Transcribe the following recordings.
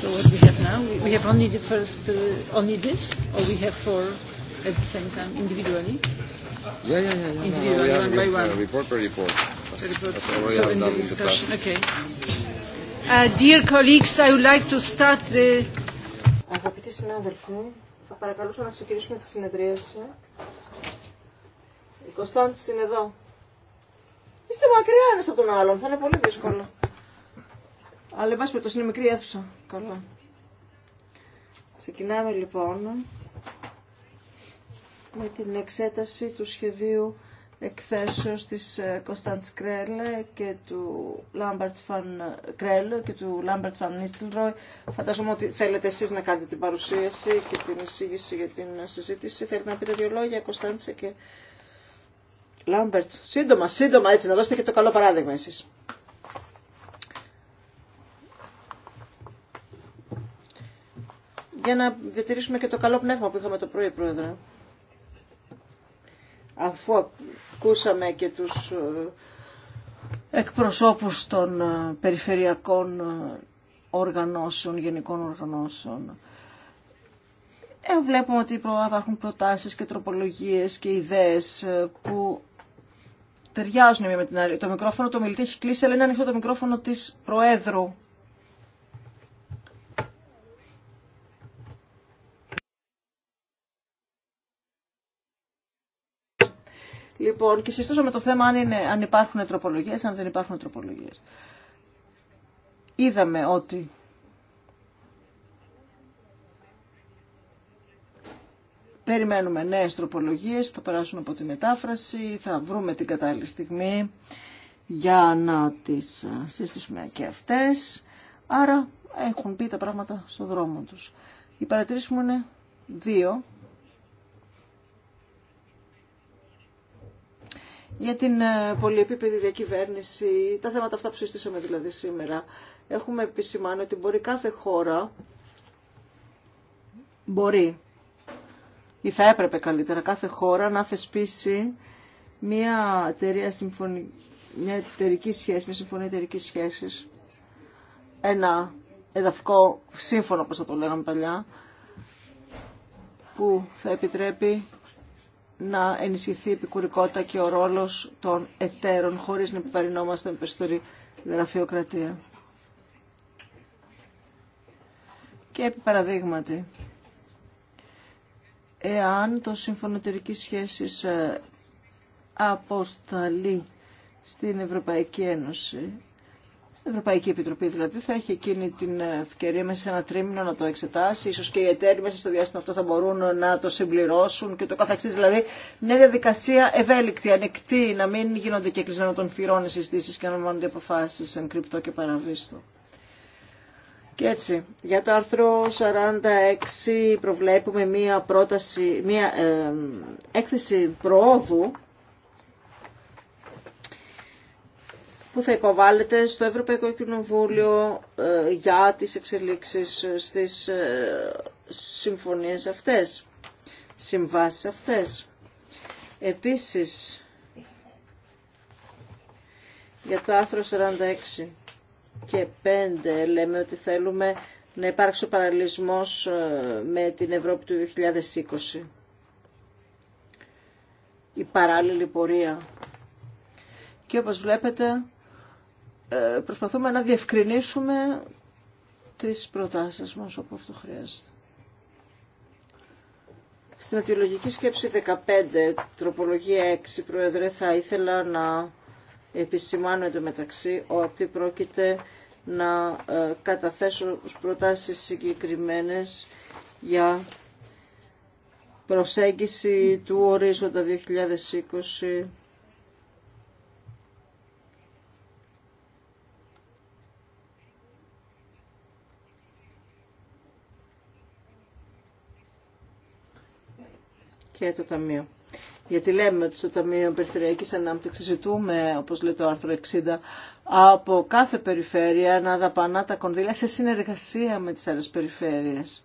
So what we have now, we have only the first, uh, only this, or we have four at the same time, individually? Yeah, yeah, yeah. yeah. Individually, no, no, one by one. Uh, Report per report. That's, That's report. So in the discussion, okay. Uh, Dear colleagues, I would like to start the... Αγαπητοί συνάδελφοι, θα παρακαλούσα να ξεκινήσουμε τη συνεδρίαση. Η Κωνσταντς είναι εδώ. Είστε μακριά ένας από τον άλλον, θα είναι πολύ δύσκολο. Αλλά εν πάση είναι μικρή αίθουσα. Καλά. Ξεκινάμε λοιπόν με την εξέταση του σχεδίου εκθέσεως της Κωνσταντς ε, Κρέλε και του Λάμπερτ Φαν Κρέλε και του Λάμπερτ Φαν Νίστιλροι. Φαντάζομαι ότι θέλετε εσείς να κάνετε την παρουσίαση και την εισήγηση για την συζήτηση. Θέλετε να πείτε δύο λόγια, Κωνσταντς και Λάμπερτ. Σύντομα, σύντομα έτσι, να δώσετε και το καλό παράδειγμα εσείς. για να διατηρήσουμε και το καλό πνεύμα που είχαμε το πρωί, Πρόεδρε. Αφού ακούσαμε και τους ε, εκπροσώπους των ε, περιφερειακών ε, οργανώσεων, γενικών οργανώσεων, ε, βλέπουμε ότι υπάρχουν προτάσεις και τροπολογίες και ιδέες που ταιριάζουν με την άλλη. Το μικρόφωνο του μιλητή έχει κλείσει, αλλά είναι ανοιχτό το μικρόφωνο της Προέδρου. Λοιπόν, και με το θέμα αν, είναι, αν υπάρχουν τροπολογίες, αν δεν υπάρχουν τροπολογίες. Είδαμε ότι περιμένουμε νέες τροπολογίες θα περάσουν από τη μετάφραση, θα βρούμε την κατάλληλη στιγμή για να τις ε, συστήσουμε και αυτές. Άρα έχουν πει τα πράγματα στο δρόμο τους. Οι παρατηρήσεις μου είναι δύο. για την ε, πολυεπίπεδη διακυβέρνηση, τα θέματα αυτά που συστήσαμε δηλαδή σήμερα. Έχουμε επισημάνει ότι μπορεί κάθε χώρα, μπορεί ή θα έπρεπε καλύτερα κάθε χώρα να θεσπίσει μια, εταιρεία συμφωνη... μια εταιρική σχέση, μια συμφωνία εταιρική σχέση, ένα εδαφικό σύμφωνο όπως θα το λέγαμε παλιά, που θα επιτρέπει να ενισχυθεί η επικουρικότητα και ο ρόλος των εταίρων χωρίς να επιβαρυνόμαστε με περισσότερη γραφειοκρατία. Και επί παραδείγματι, εάν το συμφωνοτερικής σχέση ε, αποσταλεί στην Ευρωπαϊκή Ένωση, η Ευρωπαϊκή Επιτροπή δηλαδή θα έχει εκείνη την ευκαιρία μέσα σε ένα τρίμηνο να το εξετάσει. Ίσως και οι εταίροι μέσα στο διάστημα αυτό θα μπορούν να το συμπληρώσουν και το καθεξής. Δηλαδή μια διαδικασία ευέλικτη, ανεκτή, να μην γίνονται και κλεισμένο των θυρών συστήσεις και να γίνονται αποφάσεις εν κρυπτό και παραβίστο. Και έτσι, για το άρθρο 46 προβλέπουμε μία πρόταση, μία ε, έκθεση προόδου που θα υποβάλλεται στο Ευρωπαϊκό Κοινοβούλιο ε, για τις εξελίξεις στις ε, συμφωνίες αυτές, συμβάσεις αυτές. Επίσης, για το άρθρο 46 και 5 λέμε ότι θέλουμε να υπάρξει ο παραλυσμός ε, με την Ευρώπη του 2020. Η παράλληλη πορεία. Και όπως βλέπετε ε, προσπαθούμε να διευκρινίσουμε τις προτάσεις μας όπου αυτό χρειάζεται. Στην αιτιολογική σκέψη 15, τροπολογία 6, Πρόεδρε, θα ήθελα να επισημάνω εντωμεταξύ ότι πρόκειται να ε, καταθέσω προτάσεις συγκεκριμένες για προσέγγιση του ορίζοντα 2020 και το Ταμείο. Γιατί λέμε ότι στο Ταμείο περιφερειακή Ανάπτυξης ζητούμε, όπως λέει το άρθρο 60, από κάθε περιφέρεια να δαπανά τα κονδύλια σε συνεργασία με τις άλλες περιφέρειες.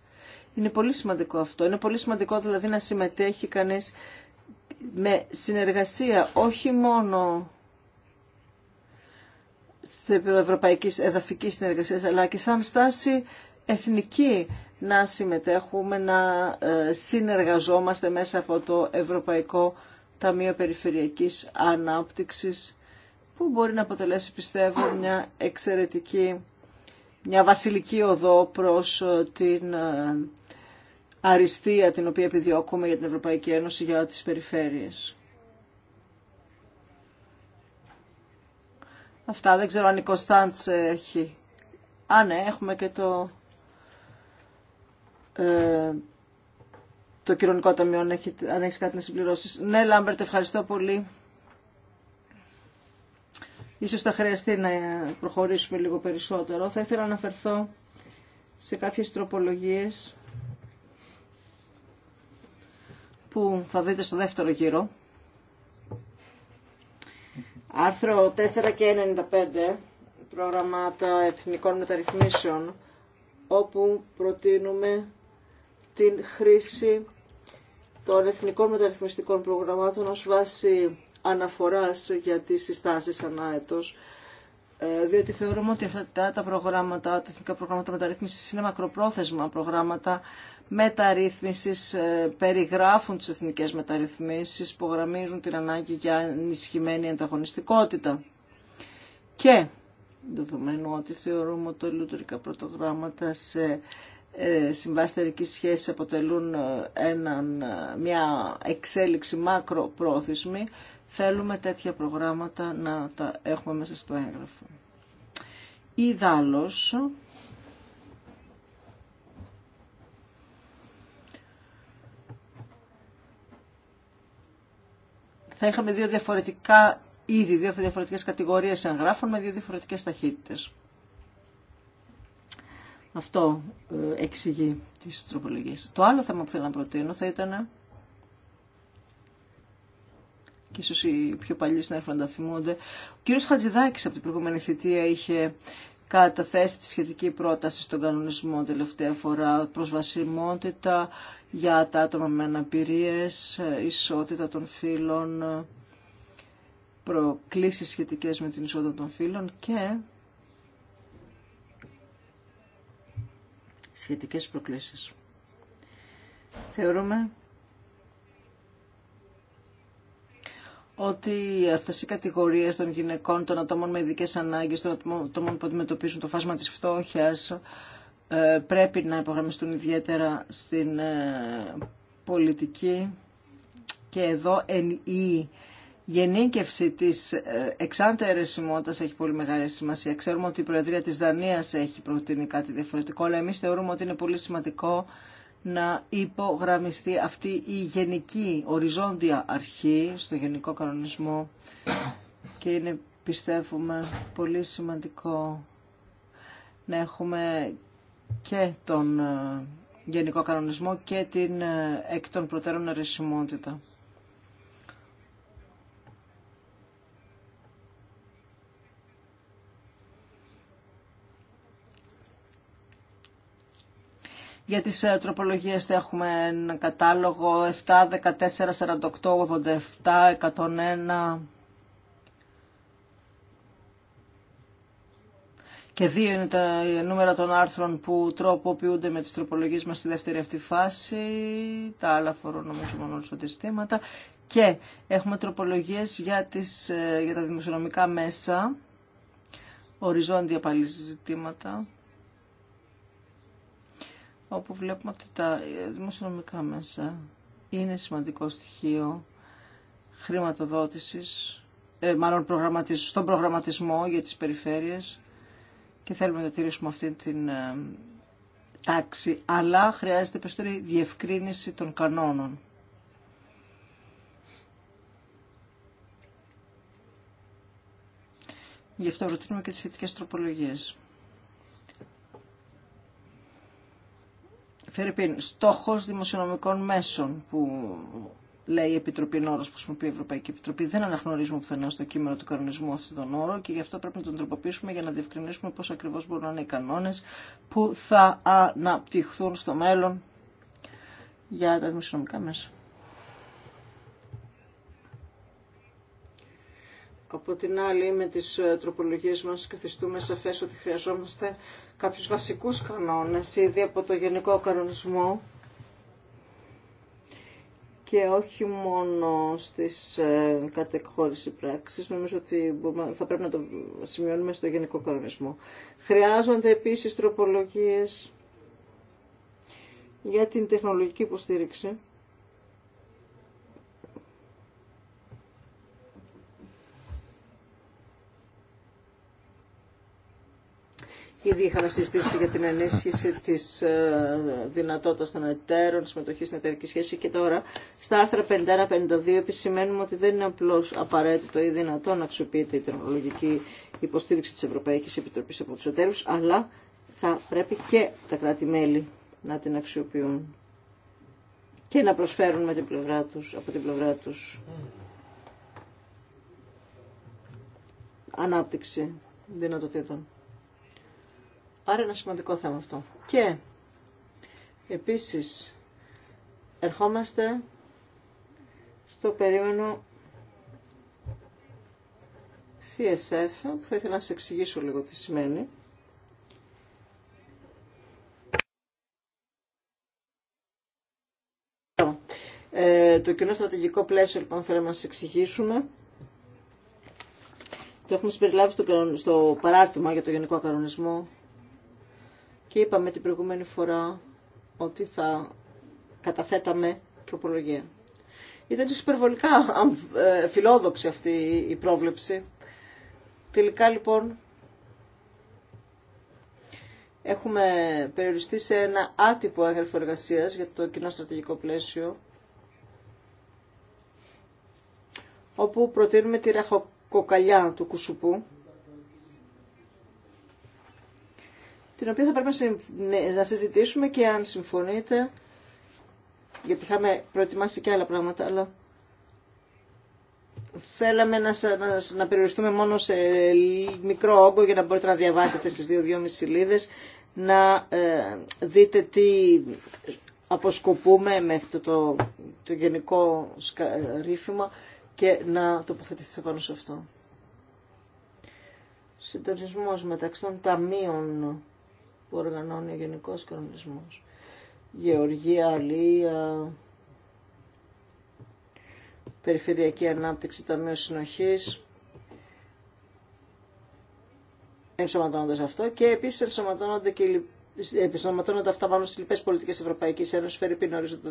Είναι πολύ σημαντικό αυτό. Είναι πολύ σημαντικό δηλαδή να συμμετέχει κανεί με συνεργασία, όχι μόνο σε επίπεδο ευρωπαϊκής εδαφικής αλλά και σαν στάση εθνική να συμμετέχουμε, να ε, συνεργαζόμαστε μέσα από το Ευρωπαϊκό Ταμείο Περιφερειακής Ανάπτυξης που μπορεί να αποτελέσει πιστεύω μια εξαιρετική, μια βασιλική οδό προς ε, την ε, αριστεία την οποία επιδιώκουμε για την Ευρωπαϊκή Ένωση για τις περιφέρειες. Αυτά δεν ξέρω αν η Κωνσταντς έχει. Α, ναι, έχουμε και το ε, το κοινωνικό ταμείο, αν έχει, κάτι να συμπληρώσει. Ναι, Λάμπερτ, ευχαριστώ πολύ. Ίσως θα χρειαστεί να προχωρήσουμε λίγο περισσότερο. Θα ήθελα να αναφερθώ σε κάποιες τροπολογίες που θα δείτε στο δεύτερο γύρο. Άρθρο 4 και 95, προγραμμάτα εθνικών μεταρρυθμίσεων, όπου προτείνουμε την χρήση των εθνικών μεταρρυθμιστικών προγραμμάτων ως βάση αναφοράς για τις συστάσεις ανά έτος, ε, διότι θεωρούμε ότι αυτά τα προγράμματα, τα εθνικά προγράμματα μεταρρύθμισης είναι μακροπρόθεσμα προγράμματα μεταρρύθμισης, ε, περιγράφουν τις εθνικές μεταρρυθμίσεις, υπογραμμίζουν την ανάγκη για ενισχυμένη ανταγωνιστικότητα. Και δεδομένου ότι θεωρούμε ότι τα ελληνικά πρωτογράμματα σε ε, συμβαστερικής σχέσης αποτελούν ε, έναν, ε, μια εξέλιξη μακροπρόθεσμη. θέλουμε τέτοια προγράμματα να τα έχουμε μέσα στο έγγραφο. Ιδάλλως, θα είχαμε δύο διαφορετικά ήδη δύο διαφορετικές κατηγορίες εγγράφων με δύο διαφορετικές ταχύτητες. Αυτό ε, εξηγεί τις τροπολογίες. Το άλλο θέμα που θέλω να προτείνω θα ήταν και ίσως οι πιο παλιοί θυμούνται. Ο κύριος Χατζηδάκης από την προηγούμενη θητεία είχε καταθέσει τη σχετική πρόταση στον κανονισμό τελευταία φορά, προσβασιμότητα για τα άτομα με αναπηρίες, ισότητα των φύλων, προκλήσεις σχετικές με την ισότητα των φύλων και σχετικές προκλήσεις. Θεωρούμε ότι αυτές οι κατηγορίες των γυναικών, των ατόμων με ειδικέ ανάγκες, των ατόμων που αντιμετωπίζουν το φάσμα της φτώχειας, ε, πρέπει να υπογραμμιστούν ιδιαίτερα στην ε, πολιτική και εδώ η γενίκευση της ε, εξάντα αιρεσιμότητας έχει πολύ μεγάλη σημασία. Ξέρουμε ότι η Προεδρία της Δανίας έχει προτείνει κάτι διαφορετικό, αλλά εμείς θεωρούμε ότι είναι πολύ σημαντικό να υπογραμμιστεί αυτή η γενική οριζόντια αρχή στο γενικό κανονισμό και είναι πιστεύουμε πολύ σημαντικό να έχουμε και τον ε, γενικό κανονισμό και την ε, εκ των προτέρων αρισιμότητα. Για τις ε, τροπολογίες έχουμε ένα κατάλογο 7, 14, 48, 87, 101 και δύο είναι τα ε, νούμερα των άρθρων που τροποποιούνται με τις τροπολογίες μας στη δεύτερη αυτή φάση. Τα άλλα αφορούν νομίζω μόνο θέματα Και έχουμε τροπολογίες για, τις, ε, για τα δημοσιονομικά μέσα, οριζόντια πάλι ζητήματα όπου βλέπουμε ότι τα δημοσιονομικά μέσα είναι σημαντικό στοιχείο χρηματοδότησης, ε, μάλλον στον προγραμματισμό για τις περιφέρειες και θέλουμε να τηρήσουμε αυτή την ε, τάξη, αλλά χρειάζεται περισσότερη διευκρίνηση των κανόνων. Γι' αυτό ρωτήνουμε και τις σχετικές τροπολογίες. Φερρυπίν, στόχος δημοσιονομικών μέσων που λέει η Επιτροπή Νόρος που χρησιμοποιεί η Ευρωπαϊκή Επιτροπή. Δεν αναγνωρίζουμε πουθενά στο κείμενο του κανονισμού αυτόν τον όρο και γι' αυτό πρέπει να τον τροποποιήσουμε για να διευκρινίσουμε πώς ακριβώς μπορούν να είναι οι κανόνες που θα αναπτυχθούν στο μέλλον για τα δημοσιονομικά μέσα. Από την άλλη, με τις ε, τροπολογίες μας καθιστούμε σαφές ότι χρειαζόμαστε κάποιους βασικούς κανόνες ήδη από το Γενικό Κανονισμό και όχι μόνο στις ε, πράξη, Νομίζω ότι θα πρέπει να το σημειώνουμε στο Γενικό Κανονισμό. Χρειάζονται επίσης τροπολογίες για την τεχνολογική υποστήριξη. Ήδη είχαμε συζητήσει για την ενίσχυση τη ε, δυνατότητα των εταίρων, συμμετοχή στην εταιρική σχέση και τώρα στα άρθρα 51-52 επισημαίνουμε ότι δεν είναι απλώ απαραίτητο ή δυνατόν να αξιοποιείται η δυνατο να αξιοποιειται υποστήριξη τη Ευρωπαϊκή Επιτροπή από του εταίρου, αλλά θα πρέπει και τα κράτη-μέλη να την αξιοποιούν και να προσφέρουν με την πλευρά από την πλευρά τους ανάπτυξη δυνατοτήτων. Άρα ένα σημαντικό θέμα αυτό. Και επίσης ερχόμαστε στο περίμενο CSF που θα ήθελα να σας εξηγήσω λίγο τι σημαίνει. Ε, το κοινό στρατηγικό πλαίσιο λοιπόν θέλω να σα εξηγήσουμε το έχουμε συμπεριλάβει στο, στο παράρτημα για το γενικό κανονισμό και είπαμε την προηγούμενη φορά ότι θα καταθέταμε τροπολογία. Ήταν υπερβολικά ε, φιλόδοξη αυτή η πρόβλεψη. Τελικά λοιπόν έχουμε περιοριστεί σε ένα άτυπο έγγραφο εργασία για το κοινό στρατηγικό πλαίσιο όπου προτείνουμε τη ραχοκοκαλιά του Κουσουπού την οποία θα πρέπει ναι, να συζητήσουμε και αν συμφωνείτε, γιατί είχαμε προετοιμάσει και άλλα πράγματα, αλλά θέλαμε να, να, περιοριστούμε μόνο σε μικρό όγκο για να μπορείτε να διαβάσετε αυτές τις δύο-δυόμιση σελίδες, να ε, δείτε τι αποσκοπούμε με αυτό το, το γενικό ρήφημα και να τοποθετηθείτε πάνω σε αυτό. Συντονισμός μεταξύ των ταμείων που οργανώνει ο Γενικός κανονισμό Γεωργία, Αλία, Περιφερειακή Ανάπτυξη, Ταμείο Συνοχής, ενσωματώνοντα αυτό και επίση ενσωματώνονται και Επισωματώνονται αυτά πάνω στι λοιπέ πολιτικέ Ευρωπαϊκή Ένωση, φέρει πριν το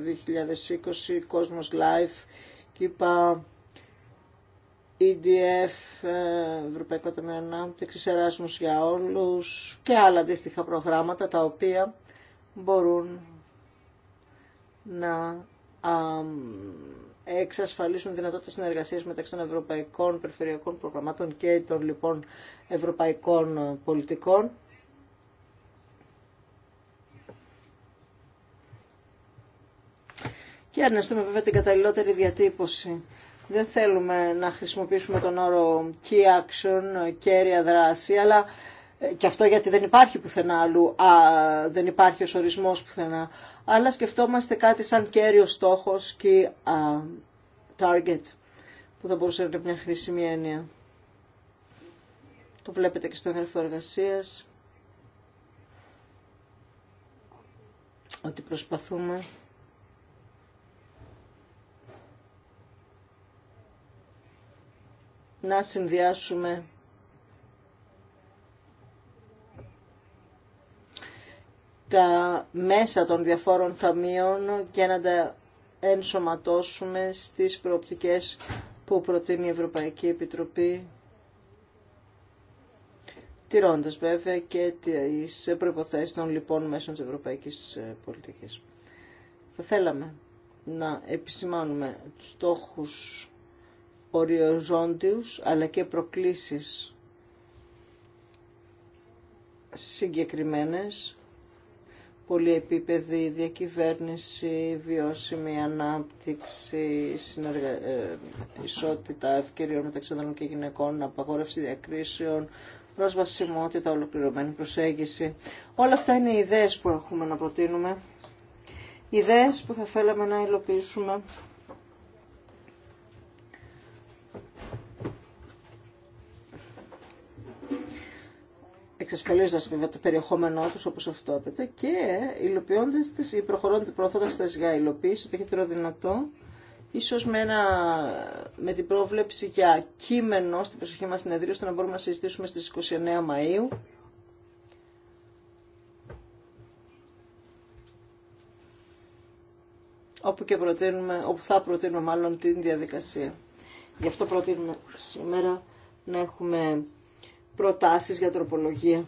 2020, Κόσμο Life, ΚΥΠΑ, EDF, ε, Ευρωπαϊκό Τομέα Ανάπτυξη, Εράσμου για όλους και άλλα αντίστοιχα προγράμματα τα οποία μπορούν να εξασφαλίσουν δυνατότητες συνεργασίας μεταξύ των ευρωπαϊκών περιφερειακών προγραμμάτων και των λοιπόν ευρωπαϊκών πολιτικών. Και αρνεστούμε βέβαια την καταλληλότερη διατύπωση δεν θέλουμε να χρησιμοποιήσουμε τον όρο key action, κέρια δράση, αλλά ε, και αυτό γιατί δεν υπάρχει πουθενά αλλού, α, δεν υπάρχει ως ορισμός πουθενά, αλλά σκεφτόμαστε κάτι σαν κέριο στόχος και target, που θα μπορούσε να είναι μια χρήσιμη έννοια. Το βλέπετε και στο εγγραφείο εργασία. ότι προσπαθούμε να συνδυάσουμε τα μέσα των διαφόρων ταμείων και να τα ενσωματώσουμε στις προοπτικές που προτείνει η Ευρωπαϊκή Επιτροπή τηρώντας βέβαια και τις προϋποθέσεις των λοιπόν μέσων της ευρωπαϊκής ε, πολιτικής. Θα θέλαμε να επισημάνουμε τους στόχους οριοζόντιους αλλά και προκλήσεις συγκεκριμένες πολυεπίπεδη διακυβέρνηση, βιώσιμη ανάπτυξη, συνεργα... Ε, ισότητα ευκαιριών μεταξύ ανδρών και γυναικών, απαγόρευση διακρίσεων, προσβασιμότητα, ολοκληρωμένη προσέγγιση. Όλα αυτά είναι οι ιδέες που έχουμε να προτείνουμε. Ιδέες που θα θέλαμε να υλοποιήσουμε εξασφαλίζοντας βέβαια το περιεχόμενό τους όπως αυτό έπαιτε και υλοποιώντας τις, ή προχωρώντας της για υλοποίηση το έχετε δυνατό ίσως με, ένα, με την πρόβλεψη για κείμενο στην προσοχή μας Εδρία ώστε να μπορούμε να συζητήσουμε στις 29 Μαΐου όπου, και προτείνουμε, όπου θα προτείνουμε μάλλον την διαδικασία. Γι' αυτό προτείνουμε σήμερα να έχουμε προτάσεις για τροπολογία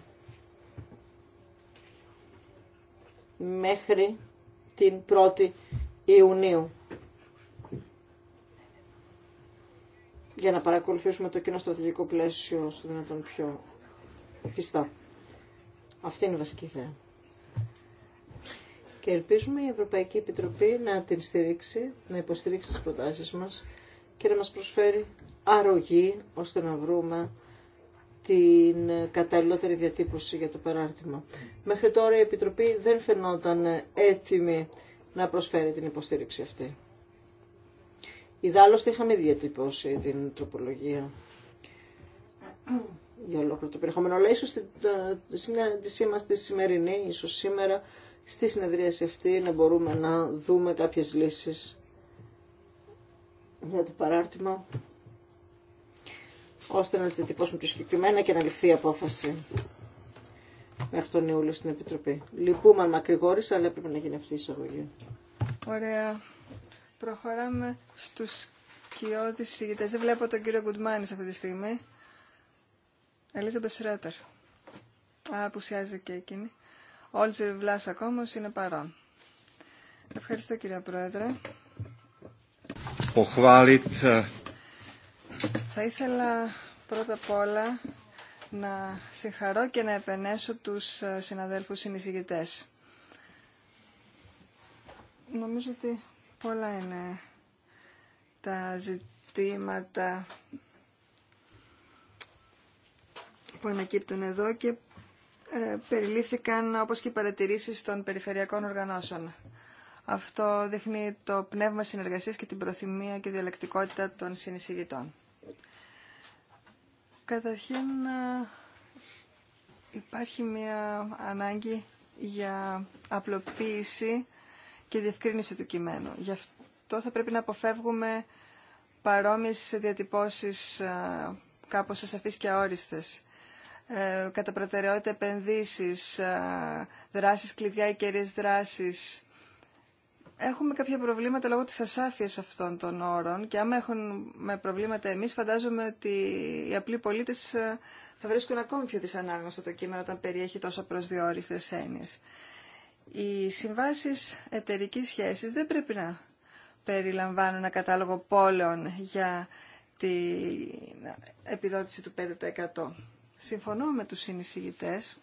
μέχρι την 1η Ιουνίου. Για να παρακολουθήσουμε το κοινό στρατηγικό πλαίσιο στο δυνατόν πιο πιστά. Αυτή είναι η βασική ιδέα. Και ελπίζουμε η Ευρωπαϊκή Επιτροπή να την στηρίξει, να υποστηρίξει τις προτάσεις μας και να μας προσφέρει αρρωγή ώστε να βρούμε την καταλληλότερη διατύπωση για το παράρτημα. Μέχρι τώρα η Επιτροπή δεν φαινόταν έτοιμη να προσφέρει την υποστήριξη αυτή. Ιδάλλωστε είχαμε διατυπώσει την τροπολογία για ολόκληρο το περιεχόμενο, αλλά ίσως στη ε, συνάντησή μας τη σημερινή, ίσως σήμερα, στη συνεδρίαση αυτή να μπορούμε να δούμε κάποιες λύσεις για το παράρτημα ώστε να τις διατυπώσουμε πιο συγκεκριμένα και να ληφθεί η απόφαση μέχρι τον Ιούλιο στην Επιτροπή. Λυπούμε αν μακρηγόρησα, αλλά έπρεπε να γίνει αυτή η εισαγωγή. Ωραία. Προχωράμε στους κοιόδης Δεν βλέπω τον κύριο Γκουτμάνη αυτή τη στιγμή. Ελίζα Μπεσρέτερ. Απουσιάζει και εκείνη. Όλτζερ Βλάσακ ακόμα είναι παρόν. Ευχαριστώ κύριε Πρόεδρε. Θα ήθελα πρώτα απ' όλα να συγχαρώ και να επενέσω τους ε, συναδέλφους συνεισηγητές. Νομίζω ότι πολλά είναι τα ζητήματα που ανακύπτουν εδώ και ε, περιλήφθηκαν όπως και οι παρατηρήσεις των περιφερειακών οργανώσεων. Αυτό δείχνει το πνεύμα συνεργασίας και την προθυμία και διαλεκτικότητα των συνεισηγητών. Καταρχήν υπάρχει μια ανάγκη για απλοποίηση και διευκρίνηση του κειμένου. Γι' αυτό θα πρέπει να αποφεύγουμε παρόμοιες διατυπώσεις κάπως ασαφείς και αόριστες. Ε, κατά προτεραιότητα επενδύσεις, δράσεις κλειδιά, κερίες δράσεις, Έχουμε κάποια προβλήματα λόγω της ασάφειας αυτών των όρων και άμα έχουμε προβλήματα εμείς φαντάζομαι ότι οι απλοί πολίτες ε, θα βρίσκουν ακόμη πιο δυσανάγνωστο το κείμενο όταν περιέχει τόσο προσδιορίστες έννοιες. Οι συμβάσεις εταιρική σχέσης δεν πρέπει να περιλαμβάνουν ένα κατάλογο πόλεων για την επιδότηση του 5%. Συμφωνώ με τους συνεισηγητές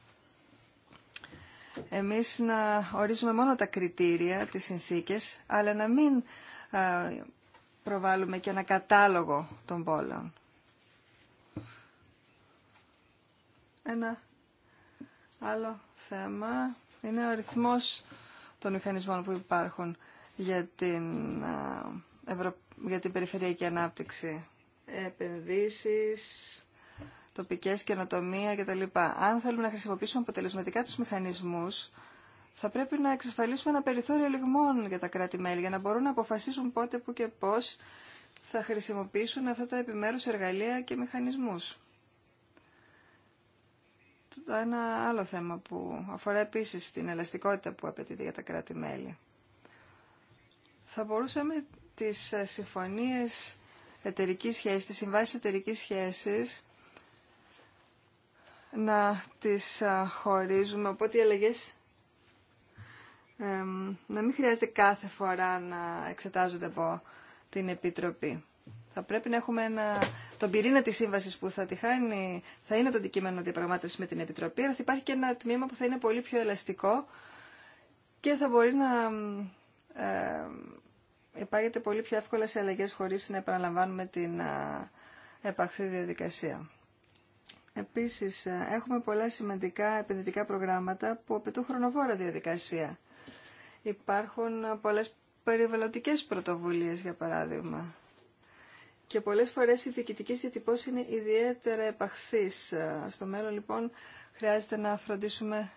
εμείς να ορίζουμε μόνο τα κριτήρια, τις συνθήκες, αλλά να μην προβάλλουμε και ένα κατάλογο των πόλεων. Ένα άλλο θέμα είναι ο ρυθμός των μηχανισμών που υπάρχουν για την, Ευρω... για την περιφερειακή ανάπτυξη. Επενδύσεις, Τοπικέ καινοτομία κτλ. Αν θέλουμε να χρησιμοποιήσουμε αποτελεσματικά του μηχανισμού, θα πρέπει να εξασφαλίσουμε ένα περιθώριο λιγμών για τα κράτη-μέλη, για να μπορούν να αποφασίσουν πότε, που και πώ θα χρησιμοποιήσουν αυτά τα επιμέρους εργαλεία και μηχανισμούς. Ένα άλλο θέμα που αφορά επίσης την ελαστικότητα που απαιτείται για τα κράτη-μέλη. Θα μπορούσαμε τις συμφωνίες εταιρικής σχέσης, τις συμβάσεις εταιρικής σχέσης, να τις χωρίζουμε, οπότε οι αλλαγές να μην χρειάζεται κάθε φορά να εξετάζονται από την Επιτροπή. Θα πρέπει να έχουμε ένα, τον πυρήνα της σύμβασης που θα, τη χάνει, θα είναι το αντικείμενο διαπραγμάτευση με την Επιτροπή, αλλά θα υπάρχει και ένα τμήμα που θα είναι πολύ πιο ελαστικό και θα μπορεί να ε, υπάγεται πολύ πιο εύκολα σε αλλαγές χωρίς να επαναλαμβάνουμε την επαχθή διαδικασία. Επίσης, ε, έχουμε πολλά σημαντικά επενδυτικά προγράμματα που απαιτούν χρονοβόρα διαδικασία. Υπάρχουν πολλές περιβαλλοντικές πρωτοβουλίες, για παράδειγμα. Και πολλές φορές οι διοικητική διατυπώσεις είναι ιδιαίτερα επαχθής. Ε, στο μέλλον, λοιπόν, χρειάζεται να φροντίσουμε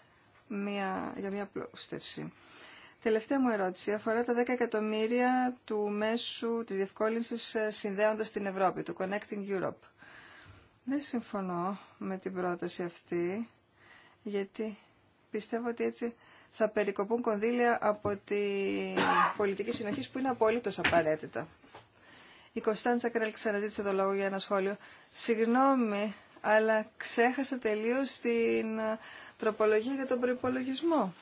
μια, για μια πλούστευση. Τελευταία μου ερώτηση αφορά τα 10 εκατομμύρια του μέσου της διευκόλυνσης ε, συνδέοντας την Ευρώπη, του Connecting Europe. Δεν συμφωνώ με την πρόταση αυτή, γιατί πιστεύω ότι έτσι θα περικοπούν κονδύλια από τη πολιτική συνοχή που είναι απολύτω απαραίτητα. Η Κωνσταντσα Κρέλ ξαναζήτησε το λόγο για ένα σχόλιο. Συγγνώμη, αλλά ξέχασα τελείως την τροπολογία για τον προπολογισμό.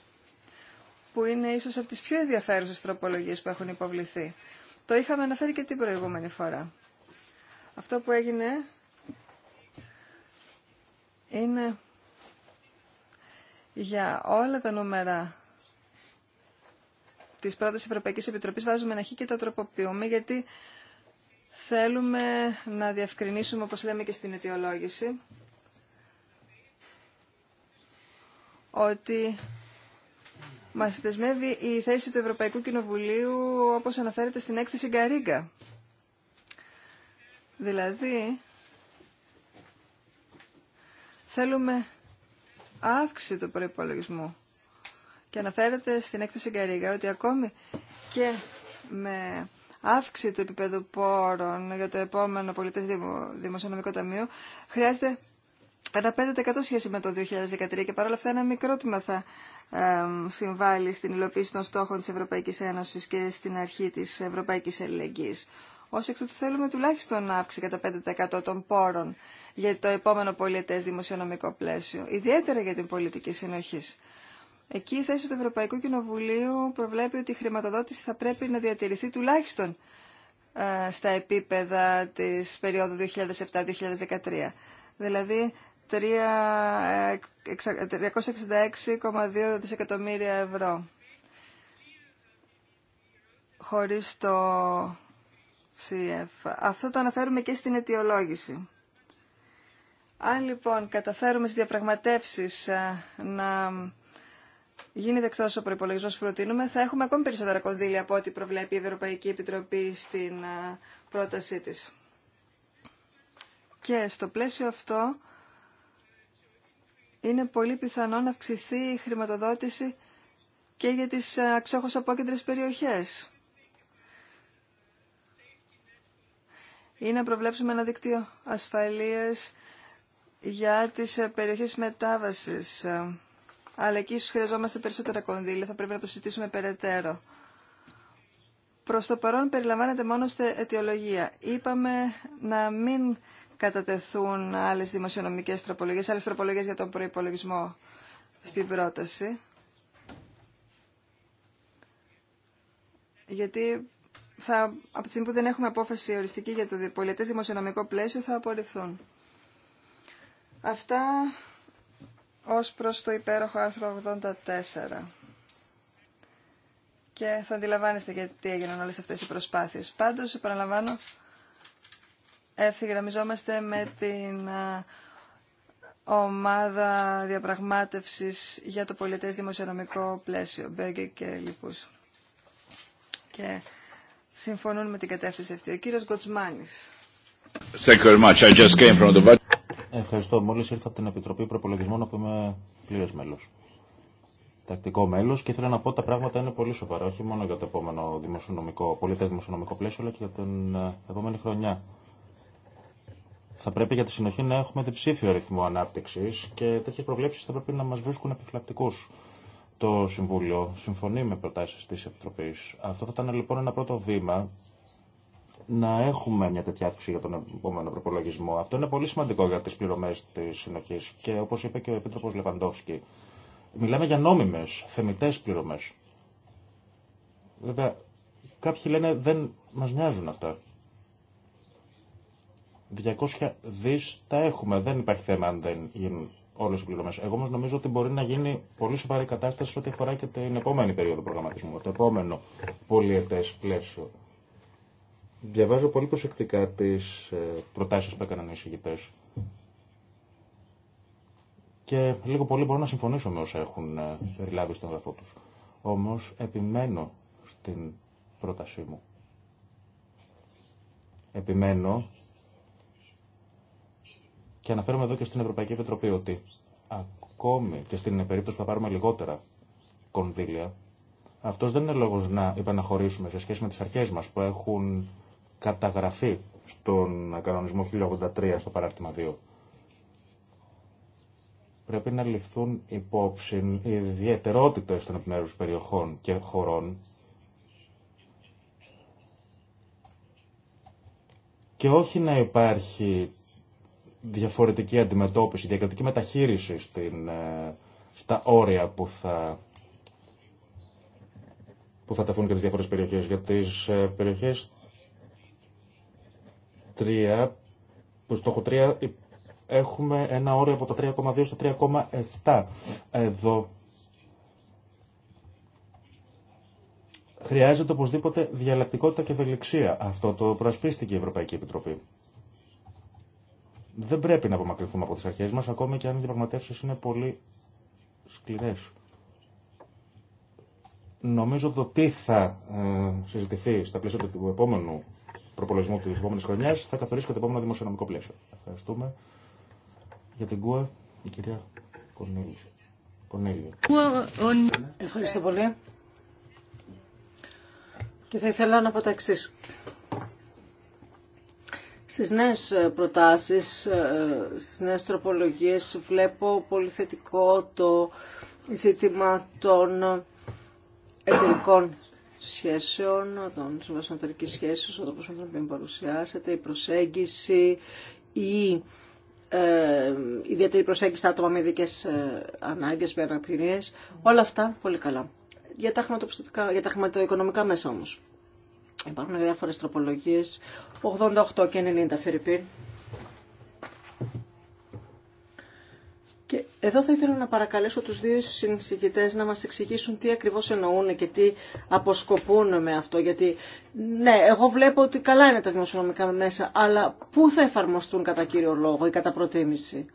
που είναι ίσως από τις πιο ενδιαφέρουσε τροπολογίε που έχουν υποβληθεί. Το είχαμε αναφέρει και την προηγούμενη φορά. Αυτό που έγινε είναι για όλα τα νούμερα της πρώτης Ευρωπαϊκής Επιτροπής βάζουμε ένα χ και τα τροποποιούμε γιατί θέλουμε να διευκρινίσουμε όπως λέμε και στην αιτιολόγηση ότι μας δεσμεύει η θέση του Ευρωπαϊκού Κοινοβουλίου όπως αναφέρεται στην έκθεση Γκαρίγκα. Δηλαδή, Θέλουμε αύξηση του προπολογισμού Και αναφέρεται στην έκθεση Γκαρίγα ότι ακόμη και με αύξηση του επίπεδου πόρων για το επόμενο πολιτές δημοσιονομικό ταμείο χρειάζεται ένα 5% σχέση με το 2013 και παρόλα αυτά ένα μικρό τμήμα θα συμβάλλει στην υλοποίηση των στόχων της Ευρωπαϊκής Ένωσης και στην αρχή της Ευρωπαϊκής Ελληνικής. Ως εκ τούτου θέλουμε τουλάχιστον να αύξη κατά 5% των πόρων για το επόμενο πολιτές δημοσιονομικό πλαίσιο, ιδιαίτερα για την πολιτική συνοχή. Εκεί η θέση του Ευρωπαϊκού Κοινοβουλίου προβλέπει ότι η χρηματοδότηση θα πρέπει να διατηρηθεί τουλάχιστον ε, στα επίπεδα της περίοδου 2007-2013. Δηλαδή 366,2 ε, ε, δισεκατομμύρια ευρώ. Χωρίς το CF. Αυτό το αναφέρουμε και στην αιτιολόγηση. Αν λοιπόν καταφέρουμε στις διαπραγματεύσεις ε, να γίνει δεκτό ο προπολογισμό που προτείνουμε, θα έχουμε ακόμη περισσότερα κονδύλια από ό,τι προβλέπει η Ευρωπαϊκή Επιτροπή στην ε, πρότασή τη. Και στο πλαίσιο αυτό είναι πολύ πιθανό να αυξηθεί η χρηματοδότηση και για τις ε, αξιόχως απόκεντρες περιοχές. ή να προβλέψουμε ένα δίκτυο ασφαλείας για τις ε, περιοχές μετάβασης. Ε, αλλά εκεί ίσως χρειαζόμαστε περισσότερα κονδύλια, θα πρέπει να το συζητήσουμε περαιτέρω. Προς το παρόν περιλαμβάνεται μόνο στη αιτιολογία. Είπαμε να μην κατατεθούν άλλες δημοσιονομικές τροπολογίες, άλλες τροπολογίες για τον προϋπολογισμό στην πρόταση. Γιατί θα, από τη στιγμή που δεν έχουμε απόφαση οριστική για το πολιτές δημοσιονομικό πλαίσιο θα απορριφθούν. Αυτά ως προς το υπέροχο άρθρο 84. Και θα αντιλαμβάνεστε γιατί έγιναν όλες αυτές οι προσπάθειες. Πάντως, επαναλαμβάνω, ευθυγραμμιζόμαστε με την ε, ομάδα διαπραγμάτευσης για το πολιτές δημοσιονομικό πλαίσιο, Μπέγκε και λοιπούς. Και συμφωνούν με την κατεύθυνση αυτή. Ο κύριος Γκοτσμάνης. Ευχαριστώ. Μόλις ήρθα από την Επιτροπή Προπολογισμών όπου είμαι πλήρες μέλος. Τακτικό μέλο και ήθελα να πω ότι τα πράγματα είναι πολύ σοβαρά, όχι μόνο για το επόμενο δημοσιονομικό, πολιτέ δημοσιονομικό πλαίσιο, αλλά και για την ε, επόμενη χρονιά. Θα πρέπει για τη συνοχή να έχουμε διψήφιο ρυθμό ανάπτυξη και τέτοιε προβλέψει θα πρέπει να μα βρίσκουν επιφυλακτικού το Συμβούλιο συμφωνεί με προτάσεις της Επιτροπής. Αυτό θα ήταν λοιπόν ένα πρώτο βήμα να έχουμε μια τέτοια αύξηση για τον επόμενο προπολογισμό. Αυτό είναι πολύ σημαντικό για τις πληρωμές της συνοχής και όπως είπε και ο Επίτροπος Λεβαντόφσκι, μιλάμε για νόμιμες, θεμητές πληρωμές. Βέβαια, κάποιοι λένε δεν μας νοιάζουν αυτά. 200 δις τα έχουμε, δεν υπάρχει θέμα αν δεν γίνουν όλε οι Εγώ όμω νομίζω ότι μπορεί να γίνει πολύ σοβαρή κατάσταση ό,τι αφορά και την επόμενη περίοδο προγραμματισμού, το επόμενο πολιετέ πλαίσιο. Διαβάζω πολύ προσεκτικά τι ε, προτάσει που έκαναν οι εισηγητέ. Και λίγο πολύ μπορώ να συμφωνήσω με όσα έχουν ε, περιλάβει στον γραφό του. Όμω επιμένω στην πρότασή μου. Επιμένω και αναφέρομαι εδώ και στην Ευρωπαϊκή Επιτροπή ότι ακόμη και στην περίπτωση που θα πάρουμε λιγότερα κονδύλια, αυτό δεν είναι λόγο να υπαναχωρήσουμε σε σχέση με τι αρχέ μα που έχουν καταγραφεί στον κανονισμό 1083 στο παράρτημα 2. Πρέπει να ληφθούν υπόψη οι ιδιαιτερότητε των επιμέρου περιοχών και χωρών και όχι να υπάρχει διαφορετική αντιμετώπιση, διακριτική μεταχείριση στην, ε, στα όρια που θα που θα τεθούν και τις διάφορες περιοχές. Για τις ε, περιοχές 3, που 3 ε, έχουμε ένα όριο από το 3,2 στο 3,7. Εδώ χρειάζεται οπωσδήποτε διαλλακτικότητα και ευελιξία. Αυτό το προασπίστηκε η Ευρωπαϊκή Επιτροπή. Δεν πρέπει να απομακρυνθούμε από τις αρχές μας, ακόμη και αν οι διαπραγματεύσεις είναι πολύ σκληρές. Νομίζω το τι θα ε, συζητηθεί στα πλαίσια του επόμενου προπολογισμού της επόμενης χρονιά θα καθορίσει και το επόμενο δημοσιονομικό πλαίσιο. Ευχαριστούμε. Για την ΚΟΑ, η κυρία Κονέλη. Ευχαριστώ πολύ. Και θα ήθελα να πω τα εξής. Στις νέες ε, προτάσεις, ε, στις νέες τροπολογίες βλέπω πολύ θετικό το ζήτημα των ε, εταιρικών σχέσεων, των συμβάσεων σχέσεων, σχέσης, ο τρόπος με τον οποίο παρουσιάσετε, η προσέγγιση, η ιδιαίτερη προσέγγιση στα άτομα με ειδικέ ε, ανάγκε, με αναπηρίε. Όλα αυτά πολύ καλά. Για τα, για τα χρηματοοικονομικά μέσα όμως. Υπάρχουν διάφορες τροπολογίες, 88 και 90 Φερρυπίν. Και εδώ θα ήθελα να παρακαλέσω τους δύο συνεισηγητές να μας εξηγήσουν τι ακριβώς εννοούν και τι αποσκοπούν με αυτό. Γιατί ναι, εγώ βλέπω ότι καλά είναι τα δημοσιονομικά μέσα, αλλά πού θα εφαρμοστούν κατά κύριο λόγο ή κατά προτίμηση.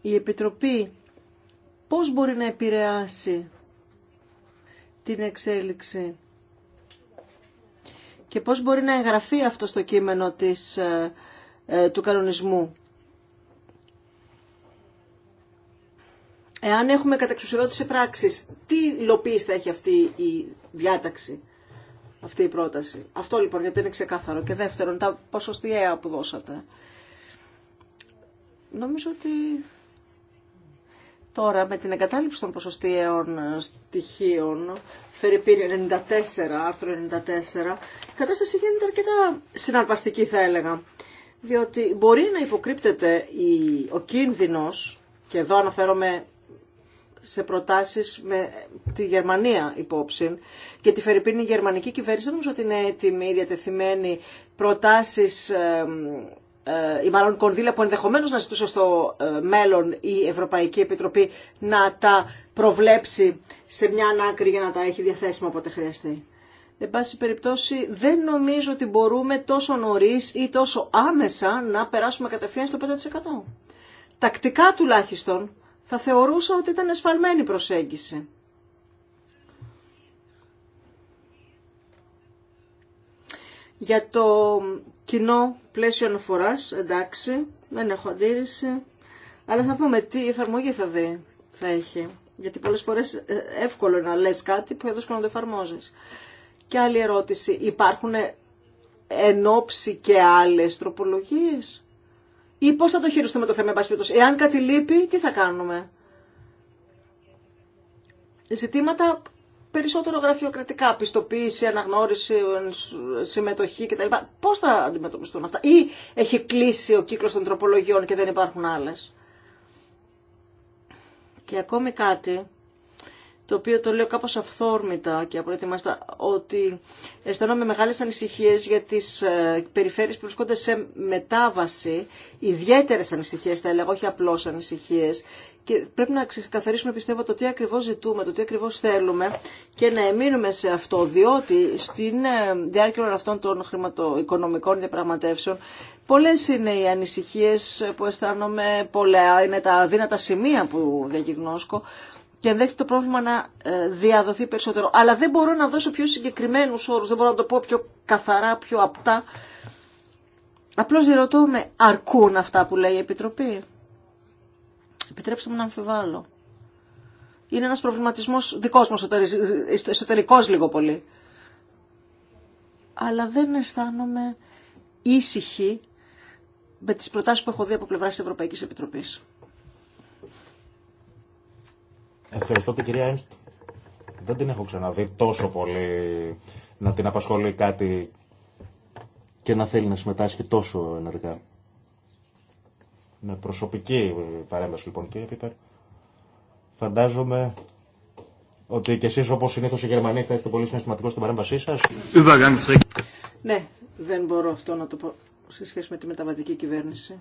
Η Επιτροπή πώς μπορεί να επηρεάσει την εξέλιξη και πώς μπορεί να εγγραφεί αυτό στο κείμενο της, ε, ε, του κανονισμού. Εάν έχουμε κατεξουσιοδότηση πράξης, τι υλοποίηση θα έχει αυτή η διάταξη, αυτή η πρόταση. Αυτό λοιπόν γιατί είναι ξεκάθαρο. Και δεύτερον, τα ποσοστιαία που δώσατε. Νομίζω ότι Τώρα με την εγκατάλειψη των ποσοστιαίων στοιχείων, Φερρυπίνη 94, άρθρο 94, η κατάσταση γίνεται αρκετά συναρπαστική θα έλεγα. Διότι μπορεί να υποκρύπτεται ο κίνδυνος, και εδώ αναφέρομαι σε προτάσεις με τη Γερμανία υπόψη και τη Φερρυπίνη η γερμανική κυβέρνηση νομίζω ότι είναι έτοιμη, διατεθειμένη προτάσεις ε, ή μάλλον κονδύλια που ενδεχομένως να ζητούσε στο ε, μέλλον η Ευρωπαϊκή Επιτροπή να τα προβλέψει σε μια ανάκρη για να τα έχει διαθέσιμα όποτε χρειαστεί. Εν πάση περιπτώσει δεν νομίζω ότι μπορούμε τόσο νωρί ή τόσο άμεσα να περάσουμε κατευθείαν στο 5%. Τακτικά τουλάχιστον θα θεωρούσα ότι ήταν εσφαλμένη προσέγγιση. Για το κοινό πλαίσιο αναφορά, εντάξει, δεν έχω αντίρρηση. Αλλά θα δούμε τι εφαρμογή θα δει, θα έχει. Γιατί πολλές φορές ε, εύκολο να λες κάτι που εδώ να το εφαρμόζεις. Και άλλη ερώτηση, υπάρχουν ενόψει και άλλες τροπολογίες ή πώς θα το χειριστούμε το θέμα, Εάν κάτι λείπει, τι θα κάνουμε. Ζητήματα περισσότερο γραφειοκρατικά, πιστοποίηση, αναγνώριση, συμμετοχή κτλ. Πώς θα αντιμετωπιστούν αυτά ή έχει κλείσει ο κύκλος των τροπολογιών και δεν υπάρχουν άλλες. Και ακόμη κάτι το οποίο το λέω κάπως αυθόρμητα και απροετοιμάστα, ότι αισθανόμαι μεγάλες ανησυχίες για τις ε, περιφέρειες που βρίσκονται σε μετάβαση, ιδιαίτερες ανησυχίες θα έλεγα, όχι απλώς ανησυχίες, και πρέπει να ξεκαθαρίσουμε πιστεύω το τι ακριβώς ζητούμε, το τι ακριβώς θέλουμε και να εμείνουμε σε αυτό, διότι στην ε, διάρκεια όλων αυτών των χρηματοοικονομικών διαπραγματεύσεων πολλές είναι οι ανησυχίες που αισθάνομαι, πολλά είναι τα αδύνατα σημεία που διακυγνώσκω, και ενδέχεται το πρόβλημα να ε, διαδοθεί περισσότερο. Αλλά δεν μπορώ να δώσω πιο συγκεκριμένους όρους, δεν μπορώ να το πω πιο καθαρά, πιο απτά. Απλώς ρωτώ με αρκούν αυτά που λέει η Επιτροπή. Επιτρέψτε μου να αμφιβάλλω. Είναι ένας προβληματισμός δικός μου, εσωτερικός λίγο πολύ. Αλλά δεν αισθάνομαι ήσυχη με τις προτάσεις που έχω δει από πλευράς της Ευρωπαϊκής Επιτροπής. Ευχαριστώ την κυρία Ένστ. Δεν την έχω ξαναδεί τόσο πολύ να την απασχολεί κάτι και να θέλει να συμμετάσχει τόσο ενεργά. Με προσωπική παρέμβαση λοιπόν κύριε Πίπερ. Φαντάζομαι ότι και εσείς όπως συνήθως οι Γερμανοί θα είστε πολύ συναισθηματικός στην παρέμβασή σας. Ναι, δεν μπορώ αυτό να το πω σε σχέση με τη μεταβατική κυβέρνηση.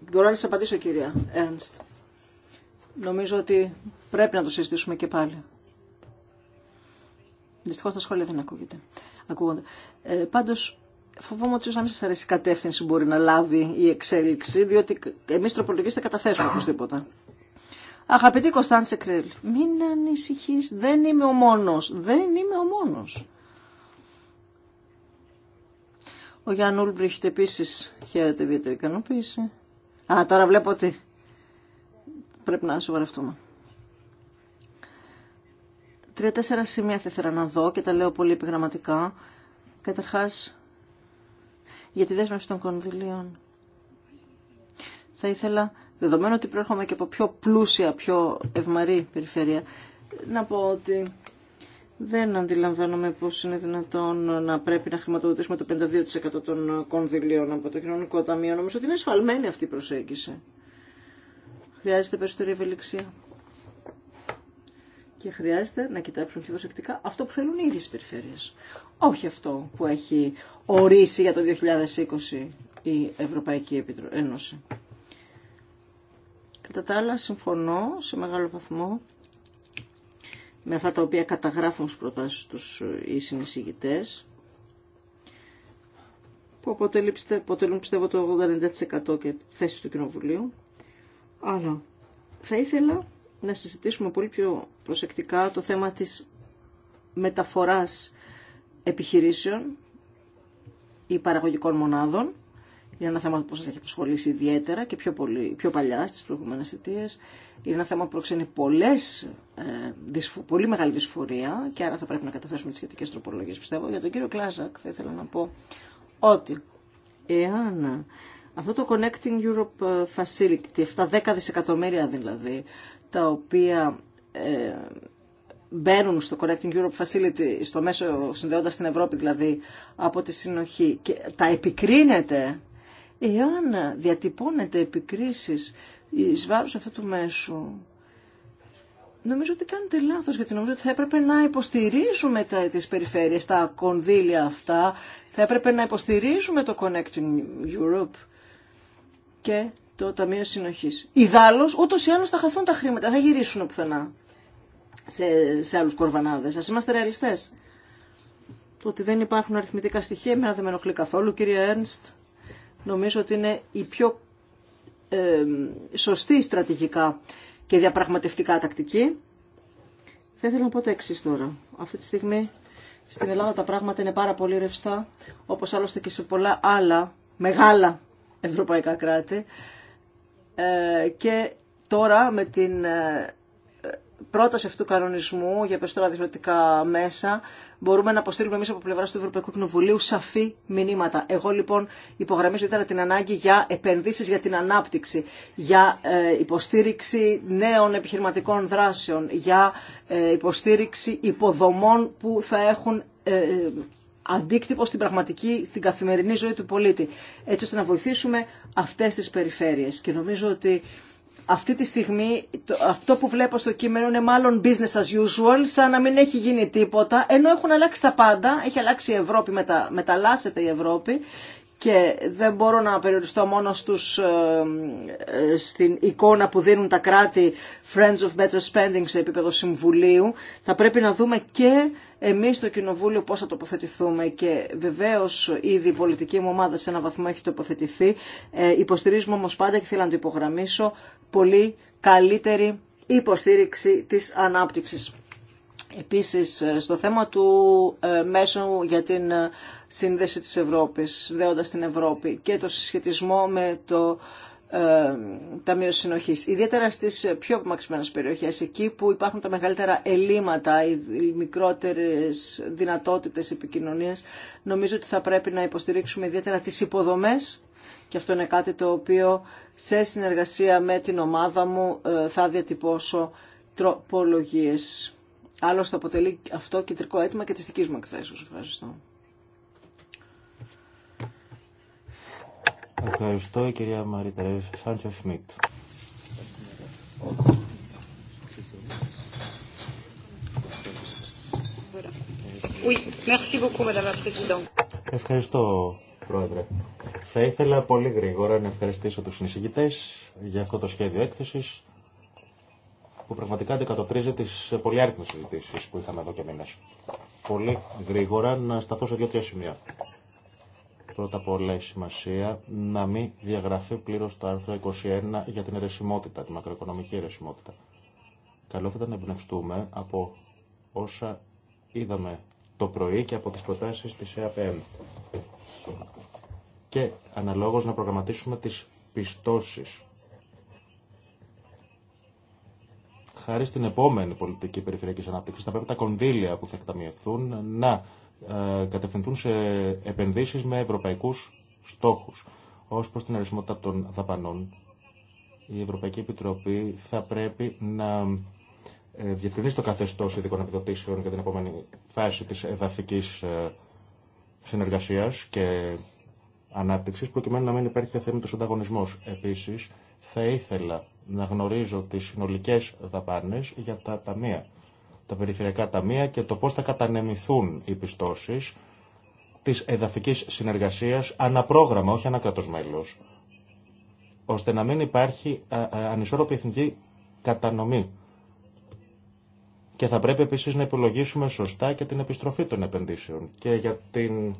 Μπορώ να σας απαντήσω κυρία Έρνστ. Νομίζω ότι πρέπει να το συζητήσουμε και πάλι. Δυστυχώ τα σχόλια δεν ακούγεται. ακούγονται. Ε, Πάντω, φοβόμαι ότι ίσω να μην σα αρέσει η κατεύθυνση μπορεί να λάβει η εξέλιξη, διότι εμείς τροπολογίστε θα καταθέσουμε οπωσδήποτε. Αγαπητή Κωνσταντσε Κρέλ, μην ανησυχεί. δεν είμαι ο μόνο. δεν είμαι ο μόνο. Ο Γιάννου Ούλμπριχτ επίση χαίρεται ιδιαίτερη ικανοποίηση. Α, τώρα βλέπω ότι πρέπει να σοβαρευτούμε. Τρία-τέσσερα σημεία θα ήθελα να δω και τα λέω πολύ επιγραμματικά. Καταρχά. για τη δέσμευση των κονδυλίων. Θα ήθελα, δεδομένου ότι προέρχομαι και από πιο πλούσια, πιο ευμαρή περιφέρεια, να πω ότι δεν αντιλαμβάνομαι πώς είναι δυνατόν να πρέπει να χρηματοδοτήσουμε το 52% των κονδυλίων από το κοινωνικό ταμείο. Νομίζω ότι είναι ασφαλμένη αυτή η προσέγγιση. Χρειάζεται περισσότερη ευελιξία. Και χρειάζεται να κοιτάξουν πιο προσεκτικά αυτό που θέλουν οι ίδιες περιφέρειες. Όχι αυτό που έχει ορίσει για το 2020 η Ευρωπαϊκή Ένωση. Κατά τα άλλα συμφωνώ σε μεγάλο βαθμό με αυτά τα οποία καταγράφουν στις προτάσεις τους οι συνεισηγητές που αποτελούν πιστεύω το 80 και θέσεις του Κοινοβουλίου. Αλλά θα ήθελα να συζητήσουμε πολύ πιο προσεκτικά το θέμα της μεταφοράς επιχειρήσεων ή παραγωγικών μονάδων είναι ένα θέμα που σας έχει απασχολήσει ιδιαίτερα και πιο, πολύ, πιο παλιά στι προηγούμενε αιτίε, Είναι ένα θέμα που προξενεί ε, πολύ μεγάλη δυσφορία και άρα θα πρέπει να καταθέσουμε τι σχετικέ τροπολογίε, πιστεύω. Για τον κύριο Κλάζακ θα ήθελα να πω ότι εάν αυτό το Connecting Europe ε, Facility, αυτά 10 δισεκατομμύρια δηλαδή, τα οποία ε, μπαίνουν στο Connecting Europe Facility, στο μέσο συνδέοντας την Ευρώπη δηλαδή, από τη συνοχή και τα επικρίνεται Εάν διατυπώνεται επικρίσεις εις βάρος αυτού του μέσου, νομίζω ότι κάνετε λάθος, γιατί νομίζω ότι θα έπρεπε να υποστηρίζουμε τα, τις περιφέρειες, τα κονδύλια αυτά, θα έπρεπε να υποστηρίζουμε το Connecting Europe και το Ταμείο Συνοχής. Ιδάλλως, ούτως ή άλλως θα χαθούν τα χρήματα, θα γυρίσουν πουθενά σε, σε άλλους κορβανάδες. Ας είμαστε ρεαλιστές. Το ότι δεν υπάρχουν αριθμητικά στοιχεία, εμένα δεν με ενοχλεί καθόλου, κύριε Έρνστ νομίζω ότι είναι η πιο σωστή στρατηγικά και διαπραγματευτικά τακτική. Θα ήθελα να πω το εξή τώρα. Αυτή τη στιγμή στην Ελλάδα τα πράγματα είναι πάρα πολύ ρευστά, όπως άλλωστε και σε πολλά άλλα μεγάλα ευρωπαϊκά κράτη. Ε, και τώρα με την ε, πρόταση αυτού του κανονισμού για περισσότερα διευθυντικά μέσα μπορούμε να αποστείλουμε εμεί από πλευρά του Ευρωπαϊκού Κοινοβουλίου σαφή μηνύματα. Εγώ λοιπόν υπογραμμίζω ήταν την ανάγκη για επενδύσει για την ανάπτυξη, για ε, υποστήριξη νέων επιχειρηματικών δράσεων, για ε, υποστήριξη υποδομών που θα έχουν ε, αντίκτυπο στην πραγματική, στην καθημερινή ζωή του πολίτη. Έτσι ώστε να βοηθήσουμε αυτές τις περιφέρειες. Και νομίζω ότι αυτή τη στιγμή αυτό που βλέπω στο κείμενο είναι μάλλον business as usual, σαν να μην έχει γίνει τίποτα, ενώ έχουν αλλάξει τα πάντα, έχει αλλάξει η Ευρώπη, μετα, μεταλλάσσεται η Ευρώπη και δεν μπορώ να περιοριστώ μόνο στους, ε, ε, στην εικόνα που δίνουν τα κράτη Friends of Better Spending σε επίπεδο συμβουλίου. Θα πρέπει να δούμε και εμείς στο Κοινοβούλιο πώς θα τοποθετηθούμε και βεβαίως ήδη η πολιτική μου ομάδα σε ένα βαθμό έχει τοποθετηθεί. Ε, υποστηρίζουμε όμως πάντα και θέλω να το υπογραμμίσω πολύ καλύτερη υποστήριξη της ανάπτυξης. Επίσης, ε, στο θέμα του ε, μέσου για την ε, σύνδεση της Ευρώπης, δέοντας την Ευρώπη και το συσχετισμό με το Ταμείο Συνοχής. Ιδιαίτερα στις πιο απομακρυσμένες περιοχές, εκεί που υπάρχουν τα μεγαλύτερα ελλείμματα, οι μικρότερες δυνατότητες επικοινωνίας, νομίζω ότι θα πρέπει να υποστηρίξουμε ιδιαίτερα τις υποδομές και αυτό είναι κάτι το οποίο σε συνεργασία με την ομάδα μου ε, θα διατυπώσω τροπολογίες. Άλλωστε αποτελεί αυτό κεντρικό αίτημα και της δικής μου εκθέσεως. Ευχαριστώ. Ευχαριστώ η κυρία Μαρίτα Σάντσο Σμιτ. Ευχαριστώ Πρόεδρε. Θα ήθελα πολύ γρήγορα να ευχαριστήσω τους συνεισηγητές για αυτό το σχέδιο έκθεσης που πραγματικά αντικατοπτρίζει τις πολυάριθμες συζητήσει που είχαμε εδώ και μήνες. Πολύ γρήγορα να σταθώ σε δύο-τρία σημεία. Πρώτα απ' όλα η σημασία να μην διαγραφεί πλήρω το άρθρο 21 για την αιρεσιμότητα, τη μακροοικονομική αιρεσιμότητα. Καλό θα ήταν να εμπνευστούμε από όσα είδαμε το πρωί και από τις προτάσεις της ΕΑΠΕΜ και αναλόγως να προγραμματίσουμε τις πιστώσεις. Χάρη στην επόμενη πολιτική περιφερειακή ανάπτυξη. θα πρέπει τα κονδύλια που θα εκταμιευθούν να ε, κατευθυνθούν σε επενδύσεις με ευρωπαϊκούς στόχους. Ως προς την αριθμότητα των δαπανών, η Ευρωπαϊκή Επιτροπή θα πρέπει να ε, διευκρινίσει το καθεστώς ειδικών επιδοτήσεων για την επόμενη φάση της εδαφικής ε, Συνεργασία και ανάπτυξης προκειμένου να μην υπάρχει αθέμητο ανταγωνισμό. Επίσης, θα ήθελα να γνωρίζω τις συνολικέ δαπάνε για τα ταμεία, τα περιφερειακά ταμεία και το πώ θα κατανεμηθούν οι πιστώσεις της εδαφικής συνεργασίας αναπρόγραμμα, όχι ανακρατός μέλος, ώστε να μην υπάρχει ε, ε, ανισόρροπη εθνική κατανομή και θα πρέπει επίση να υπολογίσουμε σωστά και την επιστροφή των επενδύσεων και για την,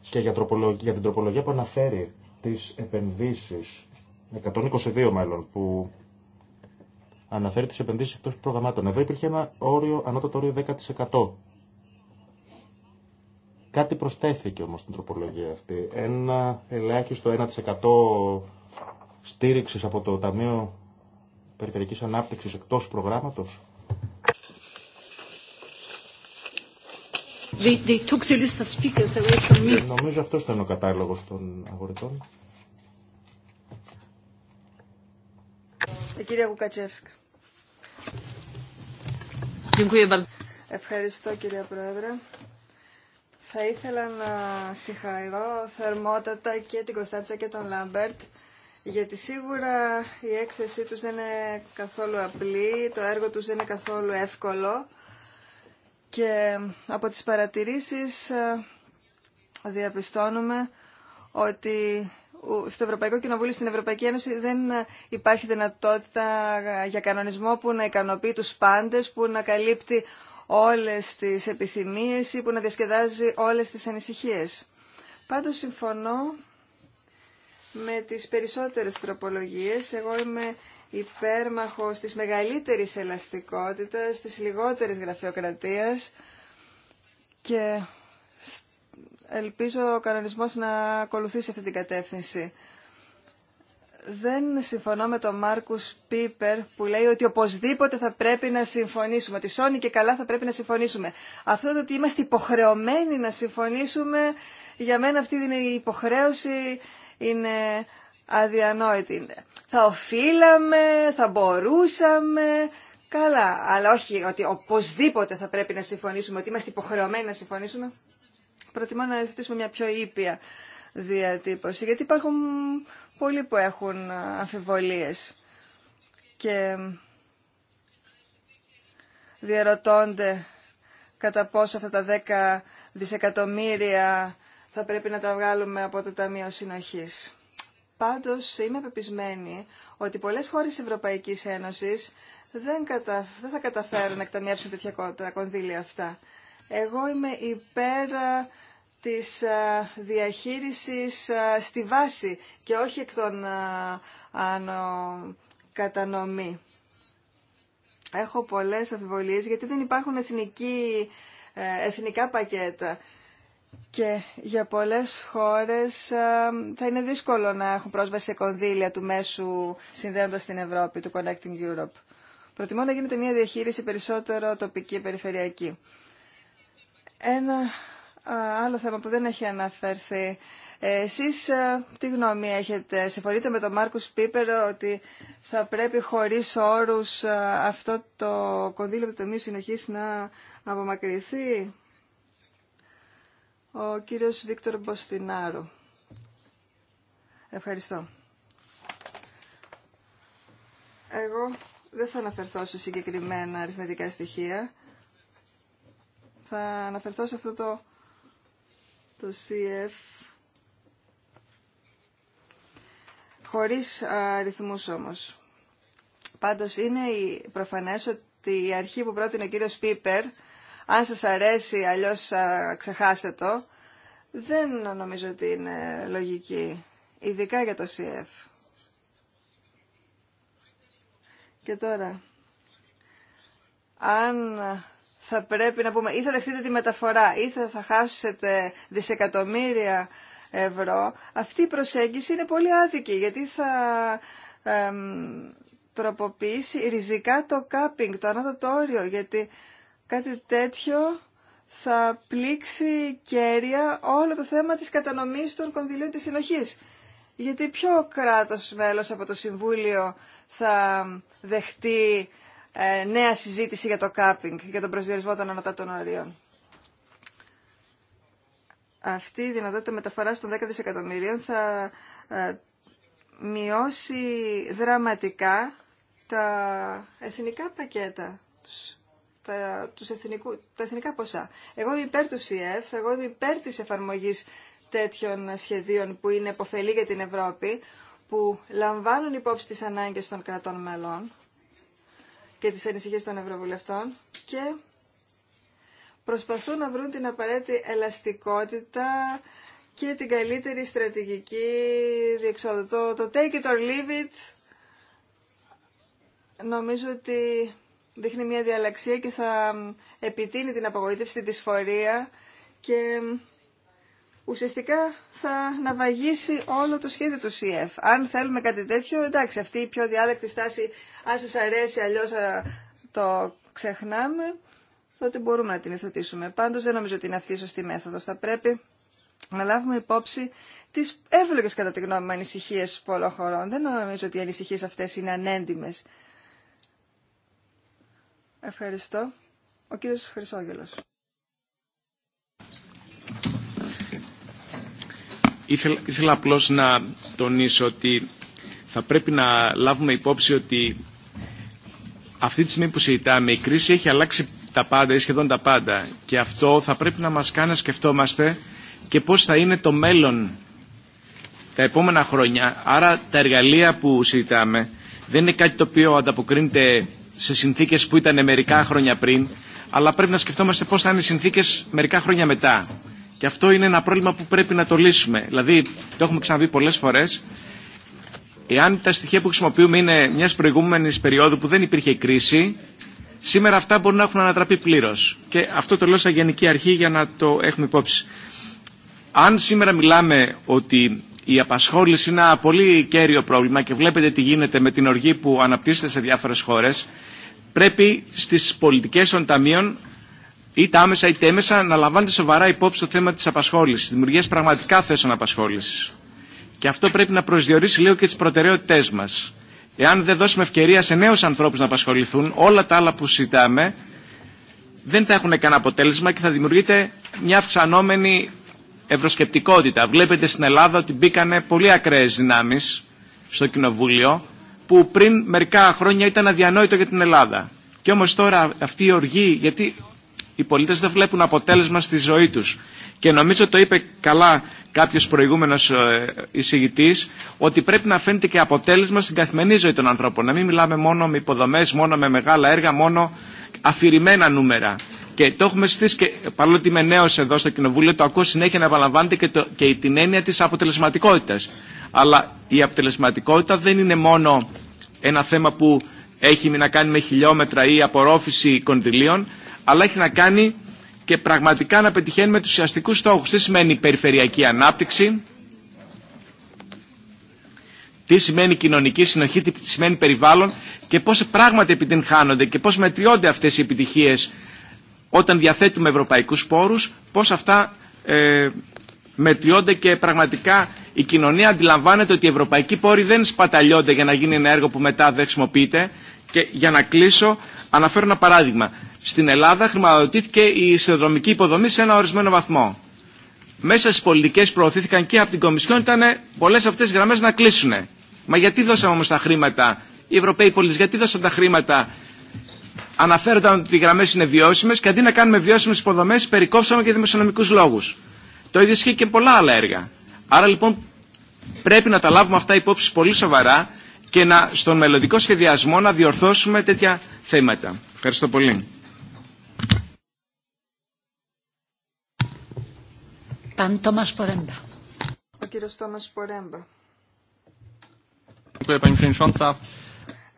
και για, τροπολογία, για την τροπολογία που αναφέρει τι επενδύσει 122 μάλλον, που αναφέρει τι επενδύσει εκτό προγραμμάτων. Εδώ υπήρχε ένα όριο, ανώτατο όριο 10%. Κάτι προσθέθηκε όμως στην τροπολογία αυτή. Ένα ελάχιστο 1% στήριξης από το Ταμείο περιφερειακής ανάπτυξης εκτός προγράμματος. They, they took from me. Ε, νομίζω αυτός ήταν ο κατάλογος των αγορετών. Ε, κυρία Γουκατσέφσκα. Ευχαριστώ κυρία Πρόεδρε. Θα ήθελα να συγχαρώ θερμότατα και την Κωνσταντσα και τον Λάμπερτ γιατί σίγουρα η έκθεσή τους δεν είναι καθόλου απλή, το έργο τους δεν είναι καθόλου εύκολο και από τις παρατηρήσεις ε, διαπιστώνουμε ότι στο Ευρωπαϊκό Κοινοβούλιο, στην Ευρωπαϊκή Ένωση δεν ε, υπάρχει δυνατότητα για κανονισμό που να ικανοποιεί τους πάντες, που να καλύπτει όλες τις επιθυμίες ή που να διασκεδάζει όλες τις ανησυχίες. Πάντως συμφωνώ με τις περισσότερες τροπολογίες. Εγώ είμαι υπέρμαχος της μεγαλύτερης ελαστικότητας, της λιγότερης γραφειοκρατίας και ελπίζω ο κανονισμός να ακολουθήσει αυτή την κατεύθυνση. Δεν συμφωνώ με τον Μάρκους Πίπερ που λέει ότι οπωσδήποτε θα πρέπει να συμφωνήσουμε, ότι σώνει και καλά θα πρέπει να συμφωνήσουμε. Αυτό το ότι είμαστε υποχρεωμένοι να συμφωνήσουμε, για μένα αυτή είναι η υποχρέωση είναι αδιανόητη. Θα οφείλαμε, θα μπορούσαμε, καλά, αλλά όχι ότι οπωσδήποτε θα πρέπει να συμφωνήσουμε, ότι είμαστε υποχρεωμένοι να συμφωνήσουμε. Προτιμώ να ευθύσουμε μια πιο ήπια διατύπωση, γιατί υπάρχουν πολλοί που έχουν αμφιβολίες και διαρωτώνται κατά πόσο αυτά τα 10 δισεκατομμύρια θα πρέπει να τα βγάλουμε από το Ταμείο συνοχή. Πάντως είμαι πεπισμένη ότι πολλές χώρες Ευρωπαϊκής Ένωσης δεν, κατα... δεν θα καταφέρουν να εκταμιεύσουν τέτοια τα κονδύλια αυτά. Εγώ είμαι υπέρ ε, της ε, διαχείρισης ε, στη βάση και όχι εκ των κατανομή. Έχω πολλές αφιβολίες γιατί δεν υπάρχουν εθνικοί εθνικά πακέτα και για πολλές χώρες ε, θα είναι δύσκολο να έχουν πρόσβαση σε κονδύλια του μέσου συνδέοντας την Ευρώπη, του Connecting Europe. Προτιμώ να γίνεται μια διαχείριση περισσότερο τοπική, περιφερειακή. Ένα άλλο θέμα που δεν έχει αναφερθεί. Εσείς ε, τι γνώμη έχετε, συμφωνείτε με τον Μάρκους Πίπερο ότι θα πρέπει χωρίς όρους ε, αυτό το κονδύλιο του τομείου Συνεχής να απομακρυνθεί ο κύριος Βίκτορ Μποστινάρου. Ευχαριστώ. Εγώ δεν θα αναφερθώ σε συγκεκριμένα αριθμητικά στοιχεία. Θα αναφερθώ σε αυτό το, το CF χωρίς αριθμούς όμως. Πάντως είναι προφανές ότι η αρχή που πρότεινε ο κύριος Πίπερ αν σας αρέσει αλλιώς ξεχάστε το, δεν νομίζω ότι είναι λογική, ειδικά για το CF. Και τώρα, αν θα πρέπει να πούμε ή θα δεχτείτε τη μεταφορά ή θα, χάσετε δισεκατομμύρια ευρώ, αυτή η προσέγγιση είναι πολύ άδικη γιατί θα τροποποιήσει ριζικά το κάπινγκ, το ανώτατο όριο, γιατί Κάτι τέτοιο θα πλήξει κέρια όλο το θέμα της κατανομής των κονδυλίων της συνοχής. Γιατί ποιο κράτος μέλος από το Συμβούλιο θα δεχτεί ε, νέα συζήτηση για το κάπινγκ, για τον προσδιορισμό των ανωτάτων ορίων. Αυτή η δυνατότητα μεταφοράς των 10 δισεκατομμυρίων θα ε, μειώσει δραματικά τα εθνικά πακέτα τους τα, τους εθνικού, τα εθνικά ποσά. Εγώ είμαι υπέρ του ΣΥΕΦ, εγώ είμαι υπέρ της εφαρμογής τέτοιων σχεδίων που είναι υποφελή για την Ευρώπη, που λαμβάνουν υπόψη τις ανάγκες των κρατών μελών και τις ανησυχίες των Ευρωβουλευτών και προσπαθούν να βρουν την απαραίτητη ελαστικότητα και την καλύτερη στρατηγική διεξόδου. Το, το take it or leave it νομίζω ότι δείχνει μια διαλαξία και θα επιτείνει την απογοήτευση, τη δυσφορία και ουσιαστικά θα ναυαγίσει όλο το σχέδιο του ΣΥΕΦ. Αν θέλουμε κάτι τέτοιο, εντάξει, αυτή η πιο διάλεκτη στάση, αν σας αρέσει, αλλιώς το ξεχνάμε, τότε μπορούμε να την υιοθετήσουμε. Πάντως δεν νομίζω ότι είναι αυτή η σωστή μέθοδος. Θα πρέπει να λάβουμε υπόψη τι εύλογε κατά τη γνώμη μου ανησυχίε πολλών χωρών. Δεν νομίζω ότι οι ανησυχίε αυτέ είναι ανέντιμες. Ευχαριστώ. Ο κύριος Χρυσόγελος. Ήθελα, απλώ απλώς να τονίσω ότι θα πρέπει να λάβουμε υπόψη ότι αυτή τη στιγμή που συζητάμε η κρίση έχει αλλάξει τα πάντα ή σχεδόν τα πάντα και αυτό θα πρέπει να μας κάνει να σκεφτόμαστε και πώς θα είναι το μέλλον τα επόμενα χρόνια. Άρα τα εργαλεία που συζητάμε δεν είναι κάτι το οποίο ανταποκρίνεται σε συνθήκες που ήταν μερικά χρόνια πριν, αλλά πρέπει να σκεφτόμαστε πώ θα είναι οι συνθήκες μερικά χρόνια μετά. Και αυτό είναι ένα πρόβλημα που πρέπει να το λύσουμε. Δηλαδή, το έχουμε ξαναπεί πολλές φορές, εάν τα στοιχεία που χρησιμοποιούμε είναι μια προηγούμενη περίοδου που δεν υπήρχε κρίση, σήμερα αυτά μπορούν να έχουν ανατραπεί πλήρω. Και αυτό το λέω σαν γενική αρχή για να το έχουμε υπόψη. Αν σήμερα μιλάμε ότι η απασχόληση είναι ένα πολύ κέριο πρόβλημα και βλέπετε τι γίνεται με την οργή που αναπτύσσεται σε διάφορες χώρες. Πρέπει στις πολιτικές των ταμείων είτε άμεσα είτε έμεσα να λαμβάνεται σοβαρά υπόψη το θέμα της απασχόλησης, δημιουργία πραγματικά θέσεων απασχόλησης. Και αυτό πρέπει να προσδιορίσει λίγο και τις προτεραιότητές μας. Εάν δεν δώσουμε ευκαιρία σε νέους ανθρώπους να απασχοληθούν, όλα τα άλλα που συζητάμε δεν θα έχουν κανένα αποτέλεσμα και θα δημιουργείται μια αυξανόμενη ευρωσκεπτικότητα. Βλέπετε στην Ελλάδα ότι μπήκανε πολύ ακραίε δυνάμει στο Κοινοβούλιο που πριν μερικά χρόνια ήταν αδιανόητο για την Ελλάδα. Και όμω τώρα αυτή η οργή, γιατί οι πολίτε δεν βλέπουν αποτέλεσμα στη ζωή του. Και νομίζω το είπε καλά κάποιο προηγούμενο ε, εισηγητή, ότι πρέπει να φαίνεται και αποτέλεσμα στην καθημερινή ζωή των ανθρώπων. Να μην μιλάμε μόνο με υποδομέ, μόνο με μεγάλα έργα, μόνο αφηρημένα νούμερα. Και το έχουμε συστήσει και παρόλο είμαι νέο εδώ στο Κοινοβούλιο, το ακούω συνέχεια να επαναλαμβάνεται και, το, την έννοια τη αποτελεσματικότητα. Αλλά η αποτελεσματικότητα δεν είναι μόνο ένα θέμα που έχει να κάνει με χιλιόμετρα ή απορρόφηση κονδυλίων, αλλά έχει να κάνει και πραγματικά να πετυχαίνουμε του ουσιαστικού στόχου. Τι σημαίνει περιφερειακή ανάπτυξη, τι σημαίνει κοινωνική συνοχή, τι σημαίνει περιβάλλον και πώς πράγματι επιτυγχάνονται και πώς μετριώνται αυτές οι επιτυχίες όταν διαθέτουμε ευρωπαϊκούς πόρους, πώς αυτά ε, μετριώνται και πραγματικά η κοινωνία αντιλαμβάνεται ότι οι ευρωπαϊκοί πόροι δεν σπαταλιώνται για να γίνει ένα έργο που μετά δεν χρησιμοποιείται. Και για να κλείσω, αναφέρω ένα παράδειγμα. Στην Ελλάδα χρηματοδοτήθηκε η σιδηροδρομική υποδομή σε ένα ορισμένο βαθμό. Μέσα στι πολιτικέ που προωθήθηκαν και από την Κομισιόν ήταν πολλέ αυτέ οι γραμμέ να κλείσουν. Μα γιατί δώσαμε όμω τα χρήματα, οι Ευρωπαίοι πολίτε, γιατί δώσαν τα χρήματα αναφέρονταν ότι οι γραμμέ είναι βιώσιμε και αντί να κάνουμε βιώσιμε υποδομέ, περικόψαμε και δημοσιονομικού λόγου. Το ίδιο ισχύει και πολλά άλλα έργα. Άρα λοιπόν πρέπει να τα λάβουμε αυτά υπόψη πολύ σοβαρά και να, στον μελλοντικό σχεδιασμό να διορθώσουμε τέτοια θέματα. Ευχαριστώ πολύ.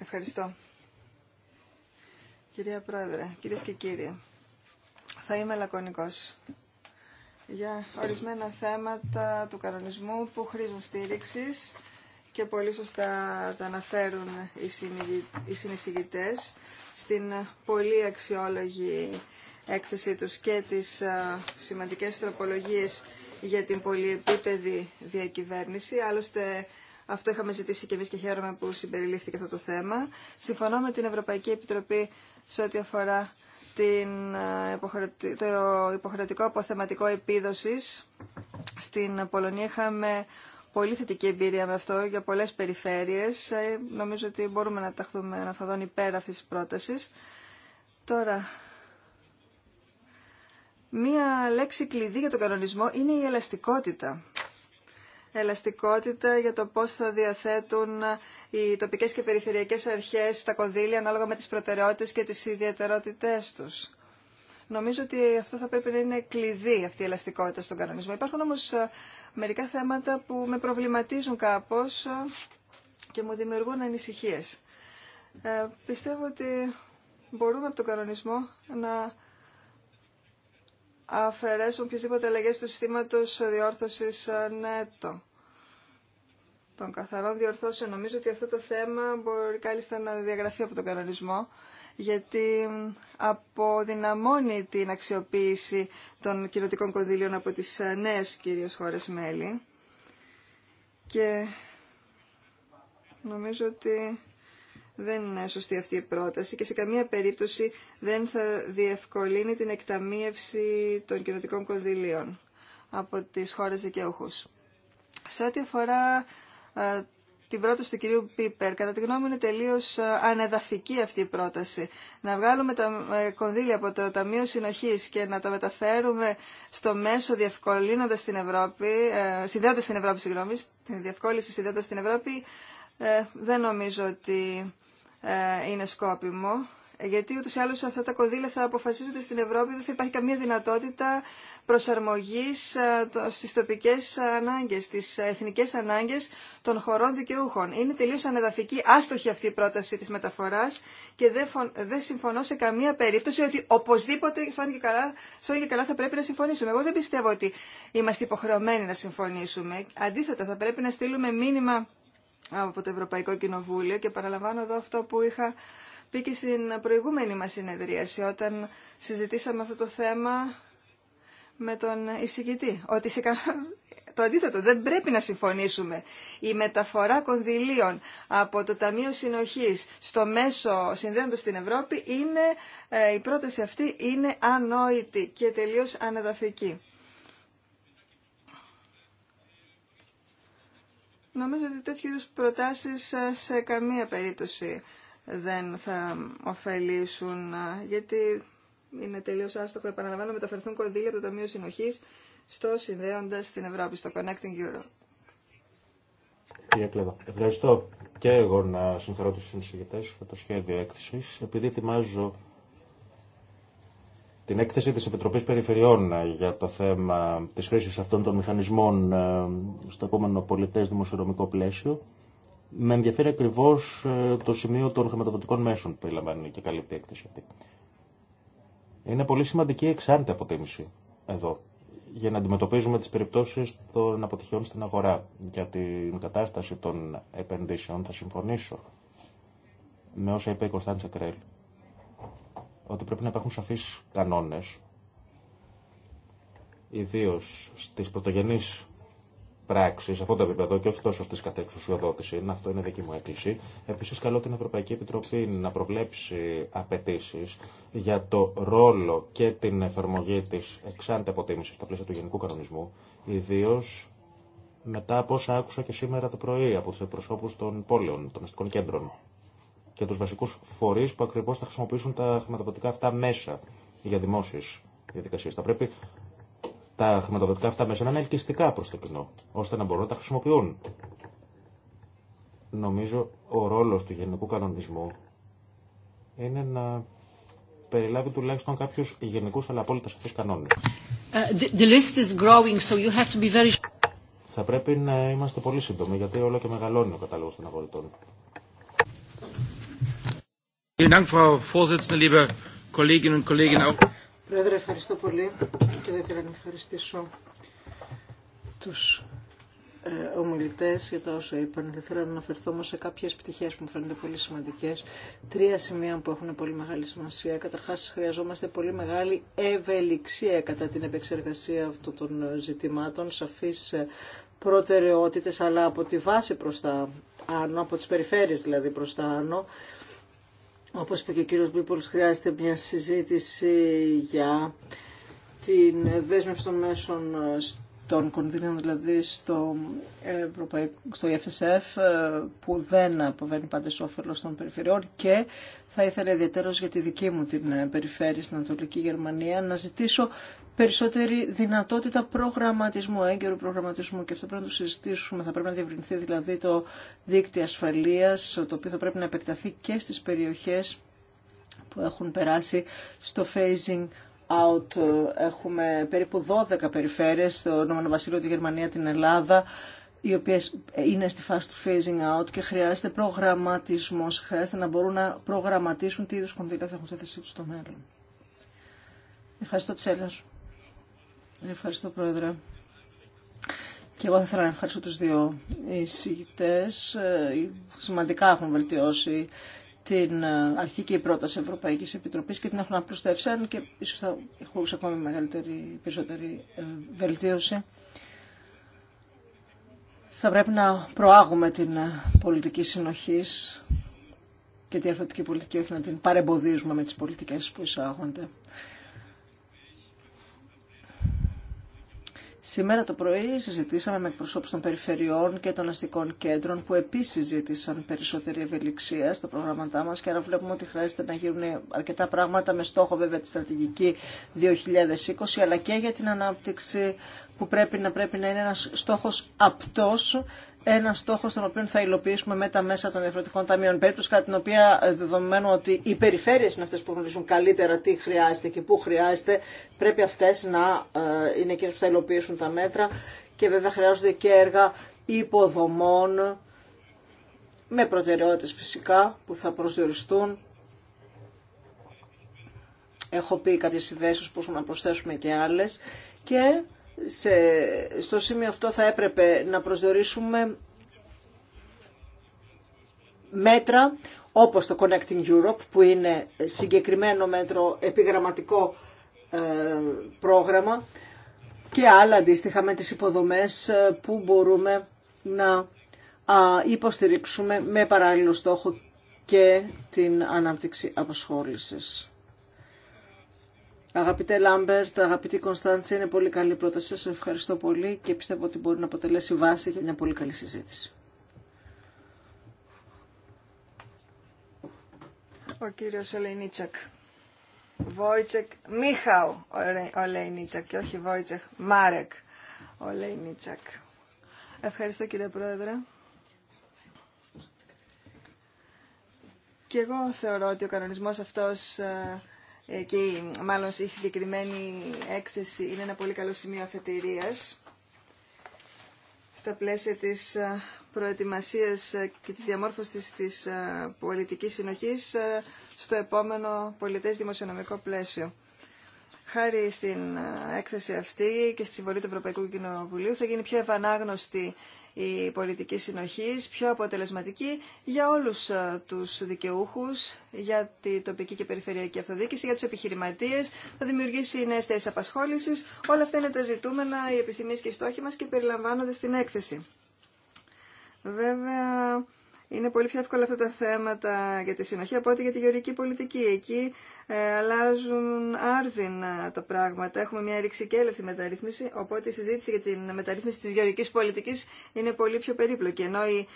Ευχαριστώ κυρία Πρόεδρε, κυρίε και κύριοι. Θα είμαι λακωνικός για ορισμένα θέματα του κανονισμού που χρήζουν στήριξη και πολύ σωστά τα αναφέρουν οι συνεισηγητές στην πολύ αξιόλογη έκθεσή τους και τις ε, σημαντικές τροπολογίες για την πολυεπίπεδη διακυβέρνηση. Άλλωστε αυτό είχαμε ζητήσει και εμείς και χαίρομαι που συμπεριλήφθηκε αυτό το θέμα. Συμφωνώ με την Ευρωπαϊκή Επιτροπή σε ό,τι αφορά την, ε, το υποχρεωτικό αποθεματικό επίδοσης στην Πολωνία είχαμε πολύ θετική εμπειρία με αυτό για πολλές περιφέρειες. Ε, νομίζω ότι μπορούμε να ταχθούμε να αναφαδόν υπέρ αυτής της πρότασης. Τώρα, μία λέξη κλειδί για τον κανονισμό είναι η ελαστικότητα ελαστικότητα για το πώς θα διαθέτουν οι τοπικές και περιφερειακές αρχές τα κονδύλια ανάλογα με τις προτεραιότητες και τις ιδιαιτερότητές τους. Νομίζω ότι αυτό θα πρέπει να είναι κλειδί αυτή η ελαστικότητα στον κανονισμό. Υπάρχουν όμως ε, μερικά θέματα που με προβληματίζουν κάπως ε, και μου δημιουργούν ανησυχίες. Ε, πιστεύω ότι μπορούμε από τον κανονισμό να αφαιρέσουν οποιασδήποτε αλλαγέ του συστήματο διόρθωση. Ε, νέτο των καθαρών διορθώσεων. Νομίζω ότι αυτό το θέμα μπορεί κάλλιστα να διαγραφεί από τον κανονισμό, γιατί αποδυναμώνει την αξιοποίηση των κοινοτικών κονδύλιων από τι ε, νέε κυρίως χώρε μέλη. Και νομίζω ότι δεν είναι σωστή αυτή η πρόταση και σε καμία περίπτωση δεν θα διευκολύνει την εκταμείευση των κοινοτικών κονδυλίων από τις χώρες δικαιούχους. Σε ό,τι αφορά ε, την πρόταση του κυρίου Πίπερ. Κατά τη γνώμη μου είναι τελείω ε, ανεδαφική αυτή η πρόταση. Να βγάλουμε τα ε, κονδύλια από το Ταμείο Συνοχής και να τα μεταφέρουμε στο μέσο διευκολύνοντας την Ευρώπη, ε, την Ευρώπη, συγγνώμη, διευκόλυνση Ευρώπη, δεν νομίζω ότι ε, είναι σκόπιμο, γιατί ούτως ή άλλως αυτά τα κονδύλια θα αποφασίζονται στην Ευρώπη, δεν θα υπάρχει καμία δυνατότητα προσαρμογής ε, στις τοπικές ανάγκες, στις εθνικές ανάγκες των χωρών δικαιούχων. Είναι τελείως ανεδαφική, άστοχη αυτή η πρόταση της μεταφοράς και δεν συμφωνώ σε καμία περίπτωση ότι οπωσδήποτε, σαν και, καλά, και καλά θα πρέπει να συμφωνήσουμε. Εγώ δεν πιστεύω ότι είμαστε υποχρεωμένοι να συμφωνήσουμε. Αντίθετα, θα πρέπει να στείλουμε μήνυμα από το Ευρωπαϊκό Κοινοβούλιο και παραλαμβάνω εδώ αυτό που είχα πει και στην προηγούμενη μας συνεδρίαση όταν συζητήσαμε αυτό το θέμα με τον εισηγητή. Ότι σε κα... Το αντίθετο, δεν πρέπει να συμφωνήσουμε. Η μεταφορά κονδυλίων από το Ταμείο Συνοχής στο μέσο συνδέοντος στην Ευρώπη είναι, ε, η πρόταση αυτή είναι ανόητη και τελείως αναδαφική. Νομίζω ότι τέτοιου είδου προτάσεις ε, σε καμία περίπτωση δεν θα ωφελήσουν, ε, γιατί είναι τελείως άστοχο, επαναλαμβάνω, μεταφερθούν κονδύλια από το Ταμείο Συνοχής στο συνδέοντα στην Ευρώπη, στο Connecting Europe. Κύριε Κλέβα, ευχαριστώ και εγώ να συγχαρώ τους συνεισηγητέ για το σχέδιο έκθεση, επειδή ετοιμάζω την έκθεση της Επιτροπής Περιφερειών ε, για το θέμα της χρήσης αυτών των μηχανισμών ε, στο επόμενο πολιτές δημοσιονομικό πλαίσιο, με ενδιαφέρει ακριβώ ε, το σημείο των χρηματοδοτικών μέσων που περιλαμβάνει και καλύπτει η έκθεση αυτή. Είναι πολύ σημαντική η εξάρτητη αποτίμηση εδώ για να αντιμετωπίζουμε τις περιπτώσεις των αποτυχιών στην αγορά. Για την κατάσταση των επενδύσεων θα συμφωνήσω με όσα είπε η Κωνσταντσα Κρέλ ότι πρέπει να υπάρχουν σαφείς κανόνες, ιδίω στις πρωτογενείς πράξεις, σε αυτό το επίπεδο και όχι τόσο στις είναι αυτό είναι δική μου έκκληση. Επίσης καλό την Ευρωπαϊκή Επιτροπή να προβλέψει απαιτήσει για το ρόλο και την εφαρμογή της εξάντια αποτίμησης στα πλαίσια του Γενικού Κανονισμού, ιδίω μετά από όσα άκουσα και σήμερα το πρωί από τους εκπροσώπους των πόλεων, των αστικών κέντρων και του βασικού φορεί που ακριβώ θα χρησιμοποιήσουν τα χρηματοδοτικά αυτά μέσα για δημόσιε διαδικασίε. Θα πρέπει τα χρηματοδοτικά αυτά μέσα να είναι ελκυστικά προ το κοινό, ώστε να μπορούν να τα χρησιμοποιούν. Νομίζω ο ρόλο του γενικού κανονισμού είναι να περιλάβει τουλάχιστον κάποιου γενικού αλλά απόλυτα σαφεί κανόνες. very... Θα πρέπει να είμαστε πολύ σύντομοι, γιατί όλο και μεγαλώνει ο κατάλογο των αγορητών. Πρόεδρε, ευχαριστώ πολύ και δεν ήθελα να ευχαριστήσω του ε, ομιλητές για τα όσα είπαν. Θα ήθελα να αναφερθώ όμως σε κάποιες πτυχές που μου φαίνονται πολύ σημαντικές. Τρία σημεία που έχουν πολύ μεγάλη σημασία. Καταρχάς χρειαζόμαστε πολύ μεγάλη ευελιξία κατά την επεξεργασία αυτών των ζητημάτων, σαφής ε, προτεραιότητε, αλλά από τη βάση προ τα άνω, από τις περιφέρειες δηλαδή προ τα άνω, όπως είπε και ο κύριος Μπίπολς, χρειάζεται μια συζήτηση για την δέσμευση των μέσων των κονδύλων, δηλαδή στο, ε, Ευρωπαϊκό, στο EFSF, ε, που δεν αποβαίνει πάντα σε όφελος των περιφερειών και θα ήθελα ιδιαίτερα για τη δική μου την ε, περιφέρεια στην Ανατολική Γερμανία να ζητήσω περισσότερη δυνατότητα προγραμματισμού, έγκαιρου προγραμματισμού και αυτό πρέπει να το συζητήσουμε. Θα πρέπει να διευρυνθεί δηλαδή το δίκτυο ασφαλείας, το οποίο θα πρέπει να επεκταθεί και στις περιοχές που έχουν περάσει στο phasing out. Έχουμε περίπου 12 περιφέρειες, στο Νόμενο Βασίλειο, τη Γερμανία, την Ελλάδα, οι οποίες είναι στη φάση του phasing out και χρειάζεται προγραμματισμός. χρειάζεται να μπορούν να προγραμματίσουν τι είδου κονδύλια θα έχουν θέση του στο μέλλον. Ευχαριστώ, Ευχαριστώ, Πρόεδρε. Και εγώ θα ήθελα να ευχαριστώ τους δύο εισηγητές. Ε, σημαντικά έχουν βελτιώσει την ε, αρχική πρόταση Ευρωπαϊκής Επιτροπής και την έχουν απλουστεύσει, και ίσως θα έχουν ακόμη μεγαλύτερη, περισσότερη ε, βελτίωση. Θα πρέπει να προάγουμε την πολιτική συνοχή και τη διαφορετική πολιτική, όχι να την παρεμποδίζουμε με τις πολιτικές που εισάγονται. Σήμερα το πρωί συζητήσαμε με εκπροσώπου των περιφερειών και των αστικών κέντρων που επίση ζήτησαν περισσότερη ευελιξία στα προγράμματά μας και άρα βλέπουμε ότι χρειάζεται να γίνουν αρκετά πράγματα με στόχο βέβαια τη στρατηγική 2020 αλλά και για την ανάπτυξη που πρέπει να, πρέπει να είναι ένα στόχος απτό ένα στόχο τον οποίο θα υλοποιήσουμε με τα μέσα των διαφορετικών ταμείων. Περίπτωση κατά την οποία, δεδομένου ότι οι περιφέρειε είναι αυτέ που γνωρίζουν καλύτερα τι χρειάζεται και πού χρειάζεται, πρέπει αυτέ να ε, είναι εκείνε που θα υλοποιήσουν τα μέτρα. Και βέβαια χρειάζονται και έργα υποδομών, με προτεραιότητε φυσικά που θα προσδιοριστούν. Έχω πει κάποιες ιδέες ώστε να προσθέσουμε και άλλες και σε, στο σημείο αυτό θα έπρεπε να προσδιορίσουμε μέτρα όπως το Connecting Europe που είναι συγκεκριμένο μέτρο επιγραμματικό ε, πρόγραμμα και άλλα αντίστοιχα με τις υποδομές ε, που μπορούμε να υποστηρίξουμε με παράλληλο στόχο και την ανάπτυξη απασχόλησης. Αγαπητέ Λάμπερτ, αγαπητή Κωνσταντζή, είναι πολύ καλή πρόταση. Σα ευχαριστώ πολύ και πιστεύω ότι μπορεί να αποτελέσει βάση για μια πολύ καλή συζήτηση. Ο κύριος Ολεϊνίτσακ. Βόιτσεκ Μίχαου Ολεϊνίτσακ και όχι Βόιτσεκ Μάρεκ Ολεϊνίτσακ. Ευχαριστώ κύριε Πρόεδρε. Και εγώ θεωρώ ότι ο κανονισμός αυτός ε, ε, και μάλλον η συγκεκριμένη έκθεση είναι ένα πολύ καλό σημείο αφετηρίας στα πλαίσια της ε, προετοιμασίας ε, και της διαμόρφωσης της πολιτικής συνοχής στο επόμενο πολιτές δημοσιονομικό πλαίσιο. Χάρη στην έκθεση αυτή και στη συμβολή του Ευρωπαϊκού Κοινοβουλίου θα γίνει πιο ευανάγνωστη η πολιτική συνοχής πιο αποτελεσματική για όλους ε, τους δικαιούχους, για τη τοπική και περιφερειακή αυτοδιοίκηση, για τους επιχειρηματίες, θα δημιουργήσει νέες θέσεις απασχόλησης. Όλα αυτά είναι τα ζητούμενα, οι επιθυμίες και οι στόχοι μας και περιλαμβάνονται στην έκθεση. Βέβαια, είναι πολύ πιο εύκολα αυτά τα θέματα για τη συνοχή από ό,τι για τη γεωρική πολιτική. Εκεί ε, αλλάζουν άρδινα ε, τα πράγματα. Έχουμε μια ρηξικέλευτη μεταρρύθμιση, οπότε η συζήτηση για την μεταρρύθμιση της γεωργικής πολιτικής είναι πολύ πιο περίπλοκη. Ενώ η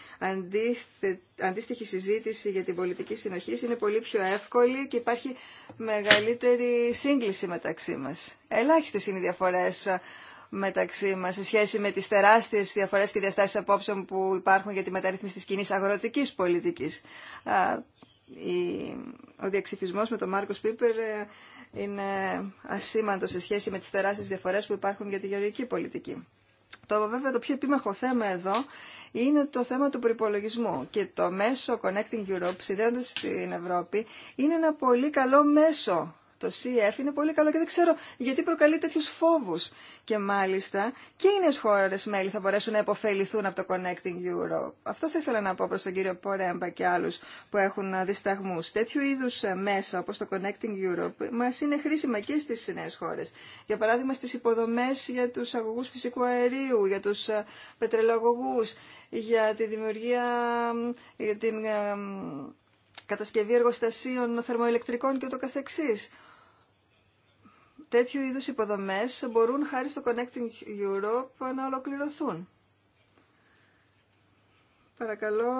αντίστοιχη συζήτηση για την πολιτική συνοχή είναι πολύ πιο εύκολη και υπάρχει μεγαλύτερη σύγκληση μεταξύ μα. Ελάχιστε είναι οι διαφορέ. Ε, μεταξύ μα σε σχέση με τι τεράστιε διαφορέ και διαστάσει απόψεων που υπάρχουν για τη μεταρρύθμιση τη κοινή αγροτική πολιτική. Ο διαξυφισμός με τον Μάρκο Πίπερ ε, είναι ασήμαντο σε σχέση με τι τεράστιε διαφορέ που υπάρχουν για τη γεωργική πολιτική. Το βέβαια το πιο επίμαχο θέμα εδώ είναι το θέμα του προπολογισμού και το μέσο Connecting Europe, συνδέοντας την Ευρώπη, είναι ένα πολύ καλό μέσο το CF είναι πολύ καλό και δεν ξέρω γιατί προκαλεί τέτοιου φόβου. Και μάλιστα και οι νέε χώρε μέλη θα μπορέσουν να υποφεληθούν από το Connecting Europe. Αυτό θα ήθελα να πω προ τον κύριο Πορέμπα και άλλου που έχουν δισταγμού. Τέτοιου είδου ε, μέσα όπω το Connecting Europe μα είναι χρήσιμα και στι νέε χώρε. Για παράδειγμα στι υποδομέ για του αγωγού φυσικού αερίου, για του ε, πετρελαγωγού, για τη δημιουργία, για την ε, κατασκευή εργοστασίων θερμοελεκτρικών και ούτω καθεξής τέτοιου είδους υποδομές μπορούν χάρη στο Connecting Europe να ολοκληρωθούν. Παρακαλώ,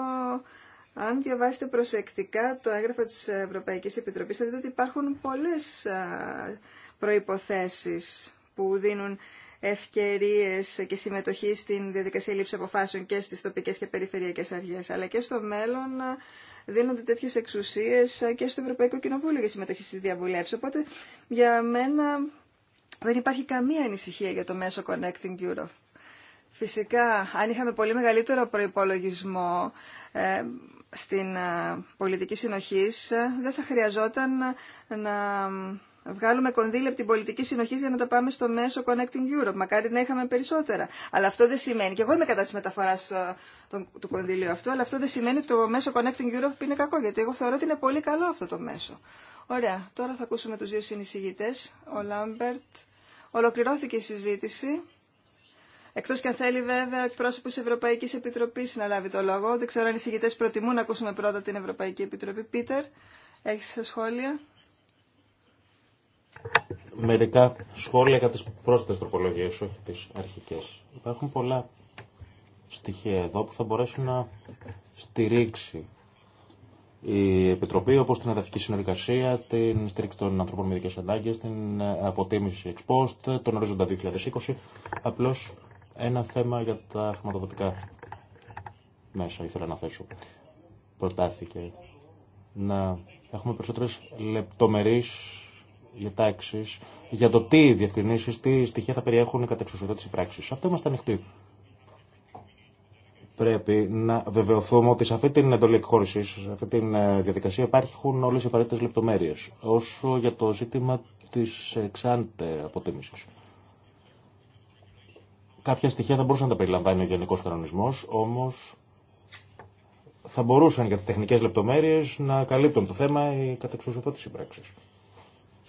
αν διαβάσετε προσεκτικά το έγγραφο της Ευρωπαϊκής Επιτροπής, θα δείτε ότι υπάρχουν πολλές προϋποθέσεις που δίνουν ευκαιρίες και συμμετοχή στην διαδικασία λήψη αποφάσεων και στις τοπικές και περιφερειακές αρχές, αλλά και στο μέλλον δίνονται τέτοιες εξουσίες ε, και στο Ευρωπαϊκό Κοινοβούλιο για συμμετοχή στις διαβουλεύσεις. Οπότε για μένα δεν υπάρχει καμία ανησυχία για το μέσο Connecting Europe. Φυσικά, αν είχαμε πολύ μεγαλύτερο προϋπολογισμό ε, στην ε, πολιτική συνοχής, δεν θα χρειαζόταν να βγάλουμε κονδύλια από την πολιτική συνοχή για να τα πάμε στο μέσο Connecting Europe. Μακάρι να είχαμε περισσότερα. Αλλά αυτό δεν σημαίνει. Και εγώ είμαι κατά τη μεταφορά ε, του κονδύλιου αυτού, αλλά αυτό δεν σημαίνει ότι το μέσο Connecting Europe είναι κακό, γιατί εγώ θεωρώ ότι είναι πολύ καλό αυτό το μέσο. Ωραία. Τώρα θα ακούσουμε του δύο συνεισηγητέ. Ο Λάμπερτ. Ολοκληρώθηκε η συζήτηση. Εκτό και αν θέλει βέβαια εκπρόσωπο τη Ευρωπαϊκή Επιτροπή να λάβει το λόγο. Δεν ξέρω αν οι συγητέ προτιμούν να ακούσουμε πρώτα την Ευρωπαϊκή Επιτροπή. Πίτερ, έχει σχόλια. Μερικά σχόλια για τις πρόσθετες τροπολογίες, όχι τις αρχικές. Υπάρχουν πολλά στοιχεία εδώ που θα μπορέσει να στηρίξει η Επιτροπή, όπως την εδαφική συνεργασία, την στήριξη των ανθρώπων με ειδικές ανάγκες την αποτίμηση εξπόστ, τον ορίζοντα 2020. απλώς ένα θέμα για τα χρηματοδοτικά μέσα ήθελα να θέσω. Προτάθηκε να έχουμε περισσότερες λεπτομερείς τάξει, για το τι διευκρινήσει, τι στοιχεία θα περιέχουν κατά εξουσιοδότηση πράξη. Αυτό είμαστε ανοιχτοί. Πρέπει να βεβαιωθούμε ότι σε αυτή την εντολή εκχώρηση, σε αυτή τη ε, διαδικασία υπάρχουν όλε οι απαραίτητε λεπτομέρειε. Όσο για το ζήτημα τη εξάντε αποτίμηση. Κάποια στοιχεία θα μπορούσαν να τα περιλαμβάνει ο Γενικό Κανονισμό, όμω θα μπορούσαν για τι τεχνικέ λεπτομέρειε να καλύπτουν το θέμα οι κατεξουσιοδότηση πράξη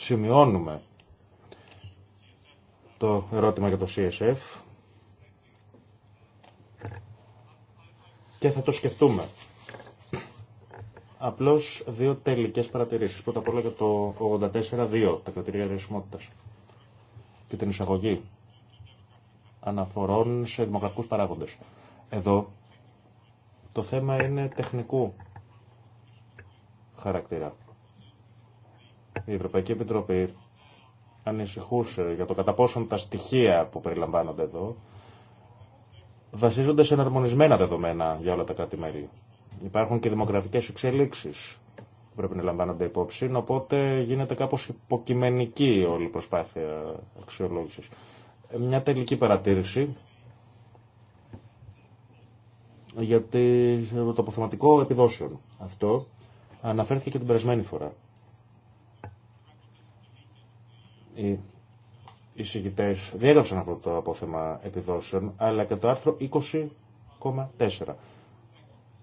σημειώνουμε το ερώτημα για το CSF και θα το σκεφτούμε. Απλώς δύο τελικές παρατηρήσεις. Πρώτα απ' όλα για το 84-2, τα κριτήρια ρεσιμότητας και την εισαγωγή αναφορών σε δημοκρατικούς παράγοντες. Εδώ το θέμα είναι τεχνικού χαρακτήρα η Ευρωπαϊκή Επιτροπή ανησυχούσε για το κατά πόσον τα στοιχεία που περιλαμβάνονται εδώ βασίζονται σε εναρμονισμένα δεδομένα για όλα τα κράτη-μέλη. Υπάρχουν και δημογραφικές εξελίξεις που πρέπει να λαμβάνονται υπόψη, οπότε γίνεται κάπως υποκειμενική όλη η προσπάθεια αξιολόγησης. Μια τελική παρατήρηση για το αποθεματικό επιδόσεων. Αυτό αναφέρθηκε και την περασμένη φορά. οι εισηγητέ διέγραψαν αυτό το απόθεμα επιδόσεων, αλλά και το άρθρο 20,4.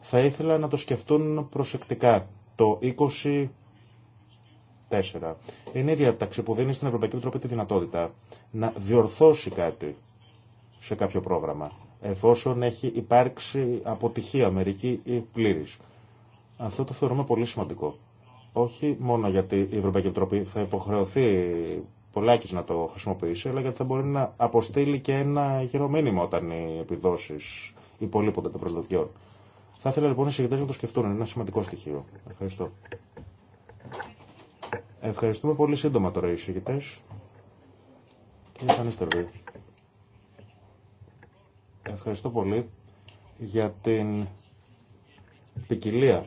Θα ήθελα να το σκεφτούν προσεκτικά. Το 20,4 Είναι η διατάξη που δίνει στην Ευρωπαϊκή Επιτροπή τη δυνατότητα να διορθώσει κάτι σε κάποιο πρόγραμμα, εφόσον έχει υπάρξει αποτυχία μερική ή πλήρης. Αυτό το θεωρούμε πολύ σημαντικό. Όχι μόνο γιατί η Ευρωπαϊκή Επιτροπή θα υποχρεωθεί πολλάκι να το χρησιμοποιήσει, αλλά γιατί θα μπορεί να αποστείλει και ένα γερό μήνυμα όταν οι επιδόσει υπολείπονται των προσδοκιών. Θα ήθελα λοιπόν οι συγκεκριτές να το σκεφτούν. Είναι ένα σημαντικό στοιχείο. Ευχαριστώ. Ευχαριστούμε πολύ σύντομα τώρα οι συγκεκριτές. Κύριε Φανίστερβη. Ευχαριστώ πολύ για την ποικιλία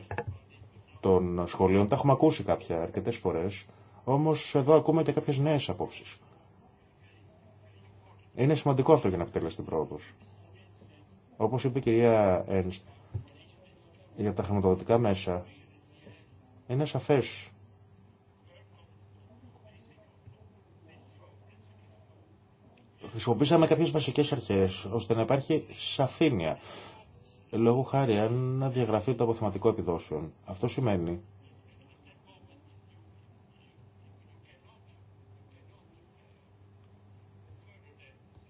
των σχολείων. Τα έχουμε ακούσει κάποια αρκετές φορές όμως εδώ ακούμε και κάποιες νέες απόψεις. Είναι σημαντικό αυτό για να την πρόοδος. Όπως είπε η κυρία Ένστ, για τα χρηματοδοτικά μέσα, είναι σαφές χρησιμοποίησαμε κάποιες βασικές αρχές ώστε να υπάρχει σαφήνεια. Λόγω χάρη, αν να διαγραφεί το αποθεματικό επιδόσεων, αυτό σημαίνει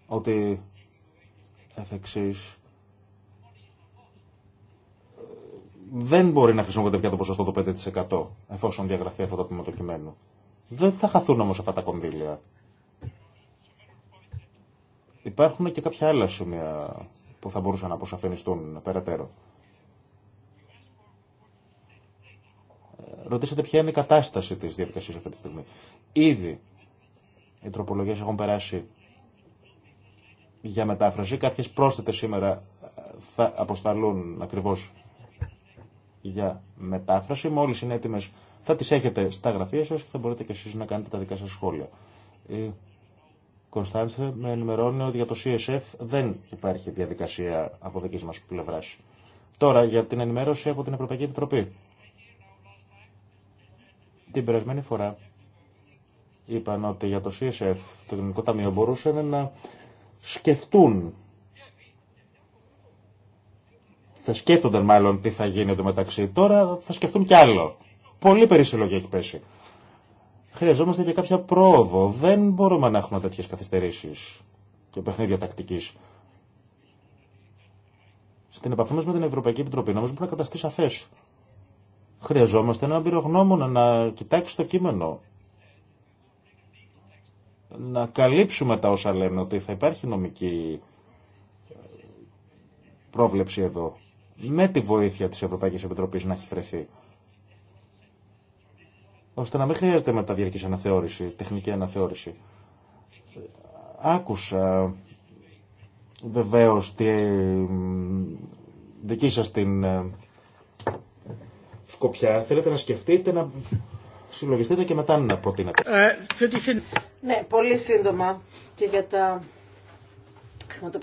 ότι εφ' εξής, δεν μπορεί να χρησιμοποιείται πια το ποσοστό το 5% εφόσον διαγραφεί αυτό το τμήμα του κειμένου. Δεν θα χαθούν όμως αυτά τα κονδύλια. Υπάρχουν και κάποια άλλα σημεία που θα μπορούσαν να αποσαφενιστούν περαιτέρω. Ρωτήσατε ποια είναι η κατάσταση της διαδικασίας αυτή τη στιγμή. Ήδη οι τροπολογίες έχουν περάσει για μετάφραση. Κάποιες πρόσθετε σήμερα ε, θα αποσταλούν ακριβώς για μετάφραση. Μόλις είναι έτοιμες θα τις έχετε στα γραφεία σας και θα μπορείτε και εσείς να κάνετε τα δικά σας σχόλια. Η Κωνσταντσε με ενημερώνει ότι για το CSF δεν υπάρχει διαδικασία από δική μας πλευράς. Τώρα για την ενημέρωση από την Ευρωπαϊκή Επιτροπή. Την περασμένη φορά είπαν ότι για το CSF, το Ελληνικό Ταμείο, μπορούσε να σκεφτούν θα σκέφτονται μάλλον τι θα γίνει το μεταξύ. Τώρα θα σκεφτούν κι άλλο. Πολύ περισυλλογή έχει πέσει. Χρειαζόμαστε και κάποια πρόοδο. Δεν μπορούμε να έχουμε τέτοιε καθυστερήσεις και παιχνίδια τακτική. Στην επαφή μας με την Ευρωπαϊκή Επιτροπή, νομίζω πρέπει να καταστεί σαφές Χρειαζόμαστε έναν πυρογνώμονα να κοιτάξει το κείμενο να καλύψουμε τα όσα λένε ότι θα υπάρχει νομική πρόβλεψη εδώ με τη βοήθεια της Ευρωπαϊκής Επιτροπής να έχει φρεθεί ώστε να μην χρειάζεται μεταδιαρκής αναθεώρηση, τεχνική αναθεώρηση. Άκουσα βεβαίως τη δική σας την ε, σκοπιά. Θέλετε να σκεφτείτε να συλλογιστείτε και μετά να προτείνετε. Ε, ναι, πολύ σύντομα και για τα το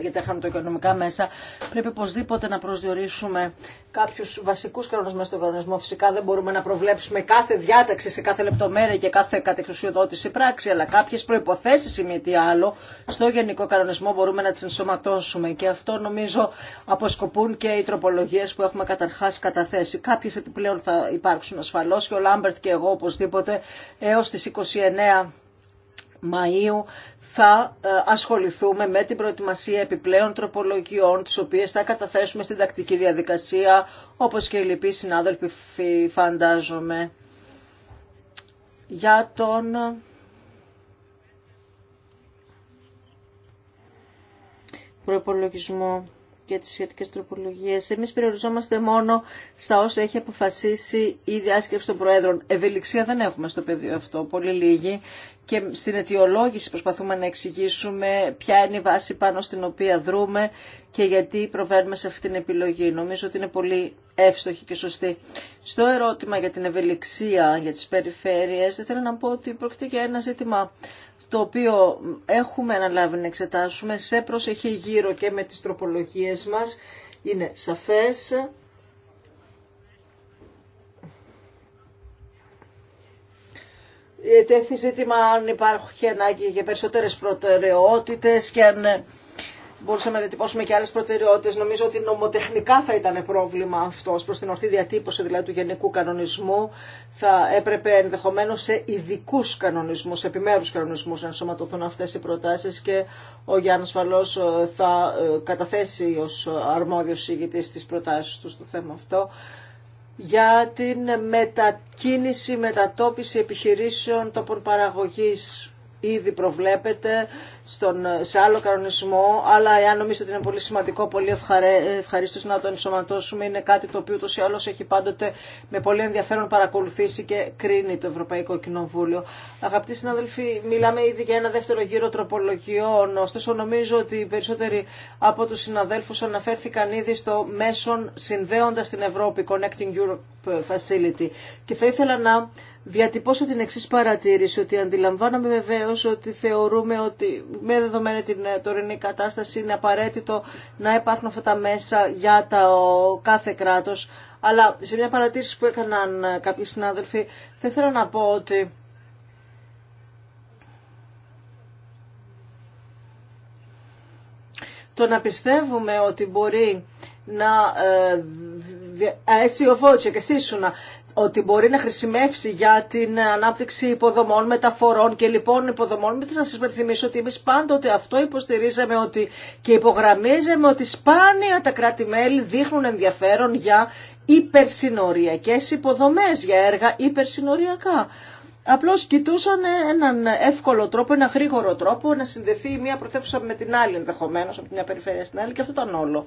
γιατί για τα οικονομικά μέσα, πρέπει οπωσδήποτε να προσδιορίσουμε κάποιου βασικού κανονισμού στον κανονισμό. Φυσικά δεν μπορούμε να προβλέψουμε κάθε διάταξη σε κάθε λεπτομέρεια και κάθε κατεξουσιοδότηση πράξη, αλλά κάποιε προποθέσει ή μη τι άλλο στο γενικό κανονισμό μπορούμε να τι ενσωματώσουμε. Και αυτό νομίζω αποσκοπούν και οι τροπολογίε που έχουμε καταρχά καταθέσει. Κάποιε επιπλέον θα υπάρξουν ασφαλώ και ο Λάμπερτ και εγώ οπωσδήποτε έω τι 29 Μαΐου θα ε, ασχοληθούμε με την προετοιμασία επιπλέον τροπολογιών, τις οποίες θα καταθέσουμε στην τακτική διαδικασία, όπως και οι λοιποί συνάδελφοι φαντάζομαι. Για τον... Ε, προπολογισμό και τις σχετικές τροπολογίες. Εμείς περιοριζόμαστε μόνο στα όσα έχει αποφασίσει η διάσκεψη των Προέδρων. Ευελιξία δεν έχουμε στο πεδίο αυτό, πολύ λίγοι και στην αιτιολόγηση προσπαθούμε να εξηγήσουμε ποια είναι η βάση πάνω στην οποία δρούμε και γιατί προβαίνουμε σε αυτή την επιλογή. Νομίζω ότι είναι πολύ εύστοχη και σωστή. Στο ερώτημα για την ευελιξία για τις περιφέρειες, δεν θέλω να πω ότι πρόκειται για ένα ζήτημα το οποίο έχουμε αναλάβει να εξετάσουμε σε προσεχή γύρω και με τις τροπολογίες μας. Είναι σαφές Ε, τέθη ζήτημα αν υπάρχει ανάγκη για περισσότερες προτεραιότητες και αν ε, μπορούσαμε να διατυπώσουμε και άλλες προτεραιότητες. Νομίζω ότι νομοτεχνικά θα ήταν πρόβλημα αυτό προς την ορθή διατύπωση δηλαδή του γενικού κανονισμού. Θα έπρεπε ενδεχομένω σε ειδικού κανονισμού, σε επιμέρους κανονισμούς να ενσωματωθούν αυτές οι προτάσεις και ο Γιάννης Φαλός ε, θα καταθέσει ως αρμόδιος ηγητής τις προτάσεις του στο θέμα αυτό για την μετακίνηση, μετατόπιση επιχειρήσεων τόπων παραγωγής ήδη προβλέπεται στον, σε άλλο κανονισμό, αλλά εάν νομίζετε ότι είναι πολύ σημαντικό, πολύ ευχαρίστω να το ενσωματώσουμε, είναι κάτι το οποίο ούτως ή έχει πάντοτε με πολύ ενδιαφέρον παρακολουθήσει και κρίνει το Ευρωπαϊκό Κοινοβούλιο. Αγαπητοί συνάδελφοι, μιλάμε ήδη για ένα δεύτερο γύρο τροπολογιών, ωστόσο νομίζω ότι οι περισσότεροι από τους συναδέλφους αναφέρθηκαν ήδη στο μέσον συνδέοντας την Ευρώπη, Connecting Europe Facility. Και θα ήθελα να διατυπώσω την εξή παρατήρηση, ότι αντιλαμβάνομαι βεβαίω ότι θεωρούμε ότι με δεδομένη την ε, τωρινή κατάσταση είναι απαραίτητο να υπάρχουν αυτά τα μέσα για τα, κάθε κράτο. Αλλά σε μια παρατήρηση που έκαναν ε, κάποιοι συνάδελφοι, θα ήθελα να πω ότι. Το να πιστεύουμε ότι μπορεί να ε, ο βότσε και να ότι μπορεί να χρησιμεύσει για την ανάπτυξη υποδομών, μεταφορών και λοιπόν υποδομών. Μην να σα υπενθυμίσω ότι εμείς πάντοτε αυτό υποστηρίζαμε ότι και υπογραμμίζαμε ότι σπάνια τα κράτη-μέλη δείχνουν ενδιαφέρον για υπερσυνοριακές υποδομές, για έργα υπερσυνοριακά. Απλώς κοιτούσαν έναν εύκολο τρόπο, ένα γρήγορο τρόπο να συνδεθεί μια πρωτεύουσα με την άλλη ενδεχομένω, από την μια περιφέρεια στην άλλη και αυτό ήταν όλο.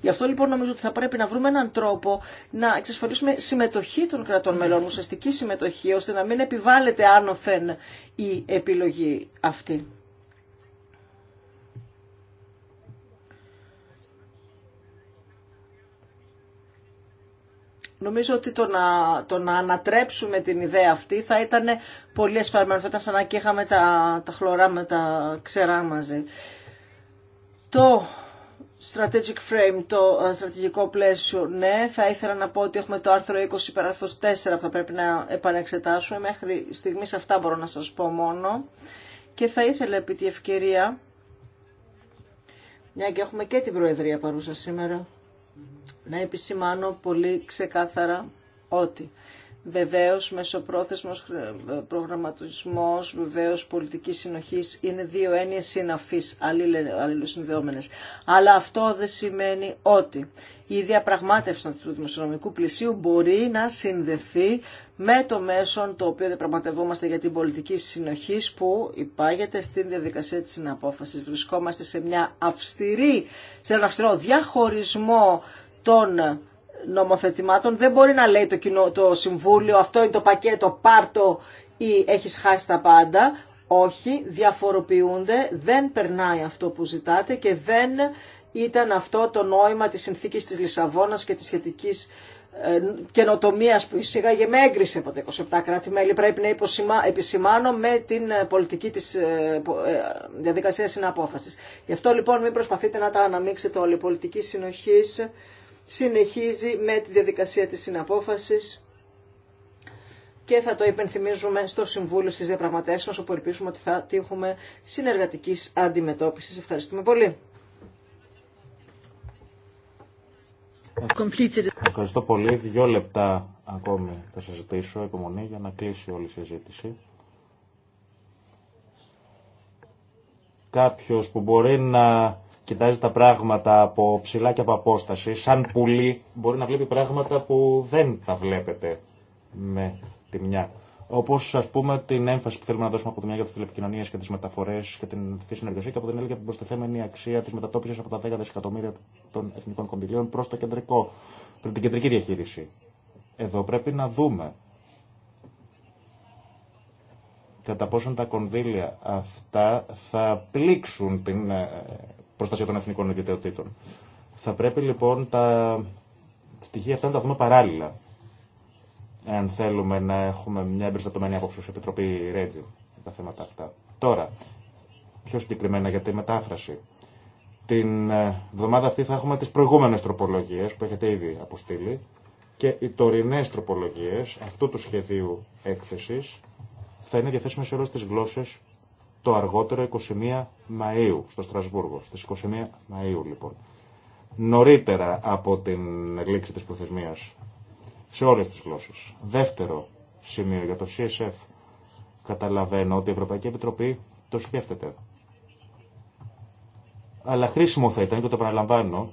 Γι' αυτό λοιπόν νομίζω ότι θα πρέπει να βρούμε έναν τρόπο να εξασφαλίσουμε συμμετοχή των κρατών μελών, ουσιαστική συμμετοχή, ώστε να μην επιβάλλεται άνωθεν η επιλογή αυτή. Νομίζω ότι το να, το να ανατρέψουμε την ιδέα αυτή θα ήταν πολύ εσφαλμένο. Θα ήταν σαν να και είχαμε τα, τα χλωρά με τα ξερά μαζί. Το strategic frame, το ε, στρατηγικό πλαίσιο, ναι, θα ήθελα να πω ότι έχουμε το άρθρο 20 παράρθρος 4 που θα πρέπει να επανεξετάσουμε. Μέχρι στιγμής αυτά μπορώ να σας πω μόνο. Και θα ήθελα επί τη ευκαιρία, μια και έχουμε και την Προεδρία παρούσα σήμερα, να επισημάνω πολύ ξεκάθαρα ότι βεβαίως μεσοπρόθεσμος προγραμματισμός, βεβαίως πολιτική συνοχής είναι δύο έννοιες συναφείς, αλληλοσυνδεόμενες. Αλλά αυτό δεν σημαίνει ότι η διαπραγμάτευση του δημοσιονομικού πλησίου μπορεί να συνδεθεί με το μέσο το οποίο διαπραγματευόμαστε για την πολιτική συνοχή που υπάγεται στην διαδικασία της συναπόφασης. Βρισκόμαστε σε, μια αυστηρή, σε ένα αυστηρό διαχωρισμό των νομοθετημάτων. Δεν μπορεί να λέει το, το Συμβούλιο αυτό είναι το πακέτο, πάρτο ή έχεις χάσει τα πάντα. Όχι, διαφοροποιούνται, δεν περνάει αυτό που ζητάτε και δεν ήταν αυτό το νόημα της συνθήκης της Λισαβόνας και της σχετικής ε, καινοτομία που εισήγαγε με έγκριση από τα 27 κράτη-μέλη. Πρέπει να επισημάνω με την ε, πολιτική τη ε, διαδικασία συναπόφαση. Γι' αυτό λοιπόν μην προσπαθείτε να τα αναμίξετε όλοι. Πολιτική συνοχή συνεχίζει με τη διαδικασία της συναπόφασης και θα το υπενθυμίζουμε στο Συμβούλιο στις διαπραγματεύσεις μας, όπου ελπίζουμε ότι θα τύχουμε συνεργατικής αντιμετώπισης. Ευχαριστούμε πολύ. Ευχαριστώ πολύ. Δυο λεπτά ακόμη θα σας ζητήσω υπομονή για να κλείσει όλη η συζήτηση. Κάποιος που μπορεί να κοιτάζει τα πράγματα από ψηλά και από απόσταση, σαν πουλί μπορεί να βλέπει πράγματα που δεν τα βλέπετε με τη μια. Όπω α πούμε την έμφαση που θέλουμε να δώσουμε από τη μια για τι τηλεπικοινωνίε και τι μεταφορέ και την συνεργασία και από την άλλη για την προστεθέμενη αξία τη μετατόπιση από τα 10 δισεκατομμύρια των εθνικών κονδυλίων προ το κεντρικό, προ την κεντρική διαχείριση. Εδώ πρέπει να δούμε κατά πόσον τα κονδύλια αυτά θα πλήξουν την ε, προστασία των εθνικών ιδιωτήτων. Θα πρέπει λοιπόν τα στοιχεία αυτά να τα δούμε παράλληλα. Εάν θέλουμε να έχουμε μια εμπεριστατωμένη άποψη ω Επιτροπή Ρέτζι τα θέματα αυτά. Τώρα, πιο συγκεκριμένα για τη μετάφραση. Την ε, εβδομάδα αυτή θα έχουμε τι προηγούμενε τροπολογίε που έχετε ήδη αποστείλει και οι τωρινέ τροπολογίε αυτού του σχεδίου έκθεση θα είναι διαθέσιμε σε όλε τι γλώσσε το αργότερο 21 Μαΐου στο Στρασβούργο. Στις 21 Μαΐου λοιπόν. Νωρίτερα από την λήξη της προθεσμίας. Σε όλες τις γλώσσες. Δεύτερο σημείο για το CSF. Καταλαβαίνω ότι η Ευρωπαϊκή Επιτροπή το σκέφτεται. Αλλά χρήσιμο θα ήταν, και το παραλαμβάνω,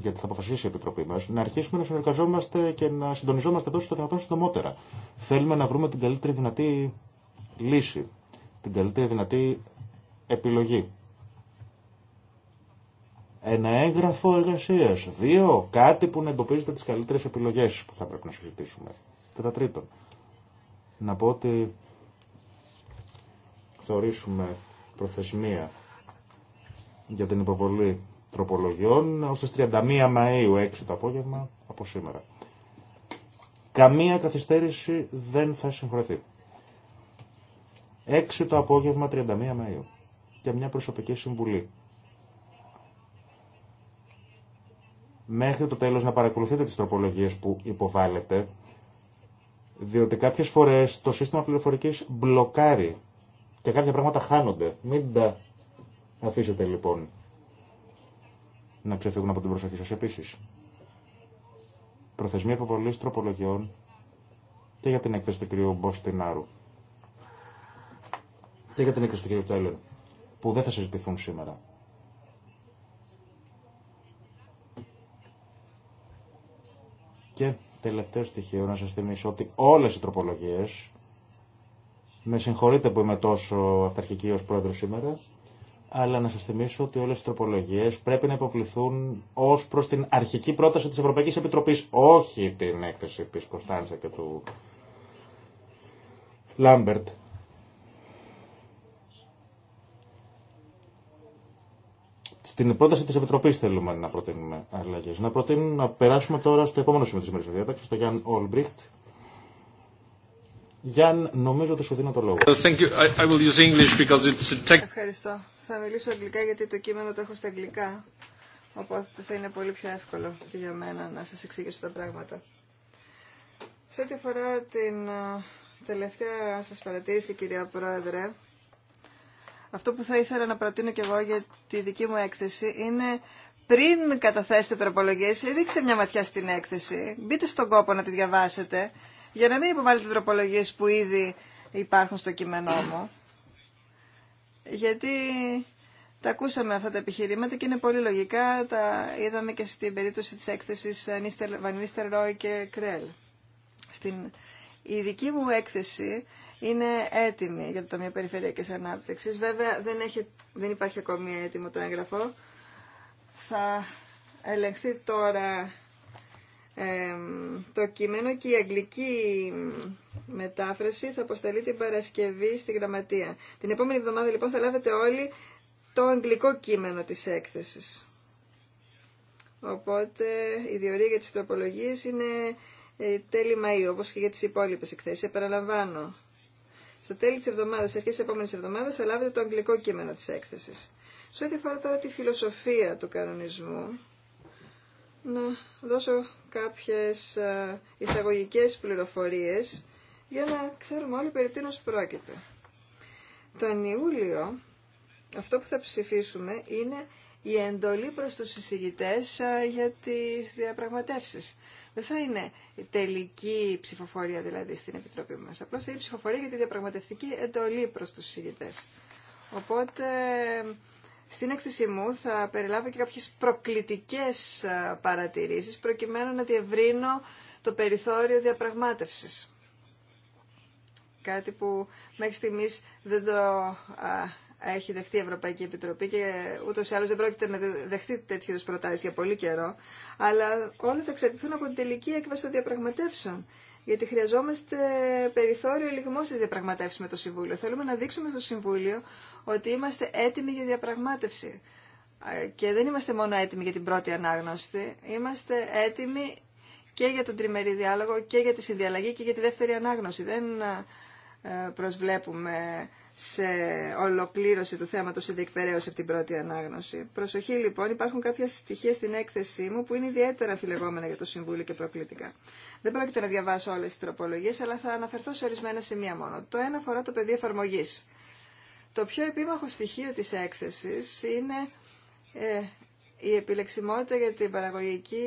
γιατί θα αποφασίσει η Επιτροπή μα, να αρχίσουμε να συνεργαζόμαστε και να συντονιζόμαστε εδώ στο δυνατόν συντομότερα. Θέλουμε να βρούμε την καλύτερη δυνατή λύση την καλύτερη δυνατή επιλογή. Ένα έγγραφο εργασία. Δύο, κάτι που να εντοπίζετε τι καλύτερε επιλογέ που θα πρέπει να συζητήσουμε. Και τα τρίτον, να πω ότι θεωρήσουμε προθεσμία για την υποβολή τροπολογιών ω τι 31 Μαου 6 το απόγευμα από σήμερα. Καμία καθυστέρηση δεν θα συγχωρεθεί. 6 το απόγευμα 31 Μαΐου. Για μια προσωπική συμβουλή. Μέχρι το τέλος να παρακολουθείτε τις τροπολογίες που υποβάλλετε, διότι κάποιες φορές το σύστημα πληροφορικής μπλοκάρει και κάποια πράγματα χάνονται. Μην τα αφήσετε λοιπόν να ξεφύγουν από την προσοχή σας επίσης. Προθεσμία υποβολής τροπολογιών και για την έκθεση του κυρίου Μποστινάρου και για την έκθεση του κ. Τέλερ, που δεν θα συζητηθούν σήμερα. Και τελευταίο στοιχείο να σας θυμίσω ότι όλες οι τροπολογίες, με συγχωρείτε που είμαι τόσο αυταρχική ως πρόεδρος σήμερα, αλλά να σας θυμίσω ότι όλες οι τροπολογίες πρέπει να υποβληθούν ως προς την αρχική πρόταση της Ευρωπαϊκής Επιτροπής, όχι την έκθεση της Κωνσταντζα και του Λάμπερτ. Στην πρόταση τη Επιτροπή θέλουμε να προτείνουμε αλλαγέ. Να, προτείνουμε, να περάσουμε τώρα στο επόμενο σημείο τη ημερήσια διάταξη, στο Γιάνν Ολμπριχτ. Γιάνν, νομίζω ότι σου δίνω το λόγο. Ευχαριστώ. Θα μιλήσω αγγλικά γιατί το κείμενο το έχω στα αγγλικά. Οπότε θα είναι πολύ πιο εύκολο και για μένα να σα εξηγήσω τα πράγματα. Σε ό,τι αφορά την ε, τελευταία σα παρατήρηση, κυρία Πρόεδρε, αυτό που θα ήθελα να προτείνω και εγώ για τη δική μου έκθεση είναι πριν καταθέσετε τροπολογίες, ρίξτε μια ματιά στην έκθεση, μπείτε στον κόπο να τη διαβάσετε, για να μην υποβάλλετε τροπολογίες που ήδη υπάρχουν στο κείμενό μου. Γιατί τα ακούσαμε αυτά τα επιχειρήματα και είναι πολύ λογικά, τα είδαμε και στην περίπτωση της έκθεσης Βανίστερ Ρόι και Κρέλ. Στην η δική μου έκθεση είναι έτοιμη για το Ταμείο Περιφερειακής Ανάπτυξης. Βέβαια δεν, έχει, δεν υπάρχει ακόμη έτοιμο το έγγραφο. Θα ελεγχθεί τώρα το κείμενο και η αγγλική μετάφραση θα αποσταλεί την Παρασκευή στη Γραμματεία. Την επόμενη εβδομάδα λοιπόν θα λάβετε όλοι το αγγλικό κείμενο της έκθεσης. Οπότε η διορία για τις τροπολογίες είναι ε, τέλη Μαΐου, όπως και για τις υπόλοιπες εκθέσεις. Επαναλαμβάνω, στα τέλη τη εβδομάδα, αρχέ τη επόμενη εβδομάδα, θα λάβετε το αγγλικό κείμενο τη έκθεση. Σε ό,τι αφορά τώρα τη φιλοσοφία του κανονισμού, να δώσω κάποιες ε, εισαγωγικές πληροφορίες για να ξέρουμε όλοι περί τίνος πρόκειται. Τον Ιούλιο αυτό που θα ψηφίσουμε είναι η εντολή προς τους συζητητές για τις διαπραγματεύσεις. Δεν θα είναι τελική ψηφοφορία δηλαδή στην Επιτροπή μας. Απλώς θα είναι ψηφοφορία για τη διαπραγματευτική εντολή προς τους συζητητές. Οπότε στην έκθεσή μου θα περιλάβω και κάποιες προκλητικές παρατηρήσεις προκειμένου να διευρύνω το περιθώριο διαπραγμάτευσης. Κάτι που μέχρι στιγμής δεν το έχει δεχτεί η Ευρωπαϊκή Επιτροπή και ούτω ή άλλω δεν πρόκειται να δεχτεί τέτοιες προτάσει για πολύ καιρό. Αλλά όλα θα εξαρτηθούν από την τελική έκβαση των διαπραγματεύσεων. Γιατί χρειαζόμαστε περιθώριο λιγμό στι διαπραγματεύσει με το Συμβούλιο. Θέλουμε να δείξουμε στο Συμβούλιο ότι είμαστε έτοιμοι για διαπραγμάτευση. Ε, και δεν είμαστε μόνο έτοιμοι για την πρώτη ανάγνωση, είμαστε έτοιμοι και για τον τριμερή διάλογο και για τη συνδιαλλαγή και για τη δεύτερη ανάγνωση. Δεν ε, ε, προσβλέπουμε σε ολοκλήρωση του θέματος σε διεκπαιρέωση από την πρώτη ανάγνωση. Προσοχή λοιπόν, υπάρχουν κάποια στοιχεία στην έκθεσή μου που είναι ιδιαίτερα φιλεγόμενα για το Συμβούλιο και προκλητικά. Δεν πρόκειται να διαβάσω όλες τις τροπολογίες, αλλά θα αναφερθώ σε ορισμένα σημεία μόνο. Το ένα αφορά το πεδίο εφαρμογή. Το πιο επίμαχο στοιχείο της έκθεσης είναι ε, η επιλεξιμότητα για την παραγωγική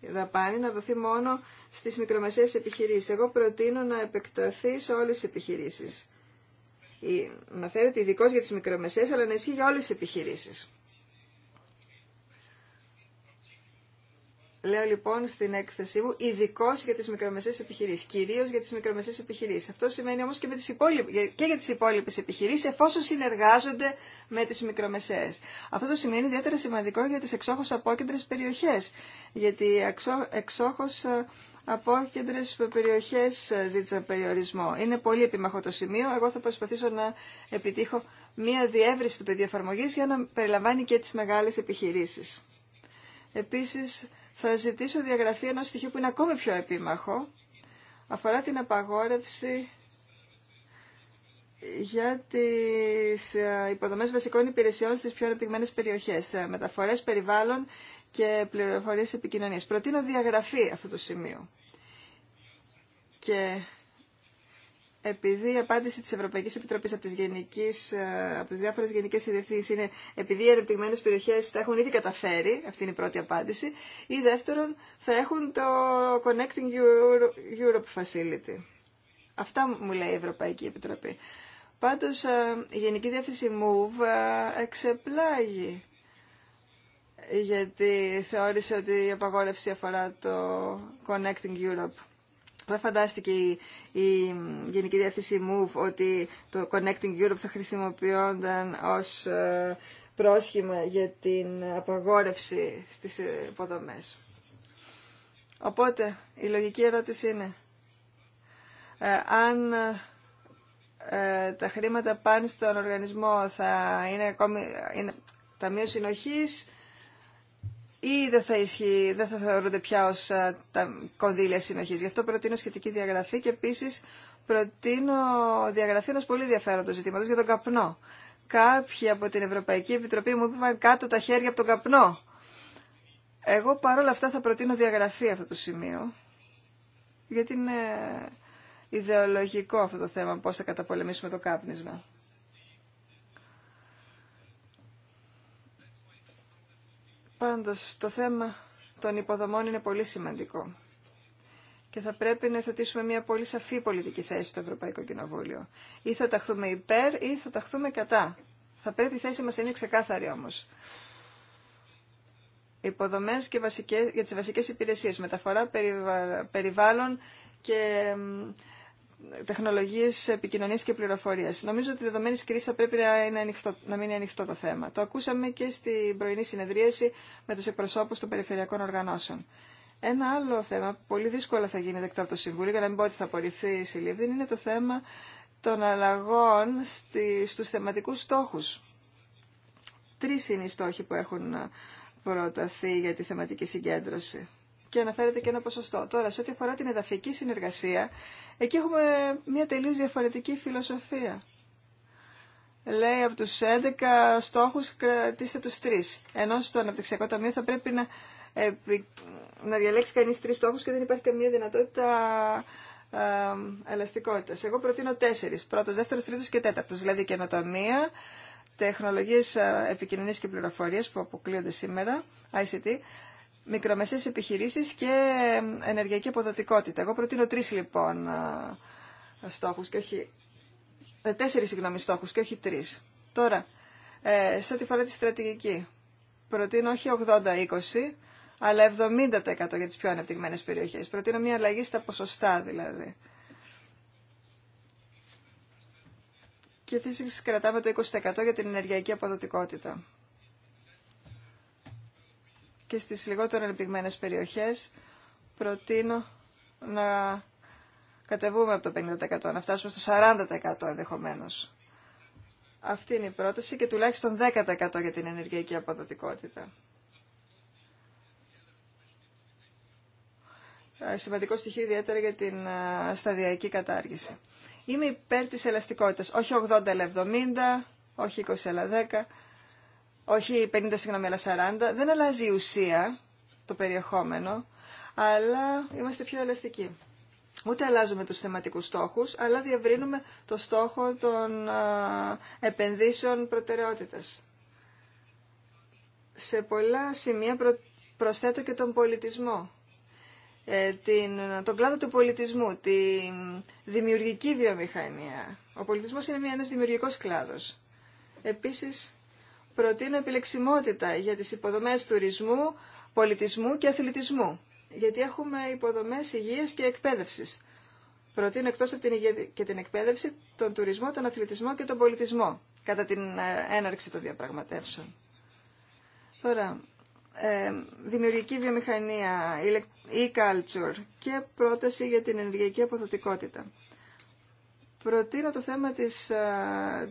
δαπάνη να δοθεί μόνο στις μικρομεσαίες επιχειρήσεις. Εγώ προτείνω να επεκταθεί σε όλες τις επιχειρήσεις. Ε, να φέρεται ειδικό για τις μικρομεσαίες, αλλά να ισχύει για όλες τις επιχειρήσεις. Λέω λοιπόν στην έκθεσή μου ειδικό για τι μικρομεσαίες επιχειρήσει. Κυρίω για τι μικρομεσαίες επιχειρήσει. Αυτό σημαίνει όμω και, με τις και για τι υπόλοιπε επιχειρήσει εφόσον συνεργάζονται με τι μικρομεσαίες. Αυτό το σημαίνει ιδιαίτερα σημαντικό για τι εξόχω απόκεντρε περιοχέ. Γιατί εξόχω ε, κέντρες περιοχές ε, ζήτησαν περιορισμό. Είναι πολύ επίμαχο το σημείο. Εγώ θα προσπαθήσω να επιτύχω μία διεύρυνση του πεδίου εφαρμογή για να περιλαμβάνει και τις μεγάλες επιχειρήσεις. Επίσης, θα ζητήσω διαγραφή ενός στοιχείου που είναι ακόμη πιο επίμαχο. Αφορά την απαγόρευση για τι ε, υποδομέ βασικών υπηρεσιών στι πιο αναπτυγμένε περιοχές, ε, μεταφορέ περιβάλλον και πληροφορίες επικοινωνίας. Προτείνω διαγραφή αυτού του σημείου. Και επειδή η απάντηση της Ευρωπαϊκής Επιτροπής από τις, γενικές, ε, από τις διάφορες γενικές ειδευθύνσεις είναι επειδή οι ανεπτυγμένες περιοχές τα έχουν ήδη καταφέρει, αυτή είναι η πρώτη απάντηση, ή δεύτερον θα έχουν το Connecting Europe Facility. Αυτά μου λέει η Ευρωπαϊκή Επιτροπή. Πάντως ε, η Γενική Διεύθυνση MOVE ε, εξεπλάγει γιατί θεώρησε ότι η απαγόρευση αφορά το Connecting Europe. Δεν φαντάστηκε η, Γενική Διεύθυνση MOVE ότι το Connecting Europe θα χρησιμοποιούνταν ως ε, πρόσχημα για την απαγόρευση στις υποδομές. Οπότε, η λογική ερώτηση είναι ε, αν ε, τα χρήματα πάνε στον οργανισμό θα είναι ακόμη είναι, ταμείο συνοχής ή δεν θα, ισχύει, δεν θα θεωρούνται πια ω ε, τα κονδύλια συνοχή, Γι' αυτό προτείνω σχετική διαγραφή και επίση προτείνω διαγραφή ενό πολύ ενδιαφέροντο ζήτηματο για τον καπνό. Κάποιοι από την Ευρωπαϊκή Επιτροπή μου είπαν κάτω τα χέρια από τον καπνό. Εγώ παρόλα αυτά θα προτείνω διαγραφή αυτό το σημείο, γιατί είναι ιδεολογικό αυτό το θέμα πώς θα καταπολεμήσουμε το κάπνισμα. Πάντως, το θέμα των υποδομών είναι πολύ σημαντικό και θα πρέπει να θετήσουμε μια πολύ σαφή πολιτική θέση στο Ευρωπαϊκό Κοινοβούλιο. Ή θα ταχθούμε υπέρ ή θα ταχθούμε κατά. Θα πρέπει η θέση μας είναι ξεκάθαρη όμως. Υποδομές και βασικές, για τις βασικές υπηρεσίες, μεταφορά περιβάλλον και τεχνολογίε επικοινωνία και πληροφορία. Νομίζω ότι δεδομένη κρίση θα πρέπει να, είναι ανοιχτό, να ανοιχτό το θέμα. Το ακούσαμε και στην πρωινή συνεδρίαση με του εκπροσώπου των περιφερειακών οργανώσεων. Ένα άλλο θέμα που πολύ δύσκολα θα γίνει δεκτό από το Συμβούλιο, για να μην πω ότι θα απορριφθεί η συλλήφθη, είναι το θέμα των αλλαγών στου θεματικού στόχου. Τρει είναι οι στόχοι που έχουν ε, προταθεί για τη θεματική συγκέντρωση και αναφέρεται και ένα ποσοστό. Τώρα, σε ό,τι αφορά την εδαφική συνεργασία, εκεί έχουμε μια τελείως διαφορετική φιλοσοφία. Λέει από τους 11 στόχους κρατήστε τους 3. Ενώ στο αναπτυξιακό ταμείο θα πρέπει να, να διαλέξει κανείς 3 στόχους και δεν υπάρχει καμία δυνατότητα ε, ελαστικότητας. Εγώ προτείνω 4. Πρώτος, δεύτερος, τρίτος και τέταρτος. Δηλαδή καινοτομία, τεχνολογίες ε, επικοινωνίας και πληροφορίας που αποκλείονται σήμερα, ICT, μικρομεσαίες επιχειρήσεις και ενεργειακή αποδοτικότητα. Εγώ προτείνω τρεις λοιπόν στόχους και όχι... Ε, τέσσερις συγγνώμη στόχους και όχι τρεις. Τώρα, ε, σε ό,τι φορά τη στρατηγική, προτείνω όχι 80-20, αλλά 70% για τις πιο αναπτυγμένες περιοχές. Προτείνω μια αλλαγή στα ποσοστά δηλαδή. Και φυσικά κρατάμε το 20% για την ενεργειακή αποδοτικότητα και στις λιγότερο ανεπτυγμένες περιοχές προτείνω να κατεβούμε από το 50%, να φτάσουμε στο 40% ενδεχομένω. Αυτή είναι η πρόταση και τουλάχιστον 10% για την ενεργειακή αποδοτικότητα. Ε, σημαντικό στοιχείο ιδιαίτερα για την ε, σταδιακή κατάργηση. Είμαι υπέρ της ελαστικότητας, όχι 80 αλλά 70, όχι 20 αλλά 10, όχι 50 συγγνώμη, αλλά 40, δεν αλλάζει η ουσία, το περιεχόμενο, αλλά είμαστε πιο ελαστικοί. Ούτε αλλάζουμε τους θεματικούς στόχους, αλλά διαβρύνουμε το στόχο των επενδύσεων προτεραιότητας. Σε πολλά σημεία προ, προσθέτω και τον πολιτισμό. Ε, την, τον κλάδο του πολιτισμού, τη δημιουργική βιομηχανία. Ο πολιτισμός είναι μια, ένας δημιουργικός κλάδος. Επίσης, προτείνω επιλεξιμότητα για τις υποδομές τουρισμού, πολιτισμού και αθλητισμού. Γιατί έχουμε υποδομές υγείας και εκπαίδευσης. Προτείνω εκτός από την υγεία και την εκπαίδευση τον τουρισμό, τον αθλητισμό και τον πολιτισμό κατά την ε, έναρξη των διαπραγματεύσεων. Τώρα, ε, δημιουργική βιομηχανία, e-culture και πρόταση για την ενεργειακή αποδοτικότητα. Προτείνω το θέμα της, ε,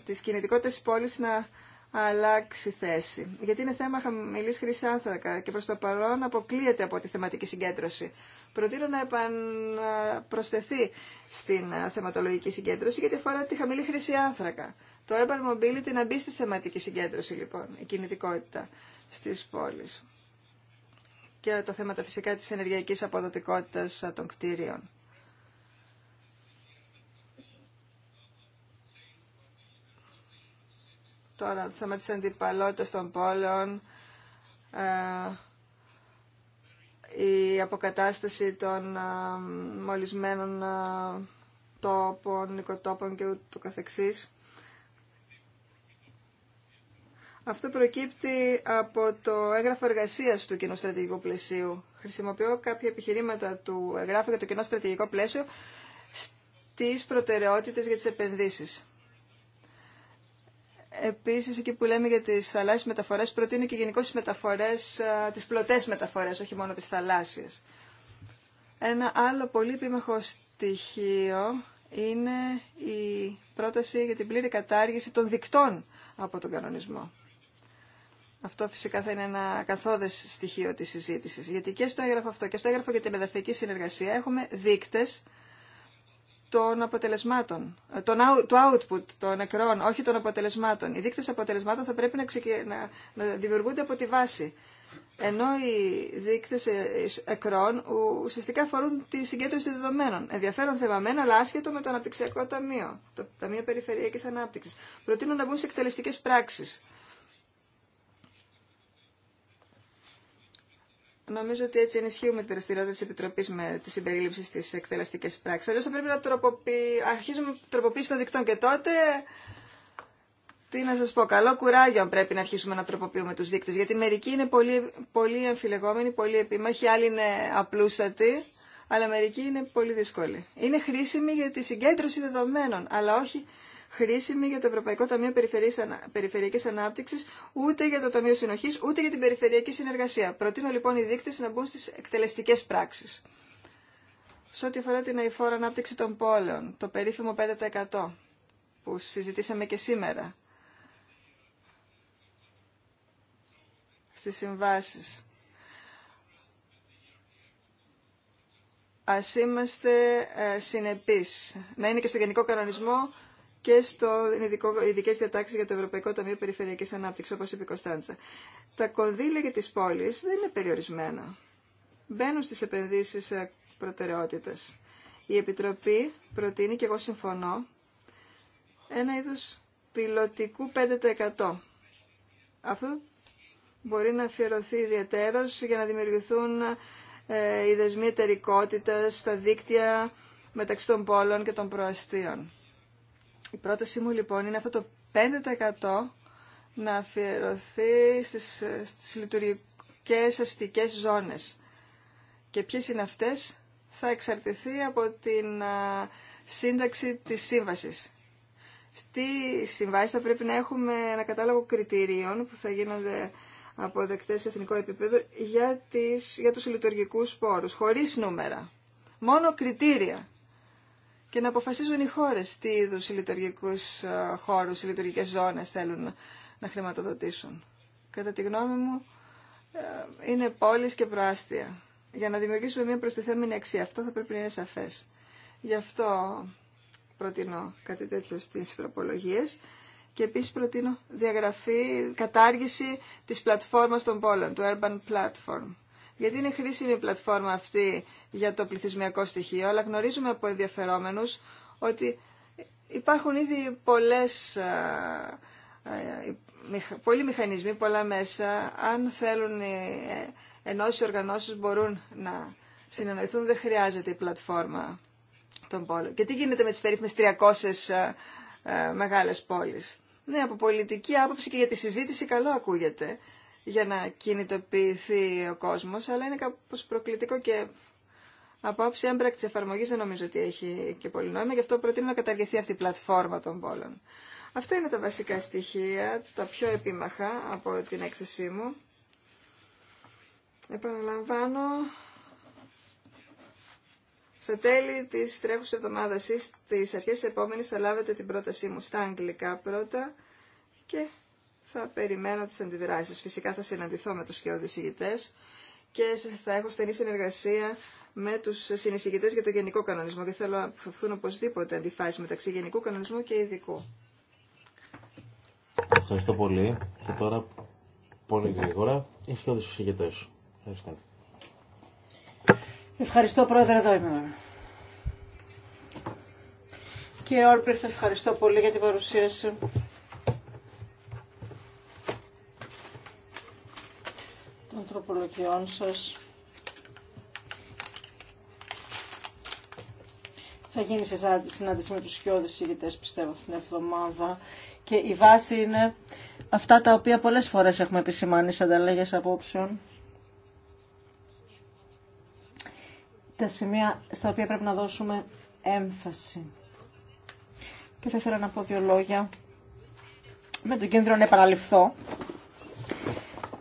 της κινητικότητας της πόλης να αλλάξει θέση. Γιατί είναι θέμα χαμηλή χρυσή άνθρακα και προ το παρόν αποκλείεται από τη θεματική συγκέντρωση. Προτείνω να επαναπροσθεθεί στην θεματολογική συγκέντρωση γιατί αφορά τη χαμηλή χρήση άνθρακα. Το urban mobility να μπει στη θεματική συγκέντρωση λοιπόν, η κινητικότητα στι πόλει. Και τα θέματα φυσικά τη ενεργειακή αποδοτικότητα των κτίριων. Τώρα, το θέμα της αντιπαλότητας των πόλεων, ε, η αποκατάσταση των ε, μολυσμένων ε, τόπων, οικοτόπων και ούτω καθεξής. Αυτό προκύπτει από το έγγραφο εργασίας του κοινού στρατηγικού πλαισίου. Χρησιμοποιώ κάποια επιχειρήματα του εγγράφου για το κοινό στρατηγικό πλαίσιο στις προτεραιότητες για τις επενδύσεις. Επίσης, εκεί που λέμε για τι θαλάσσιες μεταφορές, προτείνω και γενικώ τι μεταφορές, τις πλωτές μεταφορές, όχι μόνο τις θαλάσσιες. Ένα άλλο πολύ επίμαχο στοιχείο είναι η πρόταση για την πλήρη κατάργηση των δικτών από τον κανονισμό. Αυτό φυσικά θα είναι ένα καθόδες στοιχείο της συζήτηση. γιατί και στο έγγραφο αυτό και στο έγγραφο για την εδαφική συνεργασία έχουμε δείκτε των αποτελεσμάτων, ε, του output των νεκρών, όχι των αποτελεσμάτων. Οι δείκτες αποτελεσμάτων θα πρέπει να, να, δημιουργούνται από τη βάση. Ενώ οι δείκτες ε, εκρών ουσιαστικά αφορούν τη συγκέντρωση δεδομένων. Ενδιαφέρον θεμαμένα, αλλά άσχετο με το Αναπτυξιακό Ταμείο, το Ταμείο Περιφερειακής Ανάπτυξης. Προτείνω να μπουν σε εκτελεστικές πράξεις Νομίζω ότι έτσι ενισχύουμε τη δραστηριότητα τη Επιτροπή με τη συμπερίληψη στι εκτελεστικέ πράξει. Αλλιώ θα πρέπει να τροποποιήσουμε. αρχίζουμε τροποποίηση των δικτών και τότε. Τι να σα πω, καλό κουράγιο αν πρέπει να αρχίσουμε να τροποποιούμε του δείκτε. Γιατί μερικοί είναι πολύ, πολύ αμφιλεγόμενοι, πολύ επίμαχοι, άλλοι είναι απλούστατοι, αλλά μερικοί είναι πολύ δύσκολοι. Είναι χρήσιμοι για τη συγκέντρωση δεδομένων, αλλά όχι χρήσιμη για το Ευρωπαϊκό Ταμείο Περιφερειακής Ανάπτυξης, ούτε για το Ταμείο Συνοχής, ούτε για την Περιφερειακή Συνεργασία. Προτείνω λοιπόν οι δείκτε να μπουν στι εκτελεστικές πράξεις. Σε ό,τι αφορά την αηφόρα ανάπτυξη των πόλεων, το περίφημο 5% που συζητήσαμε και σήμερα στις συμβάσεις. Ας είμαστε ε, συνεπείς. Να είναι και στο γενικό κανονισμό και στο ειδικέ διατάξει για το Ευρωπαϊκό Ταμείο Περιφερειακής Ανάπτυξη, όπω είπε η Κωνσταντζα. Τα κονδύλια για τις πόλεις δεν είναι περιορισμένα. Μπαίνουν στι επενδύσει ε, προτεραιότητας. Η Επιτροπή προτείνει, και εγώ συμφωνώ, ένα είδο πιλωτικού 5%. Αυτό μπορεί να αφιερωθεί ιδιαίτερο για να δημιουργηθούν ε, οι δεσμοί εταιρικότητα στα δίκτυα μεταξύ των πόλων και των προαστίων. Η πρότασή μου λοιπόν είναι αυτό το 5% να αφιερωθεί στις, στις λειτουργικές αστικές ζώνες. Και ποιες είναι αυτές θα εξαρτηθεί από την σύνταξη της σύμβασης. Στη συμβάση θα πρέπει να έχουμε ένα κατάλογο κριτηρίων που θα γίνονται αποδεκτές σε εθνικό επίπεδο για, τις, για τους λειτουργικούς πόρους, χωρίς νούμερα. Μόνο κριτήρια και να αποφασίζουν οι χώρες τι είδου λειτουργικούς ε, χώρους, λειτουργικέ λειτουργικές ζώνες θέλουν να χρηματοδοτήσουν. Κατά τη γνώμη μου, ε, είναι πόλεις και προάστια. Για να δημιουργήσουμε μια προστιθέμενη αξία, αυτό θα πρέπει να είναι σαφές. Γι' αυτό προτείνω κάτι τέτοιο στις τροπολογίες και επίσης προτείνω διαγραφή, κατάργηση της πλατφόρμας των πόλων, του Urban Platform. Γιατί είναι χρήσιμη η πλατφόρμα αυτή για το πληθυσμιακό στοιχείο, αλλά γνωρίζουμε από ενδιαφερόμενους ότι υπάρχουν ήδη πολλές, πολλοί μηχανισμοί, πολλά μέσα. Αν θέλουν ε, οι οργανώσεις μπορούν να συνεννοηθούν, δεν χρειάζεται η πλατφόρμα των πόλων. Και τι γίνεται με τις περίφημες 300 μεγάλες πόλεις. Ναι, από πολιτική άποψη και για τη συζήτηση καλό ακούγεται για να κινητοποιηθεί ο κόσμος, αλλά είναι κάπως προκλητικό και από άψη έμπρακτη εφαρμογή δεν νομίζω ότι έχει και πολύ νόημα, γι' αυτό προτείνω να καταργηθεί αυτή η πλατφόρμα των πόλων. Αυτά είναι τα βασικά στοιχεία, τα πιο επίμαχα από την έκθεσή μου. Επαναλαμβάνω, στα τέλη της τρέχουσα εβδομάδας ή στις αρχές της επόμενης θα λάβετε την πρότασή μου στα αγγλικά πρώτα και θα περιμένω τις αντιδράσεις. Φυσικά θα συναντηθώ με τους σχεδόν ηγητές και θα έχω στενή συνεργασία με τους συνεισηγητές για το γενικό κανονισμό και θέλω να αποφευθούν οπωσδήποτε αντιφάσεις μεταξύ γενικού κανονισμού και ειδικού. Ευχαριστώ πολύ. Και τώρα πολύ γρήγορα οι σχεδόν ηγητές. Ευχαριστώ. Ευχαριστώ πρόεδρε εδώ είμαι. Κύριε Όρπριχτ, ευχαριστώ πολύ για την παρουσίαση. των τροπολογιών σας θα γίνει σε συνάντηση με τους σκιώδεις ηγητές πιστεύω αυτήν την εβδομάδα και η βάση είναι αυτά τα οποία πολλές φορές έχουμε επισημάνει σε ανταλλαγές απόψεων. Τα σημεία στα οποία πρέπει να δώσουμε έμφαση. Και θα ήθελα να πω δύο λόγια με τον κίνδυνο να επαναληφθώ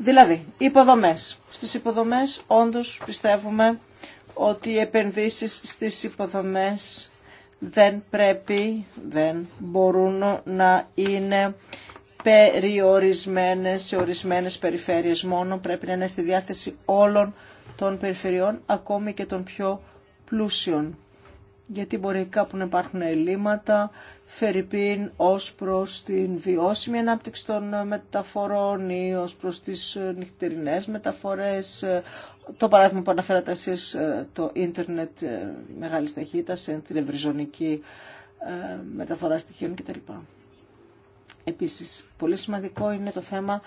Δηλαδή, υποδομές. Στις υποδομές όντως πιστεύουμε ότι οι επενδύσεις στις υποδομές δεν πρέπει, δεν μπορούν να είναι περιορισμένες σε ορισμένες περιφέρειες μόνο. Πρέπει να είναι στη διάθεση όλων των περιφερειών, ακόμη και των πιο πλούσιων γιατί μπορεί κάπου να υπάρχουν ελλείμματα, φερρυπίν ως προς την βιώσιμη ανάπτυξη των μεταφορών ή ως προς τις νυχτερινές μεταφορές. Το παράδειγμα που αναφέρατε εσείς, ε, το ίντερνετ ε, μεγάλης ταχύτητας, ε, την ευρυζωνική μεταφορά στοιχείων κτλ. Επίσης, πολύ σημαντικό είναι το θέμα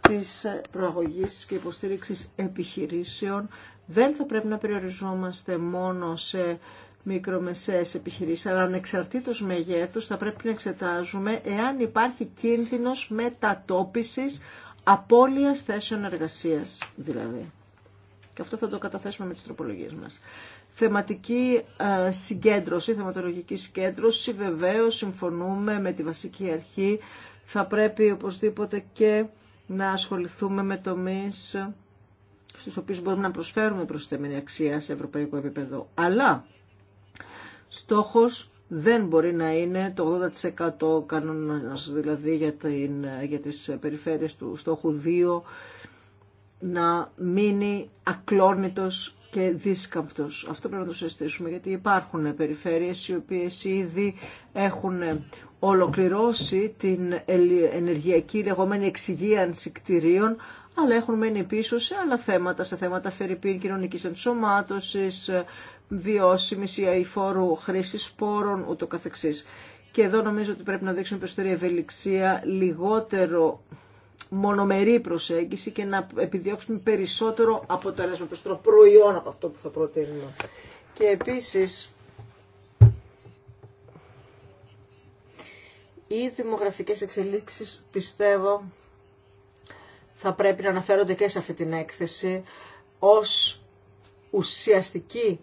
της προαγωγής και υποστήριξης επιχειρήσεων. Δεν θα πρέπει να περιοριζόμαστε μόνο σε μικρομεσαίες επιχειρήσεις, αλλά ανεξαρτήτως μεγέθους θα πρέπει να εξετάζουμε εάν υπάρχει κίνδυνος μετατόπισης απώλειας θέσεων εργασίας δηλαδή. Και αυτό θα το καταθέσουμε με τις τροπολογίες μας. Θεματική ε, συγκέντρωση, θεματολογική συγκέντρωση, Βεβαίω συμφωνούμε με τη βασική αρχή. Θα πρέπει οπωσδήποτε και να ασχοληθούμε με τομείς στους οποίους μπορούμε να προσφέρουμε προσθέμενη αξία σε ευρωπαϊκό επίπεδο. Αλλά στόχος δεν μπορεί να είναι το 80% κανόνας, δηλαδή για, την, για τις περιφέρειες του στόχου 2, να μείνει ακλόνητος και δίσκαμπτος. Αυτό πρέπει να το συστήσουμε, γιατί υπάρχουν περιφέρειες οι οποίες ήδη έχουν ολοκληρώσει την ενεργειακή λεγόμενη εξυγίανση κτηρίων, αλλά έχουν μένει πίσω σε άλλα θέματα, σε θέματα φερρυπίν κοινωνικής ενσωμάτωσης, βιώσιμη ή αηφόρου χρήση σπόρων ούτω καθεξής. Και εδώ νομίζω ότι πρέπει να δείξουμε περισσότερη ευελιξία, λιγότερο μονομερή προσέγγιση και να επιδιώξουμε περισσότερο από το περισσότερο προϊόν από αυτό που θα προτείνουμε. Και επίσης, οι δημογραφικές εξελίξεις πιστεύω θα πρέπει να αναφέρονται και σε αυτή την έκθεση ως ουσιαστική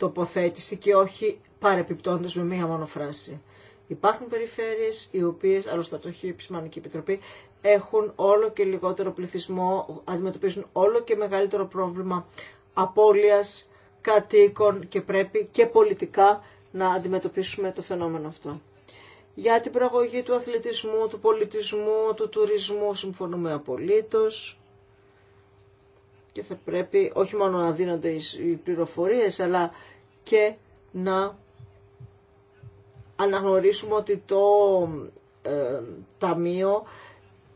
τοποθέτηση και όχι παρεπιπτόντως με μία μόνο φράση. Υπάρχουν περιφέρειες οι οποίες, άλλωστε το έχει η Επισμανική Επιτροπή, έχουν όλο και λιγότερο πληθυσμό, αντιμετωπίζουν όλο και μεγαλύτερο πρόβλημα απώλειας κατοίκων και πρέπει και πολιτικά να αντιμετωπίσουμε το φαινόμενο αυτό. Για την προαγωγή του αθλητισμού, του πολιτισμού, του τουρισμού συμφωνούμε απολύτως και θα πρέπει όχι μόνο να δίνονται οι πληροφορίες αλλά και να αναγνωρίσουμε ότι το ε, Ταμείο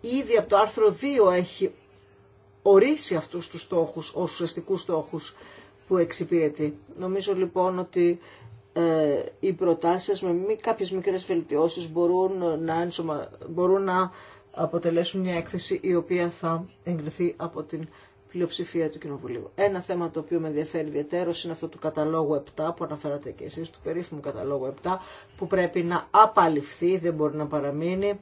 ήδη από το άρθρο 2 έχει ορίσει αυτούς τους στόχους ως ουσιαστικούς στόχους που εξυπηρετεί. Νομίζω λοιπόν ότι ε, οι προτάσεις με μη, κάποιες μικρές βελτιώσεις μπορούν να, ενσωμα, μπορούν να αποτελέσουν μια έκθεση η οποία θα εγκριθεί από την πλειοψηφία του Κοινοβουλίου. Ένα θέμα το οποίο με ενδιαφέρει ιδιαίτερο είναι αυτό του καταλόγου 7 που αναφέρατε και εσείς, του περίφημου καταλόγου 7 που πρέπει να απαλληφθεί, δεν μπορεί να παραμείνει.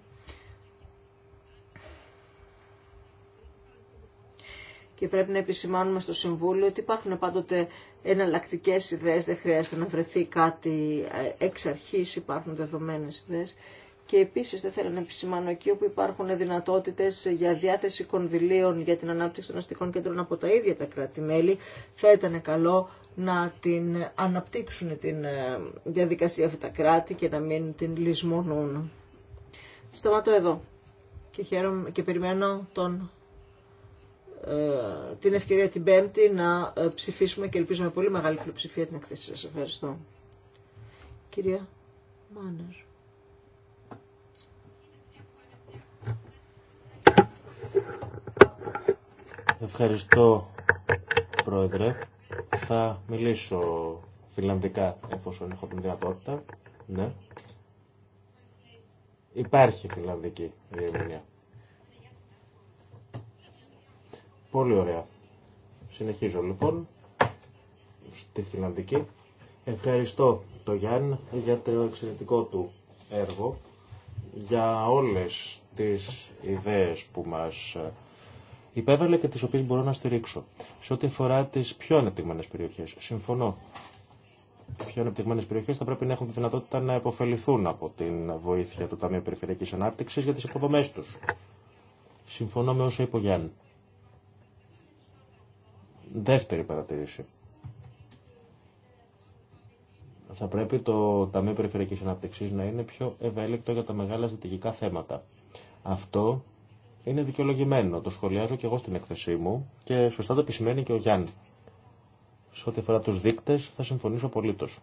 Και πρέπει να επισημάνουμε στο Συμβούλιο ότι υπάρχουν πάντοτε εναλλακτικέ ιδέες, δεν χρειάζεται να βρεθεί κάτι ε, εξ αρχής, υπάρχουν δεδομένες ιδέες. Και επίσης δεν θέλω να επισημάνω εκεί όπου υπάρχουν δυνατότητες για διάθεση κονδυλίων για την ανάπτυξη των αστικών κέντρων από τα ίδια τα κράτη-μέλη. Θα ήταν καλό να την αναπτύξουν την ε, διαδικασία αυτά τα κράτη και να μην την λησμονούν. Σταματώ εδώ και, και περιμένω τον, ε, την ευκαιρία την Πέμπτη να ε, ψηφίσουμε και ελπίζω με πολύ μεγάλη πλειοψηφία την εκθέση σας. Ευχαριστώ. Κυρία Μάνερ. Ευχαριστώ, Πρόεδρε. Θα μιλήσω φιλανδικά, εφόσον έχω την δυνατότητα. Ναι. Υπάρχει φιλανδική διερμηνία. Πολύ ωραία. Συνεχίζω λοιπόν στη φιλανδική. Ευχαριστώ το Γιάννη για το εξαιρετικό του έργο, για όλες τις ιδέες που μας ε, υπέβαλε και τις οποίες μπορώ να στηρίξω. Σε ό,τι αφορά τις πιο ανεπτυγμένες περιοχές, συμφωνώ. Οι πιο ανεπτυγμένες περιοχές θα πρέπει να έχουν τη δυνατότητα να επωφεληθούν από την βοήθεια του Ταμείου Περιφερειακής Ανάπτυξης για τις υποδομές τους. Συμφωνώ με όσο είπε ο Γιάννη. Δεύτερη παρατήρηση. Θα πρέπει το Ταμείο Περιφερειακής Ανάπτυξης να είναι πιο ευέλικτο για τα μεγάλα ζητηγικά θέματα. Αυτό είναι δικαιολογημένο. Το σχολιάζω και εγώ στην έκθεσή μου και σωστά το επισημαίνει και ο Γιάννη. Σε ό,τι αφορά τους δείκτες θα συμφωνήσω απολύτως.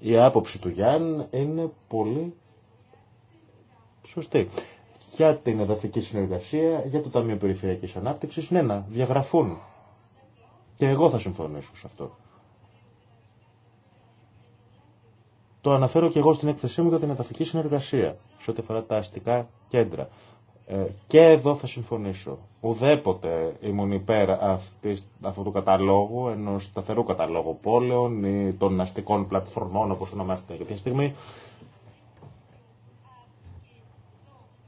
Η άποψη του Γιάννη είναι πολύ σωστή. Για την εδαφική συνεργασία, για το Ταμείο Περιφερειακής Ανάπτυξης, ναι, να διαγραφούν. Και εγώ θα συμφωνήσω σε αυτό. Το αναφέρω και εγώ στην έκθεσή μου για την εδαφική συνεργασία, σε ό,τι αφορά τα αστικά κέντρα. Ε, και εδώ θα συμφωνήσω. Ουδέποτε ήμουν υπέρ αυτής, αυτού του καταλόγου, ενό σταθερού καταλόγου πόλεων ή των αστικών πλατφορμών, όπω ονομάζεται για τη στιγμή.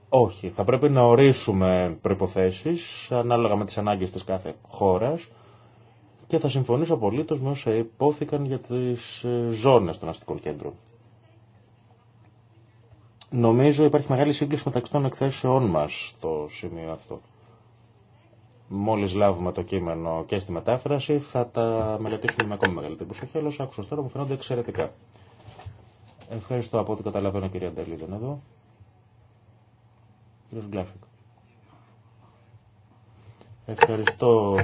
Όχι, θα πρέπει να ορίσουμε προποθέσει ανάλογα με τι ανάγκε τη κάθε χώρα. και θα συμφωνήσω απολύτως με όσα υπόθηκαν για τι ε, ζώνε των αστικών κέντρων. Νομίζω υπάρχει μεγάλη σύγκληση μεταξύ των εκθέσεών μα στο σημείο αυτό. Μόλι λάβουμε το κείμενο και στη μετάφραση θα τα μελετήσουμε με ακόμη μεγαλύτερη προσοχή, αλλά άκουσα τώρα μου φαίνονται εξαιρετικά. Ευχαριστώ από ό,τι καταλαβαίνω κυρία Ντελή, δεν εδώ. Κύριος Γκλάφικ. Ευχαριστώ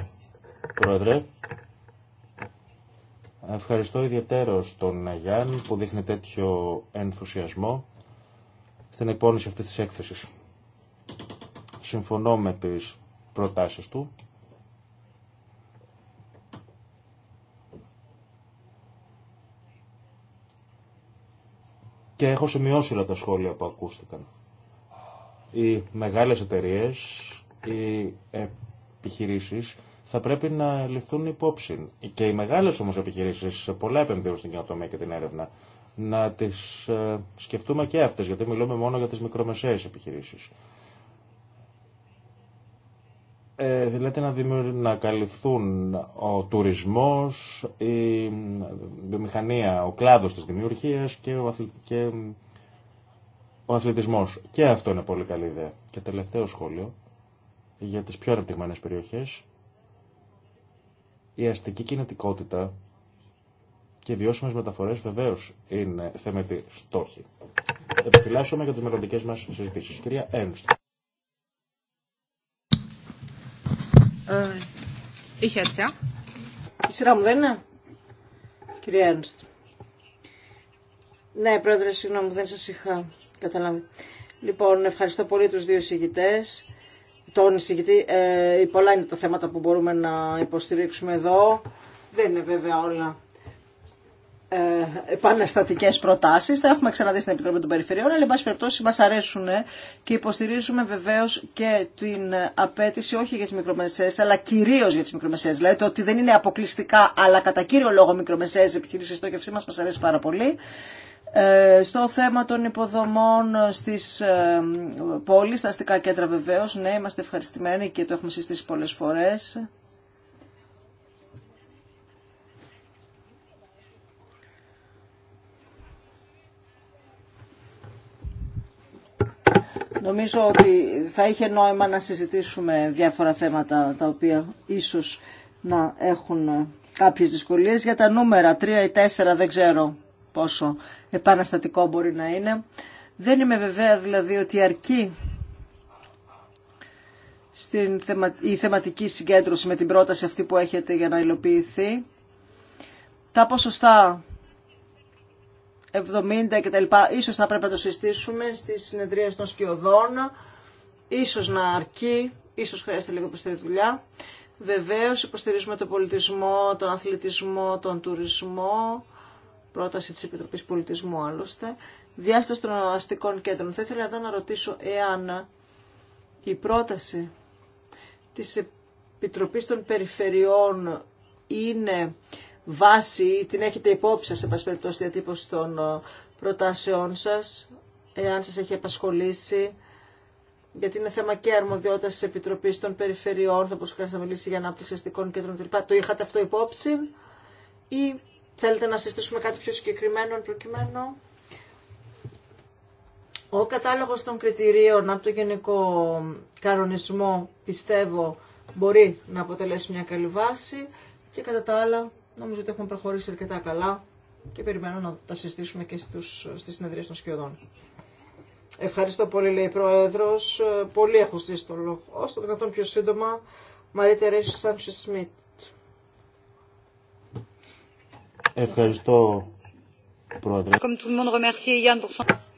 Πρόεδρε. Ευχαριστώ ιδιαίτερο τον Γιάννη που δείχνει τέτοιο ενθουσιασμό στην εκπόνηση αυτή τη έκθεσης. Συμφωνώ με τις προτάσεις του. Και έχω σημειώσει όλα τα σχόλια που ακούστηκαν. Οι μεγάλες εταιρείες, οι επιχειρήσεις θα πρέπει να ληφθούν υπόψη. Και οι μεγάλες όμως επιχειρήσεις πολλά επενδύουν στην κοινοτομία και την έρευνα να τις ε, σκεφτούμε και αυτές, γιατί μιλούμε μόνο για τις μικρομεσαίες επιχειρήσεις. Ε, δηλαδή να, να καλυφθούν ο τουρισμός, η βιομηχανία, ο κλάδος της δημιουργίας και ο, αθλη, και ο αθλητισμός. Και αυτό είναι πολύ καλή ιδέα. Και τελευταίο σχόλιο για τις πιο αναπτυγμένες περιοχές. Η αστική κινητικότητα και βιώσιμε μεταφορέ βεβαίω είναι θεμετή στόχη. Επιφυλάσσομαι για τι μελλοντικέ μα συζητήσει. Κυρία Ένστ. Ε, είχε έτσι, Η σειρά μου δεν είναι. Κυρία Ένστ. Ναι, πρόεδρε, συγγνώμη, δεν σας είχα καταλάβει. Λοιπόν, ευχαριστώ πολύ τους δύο συγγητές. Τον εισηγητή, ε, πολλά είναι τα θέματα που μπορούμε να υποστηρίξουμε εδώ. Δεν είναι βέβαια όλα ε, επαναστατικέ προτάσει. Θα έχουμε ξαναδεί στην Επιτροπή των Περιφερειών, αλλά εν πάση περιπτώσει μα αρέσουν και υποστηρίζουμε βεβαίω και την απέτηση όχι για τι μικρομεσαίε, αλλά κυρίω για τι μικρομεσαίε. Δηλαδή το ότι δεν είναι αποκλειστικά, αλλά κατά κύριο λόγο μικρομεσαίε επιχειρήσει στο μα, μα αρέσει πάρα πολύ. Ε, στο θέμα των υποδομών στις ε, πόλεις, στα αστικά κέντρα βεβαίως, ναι, είμαστε ευχαριστημένοι και το έχουμε συστήσει πολλέ φορές. Νομίζω ότι θα είχε νόημα να συζητήσουμε διάφορα θέματα τα οποία ίσως να έχουν κάποιες δυσκολίες. Για τα νούμερα 3 ή 4 δεν ξέρω πόσο επαναστατικό μπορεί να είναι. Δεν είμαι βεβαία δηλαδή ότι αρκεί στην η θεματική συγκέντρωση με την πρόταση αυτή που έχετε για να υλοποιηθεί. Τα ποσοστά 70 κτλ. Ίσως θα πρέπει να το συστήσουμε στις συνεδρίες των σκιωδών. Ίσως να αρκεί, ίσως χρειάζεται λίγο τη δουλειά. Βεβαίως υποστηρίζουμε τον πολιτισμό, τον αθλητισμό, τον τουρισμό. Πρόταση της Επιτροπής Πολιτισμού άλλωστε. Διάσταση των αστικών κέντρων. Θα ήθελα εδώ να ρωτήσω εάν η πρόταση της Επιτροπής των Περιφερειών είναι βάση ή την έχετε υπόψη σας, σε πάση περιπτώσει, διατύπωση των ε, προτάσεών σας, εάν σας έχει απασχολήσει, γιατί είναι θέμα και αρμοδιότητα τη Επιτροπή των Περιφερειών, θα μπορούσα να μιλήσει για ανάπτυξη αστικών κέντρων κλπ. Το είχατε αυτό υπόψη ή θέλετε να συστήσουμε κάτι πιο συγκεκριμένο προκειμένου. Ο κατάλογος των κριτηρίων από το γενικό κανονισμό πιστεύω μπορεί να αποτελέσει μια καλή βάση και κατά τα άλλα Νομίζω ότι έχουμε προχωρήσει αρκετά καλά και περιμένω να τα συστήσουμε και στους, στις συνεδρίες των σκιωδών. Ευχαριστώ πολύ, λέει η Πρόεδρος. Ε, πολύ έχουν ζήσει τον λόγο. Ως το δυνατόν πιο σύντομα, Μαρία Τερέση Σάντσι Σμιτ. Ευχαριστώ, Πρόεδρε.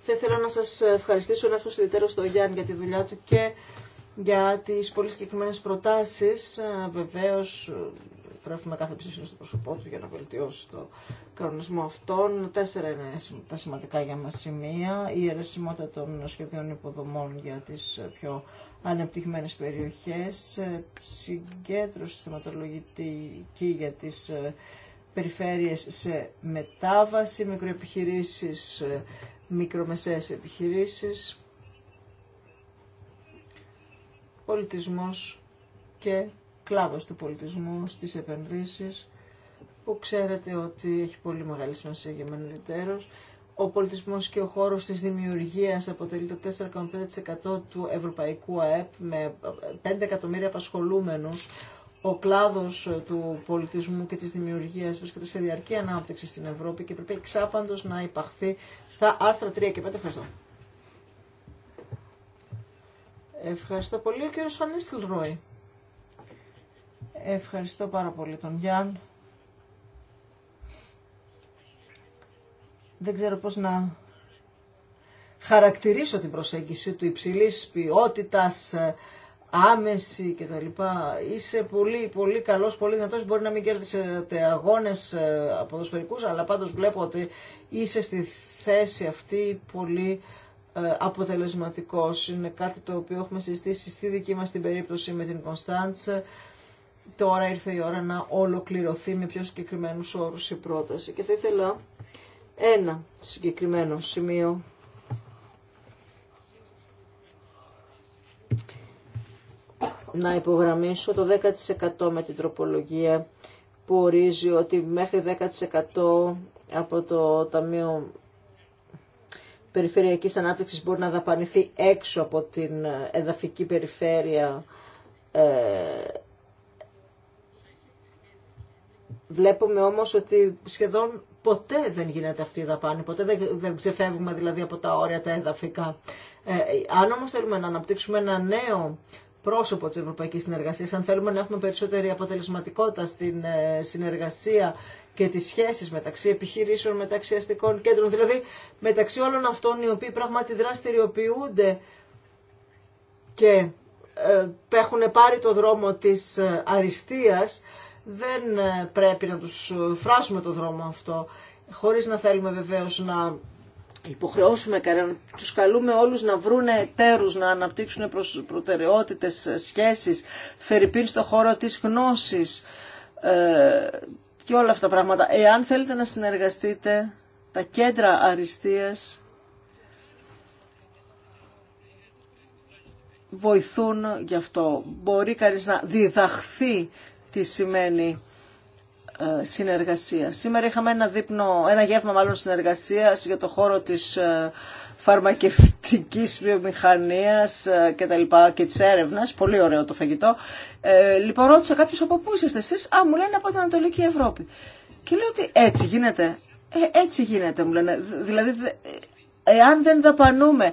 Θα ήθελα να σας ευχαριστήσω να έρθω στο στον Γιάννη για τη δουλειά του και για τις πολύ συγκεκριμένε προτάσεις. Ε, βεβαίως, Τρέφουμε κάθε ψήφινο στο πρόσωπό του για να βελτιώσει το κανονισμό αυτών. Τέσσερα είναι τα σημαντικά για μας σημεία. Η αιρεσιμότητα των σχεδίων υποδομών για τις πιο ανεπτυγμένες περιοχές, ε, συγκέντρωση θεματολογική για τις ε, περιφέρειες σε μετάβαση, μικροεπιχειρήσεις, ε, μικρομεσαίες επιχειρήσεις, πολιτισμός και κλάδος του πολιτισμού, στις επενδύσεις, που ξέρετε ότι έχει πολύ μεγάλη σημασία για μένα Ο πολιτισμός και ο χώρος της δημιουργίας αποτελεί το 4,5% του ευρωπαϊκού ΑΕΠ με 5 εκατομμύρια απασχολούμενους. Ο κλάδος του πολιτισμού και της δημιουργίας βρίσκεται σε διαρκή ανάπτυξη στην Ευρώπη και πρέπει εξάπαντος να υπαχθεί στα άρθρα 3 και 5. Ευχαριστώ. Ευχαριστώ πολύ ο κύριος Ευχαριστώ πάρα πολύ τον Γιάν. Δεν ξέρω πώς να χαρακτηρίσω την προσέγγιση του υψηλής ποιότητας, άμεση κτλ. Είσαι πολύ, πολύ καλός, πολύ δυνατός. Μπορεί να μην κέρδισετε αγώνες αποδοσφαιρικούς, ε, αλλά πάντως βλέπω ότι είσαι στη θέση αυτή πολύ ε, αποτελεσματικός. Είναι κάτι το οποίο έχουμε συζητήσει στη δική μας την περίπτωση με την Κωνσταντς τώρα ήρθε η ώρα να ολοκληρωθεί με πιο συγκεκριμένου όρου η πρόταση. Και θα ήθελα ένα συγκεκριμένο σημείο να υπογραμμίσω το 10% με την τροπολογία που ορίζει ότι μέχρι 10% από το Ταμείο Περιφερειακής Ανάπτυξης μπορεί να δαπανηθεί έξω από την εδαφική περιφέρεια ε, Βλέπουμε όμως ότι σχεδόν ποτέ δεν γίνεται αυτή η δαπάνη, ποτέ δεν ξεφεύγουμε δηλαδή από τα όρια τα εδαφικά. Ε, αν όμως θέλουμε να αναπτύξουμε ένα νέο πρόσωπο της Ευρωπαϊκής Συνεργασίας, αν θέλουμε να έχουμε περισσότερη αποτελεσματικότητα στην ε, συνεργασία και τις σχέσεις μεταξύ επιχειρήσεων, μεταξύ αστικών κέντρων, δηλαδή μεταξύ όλων αυτών οι οποίοι πράγματι δραστηριοποιούνται και ε, έχουν πάρει το δρόμο της ε, αριστείας, δεν ε, πρέπει να τους ε, φράσουμε το δρόμο αυτό, χωρίς να θέλουμε βεβαίως να υποχρεώσουμε κανέναν. Τους καλούμε όλους να βρούνε τέρους, να αναπτύξουν προς προτεραιότητες, ε, σχέσεις, φερειπίν στο χώρο της γνώσης και όλα αυτά τα πράγματα. Εάν θέλετε να συνεργαστείτε, τα κέντρα αριστείας βοηθούν γι' αυτό. Μπορεί κανείς να διδαχθεί τι σημαίνει ε, συνεργασία. Σήμερα είχαμε ένα, δείπνο, ένα γεύμα μάλλον συνεργασίας για το χώρο της ε, φαρμακευτικής βιομηχανίας ε, και τα λοιπά και της έρευνας. Πολύ ωραίο το φαγητό. λοιπόν ρώτησα κάποιους από πού είστε εσείς. Α, μου λένε από την Ανατολική Ευρώπη. Και λέω ότι έτσι γίνεται. έτσι γίνεται μου λένε. Δηλαδή εάν δεν δαπανούμε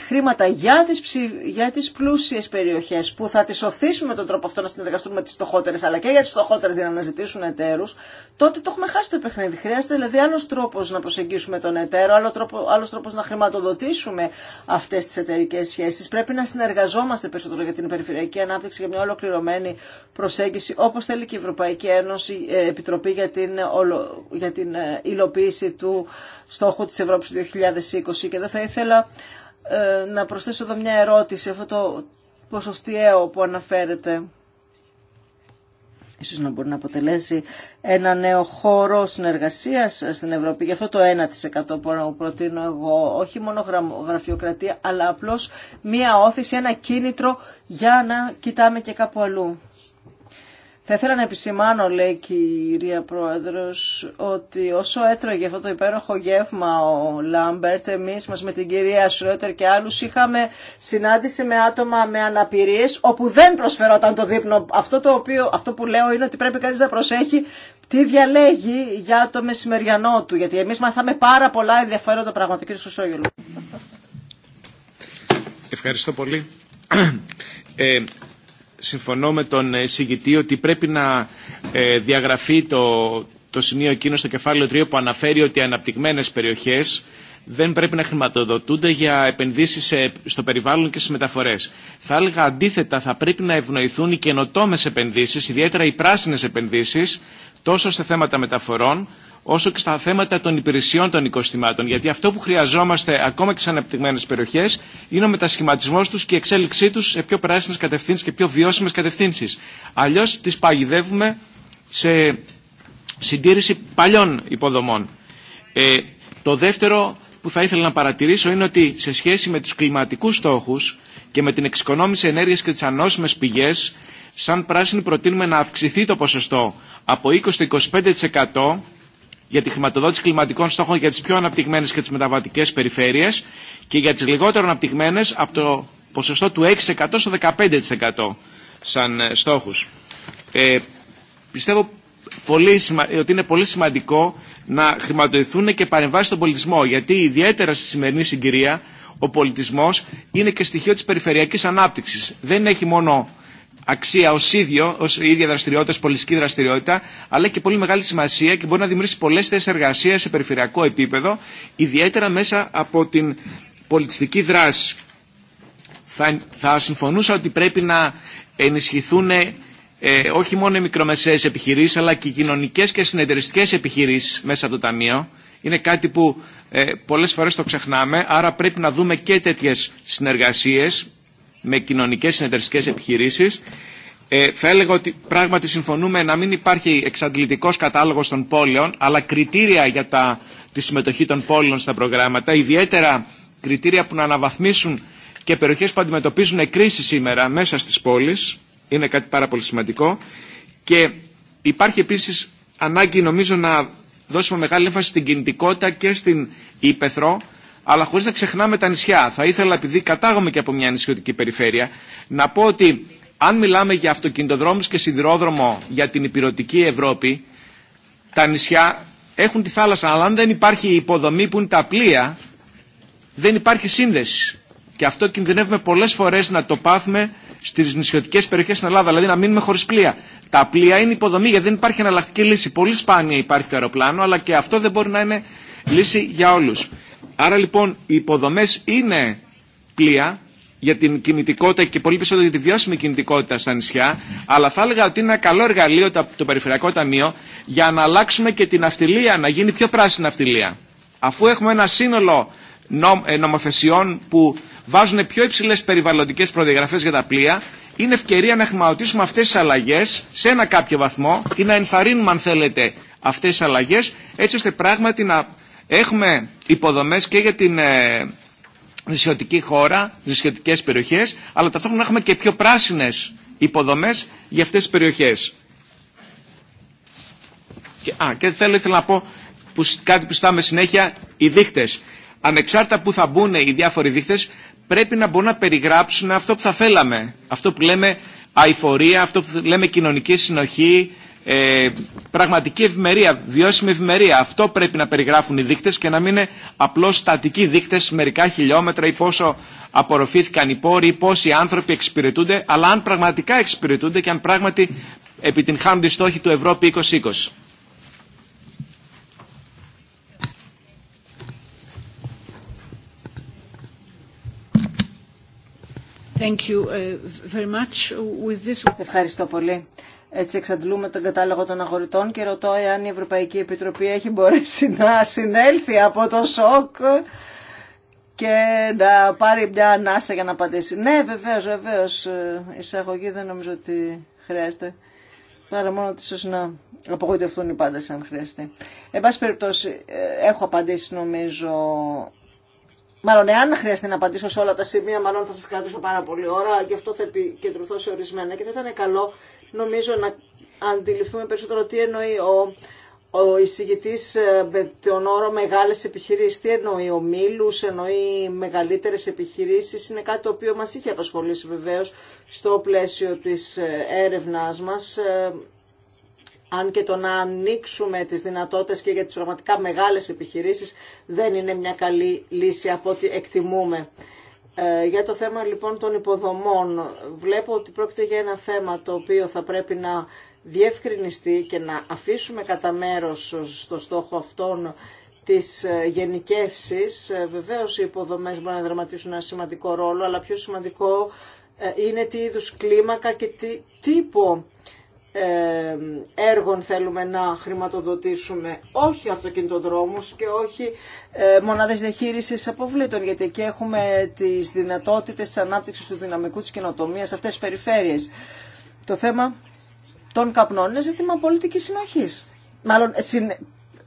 χρήματα για τις, ψη... για τις πλούσιες περιοχές που θα τις οθήσουμε με τον τρόπο αυτό να συνεργαστούν με τις φτωχότερες αλλά και για τις φτωχότερες για να αναζητήσουν εταίρους, τότε το έχουμε χάσει το παιχνίδι. Χρειάζεται δηλαδή άλλος τρόπος να προσεγγίσουμε τον εταίρο, άλλο τρόπο, άλλος τρόπος να χρηματοδοτήσουμε αυτές τις εταιρικέ σχέσεις. Πρέπει να συνεργαζόμαστε περισσότερο για την περιφερειακή ανάπτυξη για μια ολοκληρωμένη προσέγγιση όπως θέλει και η Ευρωπαϊκή Ένωση ε, Επιτροπή για την, για την ε, υλοποίηση του στόχου της Ευρώπης 2020 και δεν θα ήθελα ε, να προσθέσω εδώ μια ερώτηση, αυτό το ποσοστιαίο που αναφέρεται. Ίσως να μπορεί να αποτελέσει ένα νέο χώρο συνεργασίας στην Ευρώπη. Γι' αυτό το 1% που προτείνω εγώ, όχι μόνο γραφειοκρατία, αλλά απλώς μία όθηση, ένα κίνητρο για να κοιτάμε και κάπου αλλού. Θα ήθελα να επισημάνω, λέει η κυρία Πρόεδρος, ότι όσο έτρωγε αυτό το υπέροχο γεύμα ο Λάμπερτ, εμείς μας με την κυρία Σρότερ και άλλους είχαμε συνάντηση με άτομα με αναπηρίες, όπου δεν προσφερόταν το δείπνο. Αυτό, το οποίο, αυτό που λέω είναι ότι πρέπει κανείς να προσέχει τι διαλέγει για το μεσημεριανό του, γιατί εμείς μαθάμε πάρα πολλά ενδιαφέροντα Κύριε Ευχαριστώ πολύ. Ε, συμφωνώ με τον ε, συγκητή ότι πρέπει να ε, διαγραφεί το, το σημείο εκείνο στο κεφάλαιο 3 που αναφέρει ότι οι αναπτυγμένες περιοχές δεν πρέπει να χρηματοδοτούνται για επενδύσεις στο περιβάλλον και στις μεταφορές. Θα έλεγα αντίθετα θα πρέπει να ευνοηθούν οι καινοτόμες επενδύσεις, ιδιαίτερα οι πράσινες επενδύσεις, τόσο σε θέματα μεταφορών όσο και στα θέματα των υπηρεσιών των οικοστημάτων. Γιατί αυτό που χρειαζόμαστε ακόμα και στι αναπτυγμένε περιοχέ είναι ο μετασχηματισμό του και η εξέλιξή του σε πιο πράσινε κατευθύνσει και πιο βιώσιμε κατευθύνσει. Αλλιώ τι παγιδεύουμε σε συντήρηση παλιών υποδομών. Ε, το δεύτερο που θα ήθελα να παρατηρήσω είναι ότι σε σχέση με του κλιματικού στόχου και με την εξοικονόμηση ενέργεια και τι ανώσιμε πηγέ, σαν πράσινοι προτείνουμε να αυξηθεί το ποσοστό από 20% 25% για τη χρηματοδότηση κλιματικών στόχων για τις πιο αναπτυγμένες και τις μεταβατικές περιφέρειες και για τις λιγότερο αναπτυγμένες από το ποσοστό του 6% στο 15% σαν ε, στόχους. Ε, πιστεύω ε, ότι είναι πολύ σημαντικό να χρηματοδοτηθούν και παρεμβάσει στον πολιτισμό, γιατί ιδιαίτερα στη σημερινή συγκυρία ο πολιτισμός είναι και στοιχείο της περιφερειακής ανάπτυξης. Δεν έχει μόνο αξία ω ίδιο, ω ίδια δραστηριότητα, πολιτική δραστηριότητα, αλλά και πολύ μεγάλη σημασία και μπορεί να δημιουργήσει πολλέ θέσει εργασία σε περιφερειακό επίπεδο, ιδιαίτερα μέσα από την πολιτιστική δράση. Θα, θα συμφωνούσα ότι πρέπει να ενισχυθούν ε, όχι μόνο οι μικρομεσαίες επιχειρήσεις, αλλά και οι κοινωνικές και συνεταιριστικές επιχειρήσεις μέσα από το Ταμείο. Είναι κάτι που ε, πολλές φορές το ξεχνάμε, άρα πρέπει να δούμε και τέτοιες συνεργασίες με κοινωνικές συνεταιριστικέ επιχειρήσει. Ε, θα έλεγα ότι πράγματι συμφωνούμε να μην υπάρχει εξαντλητικό κατάλογος των πόλεων, αλλά κριτήρια για τα, τη συμμετοχή των πόλεων στα προγράμματα, ιδιαίτερα κριτήρια που να αναβαθμίσουν και περιοχές που αντιμετωπίζουν κρίση σήμερα μέσα στις πόλεις. Είναι κάτι πάρα πολύ σημαντικό. Και υπάρχει επίση ανάγκη νομίζω να δώσουμε μεγάλη έμφαση στην κινητικότητα και στην υπεθρό αλλά χωρί να ξεχνάμε τα νησιά. Θα ήθελα, επειδή κατάγομαι και από μια νησιωτική περιφέρεια, να πω ότι αν μιλάμε για αυτοκινητοδρόμου και σιδηρόδρομο για την υπηρετική Ευρώπη, τα νησιά έχουν τη θάλασσα, αλλά αν δεν υπάρχει υποδομή που είναι τα πλοία, δεν υπάρχει σύνδεση. Και αυτό κινδυνεύουμε πολλέ φορέ να το πάθουμε στι νησιωτικέ περιοχέ στην Ελλάδα, δηλαδή να μείνουμε χωρί πλοία. Τα πλοία είναι υποδομή γιατί δεν υπάρχει εναλλακτική λύση. Πολύ σπάνια υπάρχει το αεροπλάνο, αλλά και αυτό δεν μπορεί να είναι λύση για όλους. Άρα λοιπόν οι υποδομές είναι πλοία για την κινητικότητα και πολύ περισσότερο για τη βιώσιμη κινητικότητα στα νησιά, αλλά θα έλεγα ότι είναι ένα καλό εργαλείο το Περιφερειακό Ταμείο για να αλλάξουμε και την αυτιλία, να γίνει πιο πράσινη αυτιλία. Αφού έχουμε ένα σύνολο ε, νομοθεσιών που βάζουν πιο υψηλές περιβαλλοντικές προδιαγραφές για τα πλοία, είναι ευκαιρία να χρηματοδοτήσουμε αυτές τις αλλαγές σε ένα κάποιο βαθμό ή να ενθαρρύνουμε αν θέλετε αυτές τις αλλαγέ, έτσι ώστε πράγματι να Έχουμε υποδομές και για την ε, νησιωτική χώρα, νησιωτικές περιοχές, αλλά ταυτόχρονα έχουμε και πιο πράσινες υποδομές για αυτές τις περιοχές. Και, α, και θέλω, ήθελα να πω που, κάτι που στάμε συνέχεια, οι δείκτες. Ανεξάρτητα που θα μπουν οι διάφοροι δείκτες, πρέπει να μπορούν να περιγράψουν αυτό που θα θέλαμε. Αυτό που λέμε αηφορία, αυτό που λέμε κοινωνική συνοχή, ε, πραγματική ευημερία, βιώσιμη ευημερία. Αυτό πρέπει να περιγράφουν οι δείκτες και να μην είναι απλώς στατικοί δείκτες μερικά χιλιόμετρα ή πόσο απορροφήθηκαν οι πόροι ή πόσοι άνθρωποι εξυπηρετούνται, αλλά αν πραγματικά εξυπηρετούνται και αν πράγματι επιτυγχάνουν τη στόχη του Ευρώπη 2020. Thank you uh, very much. Ευχαριστώ πολύ. Έτσι εξαντλούμε τον κατάλογο των αγορητών και ρωτώ εάν η Ευρωπαϊκή Επιτροπή έχει μπορέσει να συνέλθει από το σοκ και να πάρει μια ανάσα για να απαντήσει. Ναι, βεβαίω, βεβαίω, ε, εισαγωγή δεν νομίζω ότι χρειάζεται. Πάρα μόνο ότι ίσω να απογοητευτούν οι πάντες αν χρειαστεί. Εν πάση περιπτώσει, ε, έχω απαντήσει νομίζω Μάλλον, εάν χρειαστεί να απαντήσω σε όλα τα σημεία, μάλλον θα σα κρατήσω πάρα πολύ ώρα, γι' αυτό θα επικεντρωθώ σε ορισμένα. Και θα ήταν καλό, νομίζω, να αντιληφθούμε περισσότερο τι εννοεί ο, ο εισηγητή ε, με τον όρο μεγάλε επιχειρήσει. Τι εννοεί ο Μήλου, εννοεί μεγαλύτερε επιχειρήσει. Είναι κάτι το οποίο μα είχε απασχολήσει βεβαίω στο πλαίσιο τη ε, έρευνά μα. Ε, αν και το να ανοίξουμε τις δυνατότητες και για τις πραγματικά μεγάλες επιχειρήσεις δεν είναι μια καλή λύση από ό,τι εκτιμούμε. Ε, για το θέμα λοιπόν των υποδομών, βλέπω ότι πρόκειται για ένα θέμα το οποίο θα πρέπει να διευκρινιστεί και να αφήσουμε κατά μέρο στο στόχο αυτόν της ε, γενικεύσεις. Ε, βεβαίως οι υποδομές μπορούν να δραματίσουν ένα σημαντικό ρόλο, αλλά πιο σημαντικό είναι τι είδους κλίμακα και τι τύπο ε, έργων θέλουμε να χρηματοδοτήσουμε όχι αυτοκινητοδρόμους και όχι ε, μονάδες διαχείρισης αποβλήτων γιατί εκεί έχουμε τις δυνατότητες της ανάπτυξης του δυναμικού της κοινοτομίας σε αυτές τις περιφέρειες. Το θέμα των καπνών είναι ζήτημα πολιτικής συνοχής, μάλλον συν,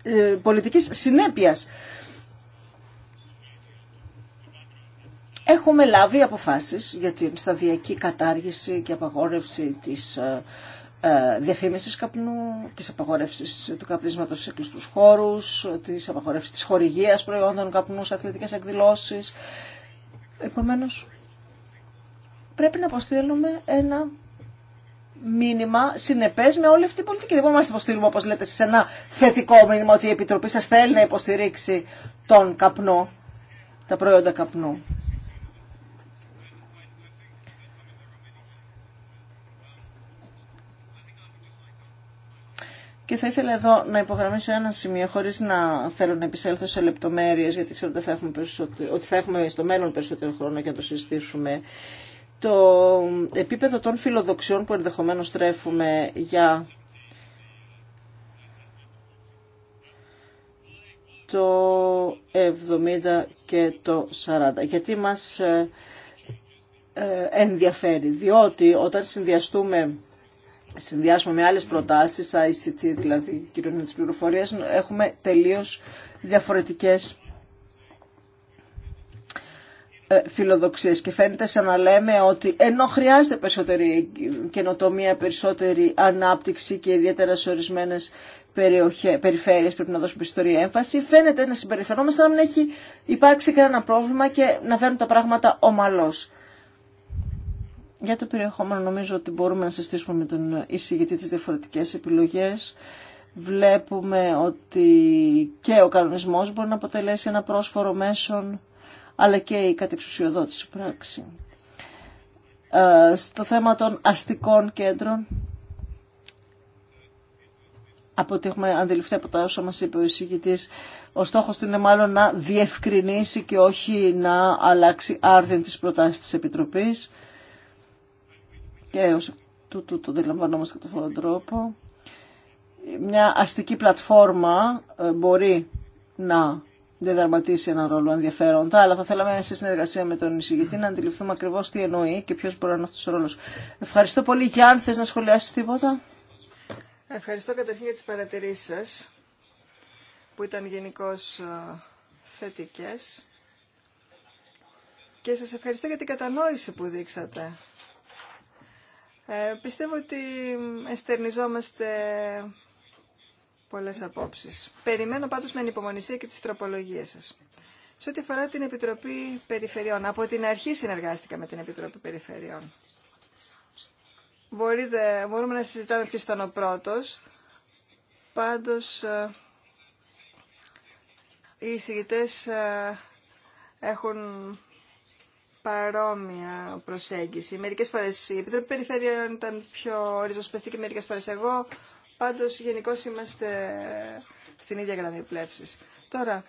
ε, πολιτικής συνέπειας. Έχουμε λάβει αποφάσεις για την σταδιακή κατάργηση και απαγόρευση της ε, διαφήμισης καπνού, της απαγορεύσης του καπνίσματος σε κλειστούς χώρους, της απαγορεύσης της χορηγίας προϊόντων καπνού σε αθλητικές εκδηλώσεις. Επομένως, πρέπει να αποστείλουμε ένα μήνυμα συνεπέ με όλη αυτή την πολιτική. Δεν μπορούμε να υποστηρίζουμε, όπω λέτε, σε ένα θετικό μήνυμα ότι η Επιτροπή σα θέλει να υποστηρίξει τον καπνό, τα προϊόντα καπνού. Και θα ήθελα εδώ να υπογραμμίσω ένα σημείο, χωρί να θέλω να επισέλθω σε λεπτομέρειε, γιατί ξέρω ότι θα, έχουμε ότι θα έχουμε στο μέλλον περισσότερο χρόνο για να το συζητήσουμε. Το επίπεδο των φιλοδοξιών που ενδεχομένω τρέφουμε για το 70 και το 40. Γιατί μας ε, ε, ενδιαφέρει, διότι όταν συνδυαστούμε συνδυάσουμε με άλλες προτάσεις, ICT δηλαδή, κυρίως με τις πληροφορίες, έχουμε τελείως διαφορετικές ε, φιλοδοξίες και φαίνεται σαν να λέμε ότι ενώ χρειάζεται περισσότερη καινοτομία, περισσότερη ανάπτυξη και ιδιαίτερα σε ορισμένες περιοχές, περιφέρειες πρέπει να δώσουμε περισσότερη έμφαση, φαίνεται να συμπεριφερόμαστε να μην έχει υπάρξει κανένα πρόβλημα και να βαίνουν τα πράγματα ομαλώς. Για το περιεχόμενο νομίζω ότι μπορούμε να συστήσουμε με τον εισηγητή τις διαφορετικές επιλογές. Βλέπουμε ότι και ο κανονισμός μπορεί να αποτελέσει ένα πρόσφορο μέσον, αλλά και η κατεξουσιοδότηση πράξη. Ε, στο θέμα των αστικών κέντρων, από ό,τι έχουμε αντιληφθεί από τα όσα μας είπε ο εισηγητής, ο στόχος του είναι μάλλον να διευκρινίσει και όχι να αλλάξει άρδιν τις προτάσεις της Επιτροπής και ως τούτου το αντιλαμβανόμαστε κατά αυτόν τον τρόπο. Μια αστική πλατφόρμα ε, μπορεί να διαδραματίσει έναν ρόλο ενδιαφέροντα, αλλά θα θέλαμε σε συνεργασία με τον εισηγητή να αντιληφθούμε ακριβώ τι εννοεί και ποιο μπορεί να είναι αυτό ο ρόλο. Ευχαριστώ πολύ. Γιάννη, θε να σχολιάσει τίποτα. Ευχαριστώ καταρχήν για τι παρατηρήσει σα, που ήταν γενικώ ε, θετικέ. Και σα ευχαριστώ για την κατανόηση που δείξατε ε, πιστεύω ότι εστερνιζόμαστε πολλές απόψεις. Περιμένω πάντως με ανυπομονησία και τις τροπολογίες σας. Σε ό,τι αφορά την Επιτροπή Περιφερειών, από την αρχή συνεργάστηκα με την Επιτροπή Περιφερειών. Μπορείτε, μπορούμε να συζητάμε ποιος ήταν ο πρώτος. Πάντως, ε, οι εισηγητές ε, έχουν παρόμοια προσέγγιση. Μερικέ φορέ. η Επιτροπή Περιφερειών ήταν πιο ριζοσπαστή και μερικέ φορέ εγώ. Πάντως γενικώ είμαστε στην ίδια γραμμή πλέψη. Τώρα,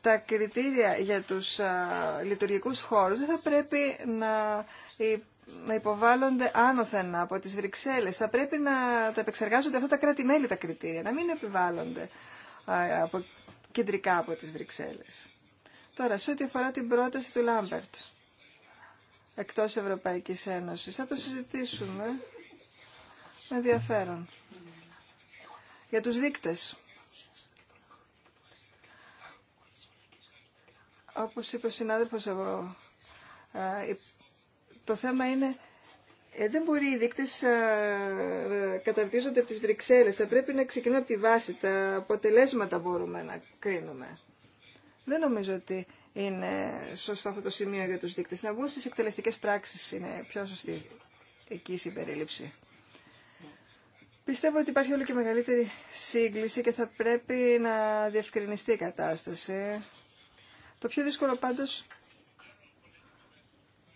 τα κριτήρια για του λειτουργικού χώρου, δεν θα πρέπει να, να υποβάλλονται άνωθεν από τις Βρυξέλλες. Θα πρέπει να τα επεξεργάζονται αυτά τα κράτη-μέλη τα κριτήρια, να μην επιβάλλονται από, κεντρικά από τις Βρυξέλλες. Τώρα, σε ό,τι αφορά την πρόταση του Λάμπερτ εκτός Ευρωπαϊκής Ένωσης. Θα το συζητήσουμε με ενδιαφέρον. Για τους δείκτες. Όπως είπε ο συνάδελφος εγώ, ε, το θέμα είναι ε, δεν μπορεί οι δείκτες να ε, καταρτίζονται από τις Βρυξέλλες. Θα πρέπει να ξεκινούν από τη βάση. Τα αποτελέσματα μπορούμε να κρίνουμε. Δεν νομίζω ότι είναι σωστό αυτό το σημείο για τους δείκτες. Να βγουν στις εκτελεστικές πράξεις είναι πιο σωστή εκεί η συμπερίληψη. Πιστεύω ότι υπάρχει όλο και μεγαλύτερη σύγκληση και θα πρέπει να διευκρινιστεί η κατάσταση. Το πιο δύσκολο πάντως,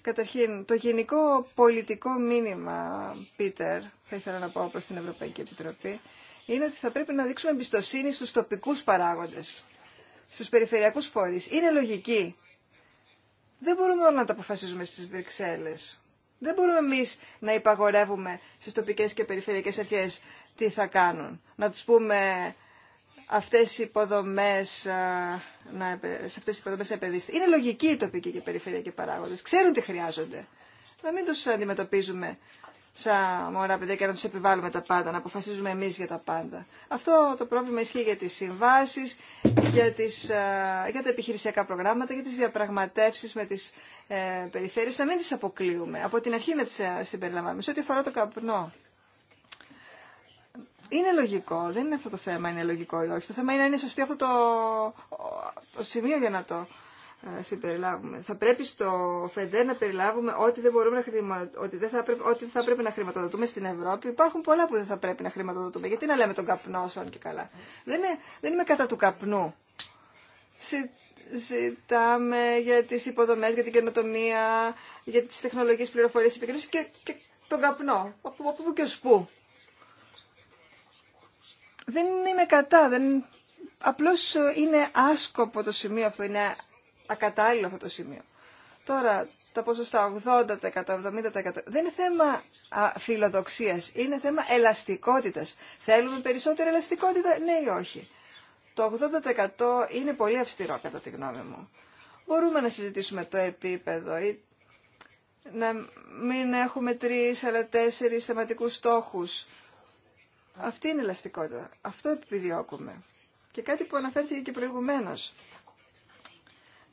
καταρχήν, το γενικό πολιτικό μήνυμα, Πίτερ, θα ήθελα να πω προς την Ευρωπαϊκή Επιτροπή, είναι ότι θα πρέπει να δείξουμε εμπιστοσύνη στους τοπικούς παράγοντες στους περιφερειακούς φορείς είναι λογική. Δεν μπορούμε όλα να τα αποφασίζουμε στις Βρυξέλλες. Δεν μπορούμε εμείς να υπαγορεύουμε στις τοπικές και περιφερειακές αρχές τι θα κάνουν. Να τους πούμε αυτές οι υποδομές, να, σε αυτές οι υποδομές να Είναι λογική οι τοπικοί και περιφερειακή περιφερειακοί παράγοντες. Ξέρουν τι χρειάζονται. Να μην τους αντιμετωπίζουμε σαν μωρά παιδιά και να τους επιβάλλουμε τα πάντα, να αποφασίζουμε εμείς για τα πάντα. Αυτό το πρόβλημα ισχύει για τις συμβάσεις, για, τις, ε, για τα επιχειρησιακά προγράμματα, για τις διαπραγματεύσεις με τις ε, περιφέρειες, να μην τις αποκλείουμε. Από την αρχή να τις ε, συμπεριλαμβάνουμε. Σε ό,τι αφορά το καπνό. Είναι λογικό, δεν είναι αυτό το θέμα, είναι λογικό ή όχι. Το θέμα είναι να είναι σωστή αυτό το, το σημείο για να το συμπεριλάβουμε. Θα πρέπει στο ΦΕΔΕ να περιλάβουμε ότι δεν, μπορούμε να χρημα... ότι δεν θα, πρέπει... ότι θα πρέπει να χρηματοδοτούμε στην Ευρώπη. Υπάρχουν πολλά που δεν θα πρέπει να χρηματοδοτούμε. Γιατί να λέμε τον καπνό, σαν και καλά. Δεν είμαι, δεν είμαι κατά του καπνού. Συ... Ζητάμε για τι υποδομέ, για την καινοτομία, για τι τεχνολογίε πληροφορίε, επικοινωνία και... και τον καπνό. Από πού και ω πού. Δεν είμαι κατά. Δεν... Απλώς είναι άσκοπο το σημείο αυτό, είναι ακατάλληλο αυτό το σημείο. Τώρα, τα ποσοστά 80%, 70% δεν είναι θέμα φιλοδοξία, είναι θέμα ελαστικότητας. Θέλουμε περισσότερη ελαστικότητα, ναι ή όχι. Το 80% είναι πολύ αυστηρό κατά τη γνώμη μου. Μπορούμε να συζητήσουμε το επίπεδο ή να μην έχουμε τρεις αλλά τέσσερις θεματικούς στόχους. Αυτή είναι η ελαστικότητα. Αυτό επιδιώκουμε. Και κάτι που αναφέρθηκε και προηγουμένως.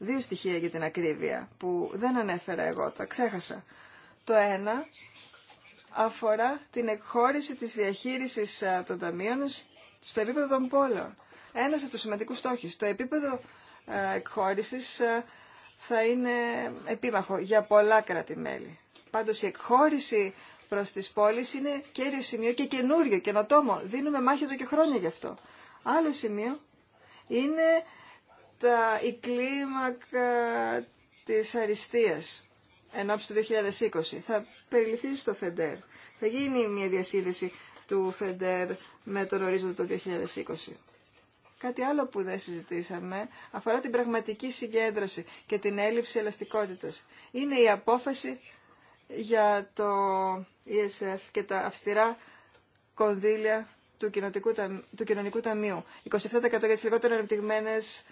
Δύο στοιχεία για την ακρίβεια που δεν ανέφερα εγώ, τα ξέχασα. Το ένα αφορά την εκχώρηση της διαχείρισης των ταμείων στο επίπεδο των πόλεων. Ένας από τους σημαντικούς στόχους. Το επίπεδο εκχώρησης θα είναι επίμαχο για πολλά κράτη-μέλη. Πάντως η εκχώρηση προς τις πόλεις είναι κέριο σημείο και καινούριο, καινοτόμο. Δίνουμε μάχη εδώ και χρόνια γι' αυτό. Άλλο σημείο είναι τα, η κλίμακα της αριστείας εν του 2020. Θα περιληφθεί στο ΦΕΝΤΕΡ. Θα γίνει μια διασύνδεση του ΦΕΝΤΕΡ με τον ορίζοντα το 2020. Κάτι άλλο που δεν συζητήσαμε αφορά την πραγματική συγκέντρωση και την έλλειψη ελαστικότητας. Είναι η απόφαση για το ESF και τα αυστηρά κονδύλια του, του Κοινωνικού Ταμείου. 27% για τις λιγότερο ανεπτυγμένες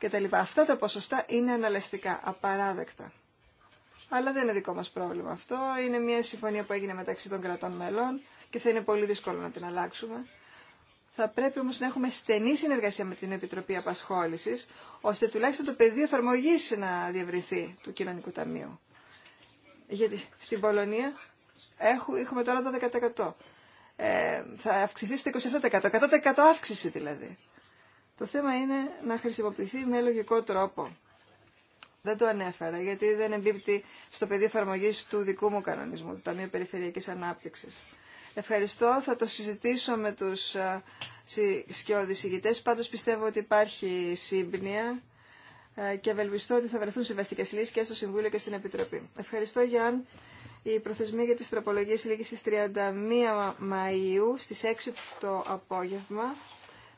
κτλ. Αυτά τα ποσοστά είναι αναλεστικά, απαράδεκτα. Αλλά δεν είναι δικό μας πρόβλημα αυτό. Είναι μια συμφωνία που έγινε μεταξύ των κρατών μελών και θα είναι πολύ δύσκολο να την αλλάξουμε. Θα πρέπει όμως να έχουμε στενή συνεργασία με την Επιτροπή Απασχόλησης, ώστε τουλάχιστον το πεδίο εφαρμογή να διευρυνθεί του Κοινωνικού Ταμείου. Γιατί στην Πολωνία έχουμε τώρα 12%. Ε, θα αυξηθεί στο 27%. 100% αύξηση δηλαδή. Το θέμα είναι να χρησιμοποιηθεί με λογικό τρόπο. Δεν το ανέφερα, γιατί δεν εμπίπτει στο πεδίο εφαρμογή του δικού μου κανονισμού, του Ταμείου Περιφερειακής Ανάπτυξης. Ευχαριστώ, θα το συζητήσω με τους σκιώδης ηγητές. Πάντως πιστεύω ότι υπάρχει σύμπνοια και ευελπιστώ ότι θα βρεθούν συμβαστικέ λύσει και στο Συμβούλιο και στην Επιτροπή. Ευχαριστώ, Γιάννη. Η προθεσμία για τι τροπολογίε λήγει στι 31 Μαου στι 6 το απόγευμα.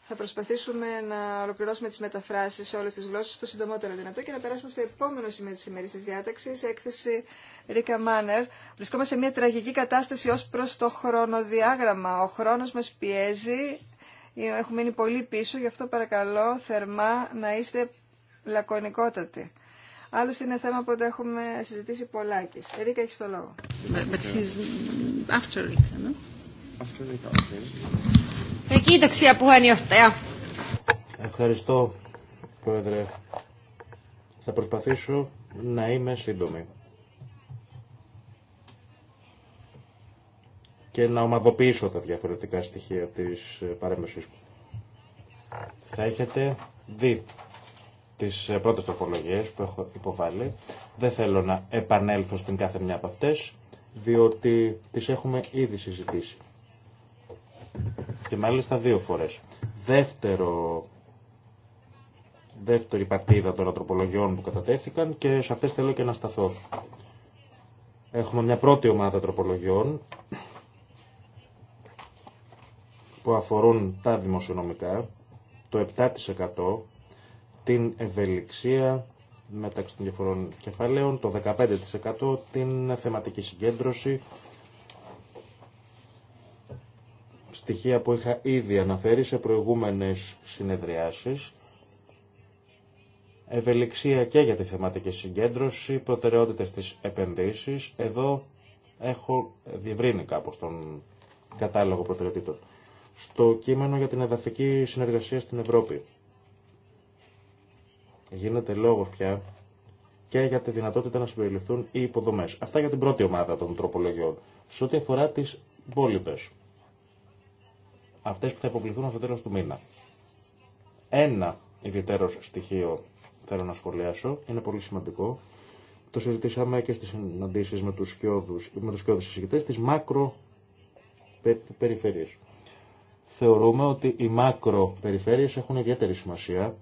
Θα προσπαθήσουμε να ολοκληρώσουμε τις μεταφράσεις σε όλες τις γλώσσες το συντομότερο δυνατό και να περάσουμε στο επόμενο σημείο τη ημέρης διάταξη, έκθεση Ρίκα Μάνερ. Βρισκόμαστε σε μια τραγική κατάσταση ως προς το χρονοδιάγραμμα. Ο χρόνος μας πιέζει, έχουμε μείνει πολύ πίσω, γι' αυτό παρακαλώ θερμά να είστε λακωνικότατοι. Άλλωστε είναι θέμα που το έχουμε συζητήσει πολλά και. Ρίκα, έχει το λόγο. But after no? After ε, Ευχαριστώ, Πρόεδρε. Θα προσπαθήσω να είμαι σύντομη. και να ομαδοποιήσω τα διαφορετικά στοιχεία της ε, παρέμβασης μου. Θα έχετε δει τις ε, πρώτες τροπολογίες που έχω υποβάλει. Δεν θέλω να επανέλθω στην κάθε μια από αυτές, διότι τις έχουμε ήδη συζητήσει. Και μάλιστα δύο φορές. Δεύτερο, δεύτερη παρτίδα των τροπολογιών που κατατέθηκαν και σε αυτές θέλω και να σταθώ. Έχουμε μια πρώτη ομάδα τροπολογιών που αφορούν τα δημοσιονομικά, το 7%, την ευελιξία μεταξύ των διαφορών κεφαλαίων, το 15% την θεματική συγκέντρωση, στοιχεία που είχα ήδη αναφέρει σε προηγούμενες συνεδριάσεις. Ευελιξία και για τη θεματική συγκέντρωση, προτεραιότητες της επενδύσεις. Εδώ έχω διευρύνει κάπως τον κατάλογο προτεραιοτήτων. Στο κείμενο για την εδαφική συνεργασία στην Ευρώπη. Γίνεται λόγος πια και για τη δυνατότητα να συμπεριληφθούν οι υποδομές. Αυτά για την πρώτη ομάδα των τροπολογιών. Σε ό,τι αφορά τις υπόλοιπες Αυτέ που θα υποβληθούν στο τέλο του μήνα. Ένα ιδιαίτερο στοιχείο θέλω να σχολιάσω, είναι πολύ σημαντικό. Το συζητήσαμε και στι συναντήσει με του σκιώδους, συζητητέ τη μακρο Θεωρούμε ότι οι μακροπεριφέρειες έχουν ιδιαίτερη σημασία.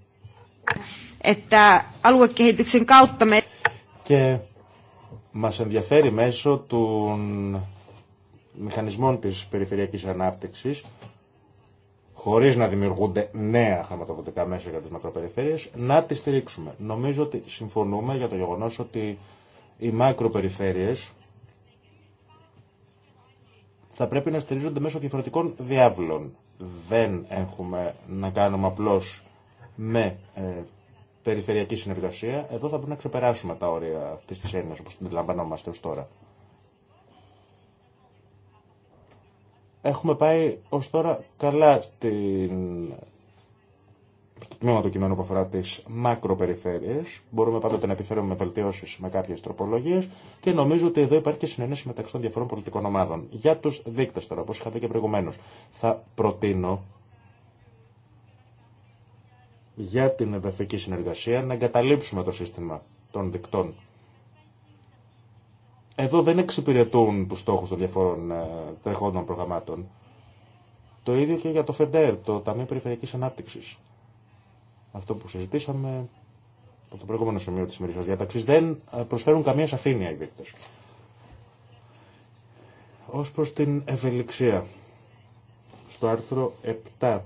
Και μας ενδιαφέρει μέσω των μηχανισμών της περιφερειακής ανάπτυξης χωρίς να δημιουργούνται νέα χρηματοδοτικά μέσα για τις μακροπεριφέρειες, να τις στηρίξουμε. Νομίζω ότι συμφωνούμε για το γεγονός ότι οι μακροπεριφέρειες θα πρέπει να στηρίζονται μέσω διαφορετικών διάβλων. Δεν έχουμε να κάνουμε απλώς με ε, περιφερειακή συνεργασία. Εδώ θα πρέπει να ξεπεράσουμε τα όρια αυτή τη έννοια όπω την αντιλαμβανόμαστε ω τώρα. Έχουμε πάει ως τώρα καλά στην... στο τμήμα του κειμένου που αφορά τι μακροπεριφέρειες. Μπορούμε πάντοτε να επιφέρουμε με βελτιώσεις με κάποιε τροπολογίε και νομίζω ότι εδώ υπάρχει και συνενέση μεταξύ των διαφορών πολιτικών ομάδων. Για του δείκτε τώρα, όπω είχα πει και προηγουμένως, θα προτείνω για την εδαφική συνεργασία να εγκαταλείψουμε το σύστημα των δικτών εδώ δεν εξυπηρετούν τους στόχου των διαφορών ε, τρεχόντων προγραμμάτων. Το ίδιο και για το ΦΕΝΤΕΡ, το Ταμείο περιφερειακή ανάπτυξη. Αυτό που συζητήσαμε από το προηγούμενο σημείο της σημερινή διάταξη. δεν ε, προσφέρουν καμία σαφήνεια οι δείκτε. Ως προς την ευελιξία, στο άρθρο 7,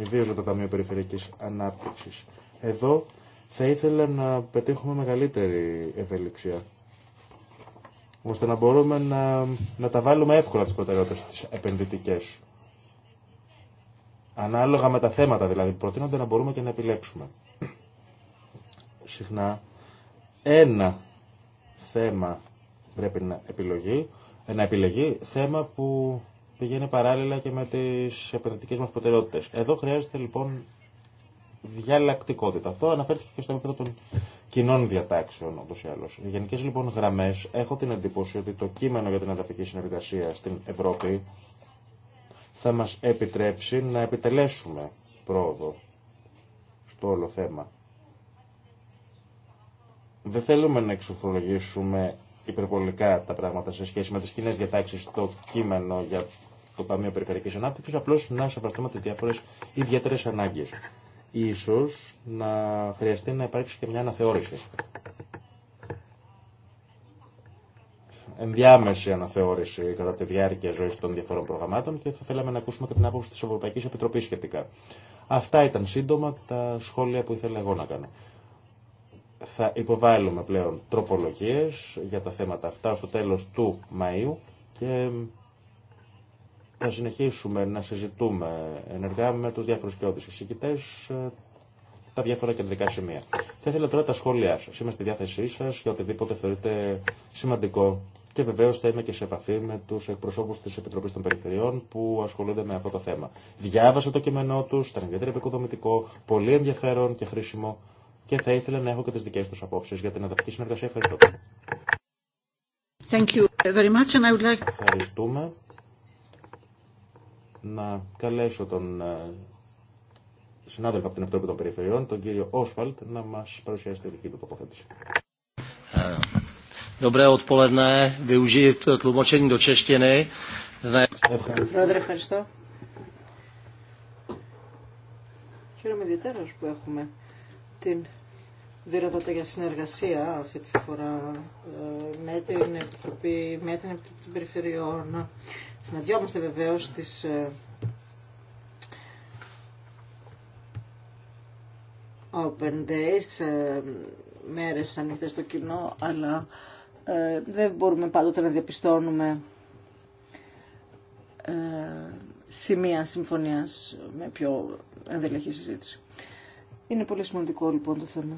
Ιδίω για το Ταμείο Περιφερειακή ανάπτυξη. εδώ θα ήθελα να πετύχουμε μεγαλύτερη ευελιξία ώστε να μπορούμε να, να τα βάλουμε εύκολα τις προτεραιότητες τις επενδυτικές. Ανάλογα με τα θέματα δηλαδή που προτείνονται να μπορούμε και να επιλέξουμε. Συχνά ένα θέμα πρέπει να επιλογεί, να επιλεγεί θέμα που πηγαίνει παράλληλα και με τις επενδυτικές μας προτεραιότητες. Εδώ χρειάζεται λοιπόν διαλλακτικότητα. Αυτό αναφέρθηκε και στο επίπεδο των κοινών διατάξεων, όπω ή άλλω. Οι γενικέ λοιπόν γραμμέ έχω την εντύπωση ότι το κείμενο για την εδαφική συνεργασία στην Ευρώπη θα μα επιτρέψει να επιτελέσουμε πρόοδο στο όλο θέμα. Δεν θέλουμε να εξουθολογήσουμε υπερβολικά τα πράγματα σε σχέση με τι κοινέ διατάξει στο κείμενο για το Ταμείο Περιφερειακή Ανάπτυξη, απλώ να σεβαστούμε τι διάφορε ιδιαίτερε ανάγκε ίσως να χρειαστεί να υπάρξει και μια αναθεώρηση. Ενδιάμεση αναθεώρηση κατά τη διάρκεια ζωή των διαφορών προγραμμάτων και θα θέλαμε να ακούσουμε και την άποψη τη Ευρωπαϊκή Επιτροπή σχετικά. Αυτά ήταν σύντομα τα σχόλια που ήθελα εγώ να κάνω. Θα υποβάλλουμε πλέον τροπολογίες για τα θέματα αυτά στο τέλο του Μαΐου και θα συνεχίσουμε να συζητούμε ενεργά με τους διάφορους κοιόδους εισηγητές ε, τα διάφορα κεντρικά σημεία. Θα ήθελα τώρα τα σχόλιά σας. Είμαι στη διάθεσή σας για οτιδήποτε θεωρείτε σημαντικό και βεβαίω θα είμαι και σε επαφή με του εκπροσώπου τη Επιτροπή των Περιφερειών που ασχολούνται με αυτό το θέμα. Διάβασα το κείμενό του, ήταν ιδιαίτερα επικοδομητικό, πολύ ενδιαφέρον και χρήσιμο και θα ήθελα να έχω και τι δικέ του απόψει για την εδαφική συνεργασία. Ευχαριστώ να καλέσω τον ε, συνάδελφο από την Επιτροπή των Περιφερειών, τον κύριο Όσφαλτ, να μα παρουσιάσει τη δική του τοποθέτηση. Ε, Πρόεδρε, ευχαριστώ. Χαίρομαι ιδιαίτερα που έχουμε την δυνατότητα για συνεργασία αυτή τη φορά ε, με την Επιτροπή, με την Επιτροπή των Περιφερειών, Συναντιόμαστε βεβαίως στις ε, open days, ε, μέρες ανοιχτές στο κοινό, αλλά ε, δεν μπορούμε πάντοτε να διαπιστώνουμε σημεία συμφωνίας με πιο ενδελεχή συζήτηση. Είναι πολύ σημαντικό λοιπόν το θέμα.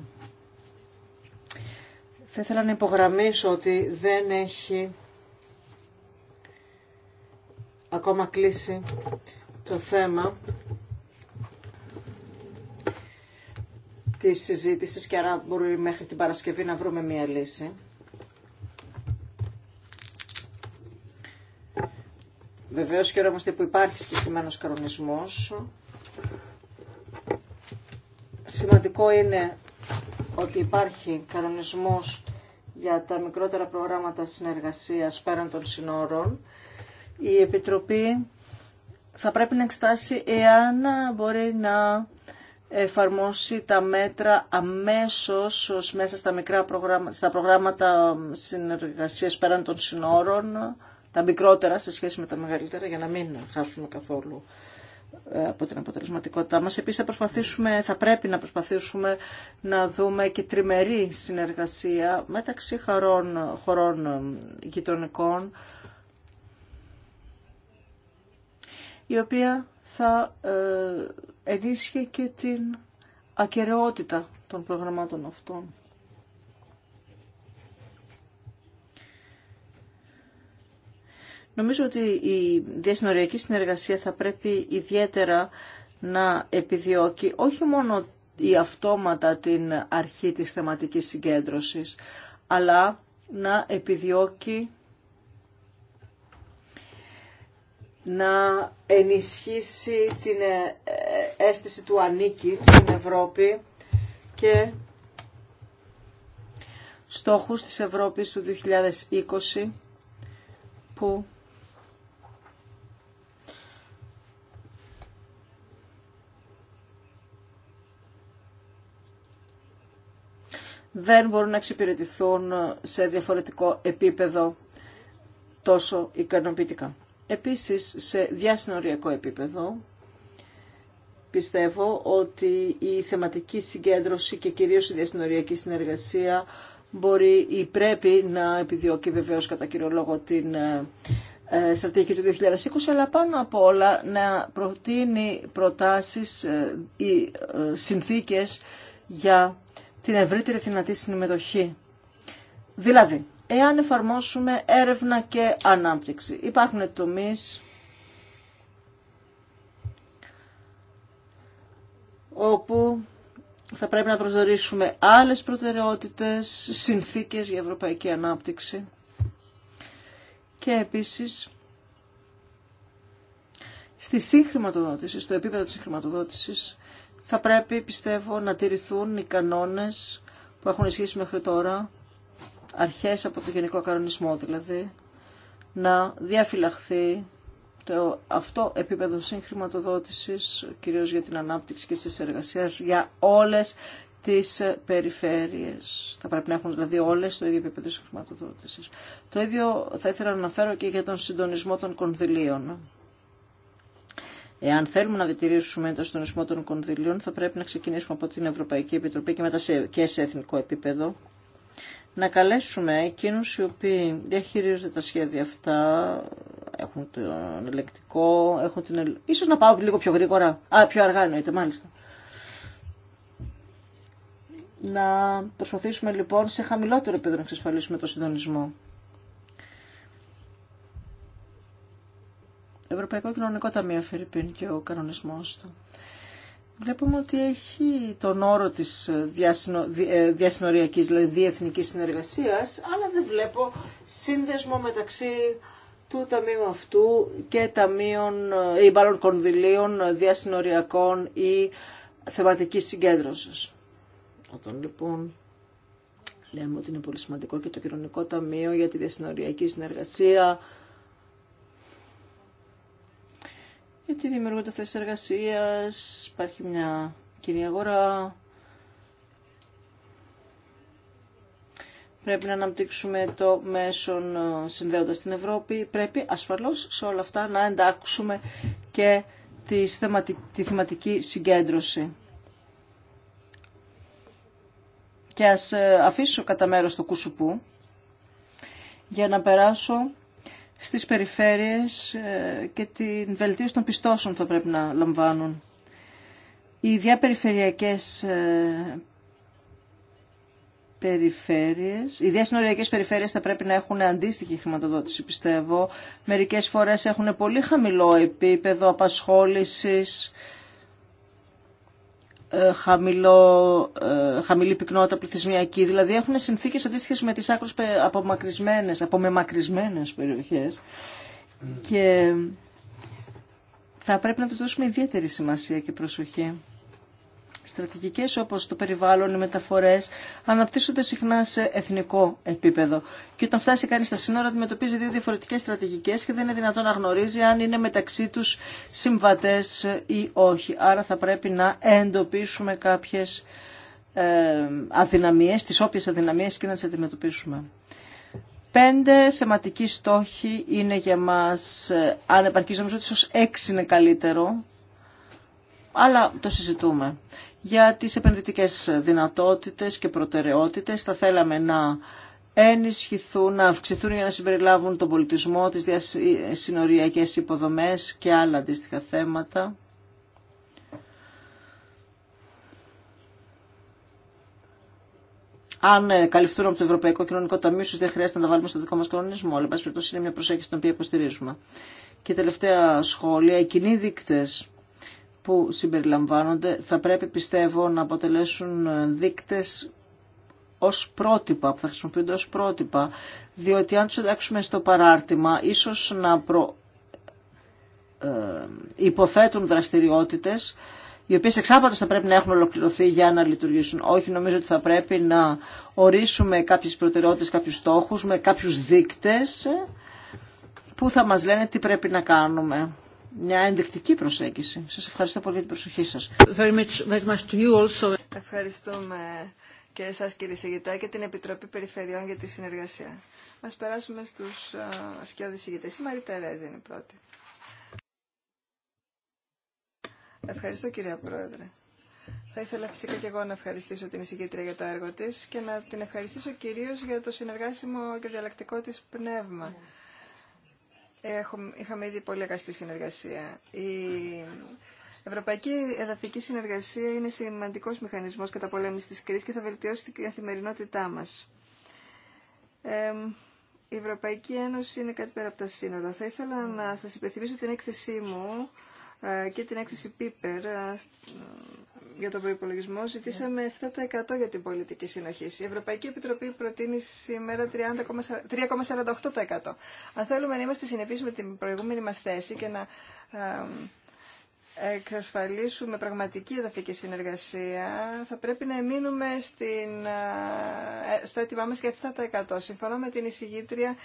Θα ήθελα να υπογραμμίσω ότι δεν έχει ακόμα κλείσει το θέμα της συζήτησης και άρα μπορεί μέχρι την Παρασκευή να βρούμε μία λύση. Βεβαίως χαιρόμαστε που υπάρχει συγκεκριμένο κανονισμός. Σημαντικό είναι ότι υπάρχει κανονισμός για τα μικρότερα προγράμματα συνεργασίας πέραν των συνόρων η Επιτροπή θα πρέπει να εξετάσει εάν μπορεί να εφαρμόσει τα μέτρα αμέσως ως μέσα στα, μικρά προγράμματα, στα προγράμματα συνεργασίας πέραν των συνόρων, τα μικρότερα σε σχέση με τα μεγαλύτερα, για να μην χάσουμε καθόλου ε, από την αποτελεσματικότητά μας. Επίσης θα, προσπαθήσουμε, θα πρέπει να προσπαθήσουμε να δούμε και τριμερή συνεργασία μεταξύ χωρών ε, γειτονικών η οποία θα ε, ενίσχυε και την ακαιρεότητα των προγραμμάτων αυτών. Νομίζω ότι η διασυνοριακή συνεργασία θα πρέπει ιδιαίτερα να επιδιώκει όχι μόνο η αυτόματα την αρχή της θεματικής συγκέντρωσης, αλλά να επιδιώκει να ενισχύσει την ε, ε, αίσθηση του ανήκει στην Ευρώπη και στόχους της Ευρώπης του 2020 που δεν μπορούν να εξυπηρετηθούν σε διαφορετικό επίπεδο τόσο ικανοποιητικά. Επίσης, σε διασυνοριακό επίπεδο, πιστεύω ότι η θεματική συγκέντρωση και κυρίως η διασυνοριακή συνεργασία μπορεί ή πρέπει να επιδιώκει βεβαίως κατά κύριο λόγο την ε, ε, στρατηγική του 2020, αλλά πάνω από όλα να προτείνει προτάσεις ε, ή συνθήκες για την ευρύτερη δυνατή συμμετοχή. Δηλαδή, εάν εφαρμόσουμε έρευνα και ανάπτυξη. Υπάρχουν τομείς όπου θα πρέπει να προσδορίσουμε άλλες προτεραιότητες, συνθήκες για ευρωπαϊκή ανάπτυξη και επίσης στη σύγχρηματοδότηση, στο επίπεδο της σύγχρηματοδότησης θα πρέπει πιστεύω να τηρηθούν οι κανόνες που έχουν ισχύσει μέχρι τώρα αρχές από το Γενικό Κανονισμό, δηλαδή να διαφυλαχθεί το αυτό επίπεδο συγχρηματοδότησης, κυρίως για την ανάπτυξη και της εργασίας, για όλες τις περιφέρειες. Θα πρέπει να έχουν δηλαδή όλες το ίδιο επίπεδο συγχρηματοδότησης. Το ίδιο θα ήθελα να αναφέρω και για τον συντονισμό των κονδυλίων. Εάν θέλουμε να διατηρήσουμε τον συντονισμό των κονδυλίων, θα πρέπει να ξεκινήσουμε από την Ευρωπαϊκή Επιτροπή και μετά σε, και σε εθνικό επίπεδο, να καλέσουμε εκείνους οι οποίοι διαχειρίζονται τα σχέδια αυτά, έχουν τον ελεκτικό, έχουν την... Ίσως να πάω λίγο πιο γρήγορα, α, πιο αργά εννοείται μάλιστα. Να προσπαθήσουμε λοιπόν σε χαμηλότερο επίπεδο να εξασφαλίσουμε το συντονισμό. Ευρωπαϊκό Κοινωνικό Ταμείο Φιλιππίν και ο κανονισμός του βλέπουμε ότι έχει τον όρο της διασυνο, ε, διασυνοριακής, δηλαδή διεθνικής συνεργασίας, αλλά δεν βλέπω σύνδεσμο μεταξύ του ταμείου αυτού και ταμείων ε, ή μάλλον κονδυλίων διασυνοριακών ή θεματικής συγκέντρωσης. Όταν λοιπόν λέμε ότι είναι πολύ σημαντικό και το κοινωνικό ταμείο για τη διασυνοριακή συνεργασία, γιατί δημιουργούνται θέσεις εργασίας, υπάρχει μια κοινή αγορά. Πρέπει να αναπτύξουμε το μέσον ε, συνδέοντας την Ευρώπη. Πρέπει ασφαλώς σε όλα αυτά να εντάξουμε και τη θεματική συγκέντρωση. Και ας ε, αφήσω κατά μέρος το κουσουπού για να περάσω στις περιφέρειες ε, και την βελτίωση των πιστώσεων που θα πρέπει να λαμβάνουν. Οι διαπεριφερειακές ε, περιφέρειες, οι διασυνοριακές περιφέρειες θα πρέπει να έχουν αντίστοιχη χρηματοδότηση πιστεύω. Μερικές φορές έχουν πολύ χαμηλό επίπεδο απασχόλησης ε, χαμηλό, ε, χαμηλή πυκνότητα πληθυσμιακή. Δηλαδή έχουν συνθήκες αντίστοιχες με τις άκρως απομακρυσμένες, απομεμακρυσμένες περιοχές. Mm. Και θα πρέπει να του δώσουμε ιδιαίτερη σημασία και προσοχή. Στρατηγικές όπως το περιβάλλον, οι μεταφορές αναπτύσσονται συχνά σε εθνικό επίπεδο. Και όταν φτάσει κανείς στα σύνορα αντιμετωπίζει δύο διαφορετικές στρατηγικές και δεν είναι δυνατόν να γνωρίζει αν είναι μεταξύ τους συμβατές ή όχι. Άρα θα πρέπει να εντοπίσουμε κάποιες ε, αδυναμίες, τις όποιες αδυναμίες και να τις αντιμετωπίσουμε. Πέντε θεματικοί στόχοι είναι για μας ε, επαρκείς νομίζω ότι ίσω έξι είναι καλύτερο, αλλά το συζητούμε για τις επενδυτικές δυνατότητες και προτεραιότητες. Θα θέλαμε να ενισχυθούν, να αυξηθούν για να συμπεριλάβουν τον πολιτισμό, τις διασυνοριακές υποδομές και άλλα αντίστοιχα θέματα. Αν ε, καλυφθούν από το Ευρωπαϊκό Κοινωνικό Ταμείο, ίσω δεν χρειάζεται να τα βάλουμε στο δικό μα κανονισμό, αλλά εν πάση είναι μια προσέγγιση την οποία υποστηρίζουμε. Και τελευταία σχόλια, οι κοινοί δείκτες που συμπεριλαμβάνονται θα πρέπει πιστεύω να αποτελέσουν δείκτες ως πρότυπα, που θα χρησιμοποιούνται ως πρότυπα, διότι αν τους εντάξουμε στο παράρτημα, ίσως να προ... Ε, υποθέτουν δραστηριότητες οι οποίε εξάπατος θα πρέπει να έχουν ολοκληρωθεί για να λειτουργήσουν. Όχι, νομίζω ότι θα πρέπει να ορίσουμε κάποιε προτεραιότητε, κάποιου στόχους, με κάποιου δείκτες ε, που θα μας λένε τι πρέπει να κάνουμε μια ενδεικτική προσέγγιση. Σας ευχαριστώ πολύ για την προσοχή σας. Ευχαριστούμε και εσάς κύριε Σιγητά και την Επιτροπή Περιφερειών για τη συνεργασία. Ας περάσουμε στους ε, σκιώδης ηγητές. Η Μαρή Τερέζη είναι η πρώτη. Ευχαριστώ κύριε Πρόεδρε. Θα ήθελα φυσικά και εγώ να ευχαριστήσω την εισηγήτρια για το έργο της και να την ευχαριστήσω κυρίως για το συνεργάσιμο και διαλλακτικό της πνεύμα έχουμε, είχαμε ήδη πολύ αγαστή συνεργασία. Η Ευρωπαϊκή Εδαφική Συνεργασία είναι σημαντικός μηχανισμός κατά πολέμηση της κρίσης και θα βελτιώσει την καθημερινότητά μας. η Ευρωπαϊκή Ένωση είναι κάτι πέρα από τα σύνορα. Θα ήθελα να σας υπενθυμίσω την έκθεσή μου ε, και την έκθεση Πίπερ ε, για τον προπολογισμό ζητήσαμε 7% ναι. για την πολιτική συνοχή. Η Ευρωπαϊκή Επιτροπή προτείνει σήμερα 3,48%. Αν θέλουμε να είμαστε συνεπείς με την προηγούμενη μας θέση και να ε, εξασφαλίσουμε πραγματική εδαφική συνεργασία, θα πρέπει να μείνουμε στην, ε, στο έτοιμά μας για 7%. Συμφωνώ με την εισηγήτρια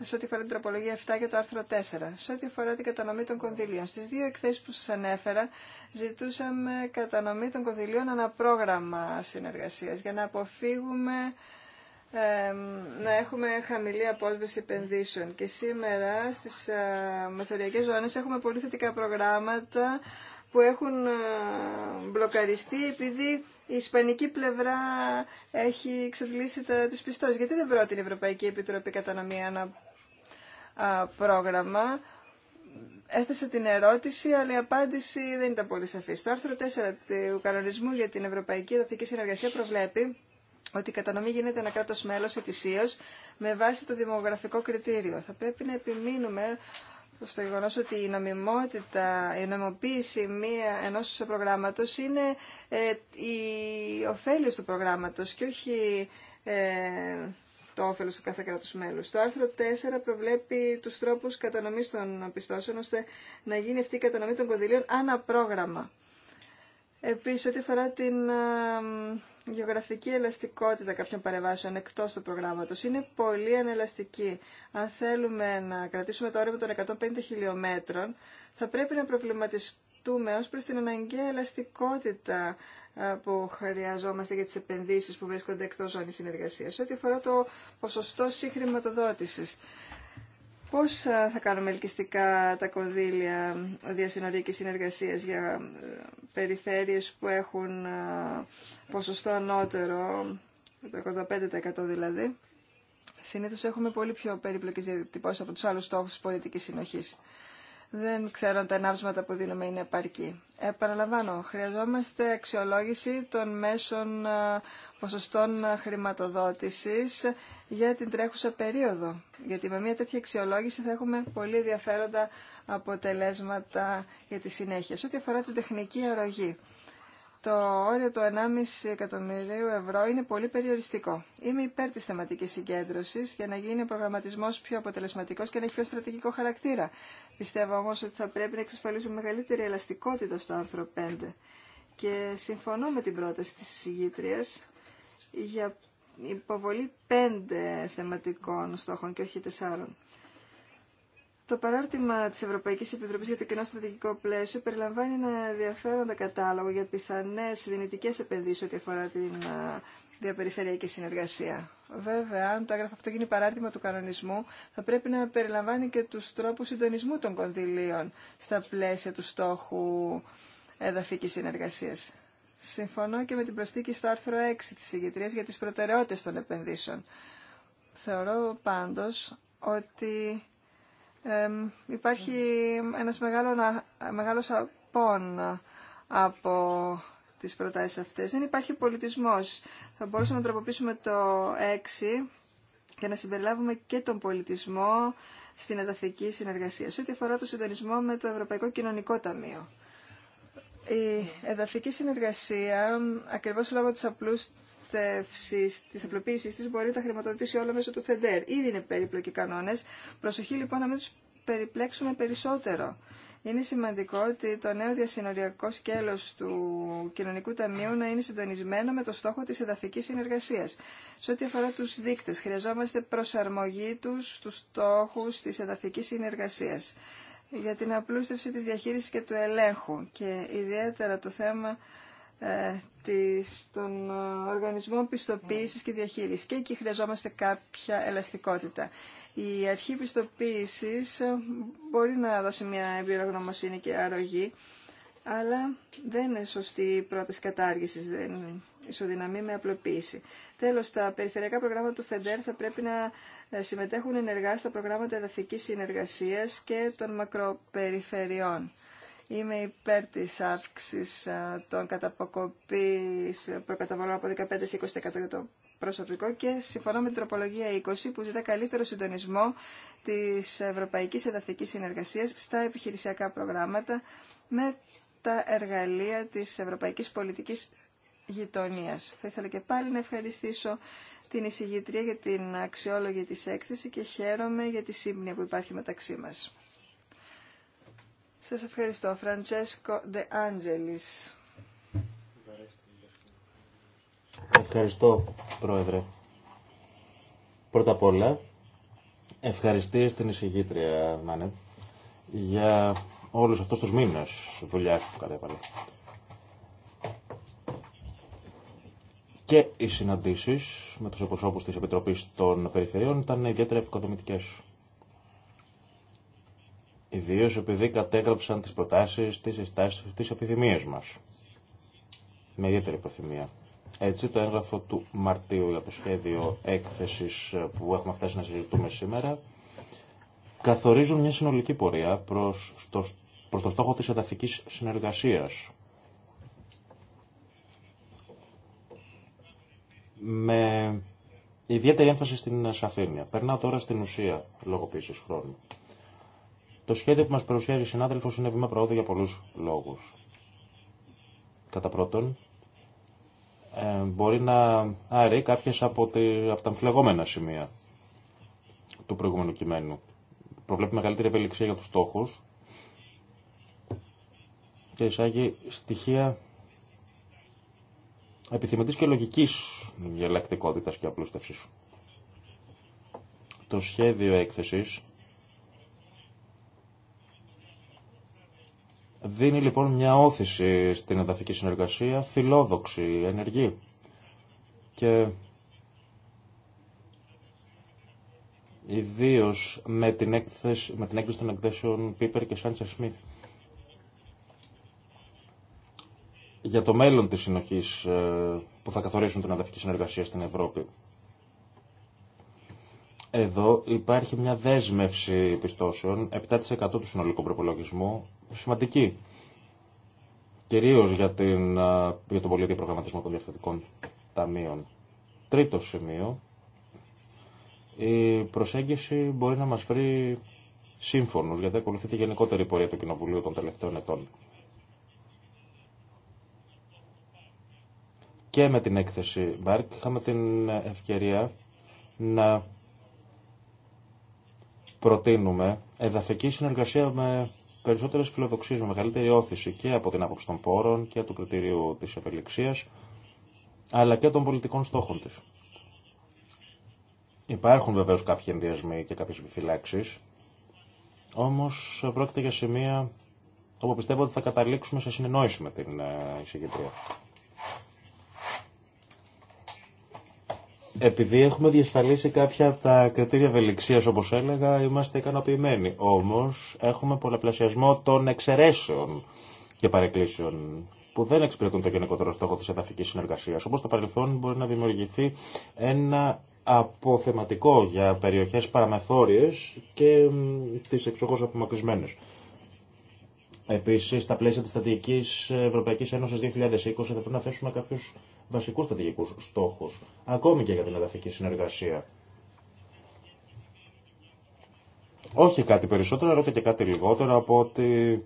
σε ό,τι αφορά την τροπολογία 7 και το άρθρο 4. Σε ό,τι αφορά την κατανομή των κονδυλίων. Στις δύο εκθέσεις που σας ανέφερα, ζητούσαμε κατανομή των κονδυλίων ανά πρόγραμμα συνεργασίας, για να αποφύγουμε να έχουμε χαμηλή απόσβεση επενδύσεων. Και σήμερα στις ε, μεθοριακές ζώνες έχουμε πολύ θετικά προγράμματα που έχουν ε, μπλοκαριστεί επειδή η ισπανική πλευρά έχει εξαντλήσει τις πιστώσεις. Γιατί δεν βρω την Ευρωπαϊκή Επιτροπή κατανομή ένα πρόγραμμα. Έθεσα την ερώτηση, αλλά η απάντηση δεν ήταν πολύ σαφή. Το άρθρο 4 του κανονισμού για την Ευρωπαϊκή Εδαφική Συνεργασία προβλέπει ότι η κατανομή γίνεται ένα κράτο μέλο ετησίω με βάση το δημογραφικό κριτήριο. Θα πρέπει να επιμείνουμε στο γεγονό ότι η νομιμότητα, η νομιμοποίηση μία, ενός προγράμματος είναι ε, η ωφέλεια του προγράμματος και όχι ε, το όφελο του κάθε κράτου μέλου. Το άρθρο 4 προβλέπει του τρόπου κατανομή των πιστώσεων ώστε να γίνει αυτή η κατανομή των κονδυλίων αναπρόγραμμα. Επίσης, ό,τι αφορά την ε, γεωγραφική ελαστικότητα κάποιων παρεμβάσεων εκτός του προγράμματος, είναι πολύ ανελαστική. Αν θέλουμε να κρατήσουμε το όριο των 150 χιλιόμετρων, θα πρέπει να προβληματιστούμε ως προς την αναγκαία ελαστικότητα ε, που χρειαζόμαστε για τις επενδύσεις που βρίσκονται εκτός ζώνης συνεργασίας. Ό,τι αφορά το ποσοστό συγχρηματοδότησης. Πώς ε, θα κάνουμε ελκυστικά τα κονδύλια διασυνορική συνεργασίας για ε, περιφέρειες που έχουν ε, ποσοστό ανώτερο, το 85% δηλαδή. Συνήθως έχουμε πολύ πιο περίπλοκες διατυπώσεις από τους άλλους στόχους της πολιτικής συνοχής δεν ξέρω αν τα ενάψματα που δίνουμε είναι επαρκή. Επαναλαμβάνω, χρειαζόμαστε αξιολόγηση των μέσων ε, ποσοστών ε, χρηματοδότησης για την τρέχουσα περίοδο. Γιατί με μια τέτοια αξιολόγηση θα έχουμε πολύ ενδιαφέροντα αποτελέσματα για τη συνέχεια. Σε ό,τι αφορά την τεχνική αρρωγή το όριο του 1,5 εκατομμυρίου ευρώ είναι πολύ περιοριστικό. Είμαι υπέρ τη θεματική συγκέντρωση για να γίνει ο προγραμματισμός πιο αποτελεσματικός και να έχει πιο στρατηγικό χαρακτήρα. Πιστεύω όμως ότι θα πρέπει να εξασφαλίσουμε μεγαλύτερη ελαστικότητα στο άρθρο 5. Και συμφωνώ με την πρόταση τη εισηγήτριας για υποβολή 5 θεματικών στόχων και όχι 4. Το παράρτημα της Ευρωπαϊκής Επιτροπής για το κοινό στρατηγικό πλαίσιο περιλαμβάνει ένα ενδιαφέροντα κατάλογο για πιθανές δυνητικές επενδύσεις ό,τι αφορά την διαπεριφερειακή συνεργασία. Βέβαια, αν το αυτό γίνει παράρτημα του κανονισμού, θα πρέπει να περιλαμβάνει και τους τρόπους συντονισμού των κονδυλίων στα πλαίσια του στόχου εδαφικής συνεργασίας. Συμφωνώ και με την προσθήκη στο άρθρο 6 της ηγετρίας για τις προτεραιότητε των επενδύσεων. Θεωρώ πάντως ότι υπάρχει ένας μεγάλο, μεγάλος απόν από τις προτάσεις αυτές. Δεν υπάρχει πολιτισμός. Θα μπορούσαμε να τροποποιήσουμε το 6 και να συμπεριλάβουμε και τον πολιτισμό στην εδαφική συνεργασία. Σε ό,τι αφορά το συντονισμό με το Ευρωπαϊκό Κοινωνικό Ταμείο. Η εδαφική συνεργασία, ακριβώς λόγω της απλούς τη απλοποίηση τη μπορεί να τα χρηματοδοτήσει όλο μέσω του ΦΕΝΤΕΡ. Ήδη είναι περίπλοκοι κανόνε. Προσοχή λοιπόν να μην του περιπλέξουμε περισσότερο. Είναι σημαντικό ότι το νέο διασυνοριακό σκέλο του Κοινωνικού Ταμείου να είναι συντονισμένο με το στόχο τη εδαφική συνεργασία. Σε ό,τι αφορά του δείκτες, χρειαζόμαστε προσαρμογή του στους στόχους της εδαφικής συνεργασίας για την απλούστευση της διαχείρισης και του ελέγχου και ιδιαίτερα το θέμα ε, των ε, οργανισμών πιστοποίησης και διαχείρισης. Και εκεί χρειαζόμαστε κάποια ελαστικότητα. Η αρχή πιστοποίησης ε, μπορεί να δώσει μια εμπειρογνωμοσύνη και αρρωγή, αλλά δεν είναι σωστή η πρώτη κατάργηση, δεν ισοδυναμεί με απλοποίηση. Τέλο, τα περιφερειακά προγράμματα του ΦΕΝΤΕΡ θα πρέπει να συμμετέχουν ενεργά στα προγράμματα εδαφική συνεργασία και των μακροπεριφερειών. Είμαι υπέρ της αύξηση ε, των καταποκοπής ε, προκαταβολών από 15% σε 20% για το προσωπικό και συμφωνώ με την τροπολογία 20 που ζητά καλύτερο συντονισμό τη Ευρωπαϊκή Εδαφική Συνεργασίας στα επιχειρησιακά προγράμματα με τα εργαλεία της Ευρωπαϊκής Πολιτικής γειτονία. Θα ήθελα και πάλι να ευχαριστήσω την εισηγητρία για την αξιόλογη της έκθεση και χαίρομαι για τη σύμπνοια που υπάρχει μεταξύ μας. Σας ευχαριστώ. Φραντσέσκο Δε Άντζελης. Ευχαριστώ, Πρόεδρε. Πρώτα απ' όλα, ευχαριστήσεις την εισηγήτρια, Μάνε, για όλους αυτούς τους μήνες δουλειά που κατέβαλε. Και οι συναντήσεις με τους εκπροσώπους της Επιτροπής των Περιφερειών ήταν ιδιαίτερα επικοδομητικές. Ιδίως επειδή κατέγραψαν τις προτάσεις, τις συστάσεις, τις επιθυμίες μας. Με ιδιαίτερη προθυμία. Έτσι, το έγγραφο του Μαρτίου για το σχέδιο έκθεσης που έχουμε φτάσει να συζητούμε σήμερα καθορίζουν μια συνολική πορεία προς το, προς το στόχο της εδαφικής συνεργασίας. Με ιδιαίτερη έμφαση στην σαφήνεια. Περνάω τώρα στην ουσία λόγω χρόνου. Το σχέδιο που μας παρουσιάζει η συνάδελφο είναι βήμα προόδου για πολλούς λόγους. Κατά πρώτον, ε, μπορεί να άρει κάποιες από, από τα αμφιλεγόμενα σημεία του προηγούμενου κειμένου. Προβλέπει μεγαλύτερη ευελιξία για τους στόχους και εισάγει στοιχεία επιθυμητή και λογικής διαλλακτικότητα και απλούστευση. Το σχέδιο έκθεσης Δίνει λοιπόν μια όθηση στην εδαφική συνεργασία, φιλόδοξη, ενεργή. Και ιδίω με, την έκθεση, με την έκδοση των εκθέσεων Πίπερ και Σάντσα Σμιθ. Για το μέλλον της συνοχής ε, που θα καθορίσουν την εδαφική συνεργασία στην Ευρώπη. Εδώ υπάρχει μια δέσμευση πιστώσεων, 7% του συνολικού προπολογισμού, σημαντική. Κυρίω για, την, για τον πολιτικό προγραμματισμό των διαφορετικών ταμείων. Τρίτο σημείο, η προσέγγιση μπορεί να μας βρει σύμφωνος γιατί ακολουθεί τη γενικότερη πορεία του Κοινοβουλίου των τελευταίων ετών. Και με την έκθεση Μπάρκ είχαμε την ευκαιρία να προτείνουμε εδαφική συνεργασία με περισσότερε φιλοδοξίε, με μεγαλύτερη όθηση και από την άποψη των πόρων και του κριτηρίου τη ευελιξία, αλλά και των πολιτικών στόχων τη. Υπάρχουν βεβαίω κάποιοι ενδιασμοί και κάποιε επιφυλάξει, όμω πρόκειται για σημεία όπου πιστεύω ότι θα καταλήξουμε σε συνεννόηση με την ε, εισηγητρία επειδή έχουμε διασφαλίσει κάποια από τα κριτήρια ευελιξία, όπω έλεγα, είμαστε ικανοποιημένοι. Όμω έχουμε πολλαπλασιασμό των εξαιρέσεων και παρεκκλήσεων που δεν εξυπηρετούν το γενικότερο στόχο τη εδαφική συνεργασία. Όπω το παρελθόν μπορεί να δημιουργηθεί ένα αποθεματικό για περιοχέ παραμεθόριε και τι εξοχώ απομακρυσμένε. Επίση, στα πλαίσια τη Στατική Ευρωπαϊκή Ένωση 2020 θα πρέπει να θέσουμε κάποιου Βασικού στρατηγικού στόχου, ακόμη και για την εδαφική συνεργασία. Όχι κάτι περισσότερο, αλλά και κάτι λιγότερο από ότι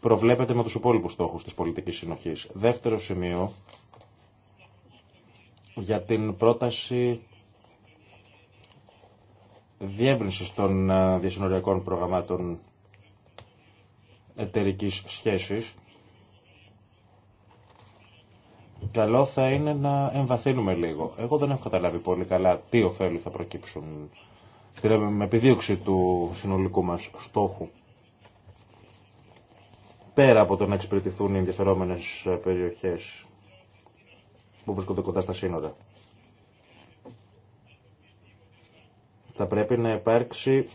προβλέπεται με τους υπόλοιπους στόχους της πολιτικής συνοχής. Δεύτερο σημείο, για την πρόταση διεύρυνσης των ε, διασυνοριακών προγραμμάτων εταιρικής σχέσης καλό θα είναι να εμβαθύνουμε λίγο. Εγώ δεν έχω καταλάβει πολύ καλά τι ωφέλη θα προκύψουν στην επιδίωξη του συνολικού μας στόχου. Πέρα από το να εξυπηρετηθούν οι ενδιαφερόμενες ε, περιοχές που βρίσκονται κοντά στα σύνορα. Θα πρέπει να υπάρξει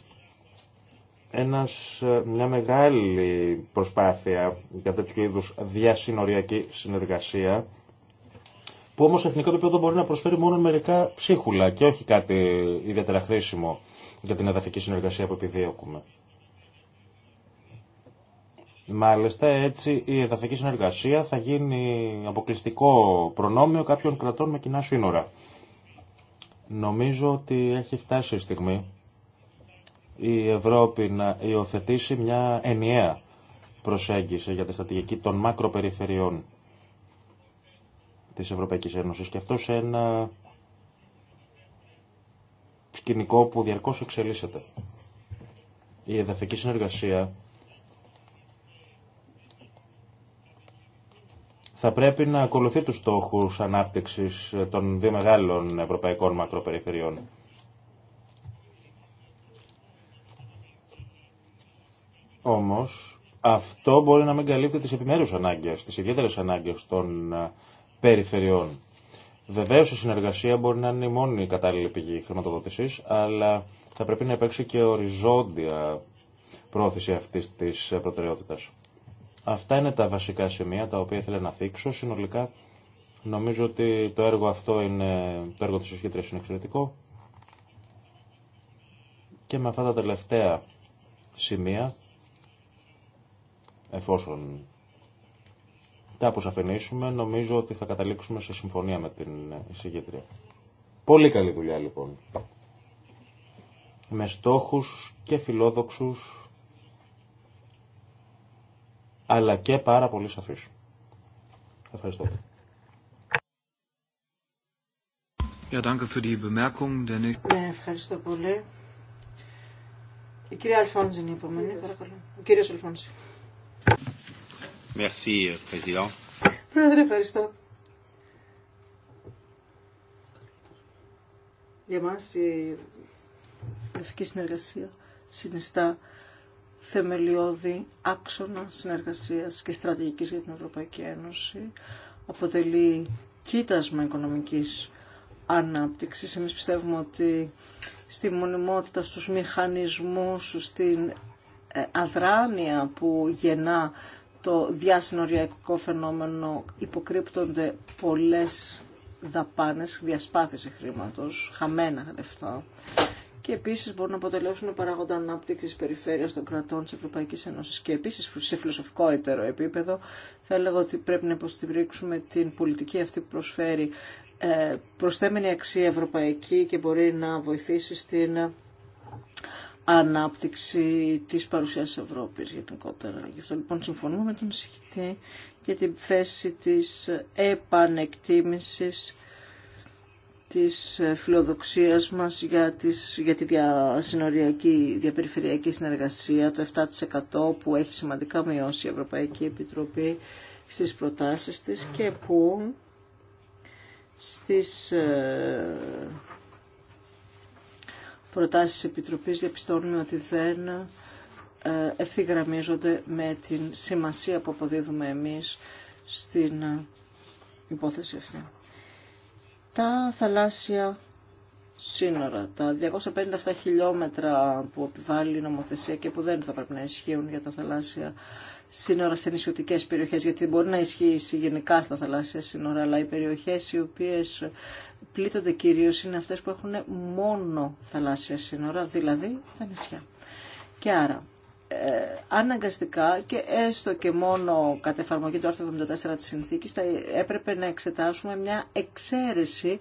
ένας, ε, μια μεγάλη προσπάθεια για τέτοιου είδους διασυνοριακή συνεργασία που όμως σε εθνικό επίπεδο μπορεί να προσφέρει μόνο μερικά ψίχουλα και όχι κάτι ιδιαίτερα χρήσιμο για την εδαφική συνεργασία που επιδιώκουμε. Μάλιστα έτσι η εδαφική συνεργασία θα γίνει αποκλειστικό προνόμιο κάποιων κρατών με κοινά σύνορα. Νομίζω ότι έχει φτάσει η στιγμή η Ευρώπη να υιοθετήσει μια ενιαία προσέγγιση για τη στρατηγική των μακροπεριφερειών της Ευρωπαϊκής Ένωσης και αυτό σε ένα σκηνικό που διαρκώς εξελίσσεται. Η εδαφική συνεργασία θα πρέπει να ακολουθεί τους στόχους ανάπτυξης των δύο μεγάλων ευρωπαϊκών μακροπεριφερειών. Όμως, αυτό μπορεί να μην καλύπτει τις επιμέρους ανάγκες, τις ιδιαίτερες ανάγκες των περιφερειών. Βεβαίω η συνεργασία μπορεί να είναι η μόνη κατάλληλη πηγή χρηματοδότηση, αλλά θα πρέπει να υπάρξει και οριζόντια πρόθεση αυτή τη προτεραιότητα. Αυτά είναι τα βασικά σημεία τα οποία ήθελα να θίξω. Συνολικά νομίζω ότι το έργο αυτό είναι, το έργο της Ισχύτριας είναι εξαιρετικό και με αυτά τα τελευταία σημεία εφόσον κάπως αφενήσουμε, νομίζω ότι θα καταλήξουμε σε συμφωνία με την εισηγήτρια. Πολύ καλή δουλειά λοιπόν. Με στόχους και φιλόδοξους, αλλά και πάρα πολύ σαφείς. Ευχαριστώ. Ja, danke für die Bemerkung. Der ναι, ευχαριστώ πολύ. Η κυρία Αλφόνζη είναι η επόμενη, παρακαλώ. Ο κύριος Merci, Président. Πρόεδρε, ευχαριστώ. Για μας η γραφική συνεργασία συνιστά θεμελιώδη άξονα συνεργασίας και στρατηγικής για την Ευρωπαϊκή Ένωση. Αποτελεί κοίτασμα οικονομικής ανάπτυξης. Εμείς πιστεύουμε ότι στη μονιμότητα, στους μηχανισμούς, στην ε, αδράνεια που γεννά το διασυνοριακό φαινόμενο υποκρύπτονται πολλές δαπάνες, διασπάθηση χρήματος, χαμένα λεφτά και επίσης μπορούν να αποτελέσουν παράγοντα ανάπτυξης περιφέρειας των κρατών της Ευρωπαϊκής Ένωσης και επίσης σε φιλοσοφικό έτερο επίπεδο θα έλεγα ότι πρέπει να υποστηρίξουμε την πολιτική αυτή που προσφέρει ε, προσθέμενη αξία ευρωπαϊκή και μπορεί να βοηθήσει στην ανάπτυξη της παρουσίας Ευρώπης γενικότερα. Γι' αυτό λοιπόν συμφωνούμε με τον συγχυτή και την θέση της επανεκτίμησης της φιλοδοξίας μας για, τις, τη διασυνοριακή, διαπεριφερειακή συνεργασία, το 7% που έχει σημαντικά μειώσει η Ευρωπαϊκή Επιτροπή στις προτάσεις της και που στις ε, προτάσεις Επιτροπής διαπιστώνουμε ότι δεν ε, ευθυγραμμίζονται με την σημασία που αποδίδουμε εμείς στην ε, υπόθεση αυτή. Τα θαλάσσια σύνορα, τα 257 χιλιόμετρα που επιβάλλει η νομοθεσία και που δεν θα πρέπει να ισχύουν για τα θαλάσσια σύνορα σε νησιωτικές περιοχές, γιατί μπορεί να ισχύσει γενικά στα θαλάσσια σύνορα, αλλά οι περιοχές οι οποίες πλήττονται κυρίως είναι αυτές που έχουν μόνο θαλάσσια σύνορα, δηλαδή τα νησιά. Και άρα, ε, αναγκαστικά και έστω και μόνο κατά εφαρμογή του άρθρου 74 της συνθήκης θα έπρεπε να εξετάσουμε μια εξαίρεση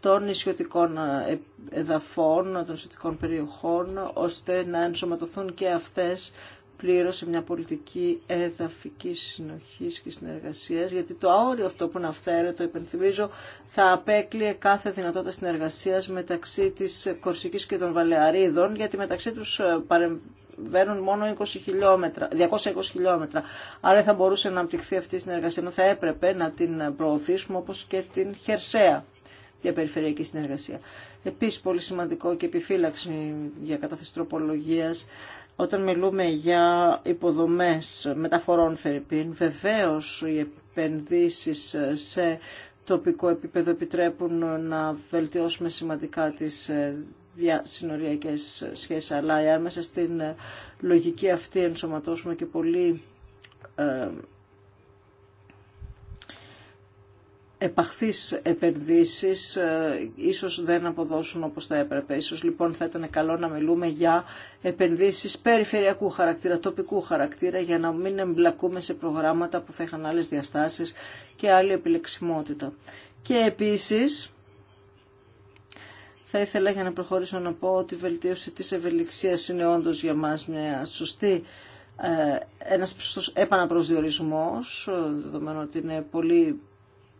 των νησιωτικών ε, εδαφών, των νησιωτικών περιοχών, ώστε να ενσωματωθούν και αυτές πλήρωσε μια πολιτική εδαφική συνοχή και συνεργασία, γιατί το αόριο αυτό που να το υπενθυμίζω, θα απέκλειε κάθε δυνατότητα συνεργασία μεταξύ τη Κορσική και των Βαλεαρίδων, γιατί μεταξύ του ε, παρεμβαίνουν μόνο 20 χιλιόμετρα, 220 χιλιόμετρα. Άρα θα μπορούσε να αναπτυχθεί αυτή η συνεργασία, ενώ θα έπρεπε να την προωθήσουμε όπω και την χερσαία περιφερειακή συνεργασία. Επίσης πολύ σημαντικό και επιφύλαξη για κατάθεση τροπολογίας όταν μιλούμε για υποδομές μεταφορών Φερρυπίν, βεβαίως οι επενδύσεις σε τοπικό επίπεδο επιτρέπουν να βελτιώσουμε σημαντικά τις ε, διασυνοριακές σχέσεις, αλλά άμεσα στην λογική αυτή ενσωματώσουμε και πολύ ε, επαχθείς επενδύσεις ε, ίσως δεν αποδώσουν όπως θα έπρεπε. Ίσως λοιπόν θα ήταν καλό να μιλούμε για επενδύσεις περιφερειακού χαρακτήρα, τοπικού χαρακτήρα για να μην εμπλακούμε σε προγράμματα που θα είχαν άλλες διαστάσεις και άλλη επιλεξιμότητα. Και επίσης θα ήθελα για να προχωρήσω να πω ότι η βελτίωση της ευελιξίας είναι όντως για μας μια σωστή ε, ένας επαναπροσδιορισμός, ε, δεδομένου ότι είναι πολύ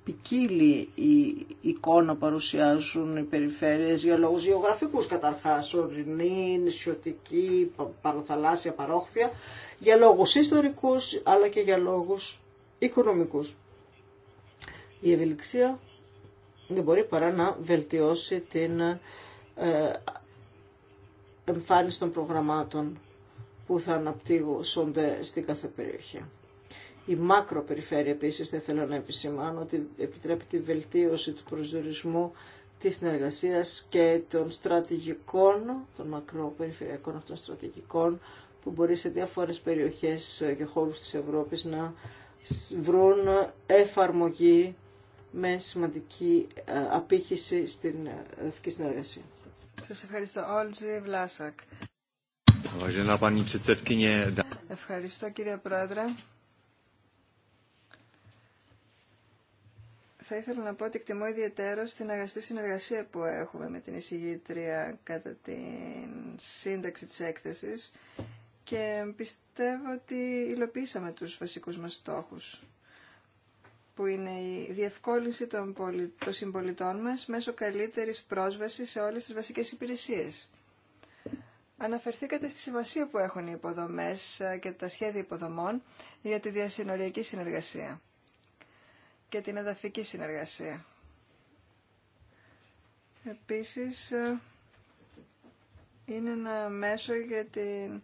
ποικίλη η εικόνα παρουσιάζουν οι περιφέρειες για λόγους γεωγραφικούς καταρχάς, ορεινή, νησιωτική, παροθαλάσσια, παρόχθια, για λόγους ιστορικούς αλλά και για λόγους οικονομικούς. Η ευελιξία δεν μπορεί παρά να βελτιώσει την ε, εμφάνιση των προγραμμάτων που θα αναπτύγονται στην κάθε περιοχή. Η μακροπεριφέρεια επίσης, θα ήθελα να επισημάνω, ότι επιτρέπει τη βελτίωση του προσδιορισμού της συνεργασίας και των στρατηγικών, των μακροπεριφερειακών αυτών στρατηγικών, που μπορεί σε διάφορες περιοχές και χώρους της Ευρώπης να βρουν εφαρμογή με σημαντική ε, απήχηση στην εδαφική συνεργασία. Σας ευχαριστώ. Ευχαριστώ κύριε Πρόεδρε. θα ήθελα να πω ότι εκτιμώ ιδιαίτερο στην αγαστή συνεργασία που έχουμε με την εισηγήτρια κατά την σύνταξη της έκθεσης και πιστεύω ότι υλοποίησαμε τους βασικούς μας στόχους που είναι η διευκόλυνση των, των συμπολιτών μας μέσω καλύτερης πρόσβασης σε όλες τις βασικές υπηρεσίες. Αναφερθήκατε στη σημασία που έχουν οι υποδομές και τα σχέδια υποδομών για τη διασυνοριακή συνεργασία και την εδαφική συνεργασία. Επίσης, ε, είναι ένα μέσο για την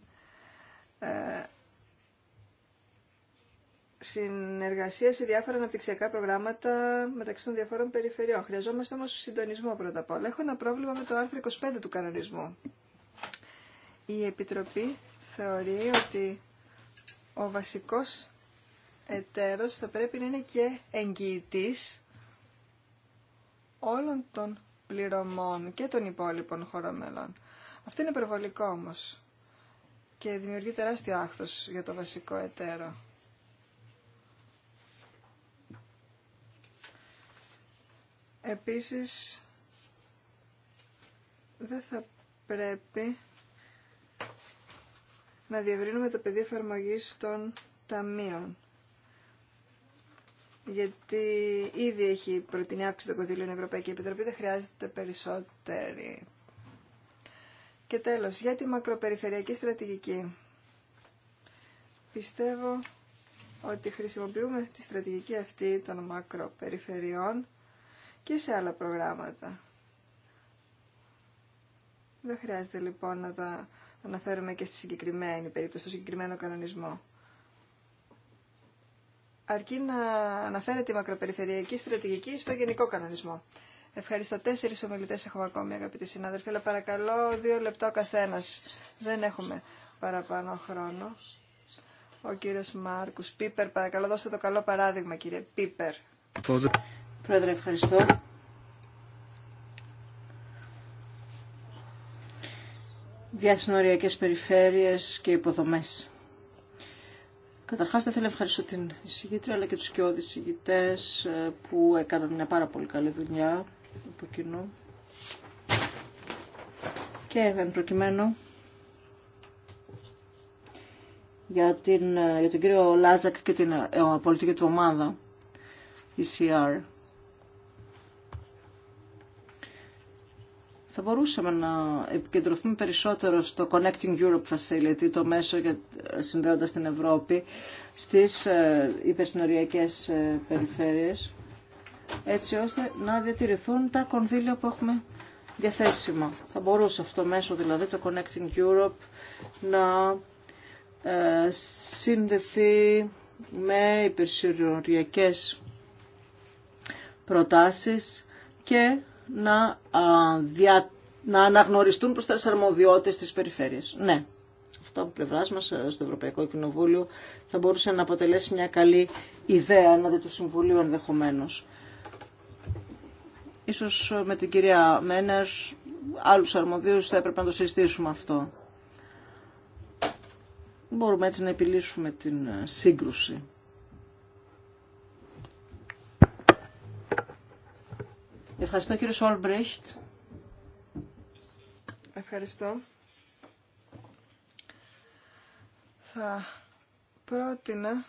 ε, συνεργασία σε διάφορα αναπτυξιακά προγράμματα μεταξύ των διαφόρων περιφερειών. Χρειαζόμαστε όμως συντονισμό πρώτα απ' όλα. Έχω ένα πρόβλημα με το άρθρο 25 του κανονισμού. Η Επιτροπή θεωρεί ότι ο βασικός εταίρος θα πρέπει να είναι και εγγυητής όλων των πληρωμών και των υπόλοιπων χωρομελών. Αυτό είναι υπερβολικό όμως και δημιουργεί τεράστιο άχθος για το βασικό εταίρο. Επίσης, δεν θα πρέπει να διευρύνουμε το πεδίο εφαρμογή των ταμείων γιατί ήδη έχει προτείνει αύξηση των κονδύλων η Ευρωπαϊκή Επιτροπή, δεν χρειάζεται περισσότερη. Και τέλος, για τη μακροπεριφερειακή στρατηγική. Πιστεύω ότι χρησιμοποιούμε τη στρατηγική αυτή των μακροπεριφερειών και σε άλλα προγράμματα. Δεν χρειάζεται λοιπόν να τα αναφέρουμε και στη συγκεκριμένη περίπτωση, στο συγκεκριμένο κανονισμό αρκεί να αναφέρεται η μακροπεριφερειακή στρατηγική στο γενικό κανονισμό. Ευχαριστώ. Τέσσερι ομιλητέ έχουμε ακόμη, αγαπητοί συνάδελφοι, αλλά παρακαλώ δύο λεπτά ο καθένα. Δεν έχουμε παραπάνω χρόνο. Ο κύριο Μάρκου Πίπερ, παρακαλώ, δώστε το καλό παράδειγμα, κύριε Πίπερ. Πρόεδρε, ευχαριστώ. Διασυνοριακές περιφέρειες και υποδομές. Καταρχάς θα ήθελα να ευχαριστώ την εισηγήτρια αλλά και τους κοιόδης εισηγητές ε, που έκαναν μια πάρα πολύ καλή δουλειά από κοινού. Και εν προκειμένου για, την, ε, για τον κύριο Λάζακ και την ε, πολιτική του ομάδα ECR Θα μπορούσαμε να επικεντρωθούμε περισσότερο στο Connecting Europe Facility, το μέσο για, ε, συνδέοντας την Ευρώπη, στις ε, υπερσυνοριακές ε, περιφέρειες, έτσι ώστε να διατηρηθούν τα κονδύλια που έχουμε διαθέσιμα. Θα μπορούσε αυτό μέσο, δηλαδή το Connecting Europe, να ε, συνδεθεί με υπερσυνοριακές προτάσεις και να, να αναγνωριστούν προς τα αρμοδιότητες της περιφέρειας. Ναι, αυτό από πλευρά μα ε, στο Ευρωπαϊκό Κοινοβούλιο θα μπορούσε να αποτελέσει μια καλή ιδέα δει του Συμβουλίου ενδεχομένω. Ίσως ε, με την κυρία Μένερ, άλλους αρμοδίους θα έπρεπε να το συζητήσουμε αυτό. Μπορούμε έτσι να επιλύσουμε την ε, σύγκρουση. Ευχαριστώ κύριο Σόλμπρεχτ. Ευχαριστώ. Θα πρότεινα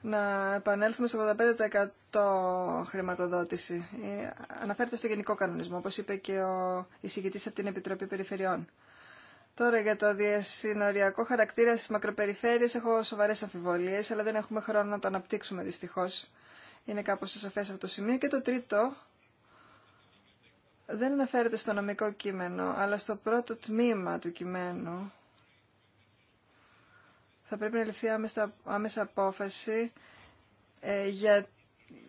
να επανέλθουμε στο 85% χρηματοδότηση. Ε, αναφέρεται στο γενικό κανονισμό, όπως είπε και ο εισηγητής από την Επιτροπή Περιφερειών. Τώρα για το διασυνοριακό χαρακτήρα στις μακροπεριφέρειες έχω σοβαρές αμφιβολίες, αλλά δεν έχουμε χρόνο να το αναπτύξουμε δυστυχώς. Είναι κάπως σαφές αυτό το σημείο. Και το τρίτο, δεν αναφέρεται στο νομικό κείμενο, αλλά στο πρώτο τμήμα του κειμένου. Θα πρέπει να ληφθεί άμεσα, άμεσα απόφαση ε, για,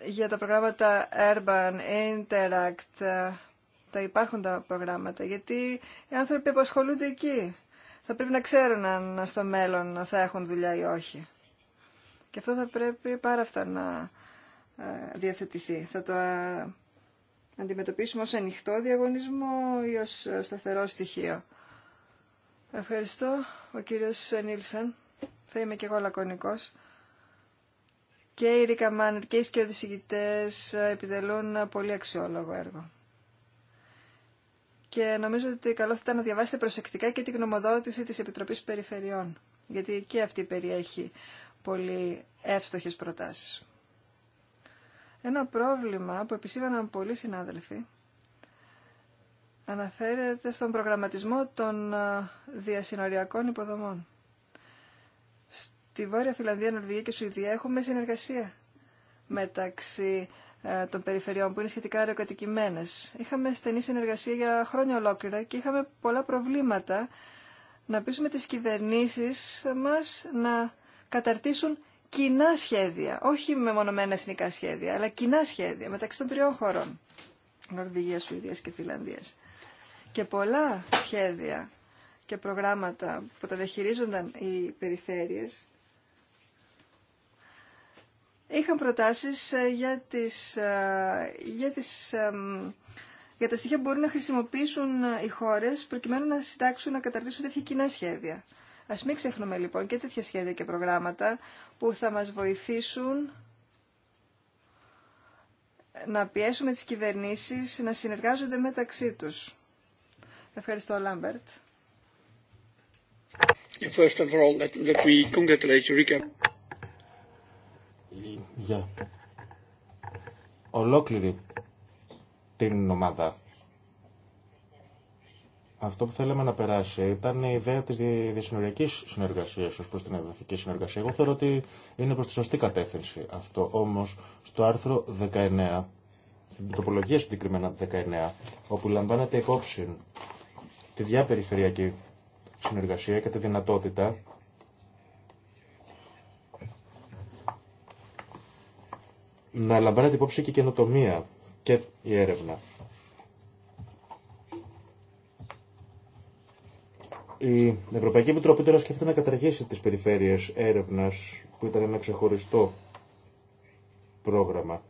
για τα προγράμματα Urban Interact τα υπάρχοντα προγράμματα, γιατί οι άνθρωποι απασχολούνται εκεί. Θα πρέπει να ξέρουν αν στο μέλλον θα έχουν δουλειά ή όχι. Και αυτό θα πρέπει πάρα αυτά να ε, διαθετηθεί. Θα το ε, αντιμετωπίσουμε ως ανοιχτό διαγωνισμό ή ως ε, σταθερό στοιχείο. Ευχαριστώ, ο κύριος Νίλσεν. Θα είμαι και εγώ λακωνικός. Και οι Ρίκα Μάνερ και οι σκιοδησηγητές επιτελούν πολύ αξιόλογο έργο και νομίζω ότι καλό θα ήταν να διαβάσετε προσεκτικά και την γνωμοδότηση της Επιτροπής Περιφερειών, γιατί και αυτή περιέχει πολύ εύστοχες προτάσεις. Ένα πρόβλημα που επισήμαναν πολλοί συνάδελφοι αναφέρεται στον προγραμματισμό των ε, διασυνοριακών υποδομών. Στη Βόρεια Φιλανδία, Νορβηγία και Σουηδία έχουμε συνεργασία μεταξύ ε, των περιφερειών που είναι σχετικά αεροκατοικημένε. Είχαμε στενή συνεργασία για χρόνια ολόκληρα και είχαμε πολλά προβλήματα να πείσουμε τις κυβερνήσεις μας να καταρτήσουν κοινά σχέδια, όχι μεμονωμένα εθνικά σχέδια, αλλά κοινά σχέδια μεταξύ των τριών χωρών, Νορβηγία, Σουηδία και Φιλανδία. Και πολλά σχέδια και προγράμματα που τα διαχειρίζονταν οι περιφέρειες είχαν προτάσεις ε, για, τις, ε, για, τις, ε, για τα στοιχεία που μπορούν να χρησιμοποιήσουν οι χώρες προκειμένου να συντάξουν, να καταρτήσουν τέτοια κοινά σχέδια. Ας μην ξεχνούμε λοιπόν και τέτοια σχέδια και προγράμματα που θα μας βοηθήσουν να πιέσουμε τις κυβερνήσεις να συνεργάζονται μεταξύ τους. Ευχαριστώ, Λάμπερτ για ολόκληρη την ομάδα. Αυτό που θέλαμε να περάσει ήταν η ιδέα τη διασυνοριακή συνεργασία ω προ την εδαφική συνεργασία. Εγώ θεωρώ ότι είναι προ τη σωστή κατεύθυνση αυτό. Όμω, στο άρθρο 19, στην τροπολογία συγκεκριμένα 19, όπου λαμβάνεται υπόψη τη διαπεριφερειακή συνεργασία και τη δυνατότητα να λαμβάνεται υπόψη και η καινοτομία και η έρευνα. Η Ευρωπαϊκή Επιτροπή τώρα σκέφτεται να καταργήσει τις περιφέρειες έρευνας που ήταν ένα ξεχωριστό πρόγραμμα.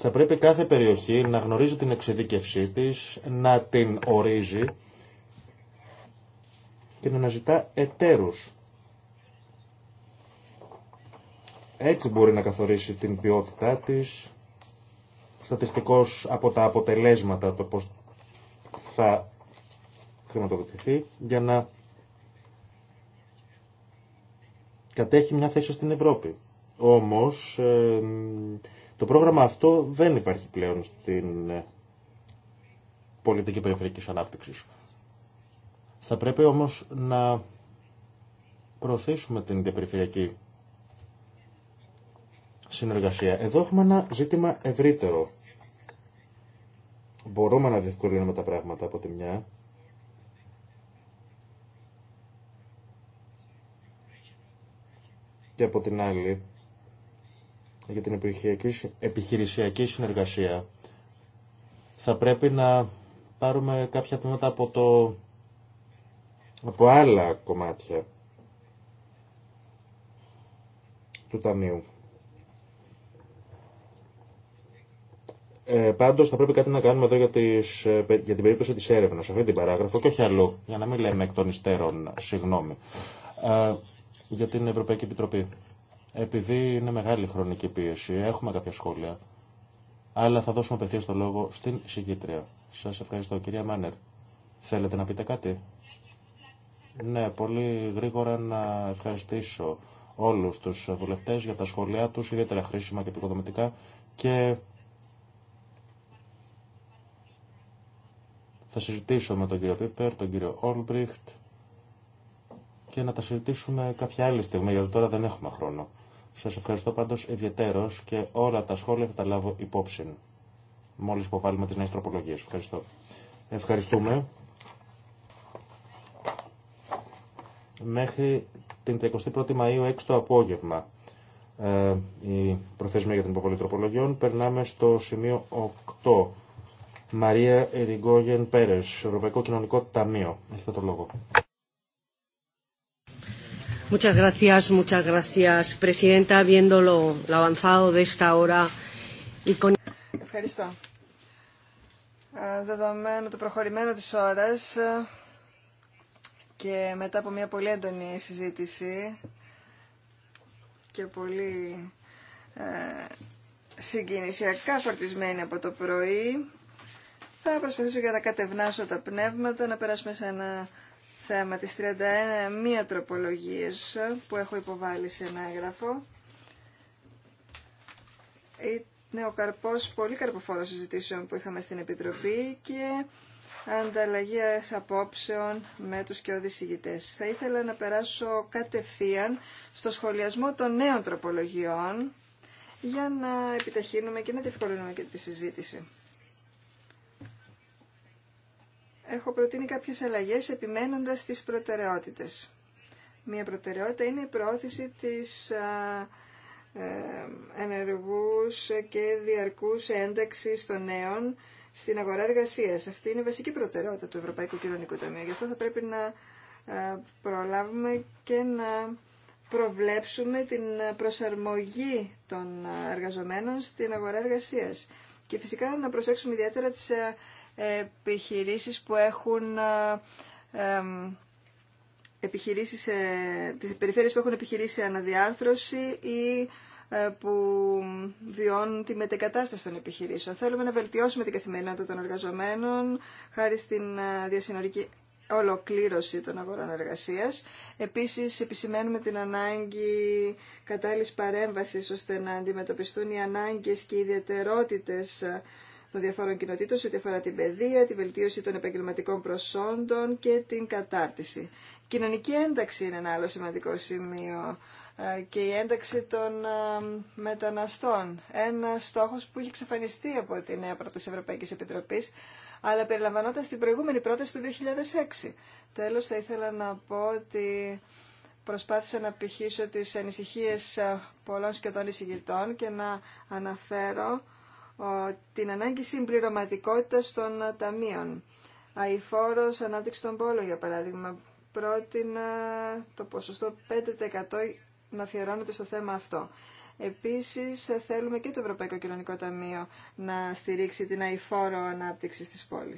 Θα πρέπει κάθε περιοχή να γνωρίζει την εξειδίκευσή της, να την ορίζει και να αναζητά εταίρους Έτσι μπορεί να καθορίσει την ποιότητά της, στατιστικώς από τα αποτελέσματα το πώς θα χρηματοδοτηθεί για να κατέχει μια θέση στην Ευρώπη. Όμως το πρόγραμμα αυτό δεν υπάρχει πλέον στην πολιτική περιφερειακής ανάπτυξης. Θα πρέπει όμως να προωθήσουμε την διαπεριφερειακή συνεργασία. Εδώ έχουμε ένα ζήτημα ευρύτερο. Μπορούμε να διευκολύνουμε τα πράγματα από τη μια. Και από την άλλη, για την επιχειρησιακή συνεργασία, θα πρέπει να πάρουμε κάποια τμήματα από, το, από άλλα κομμάτια του Ταμείου. Ε, Πάντω θα πρέπει κάτι να κάνουμε εδώ για, τις, ε, για την περίπτωση τη έρευνα, αυτή την παράγραφο και όχι αλλού, για να μην λέμε εκ των υστέρων συγγνώμη. Ε, για την Ευρωπαϊκή Επιτροπή. Επειδή είναι μεγάλη χρονική πίεση, έχουμε κάποια σχόλια. Αλλά θα δώσουμε απευθεία το λόγο στην συγκήτρια. Σα ευχαριστώ, κυρία Μάνερ. Θέλετε να πείτε κάτι. Ναι, πολύ γρήγορα να ευχαριστήσω όλους τους βουλευτές για τα σχόλιά τους, ιδιαίτερα χρήσιμα και επικοδομητικά. Και Θα συζητήσω με τον κύριο Πίπερ, τον κύριο Όλμπριχτ και να τα συζητήσουμε κάποια άλλη στιγμή, γιατί τώρα δεν έχουμε χρόνο. Σας ευχαριστώ πάντως ιδιαιτέρως και όλα τα σχόλια θα τα λάβω υπόψη μόλις υποβάλουμε τις νέες τροπολογίες. Ευχαριστώ. Ευχαριστούμε. Μέχρι την 31η Μαΐου 6 το απόγευμα ε, η προθεσμία για την υποβολή τροπολογιών. Περνάμε στο σημείο 8 Μαρία Ριγκόγεν Πέρε, Ευρωπαϊκό Κοινωνικό Ταμείο. Έχετε το λόγο. Muchas gracias, muchas gracias, Presidenta, viendo lo, lo avanzado de esta hora y con... Ευχαριστώ. Ε, δεδομένου του προχωρημένου της ώρας ε, και μετά από μια πολύ έντονη συζήτηση και πολύ ε, συγκινησιακά φορτισμένη από το πρωί, θα προσπαθήσω για να κατευνάσω τα πνεύματα, να περάσουμε σε ένα θέμα της 31 μία τροπολογίες που έχω υποβάλει σε ένα έγγραφο. Είναι ο καρπός πολύ καρποφόρος συζητήσεων που είχαμε στην Επιτροπή και ανταλλαγή απόψεων με τους και οδησηγητές. Θα ήθελα να περάσω κατευθείαν στο σχολιασμό των νέων τροπολογιών για να επιταχύνουμε και να διευκολύνουμε και τη συζήτηση. έχω προτείνει κάποιες αλλαγές επιμένοντας τις προτεραιότητες. Μία προτεραιότητα είναι η προώθηση της ε, ενεργούς και διαρκούς ένταξης των νέων στην αγορά εργασίας. Αυτή είναι η βασική προτεραιότητα του Ευρωπαϊκού Κοινωνικού Ταμείου. Γι' αυτό θα πρέπει να ε, προλάβουμε και να προβλέψουμε την προσαρμογή των εργαζομένων στην αγορά εργασίας. Και φυσικά να προσέξουμε ιδιαίτερα τις ε, επιχειρήσεις που έχουν ε, επιχειρήσεις, ε, τις περιφέρειες που έχουν επιχειρήσει αναδιάρθρωση ή ε, που βιώνουν τη μετεκατάσταση των επιχειρήσεων. Θέλουμε να βελτιώσουμε την καθημερινότητα των εργαζομένων χάρη στην διασυνορική ολοκλήρωση των αγορών εργασίας. Επίσης, επισημαίνουμε την ανάγκη κατάλληλης παρέμβασης ώστε να αντιμετωπιστούν οι ανάγκες και οι ιδιαιτερότητες των διαφόρων κοινοτήτων σε ό,τι αφορά την παιδεία, τη βελτίωση των επαγγελματικών προσόντων και την κατάρτιση. Η κοινωνική ένταξη είναι ένα άλλο σημαντικό σημείο ε, και η ένταξη των ε, μεταναστών. Ένα στόχος που είχε εξαφανιστεί από τη νέα πρόταση Ευρωπαϊκής Επιτροπής, αλλά περιλαμβανόταν στην προηγούμενη πρόταση του 2006. Τέλος, θα ήθελα να πω ότι προσπάθησα να πηχήσω τις ανησυχίες ε, πολλών σχεδόν εισηγητών και να αναφέρω την ανάγκη συμπληρωματικότητας των ταμείων. Αηφόρος ανάπτυξη των πόλων, για παράδειγμα, πρότεινα το ποσοστό 5% να αφιερώνεται στο θέμα αυτό. Επίσης, θέλουμε και το Ευρωπαϊκό Κοινωνικό Ταμείο να στηρίξει την αηφόρο ανάπτυξη της πόλη.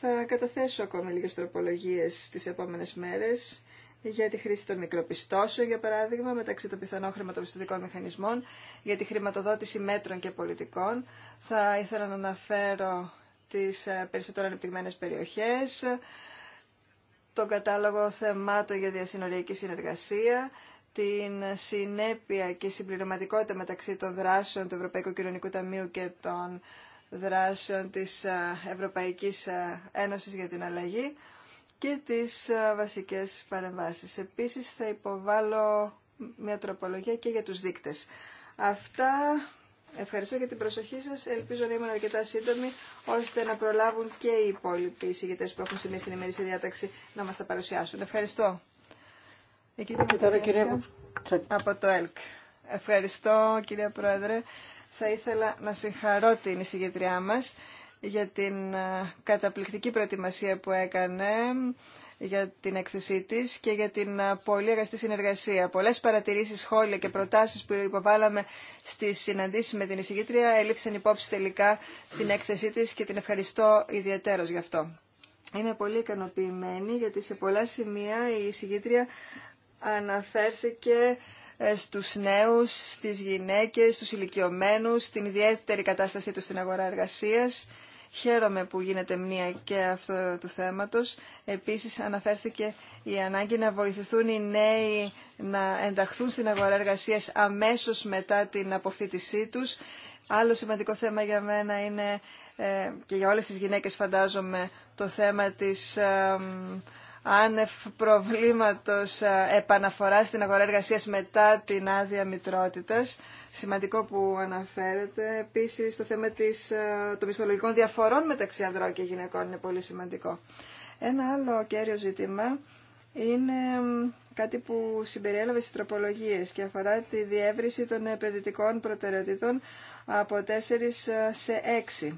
Θα καταθέσω ακόμη λίγες τροπολογίες τις επόμενες μέρες για τη χρήση των μικροπιστώσεων, για παράδειγμα, μεταξύ των πιθανών χρηματοπιστωτικών μηχανισμών, για τη χρηματοδότηση μέτρων και πολιτικών. Θα ήθελα να αναφέρω τις ε, περισσότερο ανεπτυγμένες περιοχές, τον κατάλογο θεμάτων για διασυνοριακή συνεργασία, την συνέπεια και συμπληρωματικότητα μεταξύ των δράσεων του Ευρωπαϊκού Κοινωνικού Ταμείου και των δράσεων της ε, Ευρωπαϊκής ε, Ένωσης για την Αλλαγή και τις ε, βασικές παρεμβάσεις. Επίσης θα υποβάλω μια τροπολογία και για τους δείκτες. Αυτά Ευχαριστώ για την προσοχή σας. Ελπίζω να ήμουν αρκετά σύντομη, ώστε να προλάβουν και οι υπόλοιποι συγγετές που έχουν σημειώσει στην ημερήσια διάταξη να μας τα παρουσιάσουν. Ευχαριστώ. Ε, Από το ΕΛΚ. Ευχαριστώ, κυρία Πρόεδρε. Θα ήθελα να συγχαρώ την εισηγητριά μας για την ε, καταπληκτική προετοιμασία που έκανε ε, για την έκθεσή της και για την ε, πολύ εργαστή συνεργασία. Πολλές παρατηρήσεις, σχόλια και προτάσεις που υποβάλαμε στις συναντήσει με την εισηγήτρια ελήφθησαν υπόψη τελικά στην έκθεσή της και την ευχαριστώ ιδιαίτερος γι' αυτό. Είμαι πολύ ικανοποιημένη γιατί σε πολλά σημεία η εισηγήτρια αναφέρθηκε ε, στους νέους, στις γυναίκες, στους ηλικιωμένους, στην ιδιαίτερη κατάστασή τους στην αγορά εργασίας. Χαίρομαι που γίνεται μία και αυτό του θέματος. Επίσης αναφέρθηκε η ανάγκη να βοηθηθούν οι νέοι να ενταχθούν στην αγορά εργασίας αμέσως μετά την αποφύτισή τους. Άλλο σημαντικό θέμα για μένα είναι ε, και για όλες τις γυναίκες φαντάζομαι το θέμα της ε, άνευ προβλήματος ε, επαναφοράς στην αγορά εργασίας μετά την άδεια μητρότητας. Σημαντικό που αναφέρεται. Επίσης το θέμα της, ε, των μισθολογικών διαφορών μεταξύ ανδρών και γυναικών είναι πολύ σημαντικό. Ένα άλλο κέριο ζήτημα είναι κάτι που συμπεριέλαβε στις τροπολογίες και αφορά τη διεύρυνση των επενδυτικών προτεραιοτήτων από 4 ε, σε 6.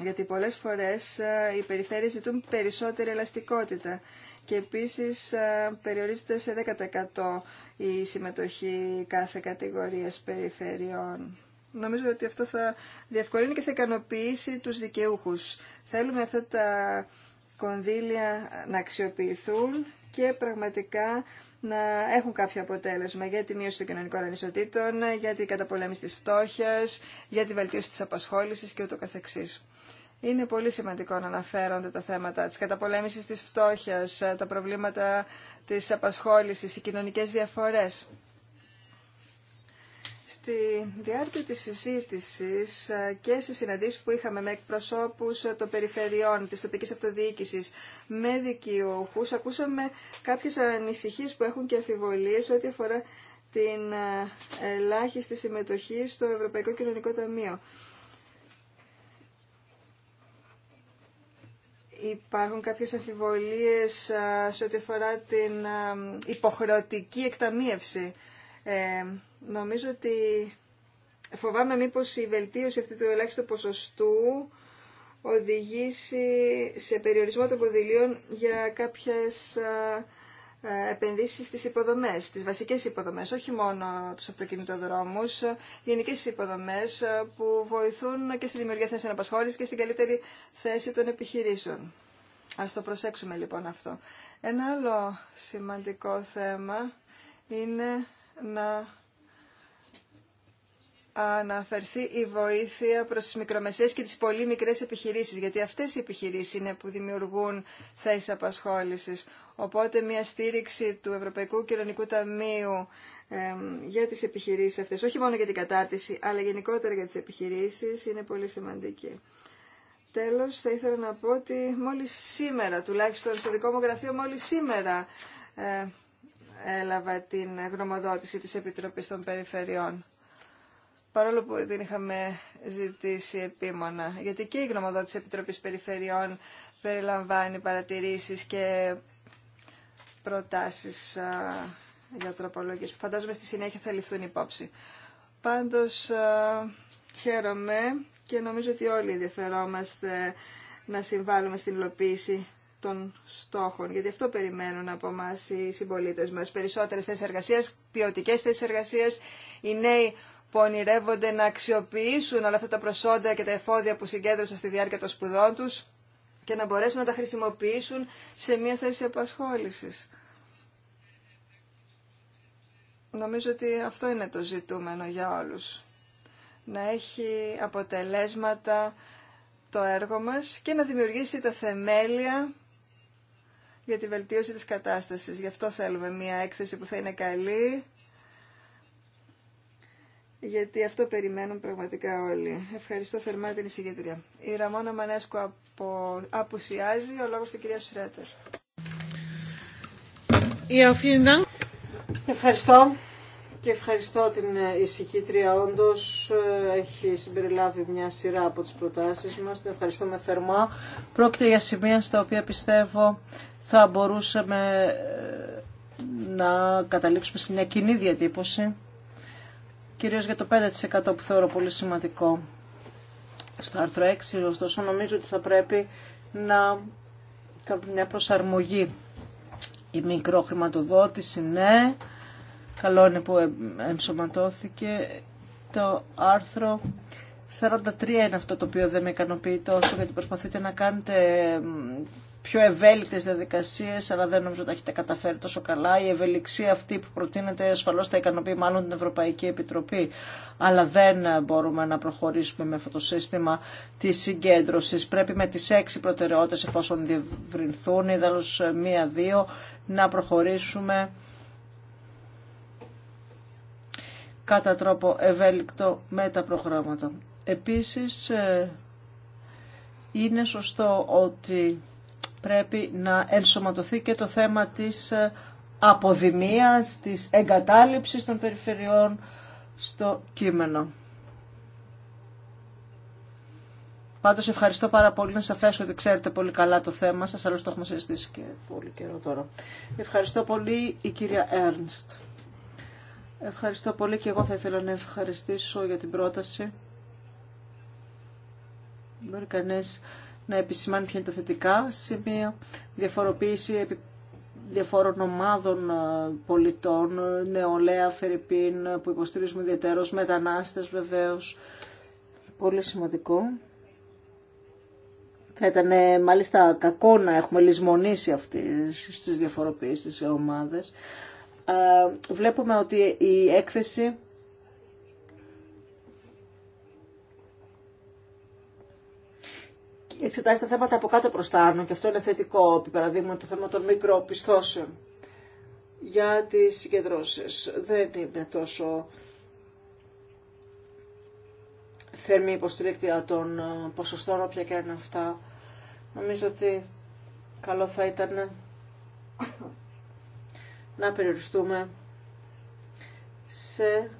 Γιατί πολλές φορές οι περιφέρειες ζητούν περισσότερη ελαστικότητα και επίσης ε, περιορίζεται σε 10% η συμμετοχή κάθε κατηγορίας περιφερειών. Νομίζω ότι αυτό θα διευκολύνει και θα ικανοποιήσει τους δικαιούχους. Θέλουμε αυτά τα κονδύλια να αξιοποιηθούν και πραγματικά να έχουν κάποιο αποτέλεσμα για τη μείωση των κοινωνικών ανισοτήτων, για την καταπολέμηση της φτώχειας, για τη βελτίωση της απασχόλησης και ούτω καθεξής. Είναι πολύ σημαντικό να αναφέρονται τα θέματα της καταπολέμησης της φτώχειας, τα προβλήματα της απασχόλησης, οι κοινωνικές διαφορές. Στη διάρκεια της συζήτησης και σε συναντήσεις που είχαμε με εκπροσώπους των περιφερειών, της τοπικής αυτοδιοίκησης, με δικαιούχους, ακούσαμε κάποιες ανησυχίες που έχουν και αφιβολίες ό,τι αφορά την ελάχιστη συμμετοχή στο Ευρωπαϊκό Κοινωνικό Ταμείο. Υπάρχουν κάποιες αμφιβολίες σε ό,τι αφορά την υποχρεωτική εκταμίευση. Ε, νομίζω ότι φοβάμαι μήπως η βελτίωση αυτή του ελάχιστου ποσοστού οδηγήσει σε περιορισμό των ποδηλίων για κάποιες ε, επενδύσεις στις υποδομές, στις βασικές υποδομές, όχι μόνο τους αυτοκινητοδρόμους, γενικές υποδομές ε, που βοηθούν και στη δημιουργία θέσεων απασχόλησης και στην καλύτερη θέση των επιχειρήσεων. Ας το προσέξουμε λοιπόν αυτό. Ένα άλλο σημαντικό θέμα είναι να αναφερθεί η βοήθεια προς τις μικρομεσαίες και τις πολύ μικρές επιχειρήσεις, γιατί αυτές οι επιχειρήσεις είναι που δημιουργούν θέσεις απασχόλησης. Οπότε μια στήριξη του Ευρωπαϊκού Κοινωνικού Ταμείου για τις επιχειρήσεις αυτές, όχι μόνο για την κατάρτιση, αλλά γενικότερα για τις επιχειρήσεις, είναι πολύ σημαντική. Τέλος, θα ήθελα να πω ότι μόλις σήμερα, τουλάχιστον στο δικό μου γραφείο, μόλις σήμερα ε, έλαβα την γνωμοδότηση της Επιτροπής των Περιφερειών παρόλο που την είχαμε ζητήσει επίμονα. Γιατί και η γνωμοδότηση της Επιτροπής Περιφερειών περιλαμβάνει παρατηρήσεις και προτάσεις για τροπολογίες που φαντάζομαι στη συνέχεια θα ληφθούν υπόψη. Πάντως α, χαίρομαι και νομίζω ότι όλοι ενδιαφερόμαστε να συμβάλλουμε στην υλοποίηση των στόχων, γιατί αυτό περιμένουν από εμά οι συμπολίτε μα. Περισσότερε θέσει εργασία, ποιοτικέ θέσει εργασία, οι νέοι που ονειρεύονται να αξιοποιήσουν όλα αυτά τα προσόντα και τα εφόδια που συγκέντρωσαν στη διάρκεια των σπουδών τους και να μπορέσουν να τα χρησιμοποιήσουν σε μια θέση απασχόλησης. Νομίζω ότι αυτό είναι το ζητούμενο για όλους. Να έχει αποτελέσματα το έργο μας και να δημιουργήσει τα θεμέλια για τη βελτίωση της κατάστασης. Γι' αυτό θέλουμε μια έκθεση που θα είναι καλή, γιατί αυτό περιμένουν πραγματικά όλοι. Ευχαριστώ θερμά την εισηγητρία. Η Ραμόνα Μανέσκο απο... απουσιάζει, ο λόγος στην κυρία Σρέτερ. Ευχαριστώ και ευχαριστώ την εισηγήτρια. Όντως ε, έχει συμπεριλάβει μια σειρά από τις προτάσεις μας. Την ευχαριστούμε θερμά. Πρόκειται για σημεία στα οποία πιστεύω θα μπορούσαμε ε, να καταλήξουμε σε μια κοινή διατύπωση κυρίως για το 5% που θεωρώ πολύ σημαντικό στο άρθρο 6, ωστόσο νομίζω ότι θα πρέπει να κάνουμε μια προσαρμογή. Η μικροχρηματοδότηση, ναι, καλό είναι που ενσωματώθηκε το άρθρο 43 είναι αυτό το οποίο δεν με ικανοποιεί τόσο γιατί προσπαθείτε να κάνετε πιο ευέλικτες διαδικασίες, αλλά δεν νομίζω ότι τα έχετε καταφέρει τόσο καλά. Η ευελιξία αυτή που προτείνεται ασφαλώς θα ικανοποιεί μάλλον την Ευρωπαϊκή Επιτροπή, αλλά δεν μπορούμε να προχωρήσουμε με αυτό το σύστημα της συγκέντρωσης. Πρέπει με τις έξι προτεραιότητες, εφόσον ή ιδάλλως μία-δύο, να προχωρήσουμε κατά τρόπο ευέλικτο με τα προγράμματα. Επίσης, ε, είναι σωστό ότι πρέπει να ενσωματωθεί και το θέμα της ε, αποδημίας, της εγκατάλειψης των περιφερειών στο κείμενο. Πάντως ευχαριστώ πάρα πολύ να σας ότι ξέρετε πολύ καλά το θέμα σας, αλλά το έχουμε συζητήσει και πολύ καιρό τώρα. Ευχαριστώ πολύ η κυρία Έρνστ. Ευχαριστώ πολύ και εγώ θα ήθελα να ευχαριστήσω για την πρόταση. Μπορεί κανείς να επισημάνει ποια είναι τα θετικά σημεία, διαφοροποίηση διαφόρων ομάδων ε, πολιτών, νεολαία, φερρυπίν, που υποστηρίζουμε ιδιαίτερως, μετανάστες βεβαίως. Πολύ σημαντικό. Θα ήταν ε, μάλιστα κακό να έχουμε λησμονήσει αυτές τις διαφοροποίησεις σε ομάδες. Ε, βλέπουμε ότι η έκθεση εξετάσει τα θέματα από κάτω προς τα άνω και αυτό είναι θετικό, επί παραδείγμα το θέμα των μικροπιστώσεων για τις συγκεντρώσεις. Δεν είναι τόσο θερμή υποστηρίκτια των ε, ποσοστών όποια και είναι αυτά. Νομίζω ότι καλό θα ήταν να περιοριστούμε σε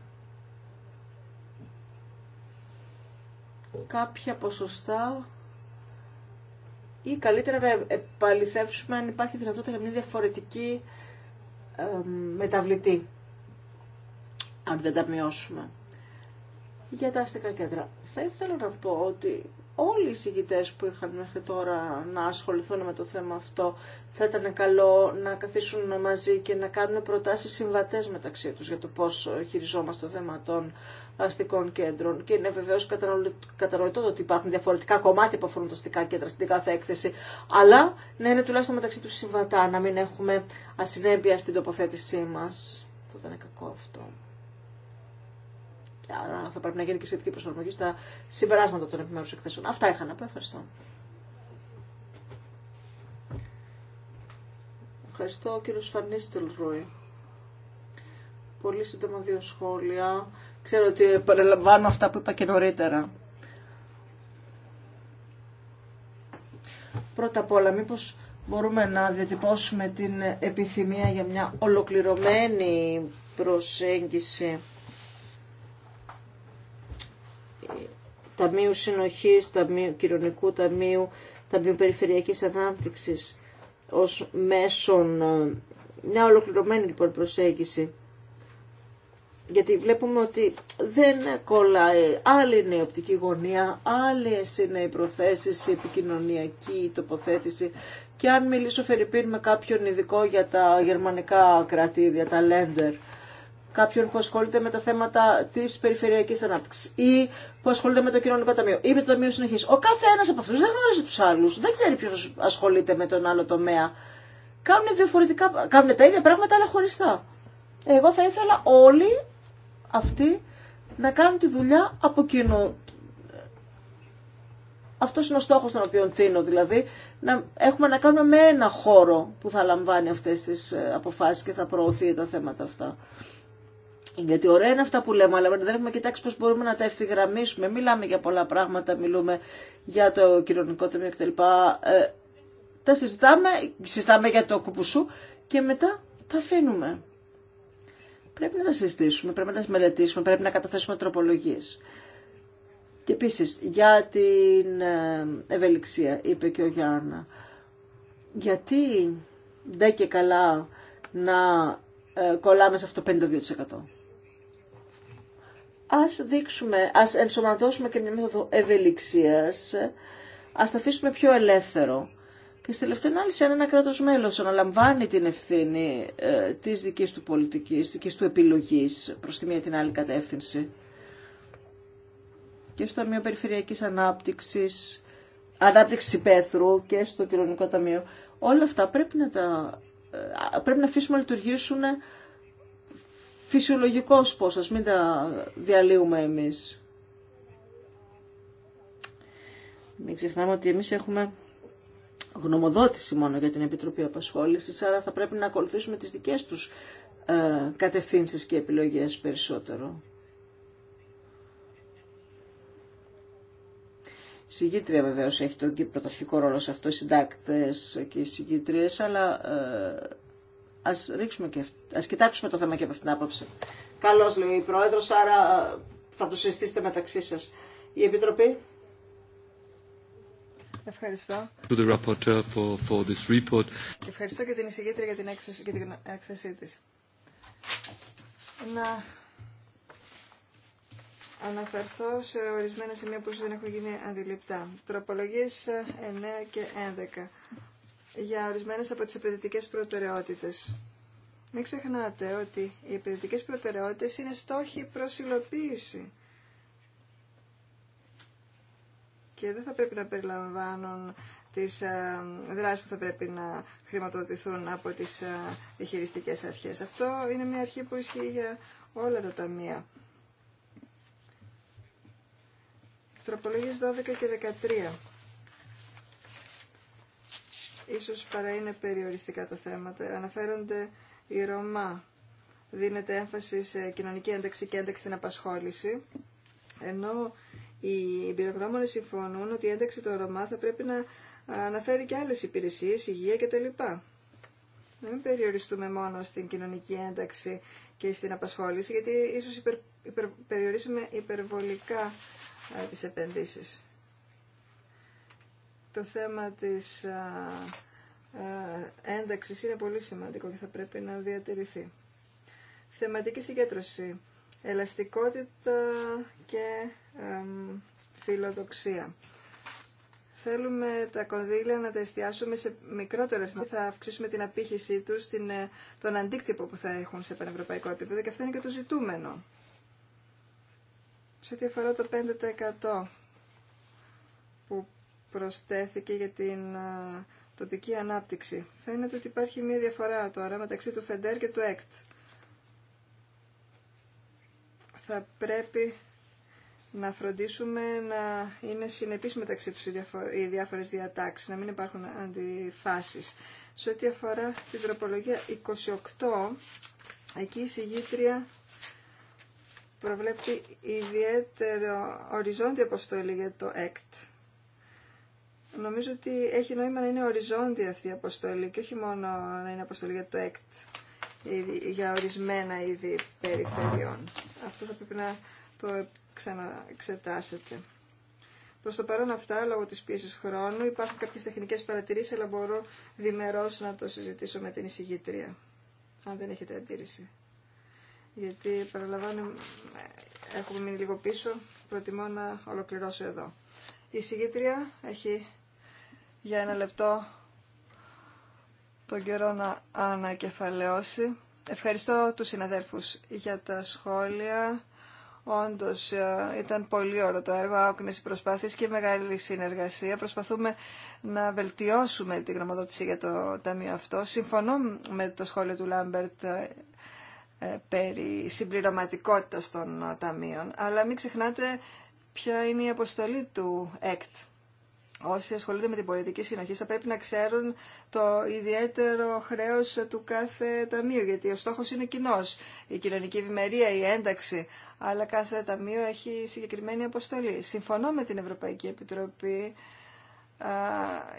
κάποια ποσοστά ή καλύτερα να επαληθεύσουμε αν υπάρχει δυνατότητα για μια διαφορετική μεταβλητή, αν δεν τα μειώσουμε. Για τα αστικά κέντρα. Θα ήθελα να πω ότι όλοι οι συγκητές που είχαν μέχρι τώρα να ασχοληθούν με το θέμα αυτό θα ήταν καλό να καθίσουν μαζί και να κάνουν προτάσεις συμβατές μεταξύ τους για το πώς χειριζόμαστε το θέμα των αστικών κέντρων. Και είναι βεβαίως κατανοητό ότι υπάρχουν διαφορετικά κομμάτια που αφορούν τα αστικά κέντρα στην κάθε έκθεση, αλλά να είναι τουλάχιστον μεταξύ τους συμβατά, να μην έχουμε ασυνέπεια στην τοποθέτησή μας. Θα ήταν κακό αυτό. Άρα θα πρέπει να γίνει και σχετική προσαρμογή στα συμπεράσματα των επιμέρους εκθέσεων. Αυτά είχα να πω. Ευχαριστώ. Ευχαριστώ κύριο Φανίστελ Ρούι. Πολύ σύντομα δύο σχόλια. Ξέρω ότι επαναλαμβάνω αυτά που είπα και νωρίτερα. Πρώτα απ' όλα, μήπως μπορούμε να διατυπώσουμε την επιθυμία για μια ολοκληρωμένη προσέγγιση Ταμείου Συνοχής, Ταμείου Κοινωνικού Ταμείου, Ταμείου Περιφερειακής Ανάπτυξης ως μέσον. Ε, μια ολοκληρωμένη λοιπόν προσέγγιση. Γιατί βλέπουμε ότι δεν κολλάει. Άλλη είναι η οπτική γωνία, άλλε είναι οι προθέσει, η επικοινωνιακή τοποθέτηση. Και αν μιλήσω, Φερρυπίν, με κάποιον ειδικό για τα γερμανικά κρατήδια, τα Λέντερ, κάποιον που ασχολείται με τα θέματα τη περιφερειακή ανάπτυξη ή που ασχολείται με το κοινωνικό ταμείο ή με το ταμείο συνοχή. Ο κάθε ένα από αυτού δεν γνωρίζει του άλλου, δεν ξέρει ποιο ασχολείται με τον άλλο τομέα. Κάνουν, διαφορετικά, κάνουν τα ίδια πράγματα αλλά χωριστά. Εγώ θα ήθελα όλοι αυτοί να κάνουν τη δουλειά από κοινού. Αυτό είναι ο στόχο τον οποίο τίνω, δηλαδή να έχουμε να κάνουμε με ένα χώρο που θα λαμβάνει αυτές τις ε, αποφάσεις και θα προωθεί τα θέματα αυτά. Γιατί ωραία είναι αυτά που λέμε, αλλά δεν έχουμε κοιτάξει πώ μπορούμε να τα ευθυγραμμίσουμε. Μιλάμε για πολλά πράγματα, μιλούμε για το κοινωνικό τμήμα κτλ. Ε, τα συζητάμε, συζητάμε για το κουπουσού και μετά τα αφήνουμε. Πρέπει να τα συζητήσουμε, πρέπει να τα μελετήσουμε, πρέπει να καταθέσουμε τροπολογίε. Και επίση για την ε, ευελιξία, είπε και ο Γιάννα. Γιατί δεν και καλά να ε, κολλάμε σε αυτό το 52% ας δείξουμε, ας ενσωματώσουμε και μια μέθοδο ευελιξίας, ας τα αφήσουμε πιο ελεύθερο. Και στη τελευταία ανάλυση, αν ένα κράτο μέλο αναλαμβάνει την ευθύνη ε, τη δική του πολιτική, τη δική του επιλογή προ τη μία την άλλη κατεύθυνση, και στο Ταμείο Περιφερειακή Ανάπτυξη, Ανάπτυξη Υπαίθρου και στο Κοινωνικό Ταμείο, όλα αυτά πρέπει να, ε, πρέπει να αφήσουμε να λειτουργήσουν φυσιολογικός πόσας, μην τα διαλύουμε εμείς. Μην ξεχνάμε ότι εμείς έχουμε γνωμοδότηση μόνο για την Επιτροπή Απασχόλησης, άρα θα πρέπει να ακολουθήσουμε τις δικές τους ε, κατευθύνσεις και επιλογές περισσότερο. Η συγκήτρια βεβαίως έχει τον πρωταρχικό ρόλο σε αυτό, οι συντάκτες και οι συγκήτριες, αλλά ε, ας, ρίξουμε και, ας κοιτάξουμε το θέμα και από αυτήν την άποψη. Καλώς λέει η Πρόεδρος, άρα θα το συζητήσετε μεταξύ σας. Η Επιτροπή. Ευχαριστώ. Ευχαριστώ και την εισηγήτρια για την έκθεση, για την έκθεσή της. Να αναφερθώ σε ορισμένα σημεία που δεν έχουν γίνει αντιληπτά. Τροπολογίες 9 ε, και 11 για ορισμένες από τις επενδυτικέ προτεραιότητες. Μην ξεχνάτε ότι οι επενδυτικέ προτεραιότητες είναι στόχοι προ υλοποίηση και δεν θα πρέπει να περιλαμβάνουν τις ε, δράσεις που θα πρέπει να χρηματοδοτηθούν από τις ε, διαχειριστικέ αρχέ. Αυτό είναι μια αρχή που ισχύει για όλα τα ταμεία. Τροπολογίες 12 και 13 ίσως παρά είναι περιοριστικά τα θέματα. Αναφέρονται η Ρωμά. Δίνεται έμφαση σε κοινωνική ένταξη και ένταξη στην απασχόληση, ενώ οι εμπειρογνώμονες συμφωνούν ότι η ένταξη των Ρωμά θα πρέπει να αναφέρει και άλλες υπηρεσίες, υγεία κτλ. Να μην περιοριστούμε μόνο στην κοινωνική ένταξη και στην απασχόληση, γιατί ίσως υπερ, περιορίσουμε υπερβολικά α, τις επενδύσεις το θέμα της ένταξης είναι πολύ σημαντικό και θα πρέπει να διατηρηθεί. Θεματική συγκέντρωση, ελαστικότητα και φιλοδοξία. Θέλουμε τα κονδύλια να τα εστιάσουμε σε μικρότερο αριθμό. Θα αυξήσουμε την απήχησή τους, την, ε, τον αντίκτυπο που θα έχουν σε πανευρωπαϊκό επίπεδο και αυτό είναι και το ζητούμενο. Σε ό,τι αφορά το 5% που προσθέθηκε για την τοπική ανάπτυξη. Φαίνεται ότι υπάρχει μια διαφορά τώρα μεταξύ του ΦΕΝΤΕΡ και του ΕΚΤ. Θα πρέπει να φροντίσουμε να είναι συνεπείς μεταξύ τους οι διάφορες διατάξεις, να μην υπάρχουν αντιφάσεις. Σε ό,τι αφορά την τροπολογία 28, εκεί η συγγήτρια προβλέπει ιδιαίτερο οριζόντια αποστολή για το ΕΚΤ Νομίζω ότι έχει νόημα να είναι οριζόντια αυτή η αποστολή και όχι μόνο να είναι αποστολή για το ΕΚΤ για ορισμένα είδη περιφερειών. Αυτό θα πρέπει να το ξαναεξετάσετε. Προς το παρόν αυτά, λόγω της πίεσης χρόνου, υπάρχουν κάποιες τεχνικές παρατηρήσεις, αλλά μπορώ διμερώς να το συζητήσω με την εισηγήτρια, αν δεν έχετε αντίρρηση. Γιατί, παραλαμβάνω, έχουμε μείνει λίγο πίσω, προτιμώ να ολοκληρώσω εδώ. Η εισηγήτρια έχει για ένα λεπτό τον καιρό να ανακεφαλαιώσει. Ευχαριστώ τους συναδέλφους για τα σχόλια. Όντως ε, ήταν πολύ ωραίο το έργο, άκουνες οι και μεγάλη συνεργασία. Προσπαθούμε να βελτιώσουμε την γνωμοδότηση για το ταμείο αυτό. Συμφωνώ με το σχόλιο του Λάμπερτ ε, ε, περί συμπληρωματικότητας των ταμείων. Αλλά μην ξεχνάτε ποια είναι η αποστολή του ΕΚΤ όσοι ασχολούνται με την πολιτική συνοχή θα πρέπει να ξέρουν το ιδιαίτερο χρέος του κάθε ταμείου, γιατί ο στόχος είναι κοινό, η κοινωνική ευημερία, η ένταξη, αλλά κάθε ταμείο έχει συγκεκριμένη αποστολή. Συμφωνώ με την Ευρωπαϊκή Επιτροπή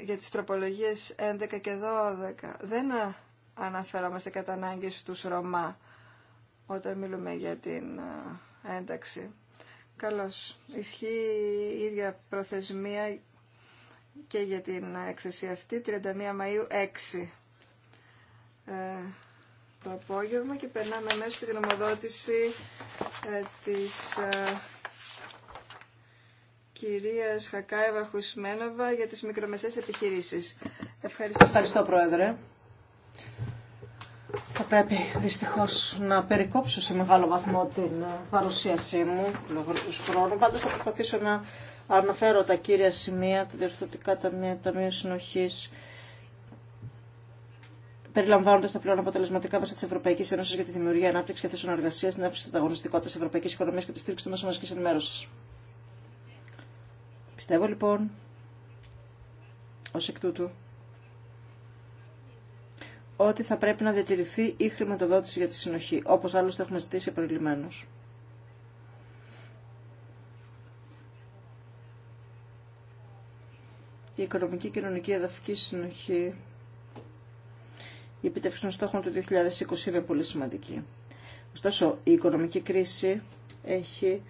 για τις τροπολογίες 11 και 12. Δεν αναφερόμαστε κατά ανάγκη στους Ρωμά όταν μιλούμε για την ένταξη. Καλώς. Ισχύει η ίδια προθεσμία και για την έκθεση αυτή, 31 Μαΐου 6 ε, το απόγευμα και περνάμε μέσα στη γνωμοδότηση ε, της ε, κυρίας Χακάεβα Χουσμένοβα για τις μικρομεσαίες επιχειρήσεις. Ευχαριστώ. Ευχαριστώ Πρόεδρε. Θα πρέπει δυστυχώς να περικόψω σε μεγάλο βαθμό την ε, παρουσίασή μου λόγω του χρόνου. Πάντως θα προσπαθήσω να Αναφέρω τα κύρια σημεία, τα διορθωτικά ταμεία, ταμείο συνοχή περιλαμβάνοντα τα πλέον αποτελεσματικά μέσα τη Ευρωπαϊκή Ένωση για τη δημιουργία ανάπτυξη και θέσεων εργασία, την αύξηση τη ανταγωνιστικότητα τη ευρωπαϊκή οικονομία και τη στήριξη των μέσων μαζική ενημέρωση. Πιστεύω λοιπόν, ω εκ τούτου, ότι θα πρέπει να διατηρηθεί η χρηματοδότηση για τη συνοχή, όπω άλλωστε έχουμε ζητήσει η οικονομική, κοινωνική, εδαφική συνοχή, η επιτεύξη των στόχων του 2020 είναι πολύ σημαντική. Ωστόσο, η οικονομική κρίση έχει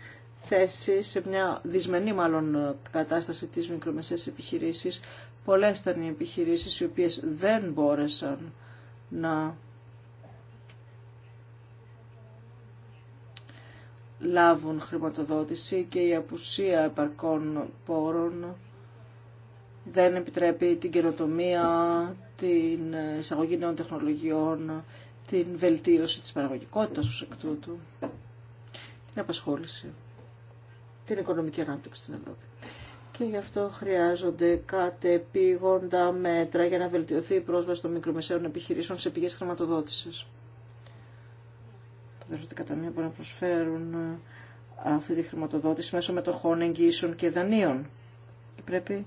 θέσει σε μια δυσμενή μάλλον κατάσταση της μικρομεσαίας επιχειρήσεις. Πολλές ήταν οι επιχειρήσεις οι οποίες δεν μπόρεσαν να λάβουν χρηματοδότηση και η απουσία επαρκών πόρων δεν επιτρέπει την καινοτομία, την εισαγωγή νέων τεχνολογιών, την βελτίωση της παραγωγικότητας του εκ τούτου, την απασχόληση, την οικονομική ανάπτυξη στην Ευρώπη. Και γι' αυτό χρειάζονται κατεπήγοντα μέτρα για να βελτιωθεί η πρόσβαση των μικρομεσαίων επιχειρήσεων σε πηγές χρηματοδότησης. Τα κατά μία μπορούν να προσφέρουν ε, αυτή τη χρηματοδότηση μέσω μετοχών, εγγύσεων και δανείων. πρέπει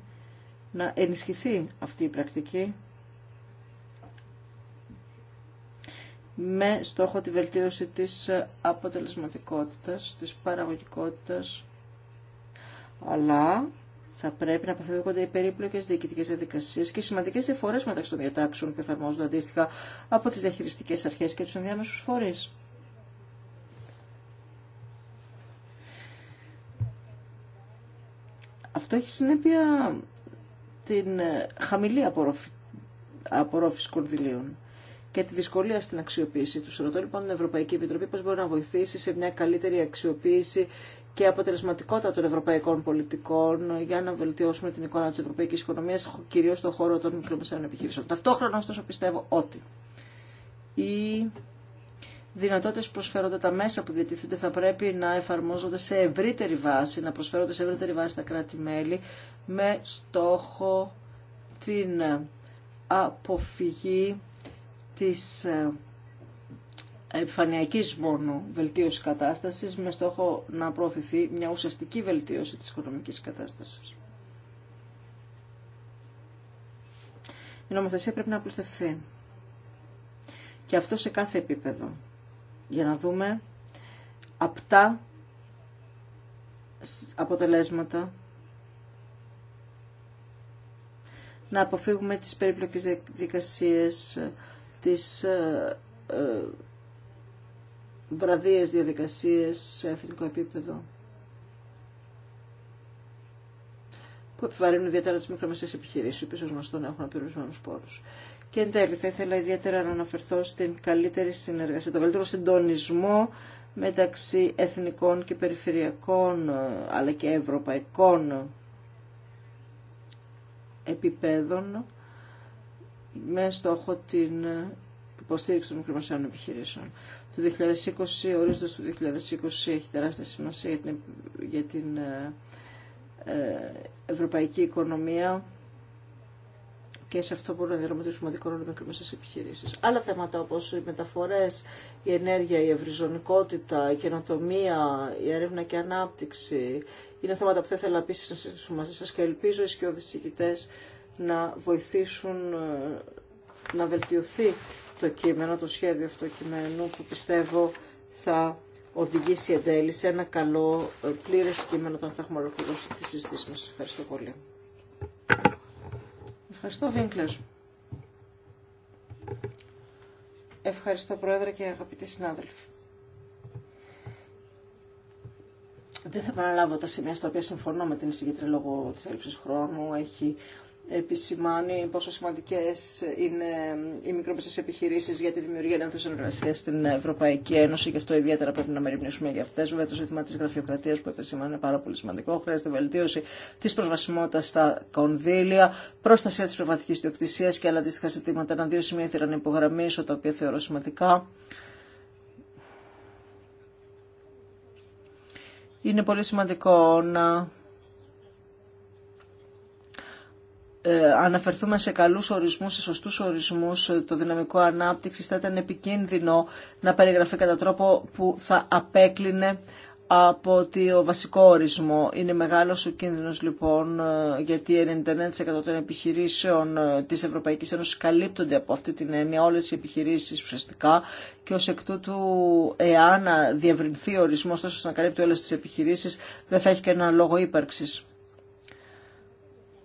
να ενισχυθεί αυτή η πρακτική με στόχο τη βελτίωση της αποτελεσματικότητας, της παραγωγικότητας, αλλά θα πρέπει να αποφεύγονται οι περίπλοκες διοικητικέ διαδικασίε και σημαντικέ διαφορέ μεταξύ των διατάξεων που εφαρμόζονται αντίστοιχα από τι διαχειριστικέ αρχέ και του ενδιάμεσου φορεί. Αυτό έχει συνέπεια την ε, χαμηλή απορρόφηση κονδυλίων και τη δυσκολία στην αξιοποίησή του. Ρωτώ λοιπόν την Ευρωπαϊκή Επιτροπή πώ μπορεί να βοηθήσει σε μια καλύτερη αξιοποίηση και αποτελεσματικότητα των ευρωπαϊκών πολιτικών για να βελτιώσουμε την εικόνα τη ευρωπαϊκή οικονομίας, κυρίω στον χώρο των μικρομεσαίων επιχειρήσεων. Ταυτόχρονα, ωστόσο, πιστεύω ότι η δυνατότητες που προσφέρονται, τα μέσα που διατηθούνται θα πρέπει να εφαρμόζονται σε ευρύτερη βάση, να προσφέρονται σε ευρύτερη βάση τα κράτη-μέλη με στόχο την ε, αποφυγή της ε, επιφανειακής μόνο βελτίωση κατάστασης με στόχο να προωθηθεί μια ουσιαστική βελτίωση της οικονομικής κατάστασης. Η νομοθεσία πρέπει να απλουστευθεί. Και αυτό σε κάθε επίπεδο για να δούμε απτά αποτελέσματα να αποφύγουμε τις περίπλοκες διαδικασίες, τις ε, ε, βραδίες διαδικασίες σε εθνικό επίπεδο που επιβαρύνουν ιδιαίτερα τις μικρομεσαίες επιχειρήσεις, οι οποίες ως γνωστόν έχουν απειρουσμένους πόρους. Και εν τέλει θα ήθελα ιδιαίτερα να αναφερθώ στην καλύτερη συνεργασία, τον καλύτερο συντονισμό μεταξύ εθνικών και περιφερειακών ε, αλλά και ευρωπαϊκών επιπέδων με στόχο την ε, υποστήριξη των μικρομεσαίων επιχειρήσεων. Το 2020, ορίζοντας το 2020 έχει τεράστια σημασία για την, ε, ευρωπαϊκή οικονομία και σε αυτό μπορούμε να διαδραματίσουμε σημαντικό ρόλο μικρομεσαίε επιχειρήσει. Άλλα θέματα όπω οι μεταφορέ, η ενέργεια, η ευρυζωνικότητα, η καινοτομία, η έρευνα και ανάπτυξη είναι θέματα που θα ήθελα επίση να συζητήσουμε μαζί σα και ελπίζω οι συγκητέ να βοηθήσουν ε, να βελτιωθεί το κείμενο, το σχέδιο αυτό κειμένου που πιστεύω θα οδηγήσει εν τέλει σε ένα καλό ε, πλήρε κείμενο όταν θα έχουμε ολοκληρώσει τη συζήτηση μα. Ευχαριστώ πολύ. Ευχαριστώ, Βίγκλερ. Ευχαριστώ, Πρόεδρε και αγαπητοί συνάδελφοι. Δεν θα επαναλάβω τα σημεία στα οποία συμφωνώ με την συγκεκριμένη λόγω τη έλλειψη χρόνου. Έχει επισημάνει πόσο σημαντικές είναι οι μικρομεσέ επιχειρήσεις για τη δημιουργία νέων εργασία στην Ευρωπαϊκή Ένωση. Γι' αυτό ιδιαίτερα πρέπει να μεριμνήσουμε για αυτές. Βέβαια το ζήτημα της γραφειοκρατίας που επισημάνει είναι πάρα πολύ σημαντικό. Χρειάζεται βελτίωση της προσβασιμότητας στα κονδύλια, προστασία της πνευματικής διοκτησίας και άλλα αντίστοιχα ζητήματα. Ένα δύο σημεία ήθελα να υπογραμμίσω, τα οποία θεωρώ σημαντικά. Είναι πολύ σημαντικό να Ε, αναφερθούμε σε καλούς ορισμούς, σε σωστούς ορισμούς το δυναμικό ανάπτυξης θα ήταν επικίνδυνο να περιγραφεί κατά τρόπο που θα απέκλεινε από ότι ο βασικό ορισμό είναι μεγάλος ο κίνδυνος λοιπόν ε, γιατί 99% των επιχειρήσεων ε, της Ευρωπαϊκής Ένωσης καλύπτονται από αυτή την έννοια όλες οι επιχειρήσεις ουσιαστικά και ως εκ τούτου εάν διευρυνθεί ο ορισμός τόσο να καλύπτει όλες τις επιχειρήσεις δεν θα έχει κανένα λόγο ύπαρξης.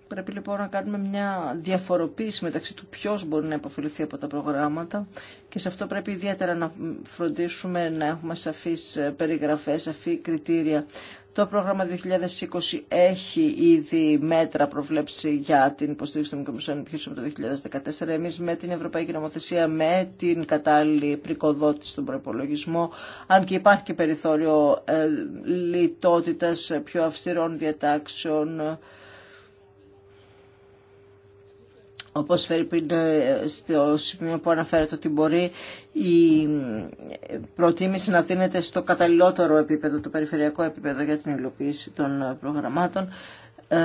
Πρέπει λοιπόν να κάνουμε μια διαφοροποίηση μεταξύ του ποιο μπορεί να υποφεληθεί από τα προγράμματα και σε αυτό πρέπει ιδιαίτερα να φροντίσουμε να έχουμε σαφείς περιγραφές, σαφή κριτήρια. Το πρόγραμμα 2020 έχει ήδη μέτρα προβλέψει για την υποστήριξη των μικρομεσαίων επιχειρήσεων το 2014. Εμεί με την Ευρωπαϊκή Νομοθεσία, με την κατάλληλη πρικοδότηση στον προπολογισμό, αν και υπάρχει και περιθώριο ε, λιτότητα πιο αυστηρών διατάξεων, όπως πριν ε, στο σημείο που αναφέρεται ότι μπορεί η προτίμηση να δίνεται στο καταλληλότερο επίπεδο, το περιφερειακό επίπεδο για την υλοποίηση των ε, προγραμμάτων. Ε,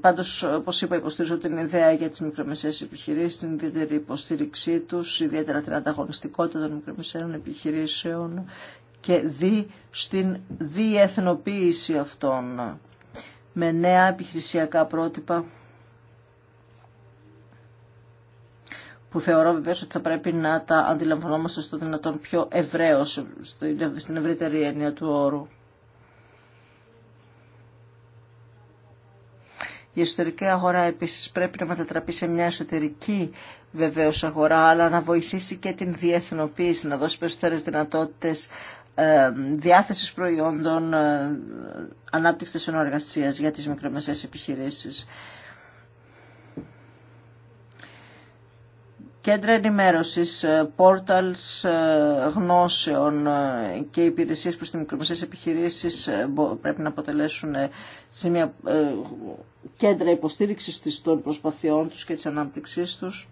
Πάντω, όπω είπα, υποστηρίζω την ιδέα για τι μικρομεσαίε επιχειρήσει, την ιδιαίτερη υποστήριξή του, ιδιαίτερα την ανταγωνιστικότητα των μικρομεσαίων επιχειρήσεων και δι, στην διεθνοποίηση αυτών με νέα επιχειρησιακά πρότυπα που θεωρώ βεβαίως ότι θα πρέπει να τα αντιλαμβανόμαστε στο δυνατόν πιο ευρέως, στην ευρύτερη έννοια του όρου. Η εσωτερική αγορά επίσης πρέπει να μετατραπεί σε μια εσωτερική βεβαίω αγορά, αλλά να βοηθήσει και την διεθνοποίηση, να δώσει περισσότερες δυνατότητες ε, διάθεσης προϊόντων, ε, ανάπτυξης της για τις μικρομεσαίες επιχειρήσεις. κέντρα ενημέρωσης, πόρταλς ε, ε, γνώσεων ε, και υπηρεσίες που τι μικρομεσαίες επιχειρήσεις πρέπει να αποτελέσουν σημεία κέντρα υποστήριξης των προσπαθειών τους και της ανάπτυξής τους.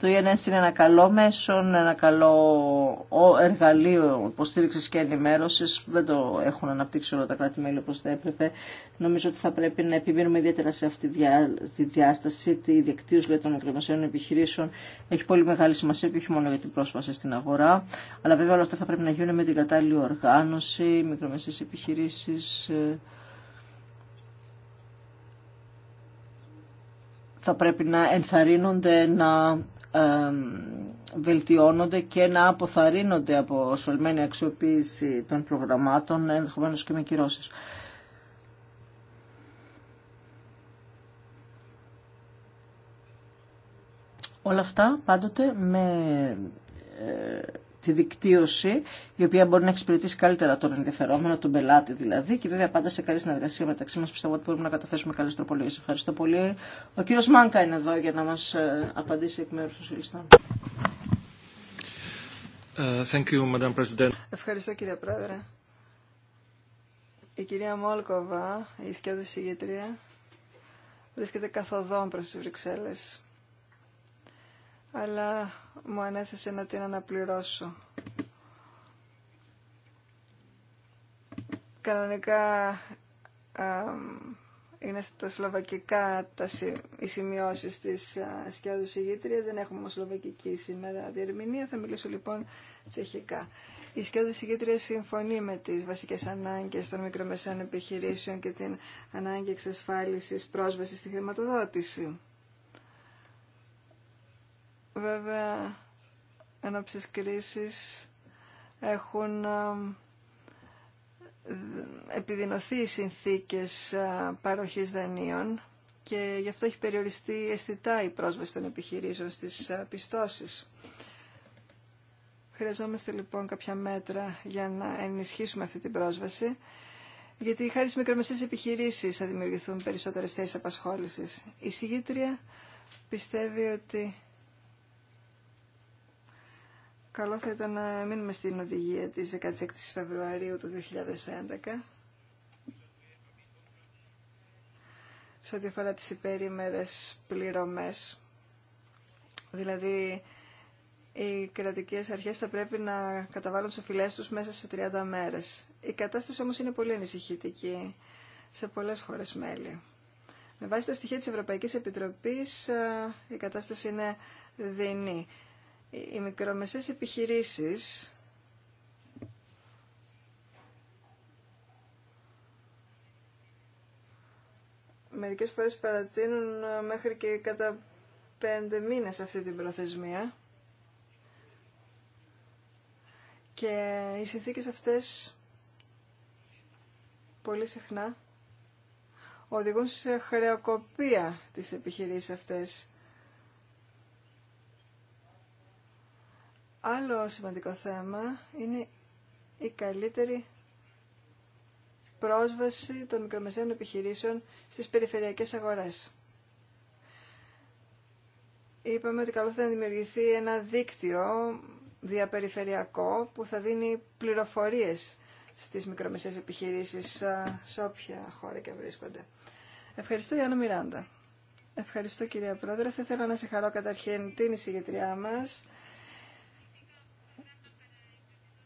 Το ENS είναι ένα καλό μέσο, ένα καλό εργαλείο υποστήριξη και ενημέρωση δεν το έχουν αναπτύξει όλα τα κράτη-μέλη όπω θα έπρεπε. Νομίζω ότι θα πρέπει να επιμείνουμε ιδιαίτερα σε αυτή τη διάσταση. Τη δικτύωση των μικρομεσαίων επιχειρήσεων έχει πολύ μεγάλη σημασία και όχι μόνο για την πρόσβαση στην αγορά. Αλλά βέβαια όλα αυτά θα πρέπει να γίνουν με την κατάλληλη οργάνωση, Οι μικρομεσαίε επιχειρήσει. Ε, θα πρέπει να ενθαρρύνονται να βελτιώνονται και να αποθαρρύνονται από ασφαλμένη αξιοποίηση των προγραμμάτων, ενδεχομένως και με κυρώσεις. Όλα αυτά πάντοτε με ε, τη δικτύωση, η οποία μπορεί να εξυπηρετήσει καλύτερα τον ενδιαφερόμενο, τον πελάτη δηλαδή, και βέβαια πάντα σε καλή συνεργασία μεταξύ μα πιστεύω ότι μπορούμε να καταθέσουμε καλέ τροπολογίε. Ευχαριστώ πολύ. Ο κύριο Μάνκα είναι εδώ για να μα ε, απαντήσει εκ μέρου των συλληστών. Ευχαριστώ κύριε Πρόεδρε. Η κυρία Μόλκοβα, η σκέδωση ηγετρία, βρίσκεται καθοδόν προς τις Βρυξέλλες αλλά μου ανέθεσε να την αναπληρώσω. Κανονικά είναι στα σλοβακικά τα, οι σημειώσει τη σκιώδου ηγήτρια. Δεν έχουμε όμω σλοβακική σήμερα διερμηνία. Θα μιλήσω λοιπόν τσεχικά. Η σκιώδη ηγήτρια συμφωνεί με τι βασικέ ανάγκε των μικρομεσαίων επιχειρήσεων και την ανάγκη εξασφάλιση πρόσβαση στη χρηματοδότηση. Βέβαια, ενάψεις κρίσης έχουν επιδεινωθεί οι συνθήκες ε, παροχής δανείων και γι' αυτό έχει περιοριστεί αισθητά η πρόσβαση των επιχειρήσεων στις ε, πιστώσεις. Χρειαζόμαστε λοιπόν κάποια μέτρα για να ενισχύσουμε αυτή την πρόσβαση, γιατί χάρη στις μικρομεσαίες επιχειρήσεις θα δημιουργηθούν περισσότερες θέσεις απασχόλησης. Η συγγήτρια πιστεύει ότι Καλό θα ήταν να μείνουμε στην οδηγία της 16 Φεβρουαρίου του 2011 σε ό,τι αφορά τις υπέρημερες πληρωμές. Δηλαδή, οι κρατικές αρχές θα πρέπει να καταβάλουν τους οφειλές τους μέσα σε 30 μέρες. Η κατάσταση όμως είναι πολύ ανησυχητική σε πολλές χώρες μέλη. Με βάση τα στοιχεία της Ευρωπαϊκής Επιτροπής, ε, η κατάσταση είναι δεινή οι μικρομεσαίες επιχειρήσεις μερικές φορές παρατείνουν μέχρι και κατά πέντε μήνες αυτή την προθεσμία και οι συνθήκες αυτές πολύ συχνά οδηγούν σε χρεοκοπία τις επιχειρήσεις αυτές Άλλο σημαντικό θέμα είναι η καλύτερη πρόσβαση των μικρομεσαίων επιχειρήσεων στις περιφερειακές αγορές. Είπαμε ότι καλό θα να δημιουργηθεί ένα δίκτυο διαπεριφερειακό που θα δίνει πληροφορίες στις μικρομεσαίες επιχειρήσεις σε όποια χώρα και βρίσκονται. Ευχαριστώ Γιάννα Μιράντα. Ευχαριστώ κυρία Πρόεδρε. Θα ήθελα να σε χαρώ καταρχήν την εισηγητριά μας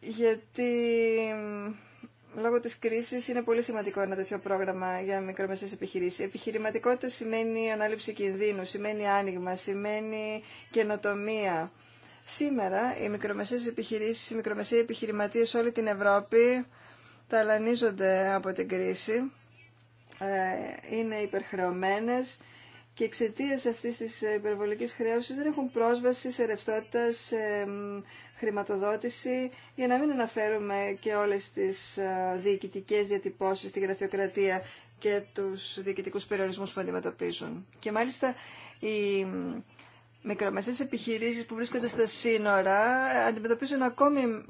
γιατί λόγω της κρίσης είναι πολύ σημαντικό ένα τέτοιο πρόγραμμα για μικρομεσαίες επιχειρήσεις. Επιχειρηματικότητα σημαίνει ανάληψη κινδύνου, σημαίνει άνοιγμα, σημαίνει καινοτομία. Σήμερα οι μικρομεσαίες επιχειρήσεις, οι μικρομεσαίοι επιχειρηματίες όλη την Ευρώπη ταλανίζονται από την κρίση, ε, είναι υπερχρεωμένες και εξαιτία αυτή τη ε, υπερβολική χρέωση δεν έχουν πρόσβαση σε ρευστότητα, σε χρηματοδότηση, για να μην αναφέρουμε και όλε τι ε, διοικητικέ διατυπώσει, στη γραφειοκρατία και του διοικητικού περιορισμού που αντιμετωπίζουν. Και μάλιστα οι μικρομεσαίες επιχειρήσεις που βρίσκονται στα σύνορα ε, αντιμετωπίζουν ακόμη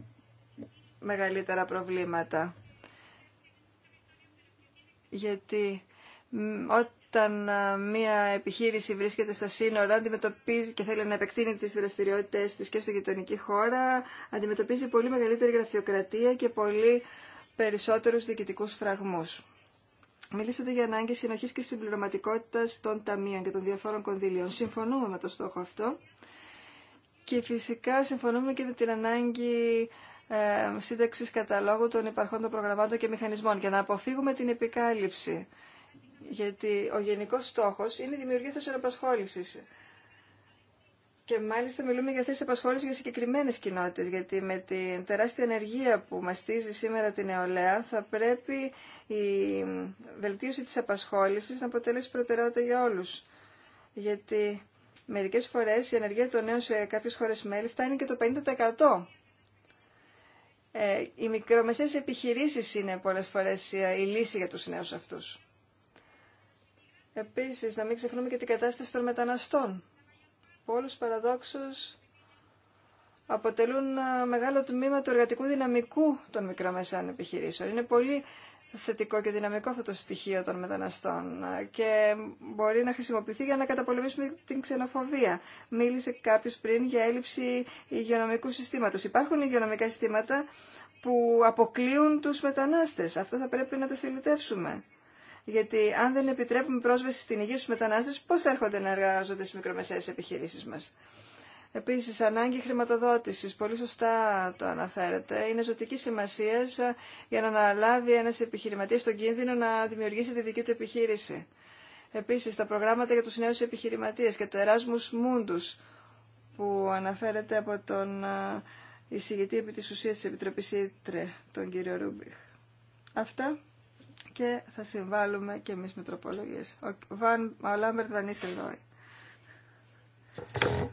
μεγαλύτερα προβλήματα. Γιατί όταν ε, μια επιχείρηση βρίσκεται στα σύνορα αντιμετωπίζει και θέλει να επεκτείνει τις δραστηριότητες της και στη γειτονική χώρα, αντιμετωπίζει πολύ μεγαλύτερη γραφειοκρατία και πολύ περισσότερους διοικητικούς φραγμούς. Μιλήσατε για ανάγκη συνοχή και συμπληρωματικότητα των ταμείων και των διαφόρων κονδύλιων. Συμφωνούμε με το στόχο αυτό και φυσικά συμφωνούμε και με την ανάγκη ε, σύνταξη καταλόγου των υπαρχών προγραμμάτων και μηχανισμών για να αποφύγουμε την επικάλυψη γιατί ο γενικός στόχος είναι η δημιουργία θέσεων απασχόλησης. Και μάλιστα μιλούμε για θέσεις απασχόλησης για συγκεκριμένες κοινότητες, γιατί με την τεράστια ενεργεία που μαστίζει σήμερα την νεολαία θα πρέπει η βελτίωση της απασχόλησης να αποτελέσει προτεραιότητα για όλους. Γιατί μερικές φορές η ενεργεία των νέων σε κάποιες χώρες μέλη φτάνει και το 50%. Ε, οι μικρομεσαίες επιχειρήσεις είναι πολλές φορές η λύση για τους νέους αυτούς. Επίσης, να μην ξεχνούμε και την κατάσταση των μεταναστών, που όλους παραδόξως αποτελούν ε, μεγάλο τμήμα του εργατικού δυναμικού των μικρομεσαίων επιχειρήσεων. Είναι πολύ θετικό και δυναμικό αυτό το στοιχείο των μεταναστών ε, και μπορεί να χρησιμοποιηθεί για να καταπολεμήσουμε την ξενοφοβία. Μίλησε κάποιος πριν για έλλειψη υγειονομικού συστήματος. Υπάρχουν υγειονομικά συστήματα που αποκλείουν τους μετανάστες. Αυτό θα πρέπει να τα στελιτεύσουμε γιατί αν δεν επιτρέπουμε πρόσβαση στην υγεία στου μετανάστε, πώ θα έρχονται να εργάζονται στι μικρομεσαίες επιχείρησει μα. Επίση, ανάγκη χρηματοδότηση, πολύ σωστά το αναφέρετε, είναι ζωτική σημασία για να αναλάβει ένα επιχειρηματίας τον κίνδυνο να δημιουργήσει τη δική του επιχείρηση. Επίση, τα προγράμματα για του Νέου επιχειρηματίες και το Erasmus Mundus, που αναφέρεται από τον εισηγητή επί της ουσίας της Επιτροπής Ήτρε, τον κύριο Ρούμπιχ. Αυτά και θα συμβάλλουμε και εμείς με τροπολογίες. Ο, Βαν, ο Λάμπερτ Βανίσελ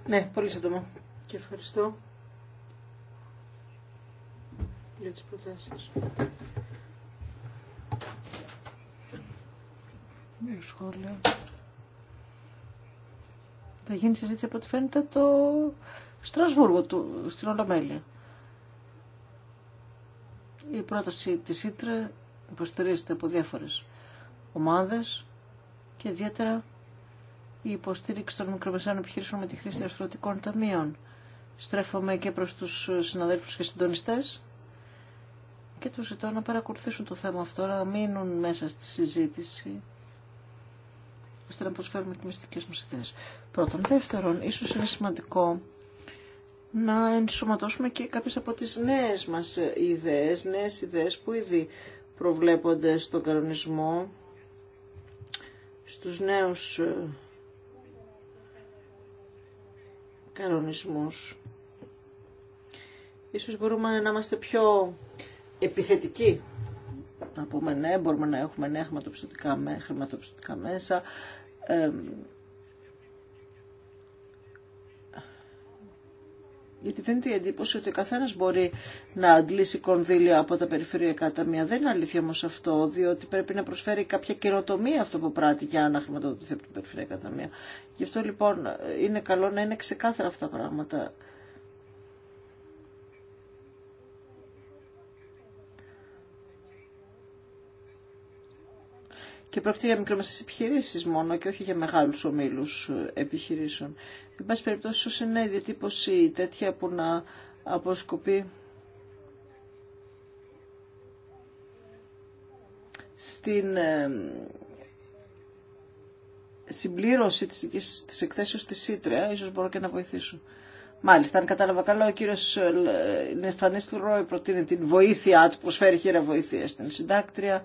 Ναι, πολύ σύντομα. Και ευχαριστώ για τις προτάσεις. Μια σχόλια. Θα γίνει συζήτηση από ό,τι φαίνεται το Στρασβούργο του, στην Ολομέλεια. Η πρόταση της Ήτρε υποστηρίζεται από διάφορες ομάδες και ιδιαίτερα η υποστήριξη των μικρομεσαίων επιχειρήσεων με τη χρήση διαρθρωτικών ταμείων. Στρέφομαι και προς τους συναδέλφους και συντονιστές και τους ζητώ να παρακολουθήσουν το θέμα αυτό, να μείνουν μέσα στη συζήτηση ώστε να προσφέρουμε και τις μα. μας Πρώτον. Δεύτερον, ίσως είναι σημαντικό να ενσωματώσουμε και κάποιες από τις νέες μας ιδέες, νέες ιδέες που ήδη προβλέπονται στον κανονισμό στους νέους ε, κανονισμούς. Ίσως μπορούμε να είμαστε πιο επιθετικοί. Να πούμε ναι, μπορούμε να έχουμε νέα χρηματοπιστωτικά, χρηματοπιστωτικά μέσα, γιατί δίνεται η εντύπωση ότι ο καθένα μπορεί να αντλήσει κονδύλια από τα περιφερειακά ταμεία. Δεν είναι αλήθεια όμως αυτό, διότι πρέπει να προσφέρει κάποια καινοτομία αυτό που πράττει για να χρηματοδοτηθεί από τα περιφερειακά ταμεία. Γι' αυτό λοιπόν ε, είναι καλό να είναι ξεκάθαρα αυτά τα πράγματα. και πρόκειται για μικρομεσαίε επιχειρήσει μόνο και όχι για μεγάλου ομίλους ε, επιχειρήσεων. Εν πάση περιπτώσει, όσο είναι η διατύπωση τέτοια που να αποσκοπεί στην ε, συμπλήρωση της, της τη της ΣΥΤΡΕΑ, ίσως μπορώ και να βοηθήσω. Μάλιστα, αν κατάλαβα καλά, ο κύριος ε, Νεφανής Ρόι προτείνει την βοήθειά του, προσφέρει χείρα βοηθεία στην συντάκτρια.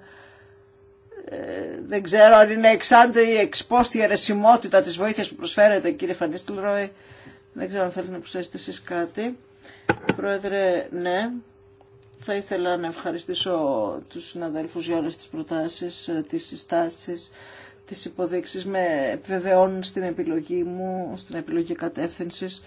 Δεν ξέρω αν είναι εξάντε ή εξπόστη η εξποστη αιρεσιμοτητα της βοήθειας που προσφέρετε κύριε Φανίστηλ Δεν ξέρω αν θέλετε να προσθέσετε εσείς κάτι. Πρόεδρε, ναι. Θα ήθελα να ευχαριστήσω τους συναδέλφους για όλες τις προτάσεις, ε, τις συστάσεις, τις υποδείξεις. Με επιβεβαιώνουν στην επιλογή μου, στην επιλογή κατεύθυνσης.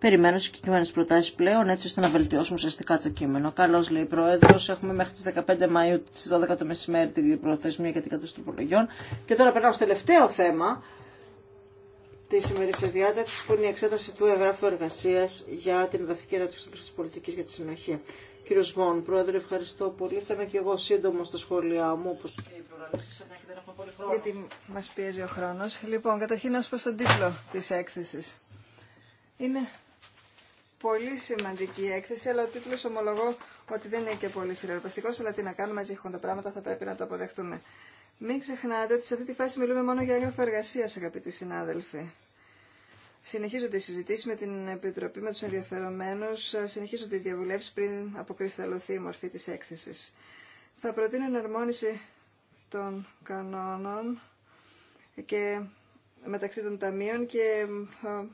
Περιμένω συγκεκριμένε προτάσει πλέον, έτσι ώστε να βελτιώσουμε ουσιαστικά το κείμενο. Καλώ, λέει η Πρόεδρο. Έχουμε μέχρι τι 15 Μαου, τι 12 το μεσημέρι, την προθεσμία για την κατάσταση των προλογιών. Και τώρα περνάω στο τελευταίο θέμα τη ημερήσια διάταξη, που είναι η εξέταση του εγγράφου εργασία για την εδαφική ανάπτυξη τη πολιτική για τη συνοχή. Κύριο Βόν, Πρόεδρε, ευχαριστώ πολύ. Θα είμαι και εγώ σύντομο στα σχόλιά μου, όπω και η προγραμματική Γιατί μα πιέζει ο χρόνο. Λοιπόν, καταρχήν, προ τον τίτλο τη έκθεση. Είναι πολύ σημαντική έκθεση, αλλά ο τίτλο ομολογώ ότι δεν είναι και πολύ συνεργαστικό. Αλλά τι να κάνουμε, έτσι έχουν τα πράγματα, θα πρέπει να το αποδεχτούμε. Μην ξεχνάτε ότι σε αυτή τη φάση μιλούμε μόνο για έλλειμμα εργασία, αγαπητοί συνάδελφοι. Συνεχίζονται οι συζητήσει με την Επιτροπή, με του ενδιαφερομένου, συνεχίζονται οι διαβουλεύσει πριν αποκρισταλωθεί η μορφή τη έκθεση. Θα προτείνω εναρμόνιση των κανόνων και μεταξύ των ταμείων και ε,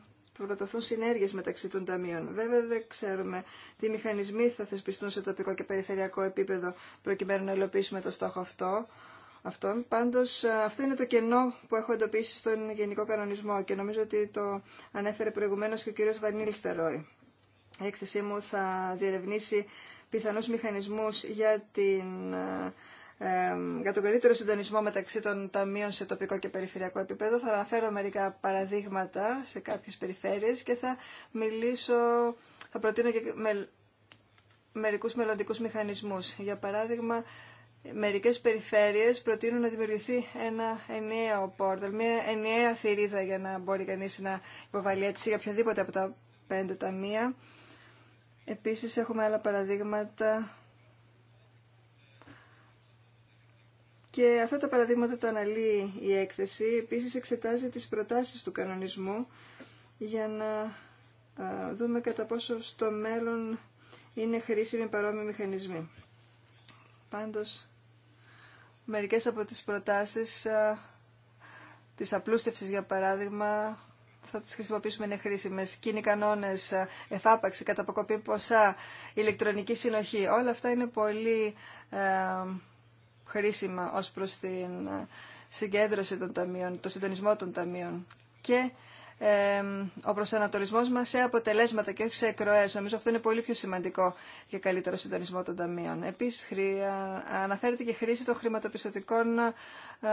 προταθούν συνέργειες μεταξύ των ταμείων. Βέβαια δεν ξέρουμε τι μηχανισμοί θα θεσπιστούν σε τοπικό και περιφερειακό επίπεδο προκειμένου να υλοποιήσουμε το στόχο αυτό. Αυτόν. Πάντως ε, αυτό είναι το κενό που έχω εντοπίσει στον Γενικό Κανονισμό και νομίζω ότι το ανέφερε προηγουμένως και ο κύριος Βανίλστερόι. Η έκθεσή μου θα διερευνήσει πιθανούς μηχανισμούς για την ε, για τον καλύτερο συντονισμό μεταξύ των ταμείων σε τοπικό και περιφερειακό επίπεδο. Θα αναφέρω μερικά παραδείγματα σε κάποιες περιφέρειες και θα μιλήσω, θα προτείνω και με, μερικούς μελλοντικούς μηχανισμούς. Για παράδειγμα, μερικές περιφέρειες προτείνουν να δημιουργηθεί ένα ενιαίο πόρταλ, μια ενιαία θηρίδα για να μπορεί κανείς να υποβάλει έτσι για οποιαδήποτε από τα πέντε ταμεία. Επίσης έχουμε άλλα παραδείγματα Και αυτά τα παραδείγματα τα αναλύει η έκθεση. Επίσης εξετάζει τις προτάσεις του κανονισμού για να δούμε κατά πόσο στο μέλλον είναι χρήσιμοι παρόμοιοι μηχανισμοί. Πάντως, μερικές από τις προτάσεις της απλούστευσης, για παράδειγμα, θα τις χρησιμοποιήσουμε είναι χρήσιμες. Κίνη κανόνες, εφάπαξη, καταποκοπή ποσά, ηλεκτρονική συνοχή. Όλα αυτά είναι πολύ χρήσιμα ως προς την ε, συγκέντρωση των ταμείων, το συντονισμό των ταμείων και ο προσανατολισμός μας σε αποτελέσματα και όχι σε εκροές. Νομίζω αυτό είναι πολύ πιο σημαντικό για καλύτερο συντονισμό των ταμείων. Επίσης, αναφέρεται και χρήση των χρηματοπιστωτικών ε,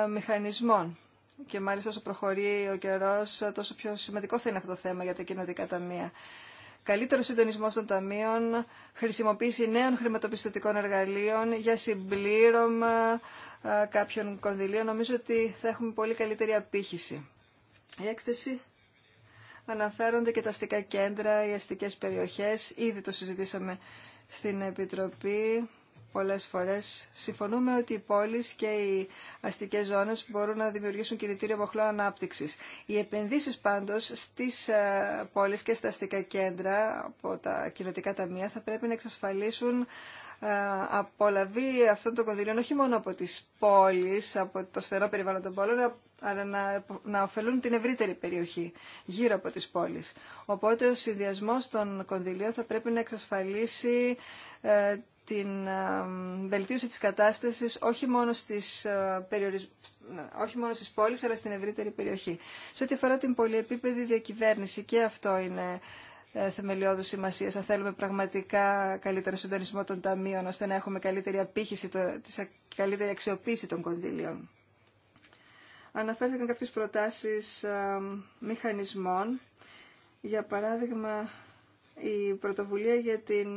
μηχανισμών. Και μάλιστα όσο προχωρεί ο καιρός, τόσο πιο σημαντικό θα είναι αυτό το θέμα για τα κοινωτικά ταμεία καλύτερο συντονισμό των ταμείων, χρησιμοποίηση νέων χρηματοπιστωτικών εργαλείων για συμπλήρωμα ε, κάποιων κονδυλίων. Νομίζω ότι θα έχουμε πολύ καλύτερη απήχηση. Η έκθεση αναφέρονται και τα αστικά κέντρα, οι αστικές περιοχές. Ήδη το συζητήσαμε στην Επιτροπή πολλές φορές συμφωνούμε ότι οι πόλεις και οι αστικές ζώνες μπορούν να δημιουργήσουν κινητήριο μοχλό ανάπτυξης. Οι επενδύσεις πάντως στις ε, πόλεις και στα αστικά κέντρα από τα κοινοτικά ταμεία θα πρέπει να εξασφαλίσουν ε, απολαβή αυτών των κονδυλίων όχι μόνο από τις πόλεις, από το στερό περιβάλλον των πόλων, αλλά να, να ωφελούν την ευρύτερη περιοχή γύρω από τις πόλεις. Οπότε ο συνδυασμός των κονδυλίων θα πρέπει να εξασφαλίσει ε, την βελτίωση της κατάστασης όχι μόνο στις, ε, περιορισ... όχι μόνο στις πόλεις αλλά στην ευρύτερη περιοχή. Σε ό,τι αφορά την πολυεπίπεδη διακυβέρνηση και αυτό είναι ε, θεμελιώδους σημασία. Αν θέλουμε πραγματικά καλύτερο συντονισμό των ταμείων ώστε να έχουμε καλύτερη απήχηση, καλύτερη αξιοποίηση των κονδύλιων. Αναφέρθηκαν κάποιες προτάσεις μηχανισμών. Για παράδειγμα, η πρωτοβουλία για την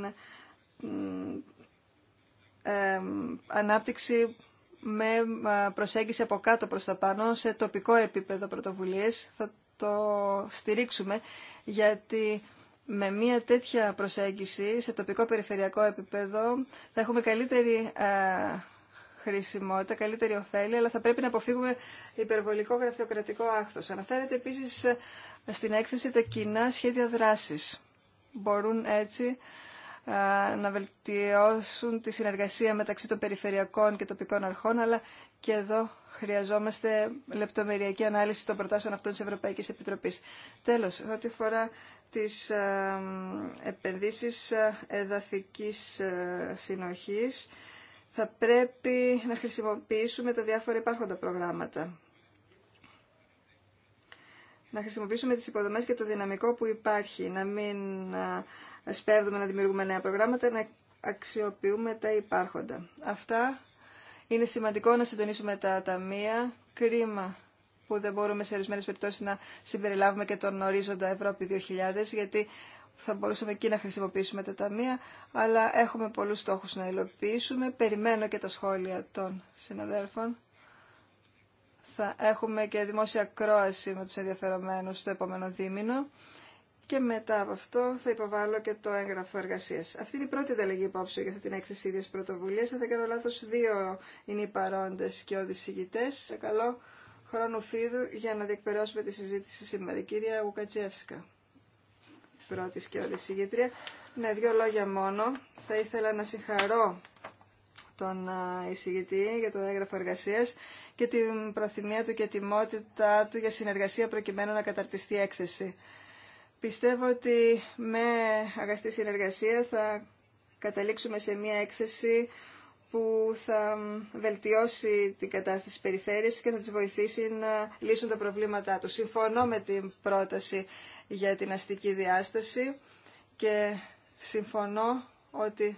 ανάπτυξη με προσέγγιση από κάτω προς τα πάνω σε τοπικό επίπεδο πρωτοβουλίες. Θα το στηρίξουμε γιατί με μια τέτοια προσέγγιση σε τοπικό περιφερειακό επίπεδο θα έχουμε καλύτερη χρησιμότητα, καλύτερη ωφέλη, αλλά θα πρέπει να αποφύγουμε υπερβολικό γραφειοκρατικό άχθος. Αναφέρεται επίσης στην έκθεση τα κοινά σχέδια δράσης. Μπορούν έτσι να βελτιώσουν τη συνεργασία μεταξύ των περιφερειακών και τοπικών αρχών, αλλά και εδώ χρειαζόμαστε λεπτομεριακή ανάλυση των προτάσεων αυτών της Ευρωπαϊκής Επιτροπής. Τέλος, ό,τι αφορά τις επενδύσεις εδαφικής συνοχής, θα πρέπει να χρησιμοποιήσουμε τα διάφορα υπάρχοντα προγράμματα. Να χρησιμοποιήσουμε τις υποδομές και το δυναμικό που υπάρχει, να μην σπέβδουμε να δημιουργούμε νέα προγράμματα, να αξιοποιούμε τα υπάρχοντα. Αυτά είναι σημαντικό να συντονίσουμε τα ταμεία. Κρίμα που δεν μπορούμε σε ορισμένε περιπτώσει να συμπεριλάβουμε και τον ορίζοντα Ευρώπη 2000, γιατί θα μπορούσαμε εκεί να χρησιμοποιήσουμε τα ταμεία, αλλά έχουμε πολλούς στόχους να υλοποιήσουμε. Περιμένω και τα σχόλια των συναδέλφων. Θα έχουμε και δημόσια κρόαση με τους ενδιαφερομένους στο επόμενο δίμηνο και μετά από αυτό θα υποβάλω και το έγγραφο εργασία. Αυτή είναι η πρώτη ανταλλαγή υπόψη για αυτή την έκθεση ίδια πρωτοβουλία. Αν δεν κάνω λάθο, δύο είναι οι παρόντε και Σε Καλό χρόνο φίδου για να διεκπαιρεώσουμε τη συζήτηση σήμερα. Η κυρία Ουκατζεύσκα, πρώτη και συγητρία. Με ναι, δύο λόγια μόνο, θα ήθελα να συγχαρώ τον εισηγητή για το έγγραφο εργασία και την προθυμία του και τιμότητά του για συνεργασία προκειμένου να καταρτιστεί έκθεση. Πιστεύω ότι με αγαστή συνεργασία θα καταλήξουμε σε μια έκθεση που θα βελτιώσει την κατάσταση της περιφέρειας και θα τις βοηθήσει να λύσουν τα προβλήματά τους. Συμφωνώ με την πρόταση για την αστική διάσταση και συμφωνώ ότι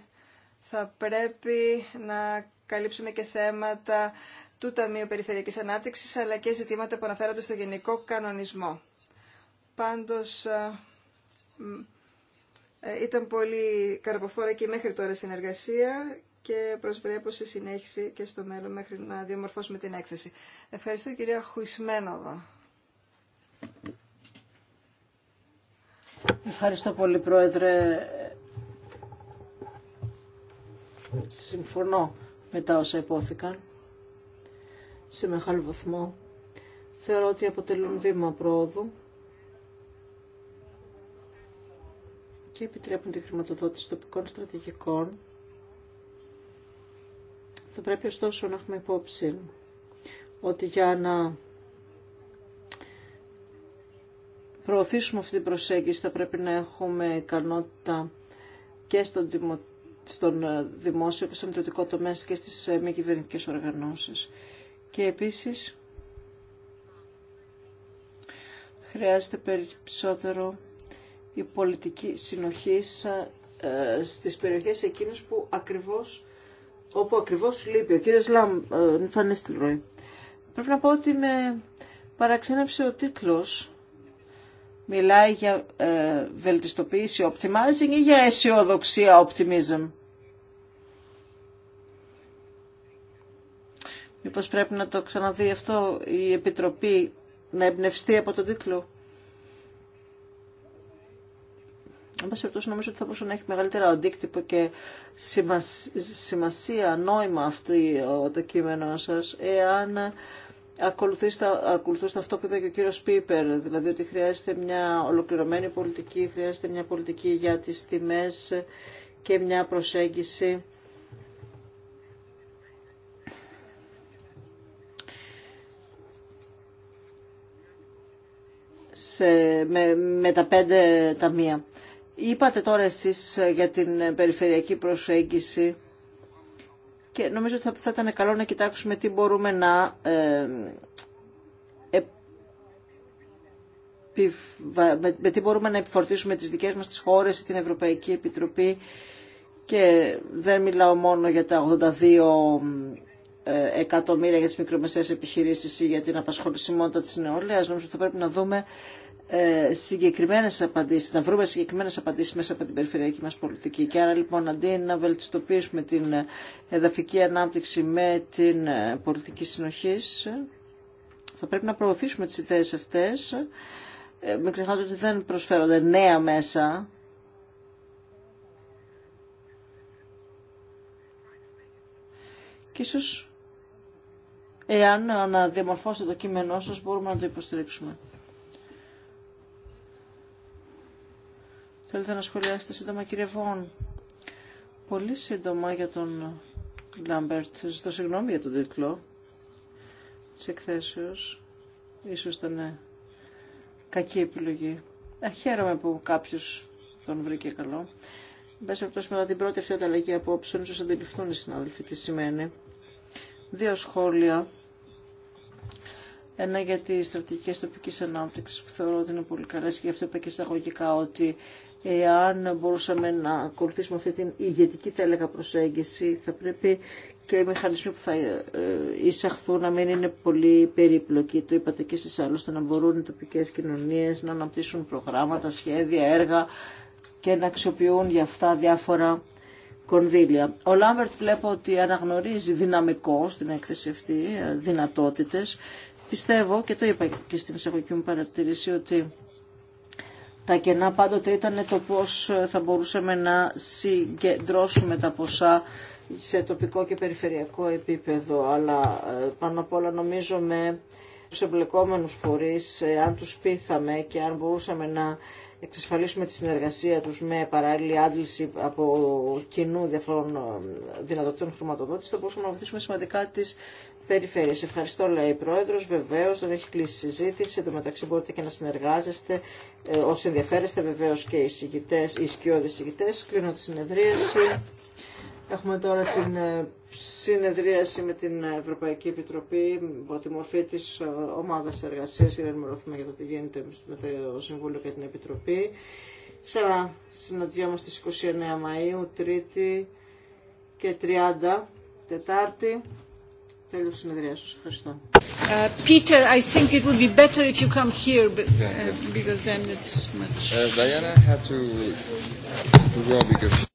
θα πρέπει να καλύψουμε και θέματα του Ταμείου Περιφερειακής Ανάπτυξης αλλά και ζητήματα που αναφέρονται στο Γενικό Κανονισμό. Πάντως ε, ε, ήταν πολύ καρποφόρα και μέχρι τώρα συνεργασία και προσβλέπω σε συνέχιση και στο μέλλον μέχρι να διαμορφώσουμε την έκθεση. Ευχαριστώ κυρία Χουισμένοβα. Ευχαριστώ πολύ Πρόεδρε. Συμφωνώ με τα όσα υπόθηκαν σε μεγάλο βαθμό. Θεωρώ ότι αποτελούν βήμα πρόοδου και επιτρέπουν τη χρηματοδότηση τοπικών στρατηγικών. Θα πρέπει ωστόσο να έχουμε υπόψη ότι για να προωθήσουμε αυτή την προσέγγιση θα πρέπει να έχουμε ικανότητα και στον, ε, δημόσιο και στον ιδιωτικό τομέα και στις ε, μη κυβερνητικέ οργανώσεις. Και επίσης χρειάζεται περισσότερο η πολιτική συνοχή ε, στις περιοχές εκείνες που ακριβώς, όπου ακριβώς λείπει. Ο κύριος Λαμ, ε, Φανίστηλροι. Πρέπει να πω ότι με παραξένεψε ο τίτλος. Μιλάει για ε, βελτιστοποίηση optimizing ή για αισιοδοξία optimism. Μήπως πρέπει να το ξαναδεί αυτό η Επιτροπή να εμπνευστεί από τον τίτλο. Εν πάση περιπτώσει, νομίζω ότι θα μπορούσε να έχει μεγαλύτερο αντίκτυπο και σημασία, νόημα αυτή το κείμενό σα, εάν ακολουθούσατε αυτό που είπε και ο κύριο Πίπερ, δηλαδή ότι χρειάζεται μια ολοκληρωμένη πολιτική, χρειάζεται μια πολιτική για τι τιμέ και μια προσέγγιση. Σε, με, με τα πέντε ταμεία. Είπατε τώρα εσείς ε, για την ε, περιφερειακή προσέγγιση και νομίζω ότι θα, ήταν καλό να κοιτάξουμε τι μπορούμε να ε, με, τι μπορούμε να επιφορτήσουμε τις δικές μας τις χώρες, την Ευρωπαϊκή Επιτροπή και δεν μιλάω μόνο για τα 82 ε, εκατομμύρια για τις μικρομεσαίες επιχειρήσεις ή για την απασχολησιμότητα της νεολαίας. Νομίζω ότι θα πρέπει να δούμε ε, συγκεκριμένες απαντήσεις, να βρούμε συγκεκριμένες απαντήσεις μέσα από την περιφερειακή μας πολιτική. Και άρα λοιπόν αντί να βελτιστοποιήσουμε την εδαφική ανάπτυξη με την ε, πολιτική συνοχής, θα πρέπει να προωθήσουμε τις ιδέες αυτές. Ε, μην ξεχνάτε ότι δεν προσφέρονται νέα μέσα και ίσως εάν αναδιαμορφώσετε το κείμενό σας μπορούμε να το υποστηρίξουμε. Θέλετε να σχολιάσετε σύντομα κύριε Βόν. Πολύ σύντομα για τον Λάμπερτ. Ζητώ συγγνώμη για τον τίτλο τη εκθέσεως. Ίσως ήταν ε, κακή επιλογή. Ε, χαίρομαι που κάποιο τον βρήκε καλό. Μπες από μετά την πρώτη αυτή ανταλλαγή απόψεων, ίσως αντιληφθούν οι συνάδελφοι τι σημαίνει. Δύο σχόλια. Ένα για τι στρατηγικέ τοπική ανάπτυξη που θεωρώ ότι είναι πολύ καλέ και γι' αυτό είπα και εισαγωγικά ότι εάν μπορούσαμε να ακολουθήσουμε αυτή την ηγετική θα έλεγα προσέγγιση θα πρέπει και οι μηχανισμοί που θα ε, εισαχθούν να μην είναι πολύ περίπλοκοι. Το είπατε και εσείς άλλωστε να μπορούν οι τοπικές κοινωνίες να αναπτύσσουν προγράμματα, σχέδια, έργα και να αξιοποιούν για αυτά διάφορα κονδύλια. Ο Λάμπερτ βλέπω ότι αναγνωρίζει δυναμικό στην έκθεση αυτή ε, δυνατότητες. Πιστεύω και το είπα και στην εισαγωγική μου παρατηρήση ότι τα κενά πάντοτε ήταν το πώς θα μπορούσαμε να συγκεντρώσουμε τα ποσά σε τοπικό και περιφερειακό επίπεδο, αλλά ε, πάνω απ' όλα νομίζω με τους εμπλεκόμενους φορείς, ε, αν τους πείθαμε και αν μπορούσαμε να εξασφαλίσουμε τη συνεργασία τους με παράλληλη άντληση από κοινού διαφορών ε, δυνατοτήτων χρηματοδότηση, θα μπορούσαμε να βοηθήσουμε σημαντικά τις σε Ευχαριστώ, λέει η Πρόεδρος. βεβαίω. δεν έχει κλείσει η συζήτηση. Εν τω μεταξύ μπορείτε και να συνεργάζεστε ε, όσοι ενδιαφέρεστε. βεβαίω και οι, συγητές, οι Κλείνω τη συνεδρίαση. Έχουμε τώρα την ε, συνεδρίαση με την Ευρωπαϊκή Επιτροπή από τη μορφή τη ε, ομάδα εργασία για να ενημερωθούμε για το τι γίνεται με το Συμβούλιο και την Επιτροπή. Ξανά συναντιόμαστε 29 Μαου Τρίτη και 30 Τετάρτη τέλος της συνεδρίας. Σας ευχαριστώ. Peter, I think it would be better if you come here, but, uh, because then it's much... Uh, Diana had to, to go because...